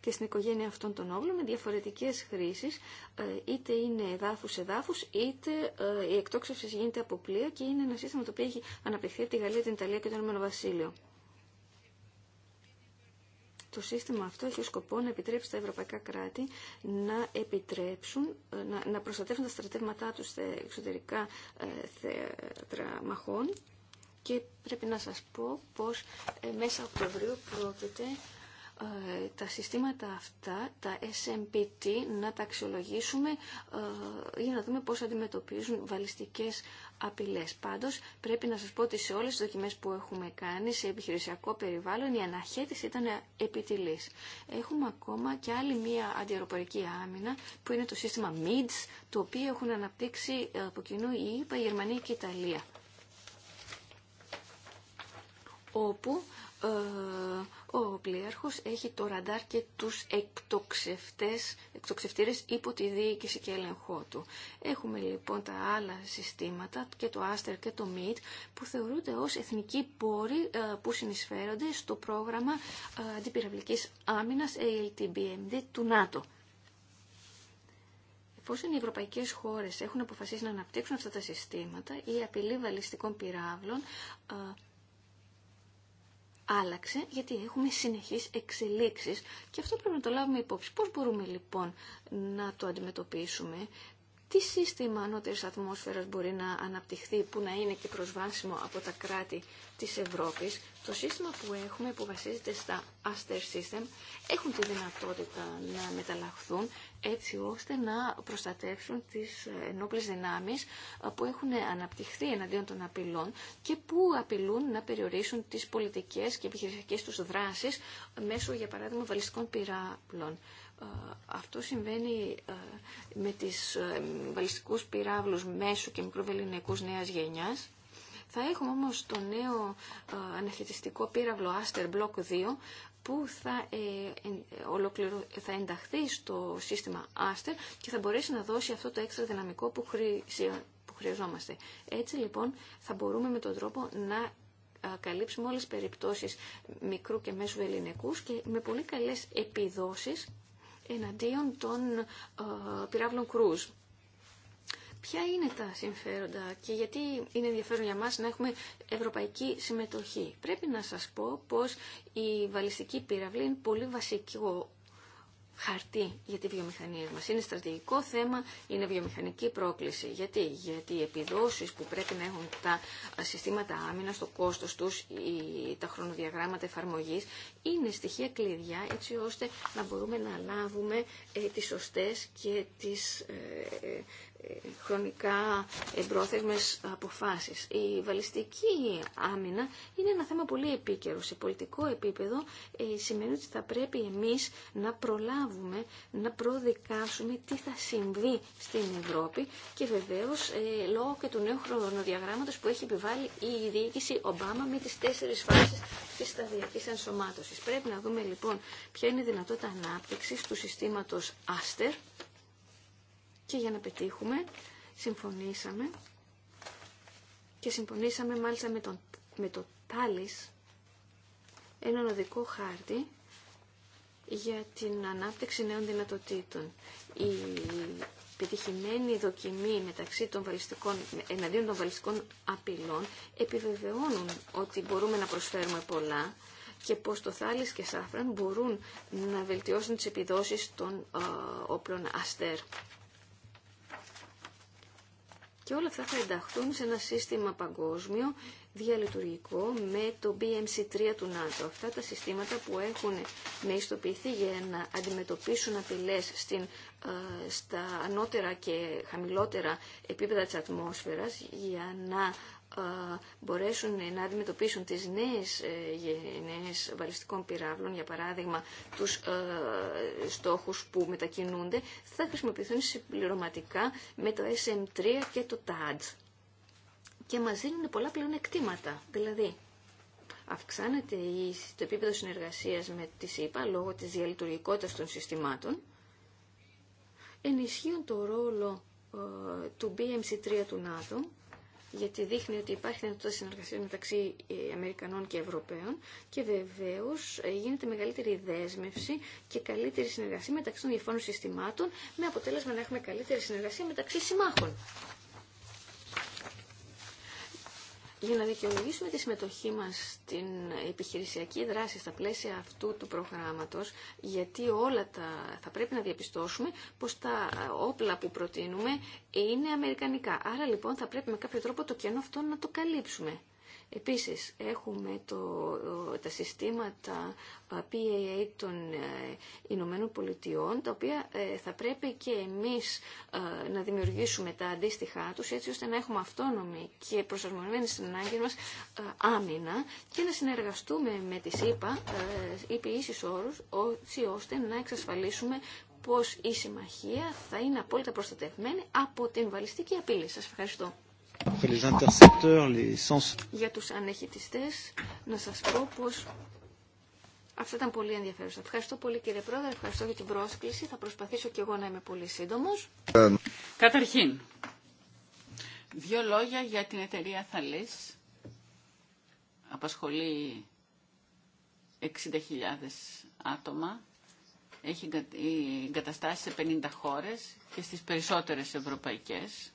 και στην οικογένεια αυτών των όβλων με διαφορετικές χρήσεις, ε, είτε είναι εδάφους-εδάφους, είτε ε, η εκτόξευση γίνεται από πλοία και είναι ένα σύστημα το οποίο έχει αναπτυχθεί από τη Γαλλία, την Ιταλία και το Ινωμένο Βασίλειο. Το σύστημα αυτό έχει σκοπό να επιτρέψει τα ευρωπαϊκά κράτη να επιτρέψουν, ε, να, προστατεύουν τα στρατεύματά τους εξωτερικά θέατρα μαχών και πρέπει να σας πω πως μέσα Οκτωβρίου πρόκειται ε, τα συστήματα αυτά, τα SMPT, να τα αξιολογήσουμε ε, για να δούμε πώς αντιμετωπίζουν βαλιστικές απειλές. Πάντως, πρέπει να σας πω ότι σε όλες τις δοκιμές που έχουμε κάνει σε επιχειρησιακό περιβάλλον, η αναχέτηση ήταν επιτηλής. Έχουμε ακόμα και άλλη μία αντιεροπορική άμυνα, που είναι το σύστημα MIDS, το οποίο έχουν αναπτύξει ε, από κοινού η ΕΠΑ, ΕΕ, η Γερμανία και η Ιταλία. Όπου... Ο πλοίαρχος έχει το ραντάρ και τους εκτοξευτές, εκτοξευτήρες υπό τη διοίκηση και έλεγχό του. Έχουμε λοιπόν τα άλλα συστήματα και το Άστερ και το ΜΙΤ που θεωρούνται ως εθνικοί πόροι ε, που συνεισφέρονται στο πρόγραμμα ε, αντιπυραυλικής άμυνας ALTBMD του ΝΑΤΟ. Εφόσον οι ευρωπαϊκές χώρες έχουν αποφασίσει να αναπτύξουν αυτά τα συστήματα, η απειλή βαλιστικών πυράβλων ε, άλλαξε γιατί έχουμε συνεχείς εξελίξεις και αυτό πρέπει να το λάβουμε υπόψη. Πώς μπορούμε λοιπόν να το αντιμετωπίσουμε, τι σύστημα ανώτερης ατμόσφαιρας μπορεί να αναπτυχθεί που να είναι και προσβάσιμο από τα κράτη της Ευρώπης. Το σύστημα που έχουμε που βασίζεται στα Aster System έχουν τη δυνατότητα να μεταλλαχθούν, έτσι ώστε να προστατεύσουν τις ενόπλες δυνάμεις ε, που έχουν αναπτυχθεί εναντίον των απειλών και που απειλούν να περιορίσουν τις πολιτικές και επιχειρησιακές τους δράσεις μέσω, για παράδειγμα, βαλιστικών πυράβλων. Ε, αυτό συμβαίνει ε, με τις βαλιστικούς πυράβλους μέσου και μικροβεληνικούς νέας γενιάς. Θα έχουμε όμως το νέο αναχαιτιστικό πύραυλο Aster Block 2 που θα, ε, θα ενταχθεί στο σύστημα Άστερ και θα μπορέσει να δώσει αυτό το έξτρα δυναμικό που, που χρειαζόμαστε. Έτσι λοιπόν θα μπορούμε με τον τρόπο να καλύψουμε όλες τις περιπτώσεις μικρού και μέσου ελληνικούς και με πολύ καλές επιδόσεις εναντίον των πυράβλων κρούζ. Ποια είναι τα συμφέροντα και γιατί είναι ενδιαφέρον για μας να έχουμε ευρωπαϊκή συμμετοχή. Πρέπει να σας πω πως η βαλιστική πύραυλη είναι πολύ βασικό χαρτί για τη βιομηχανία μας. Είναι στρατηγικό θέμα, είναι βιομηχανική πρόκληση. Γιατί, Γιατί οι επιδόσεις που πρέπει να έχουν τα συστήματα άμυνα το κόστος τους, τα χρονοδιαγράμματα εφαρμογής, είναι στοιχεία κλειδιά έτσι ώστε να μπορούμε να λάβουμε ε, τις σωστές και τις ε, ε, χρονικά εμπρόθεσμες αποφάσεις. Η βαλιστική άμυνα είναι ένα θέμα πολύ επίκαιρο. Σε πολιτικό επίπεδο ε, σημαίνει ότι θα πρέπει εμείς να προλάβουμε, να προδικάσουμε τι θα συμβεί στην Ευρώπη και βεβαίως ε, λόγω και του νέου χρονοδιαγράμματος που έχει επιβάλει η διοίκηση Ομπάμα με τις τέσσερις φάσεις της σταδιακής ενσωμάτωσης. Πρέπει να δούμε λοιπόν ποια είναι η δυνατότητα ανάπτυξης του συστήματος Άστερ, και για να πετύχουμε συμφωνήσαμε και συμφωνήσαμε μάλιστα με, τον, με το Τάλις έναν οδικό χάρτη για την ανάπτυξη νέων δυνατοτήτων. Η πετυχημένη δοκιμή μεταξύ των βαλιστικών, εναντίον των βαλιστικών απειλών επιβεβαιώνουν ότι μπορούμε να προσφέρουμε πολλά και πως το θάλις και σάφραν μπορούν να βελτιώσουν τις επιδόσεις των ε, όπλων αστέρ και όλα αυτά θα ενταχθούν σε ένα σύστημα παγκόσμιο διαλειτουργικό με το BMC3 του ΝΑΤΟ. Αυτά τα συστήματα που έχουν μειστοποιηθεί για να αντιμετωπίσουν απειλές ε, στα ανώτερα και χαμηλότερα επίπεδα της ατμόσφαιρας για να μπορέσουν να αντιμετωπίσουν τις νέες ε, γενναίες βαλιστικών πυράβλων, για παράδειγμα τους ε, στόχους που μετακινούνται, θα χρησιμοποιηθούν συμπληρωματικά με το SM3 και το TAD. Και μας δίνουν πολλά πλεονεκτήματα, δηλαδή αυξάνεται το επίπεδο συνεργασίας με τη ΣΥΠΑ λόγω της διαλειτουργικότητας των συστημάτων, ενισχύουν το ρόλο ε, του BMC3 του ΝΑΤΟ, γιατί δείχνει ότι υπάρχει δυνατότητα συνεργασία μεταξύ ε, Αμερικανών και Ευρωπαίων και βεβαίω ε, γίνεται μεγαλύτερη δέσμευση και καλύτερη συνεργασία μεταξύ των διαφόρων συστημάτων με αποτέλεσμα να έχουμε καλύτερη συνεργασία μεταξύ συμμάχων. για να δικαιολογήσουμε τη συμμετοχή μας στην επιχειρησιακή δράση στα πλαίσια αυτού του προγράμματος, γιατί όλα τα, θα πρέπει να διαπιστώσουμε πως τα όπλα που προτείνουμε είναι αμερικανικά. Άρα λοιπόν θα πρέπει με κάποιο τρόπο το κενό αυτό να το καλύψουμε. Επίσης, έχουμε το, τα συστήματα ε, PAA των ε, Ηνωμένων Πολιτειών, τα οποία ε, θα πρέπει και εμείς να δημιουργήσουμε τα αντίστοιχά τους, έτσι ώστε να έχουμε αυτόνομη και προσαρμοσμένη στην ανάγκη μας άμυνα και να συνεργαστούμε με τις ΕΠΑ, οι ίσης όρους, έτσι ώστε να εξασφαλίσουμε πως η συμμαχία θα είναι απόλυτα προστατευμένη από την βαλιστική απειλή. Σας ευχαριστώ. Για τους ανέχητιστές, να σας πω πως αυτό ήταν πολύ ενδιαφέρον Ευχαριστώ πολύ κύριε Πρόεδρε, ευχαριστώ για την πρόσκληση. Θα προσπαθήσω και εγώ να είμαι πολύ σύντομος. Καταρχήν, δύο λόγια για την εταιρεία Θαλής. Απασχολεί 60.000 άτομα. Έχει εγκαταστάσει σε 50 χώρες και στις περισσότερες ευρωπαϊκές.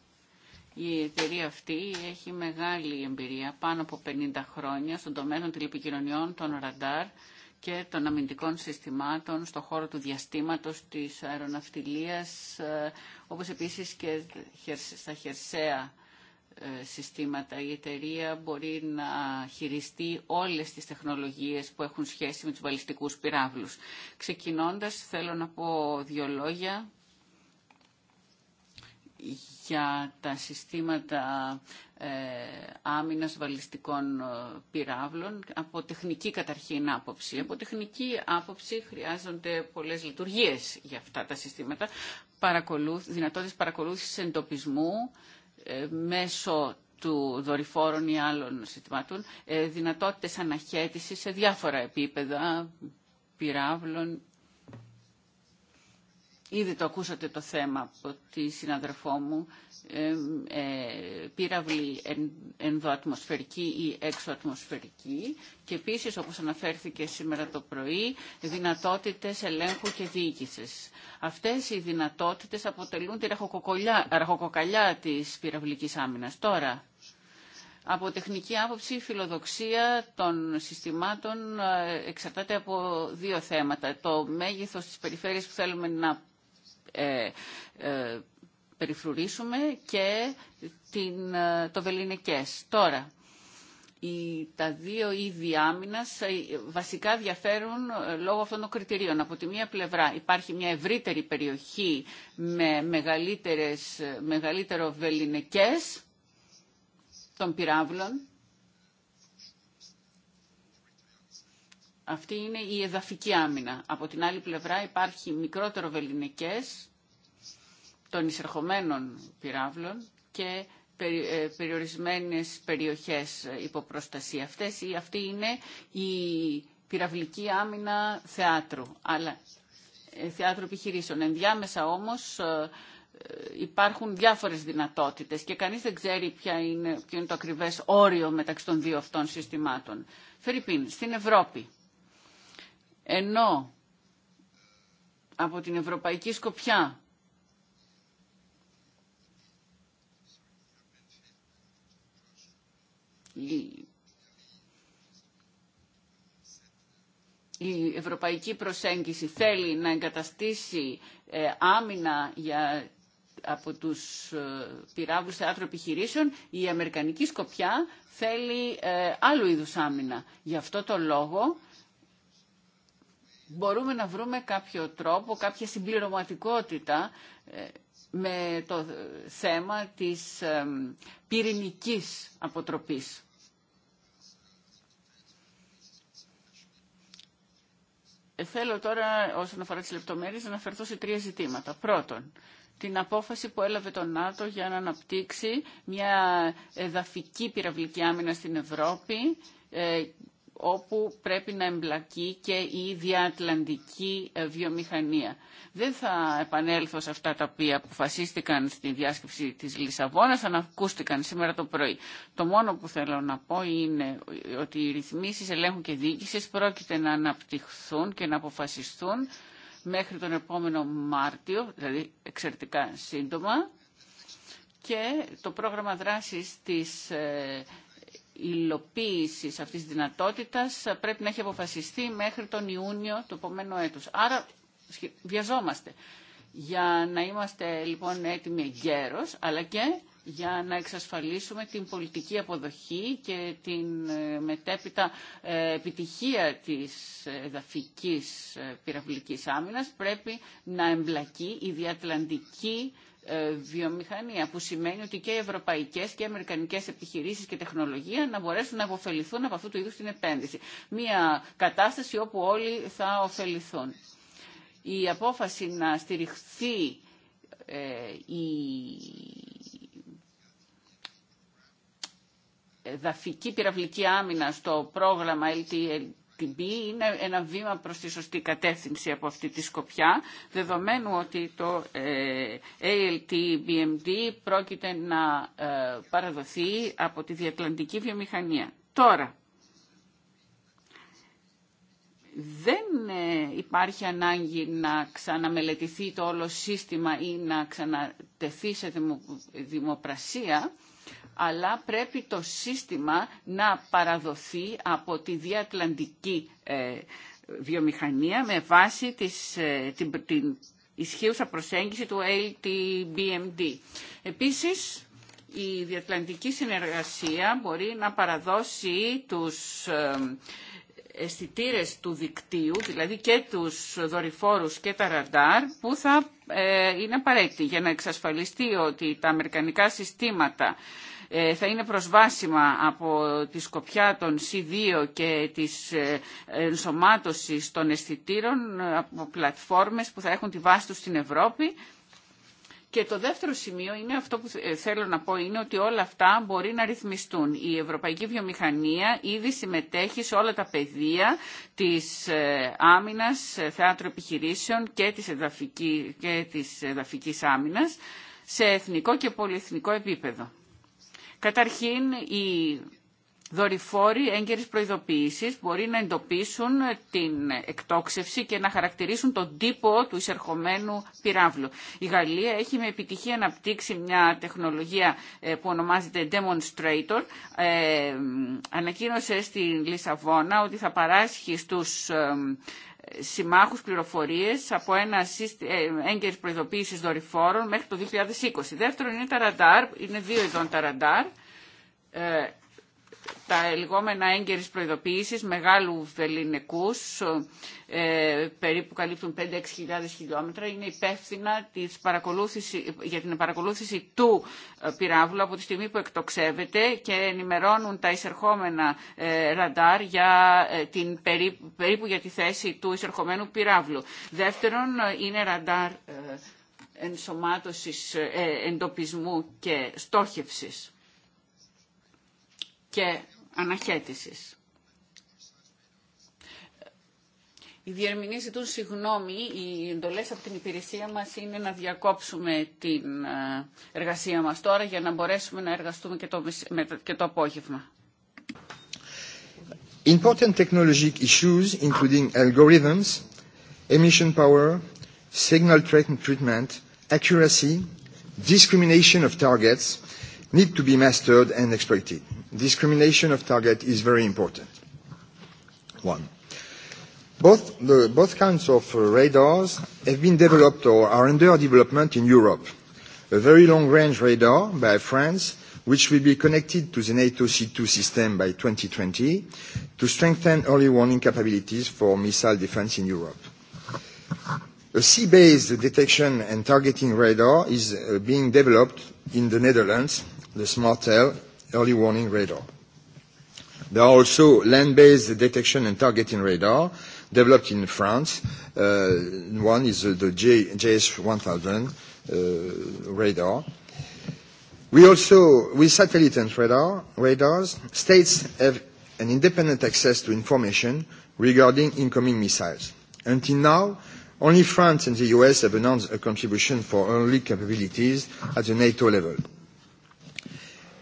Η εταιρεία αυτή έχει μεγάλη εμπειρία, πάνω από 50 χρόνια, στον τομέα των τηλεπικοινωνιών, των ραντάρ και των αμυντικών συστημάτων στον χώρο του διαστήματος, της αεροναυτιλίας, ε, όπως επίσης και στα χερσαία ε, συστήματα. Η εταιρεία μπορεί να χειριστεί όλες τις τεχνολογίες που έχουν σχέση με τους βαλιστικούς πυράβλους. Ξεκινώντας, θέλω να πω δύο λόγια για τα συστήματα ε, άμυνας βαλιστικών ε, πυράβλων από τεχνική καταρχήν άποψη. Από τεχνική άποψη χρειάζονται πολλές λειτουργίες για αυτά τα συστήματα, παρακολούθ, δυνατότητες παρακολούθησης εντοπισμού ε, μέσω του δορυφόρων ή άλλων συστημάτων, ε, δυνατότητες αναχέτησης σε διάφορα επίπεδα πυράβλων Ήδη το ακούσατε το θέμα από τη συναδερφό μου, ε, πύραυλη εν, ενδοατμοσφαιρική ή εξωατμοσφαιρική και επίσης όπως αναφέρθηκε σήμερα το πρωί δυνατότητες ελέγχου και διοίκησης. Αυτές οι δυνατότητες αποτελούν τη ραχοκοκαλιά της πυραυλικής άμυνας. Τώρα, από τεχνική άποψη, η φιλοδοξία των συστημάτων ε, εξαρτάται από δύο θέματα. Το μέγεθος της περιφέρειας που θέλουμε να ε, ε, περιφρουρήσουμε και την, ε, το Βελινεκές. Τώρα, οι, τα δύο είδη άμυνα βασικά διαφέρουν λόγω αυτών των κριτηρίων. Από τη μία πλευρά υπάρχει μια ευρύτερη περιοχή με μεγαλύτερες, μεγαλύτερο Βελινεκές των πυράβλων Αυτή είναι η εδαφική άμυνα. Από την άλλη πλευρά υπάρχει μικρότερο βεληνικές των εισερχομένων πυράβλων και ε, περιορισμένες περιοχές υποπροστασία. Αυτές, αυτή είναι η πυραυλική άμυνα θεάτρου, αλλά, ε, θεάτρου επιχειρήσεων. Ενδιάμεσα όμως ε, υπάρχουν διάφορες δυνατότητες και κανείς δεν ξέρει ποια ποιο είναι το ακριβές όριο μεταξύ των δύο αυτών συστημάτων. Φερρυπίν, στην Ευρώπη ενώ από την Ευρωπαϊκή Σκοπιά η ευρωπαϊκή προσέγγιση θέλει να εγκαταστήσει ε, άμυνα για, από τους ε, πυράβλους θεάτρου επιχειρήσεων, η αμερικανική σκοπιά θέλει ε, άλλου είδους άμυνα. Γι' αυτό το λόγο μπορούμε να βρούμε κάποιο τρόπο, κάποια συμπληρωματικότητα ε, με το θέμα της πυρηνικής αποτροπής. Ε, θέλω τώρα, όσον αφορά τις λεπτομέρειες, να αναφερθώ σε τρία ζητήματα. Πρώτον, την απόφαση που έλαβε το ΝΑΤΟ για να αναπτύξει μια εδαφική πυραυλική άμυνα στην Ευρώπη ε, όπου πρέπει να εμπλακεί και η Ατλαντική ε, βιομηχανία. Δεν θα επανέλθω σε αυτά τα οποία αποφασίστηκαν στη διάσκεψη της Λισαβόνας, ανακούστηκαν σήμερα το πρωί. Το μόνο που θέλω να πω είναι ότι οι ρυθμίσεις ελέγχου και διοίκησης πρόκειται να αναπτυχθούν και να αποφασιστούν μέχρι τον επόμενο Μάρτιο, δηλαδή εξαιρετικά σύντομα, και το πρόγραμμα δράσης της ε, υλοποίηση αυτής της δυνατότητας πρέπει να έχει αποφασιστεί μέχρι τον Ιούνιο του επόμενου έτους. Άρα βιαζόμαστε για να είμαστε λοιπόν έτοιμοι γέρος, αλλά και για να εξασφαλίσουμε την πολιτική αποδοχή και την ε, μετέπειτα ε, επιτυχία της εδαφικής ε, πυραυλικής άμυνας πρέπει να εμπλακεί η διατλαντική ε, βιομηχανία, που σημαίνει ότι και οι ευρωπαϊκές και οι αμερικανικές επιχειρήσεις και τεχνολογία να μπορέσουν να ωφεληθούν από αυτού του είδους την επένδυση. Μία κατάσταση όπου όλοι θα ωφεληθούν. Η απόφαση να στηριχθεί ε, η δαφική πυραυλική άμυνα στο πρόγραμμα LTLP είναι ένα βήμα προς τη σωστή κατεύθυνση από αυτή τη σκοπιά, δεδομένου ότι το ε, ALT-BMD πρόκειται να ε, παραδοθεί από τη διατλαντική βιομηχανία. Τώρα, δεν ε, υπάρχει ανάγκη να ξαναμελετηθεί το όλο σύστημα ή να ξανατεθεί σε δημοπρασία, αλλά πρέπει το σύστημα να παραδοθεί από τη διατλαντική ε, βιομηχανία με βάση τις, ε, την, την ισχύουσα προσέγγιση του LTBMD. Επίσης, η διατλαντική συνεργασία μπορεί να παραδώσει τους ε, αισθητήρε του δικτύου, δηλαδή και τους δορυφόρους και τα ραντάρ, που θα ε, είναι απαραίτητοι για να εξασφαλιστεί ότι τα αμερικανικά συστήματα ε, θα είναι προσβάσιμα από τη σκοπιά των C2 και της ε, ενσωμάτωσης των αισθητήρων από πλατφόρμες που θα έχουν τη βάση τους στην Ευρώπη και το δεύτερο σημείο είναι αυτό που ε, θέλω να πω είναι ότι όλα αυτά μπορεί να ρυθμιστούν. Η ευρωπαϊκή βιομηχανία ήδη συμμετέχει σε όλα τα πεδία της ε, άμυνας, ε, θεάτρου επιχειρήσεων και της εδαφικής, και της άμυνας σε εθνικό και πολυεθνικό επίπεδο. Καταρχήν, η δορυφόροι έγκαιρης προειδοποίησης μπορεί να εντοπίσουν την εκτόξευση και να χαρακτηρίσουν τον τύπο του εισερχομένου πυράβλου. Η Γαλλία έχει με επιτυχία αναπτύξει μια τεχνολογία ε, που ονομάζεται Demonstrator. Ε, ανακοίνωσε στη Λισαβόνα ότι θα παράσχει στους ε, συμμάχους πληροφορίες από ένα έγκαιρης προειδοποίησης δορυφόρων μέχρι το 2020. Δεύτερον είναι τα ραντάρ, είναι δύο ειδών τα ραντάρ τα λεγόμενα έγκαιρης προειδοποίησης μεγάλου βεληνικούς, ε, περίπου καλύπτουν 5-6 χιλιόμετρα, είναι υπεύθυνα της για την παρακολούθηση του ε, πυράβλου από τη στιγμή που εκτοξεύεται και ενημερώνουν τα εισερχόμενα ε, ραντάρ για την περίπου για τη θέση του εισερχομένου πυράβλου. Δεύτερον, είναι ραντάρ ενσωμάτωσης, εντοπισμού και στόχευσης και αναχέτησης. Οι διερμηνείς ζητούν συγγνώμη, οι εντολές από την υπηρεσία μας είναι να διακόψουμε την ε, εργασία μας τώρα για να μπορέσουμε να εργαστούμε και το, και το απόγευμα. Important technologic issues including algorithms, emission power, signal treatment, accuracy, discrimination of targets need to be mastered and exploited discrimination of target is very important. One. Both, the, both kinds of radars have been developed or are under development in Europe. A very long-range radar by France, which will be connected to the NATO C2 system by 2020 to strengthen early warning capabilities for missile defense in Europe. A sea-based detection and targeting radar is being developed in the Netherlands, the SMARTEL, early warning radar. There are also land-based detection and targeting radar developed in France. One is the JS1000 radar. We also, with satellite and radars, states have an independent access to information regarding incoming missiles. Until now, only France and the US have announced a contribution for early capabilities at the NATO level.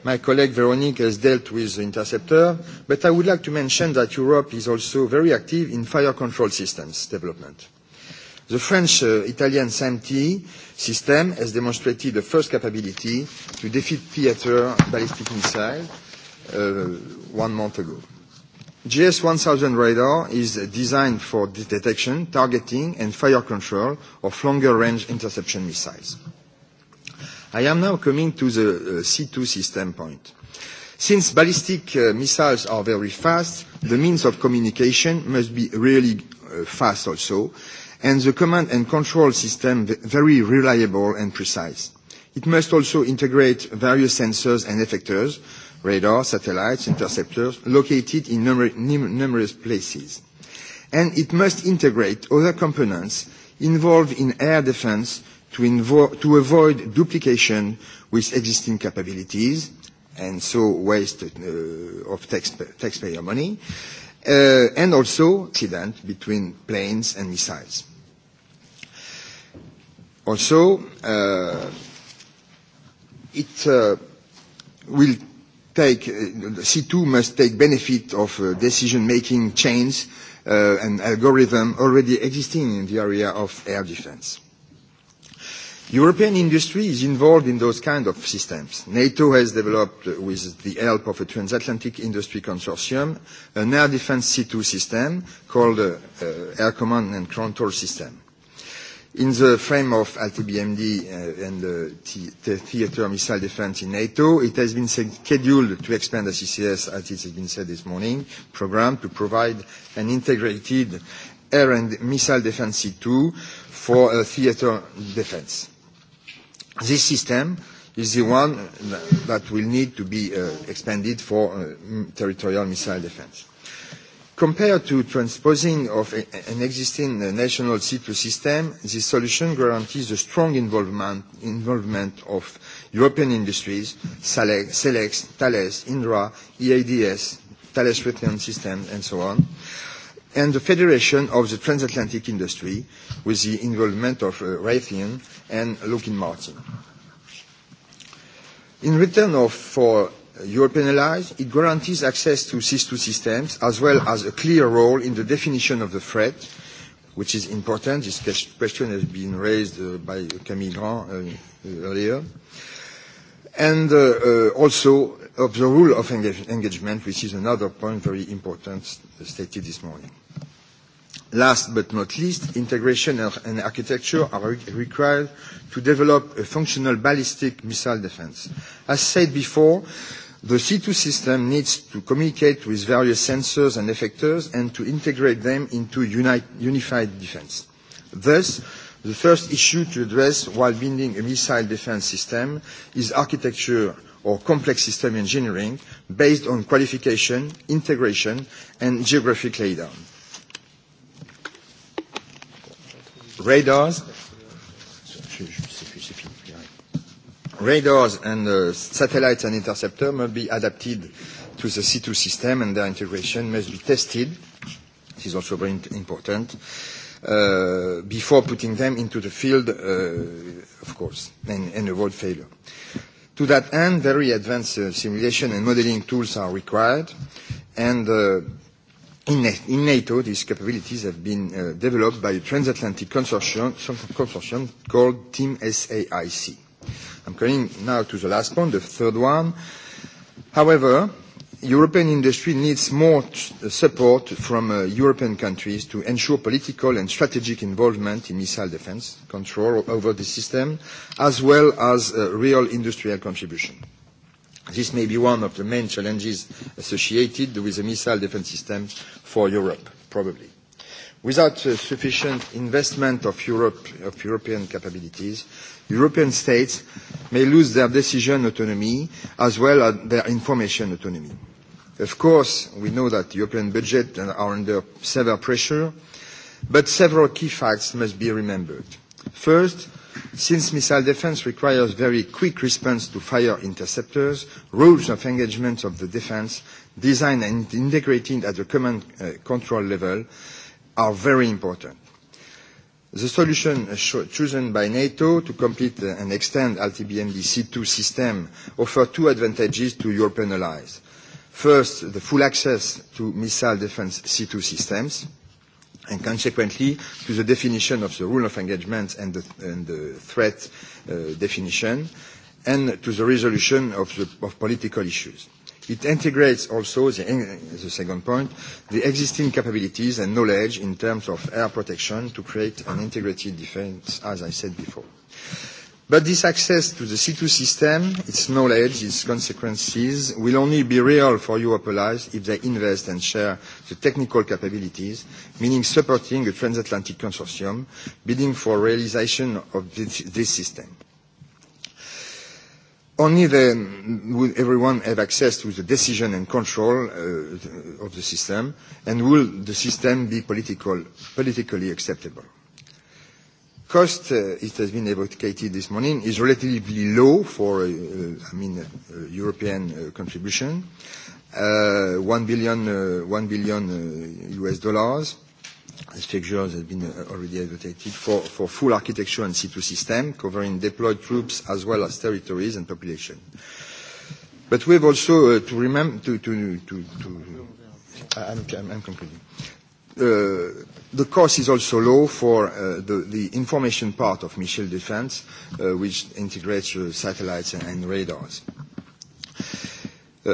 My colleague Veronique has dealt with the interceptor, but I would like to mention that Europe is also very active in fire control systems development. The French-Italian SAMT system has demonstrated the first capability to defeat theater ballistic missile one month ago. GS-1000 radar is designed for detection, targeting, and fire control of longer-range interception missiles. I am now coming to the C2 system point. Since ballistic missiles are very fast, the means of communication must be really fast also, and the command and control system very reliable and precise. It must also integrate various sensors and effectors, radar, satellites, interceptors, located in numerous places. And it must integrate other components involved in air defense to avoid duplication with existing capabilities and so waste of taxpayer money, and also accident between planes and missiles. Also, it will take, C2 must take benefit of decision-making chains and algorithm already existing in the area of air defense. European industry is involved in those kind of systems. NATO has developed, with the help of a transatlantic industry consortium, an air defense C2 system called Air Command and Control System. In the frame of LTBMD and the theater missile defense in NATO, it has been scheduled to expand the CCS, as it has been said this morning, program to provide an integrated air and missile defense C2 for theater defense. This system is the one that will need to be expanded for territorial missile defense. Compared to transposing of an existing national c system, this solution guarantees the strong involvement of European industries, Selex, Thales, Indra, EADS, Thales Raytheon System, and so on, and the Federation of the Transatlantic Industry with the involvement of Raytheon and Lockheed Martin. In return for European allies, it guarantees access to cis 2 systems as well as a clear role in the definition of the threat, which is important. This question has been raised by Camille Grand earlier. And also of the rule of engagement, which is another point very important stated this morning. Last but not least, integration and architecture are required to develop a functional ballistic missile defense. As said before, the C2 system needs to communicate with various sensors and effectors and to integrate them into unified defense. Thus, the first issue to address while building a missile defense system is architecture or complex system engineering based on qualification, integration, and geographic laydown. radars, radars and satellites and interceptors must be adapted to the C2 system and their integration must be tested. This is also very important before putting them into the field, of course, and avoid failure. To that end, very advanced simulation and modeling tools are required, and In NATO, these capabilities have been developed by a transatlantic consortium called Team SAIC. I'm coming now to the last point, the third one. However, European industry needs more support from European countries to ensure political and strategic involvement in missile defense, control over the system, as well as real industrial contribution. This may be one of the main challenges associated with the missile defense system for Europe, probably. Without sufficient investment of European capabilities, European states may lose their decision autonomy as well as their information autonomy. Of course, we know that the European budget are under severe pressure, but several key facts must be remembered. First, Since missile defence requires very quick response to fire interceptors, rules of engagement of the defence designed and integrated at the command control level, are very important. The solution chosen by NATO to complete and extend LTBMD C2 system offers two advantages to European allies. First, the full access to missile defence C2 systems and consequently to the definition of the rule of engagement and the threat definition, and to the resolution of political issues. It integrates also, the second point, the existing capabilities and knowledge in terms of air protection to create an integrated defense, as I said before. But this access to the C2 system, its knowledge, its consequences, will only be real for Europe allies if they invest and share the technical capabilities, meaning supporting a transatlantic consortium bidding for realization of this system. Only would everyone have access to the decision and control of the system, and will the system be politically acceptable? Cost, it has been advocated this morning, is relatively low for, I mean, European contribution. 1 billion US dollars. This figure have been already advocated for full architecture and C2 system, covering deployed troops as well as territories and population. But we have also to remember to I'm concluding. The cost is also low for the information part of Michel Defense, which integrates satellites and radars.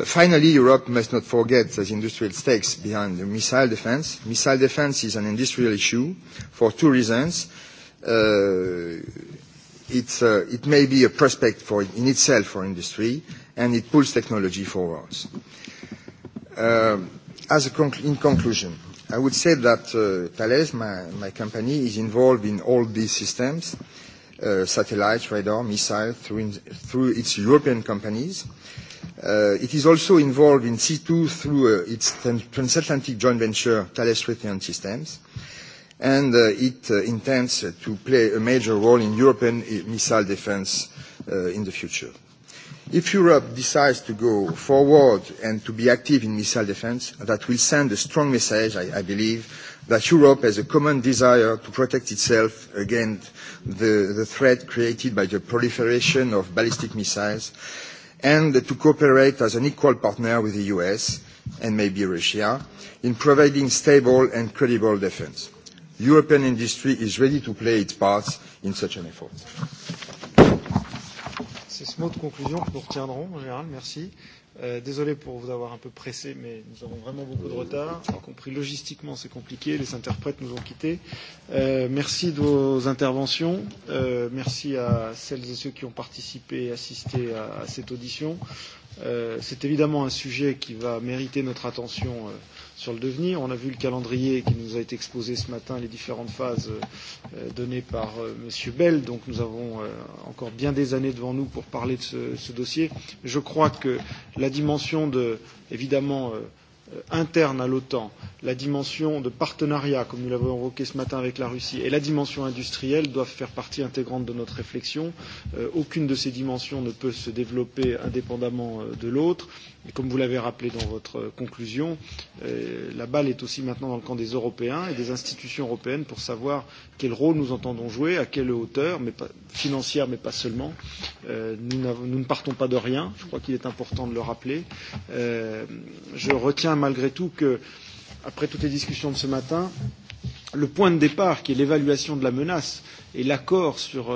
Finally, Europe must not forget the industrial stakes behind the missile defense. Missile defense is an industrial issue for two reasons. It may be a prospect in itself for industry, and it pulls technology forwards. In conclusion, I would say that Thales, my company, is involved in all these systems, satellites, radar, missiles, through its European companies. It is also involved in C2 through its transatlantic joint venture, Thales Raytheon Systems, and it intends to play a major role in European missile defence in the future. If Europe decides to go forward and to be active in missile defence, that will send a strong message, I believe, that Europe has a common desire to protect itself against the threat created by the proliferation of ballistic missiles and to cooperate as an equal partner with the US and maybe Russia in providing stable and credible defence. European industry is ready to play its part in such an effort. C'est de conclusion nous retiendrons, merci. Désolé pour vous avoir un peu pressé, mais nous avons vraiment beaucoup de retard, y compris logistiquement, c'est compliqué. Les interprètes nous ont quittés. Merci de vos interventions. Merci à celles et ceux qui ont participé et assisté à cette audition. C'est évidemment un sujet qui va mériter notre attention sur le devenir. On a vu le calendrier qui nous a été exposé ce matin, les différentes phases données par M. Bell. Donc nous avons encore bien des années devant nous pour parler de ce dossier. Je crois que la dimension de, évidemment, interne à l'OTAN, la dimension de partenariat, comme nous l'avons évoqué ce matin avec la Russie, et la dimension industrielle doivent faire partie intégrante de notre réflexion. Aucune de ces dimensions ne peut se développer indépendamment de l'autre comme vous l'avez rappelé dans votre conclusion, la balle est aussi maintenant dans le camp des Européens et des institutions européennes pour savoir quel rôle nous entendons jouer, à quelle hauteur, financière mais pas seulement. Nous ne partons pas de rien, je crois qu'il est important de le rappeler. Je retiens malgré tout que, après toutes les discussions de ce matin, le point de départ qui est l'évaluation de la menace et l'accord sur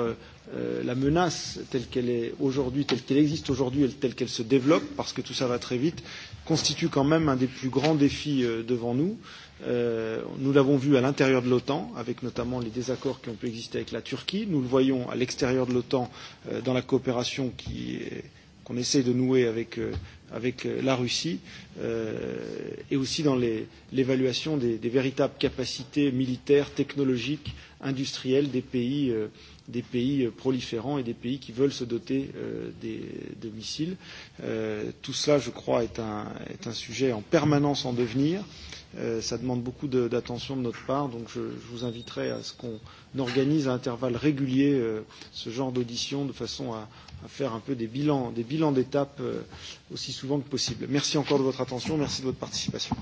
la menace telle qu'elle est aujourd'hui, telle qu'elle existe aujourd'hui et telle qu'elle se développe, parce que tout ça va très vite, constitue quand même un des plus grands défis devant nous. Nous l'avons vu à l'intérieur de l'OTAN, avec notamment les désaccords qui ont pu exister avec la Turquie. Nous le voyons à l'extérieur de l'OTAN, dans la coopération qu'on essaie de nouer avec avec la Russie et aussi dans l'évaluation des véritables capacités militaires, technologiques, industrielles des pays des pays proliférants et des pays qui veulent se doter de missiles. Tout cela, je crois, est un sujet en permanence en devenir. Ça demande beaucoup d'attention de notre part, donc je vous inviterai à ce qu'on organise à intervalles réguliers ce genre d'audition de façon à faire un peu des bilans d'étapes aussi souvent que possible. Merci encore de votre attention, merci de votre participation.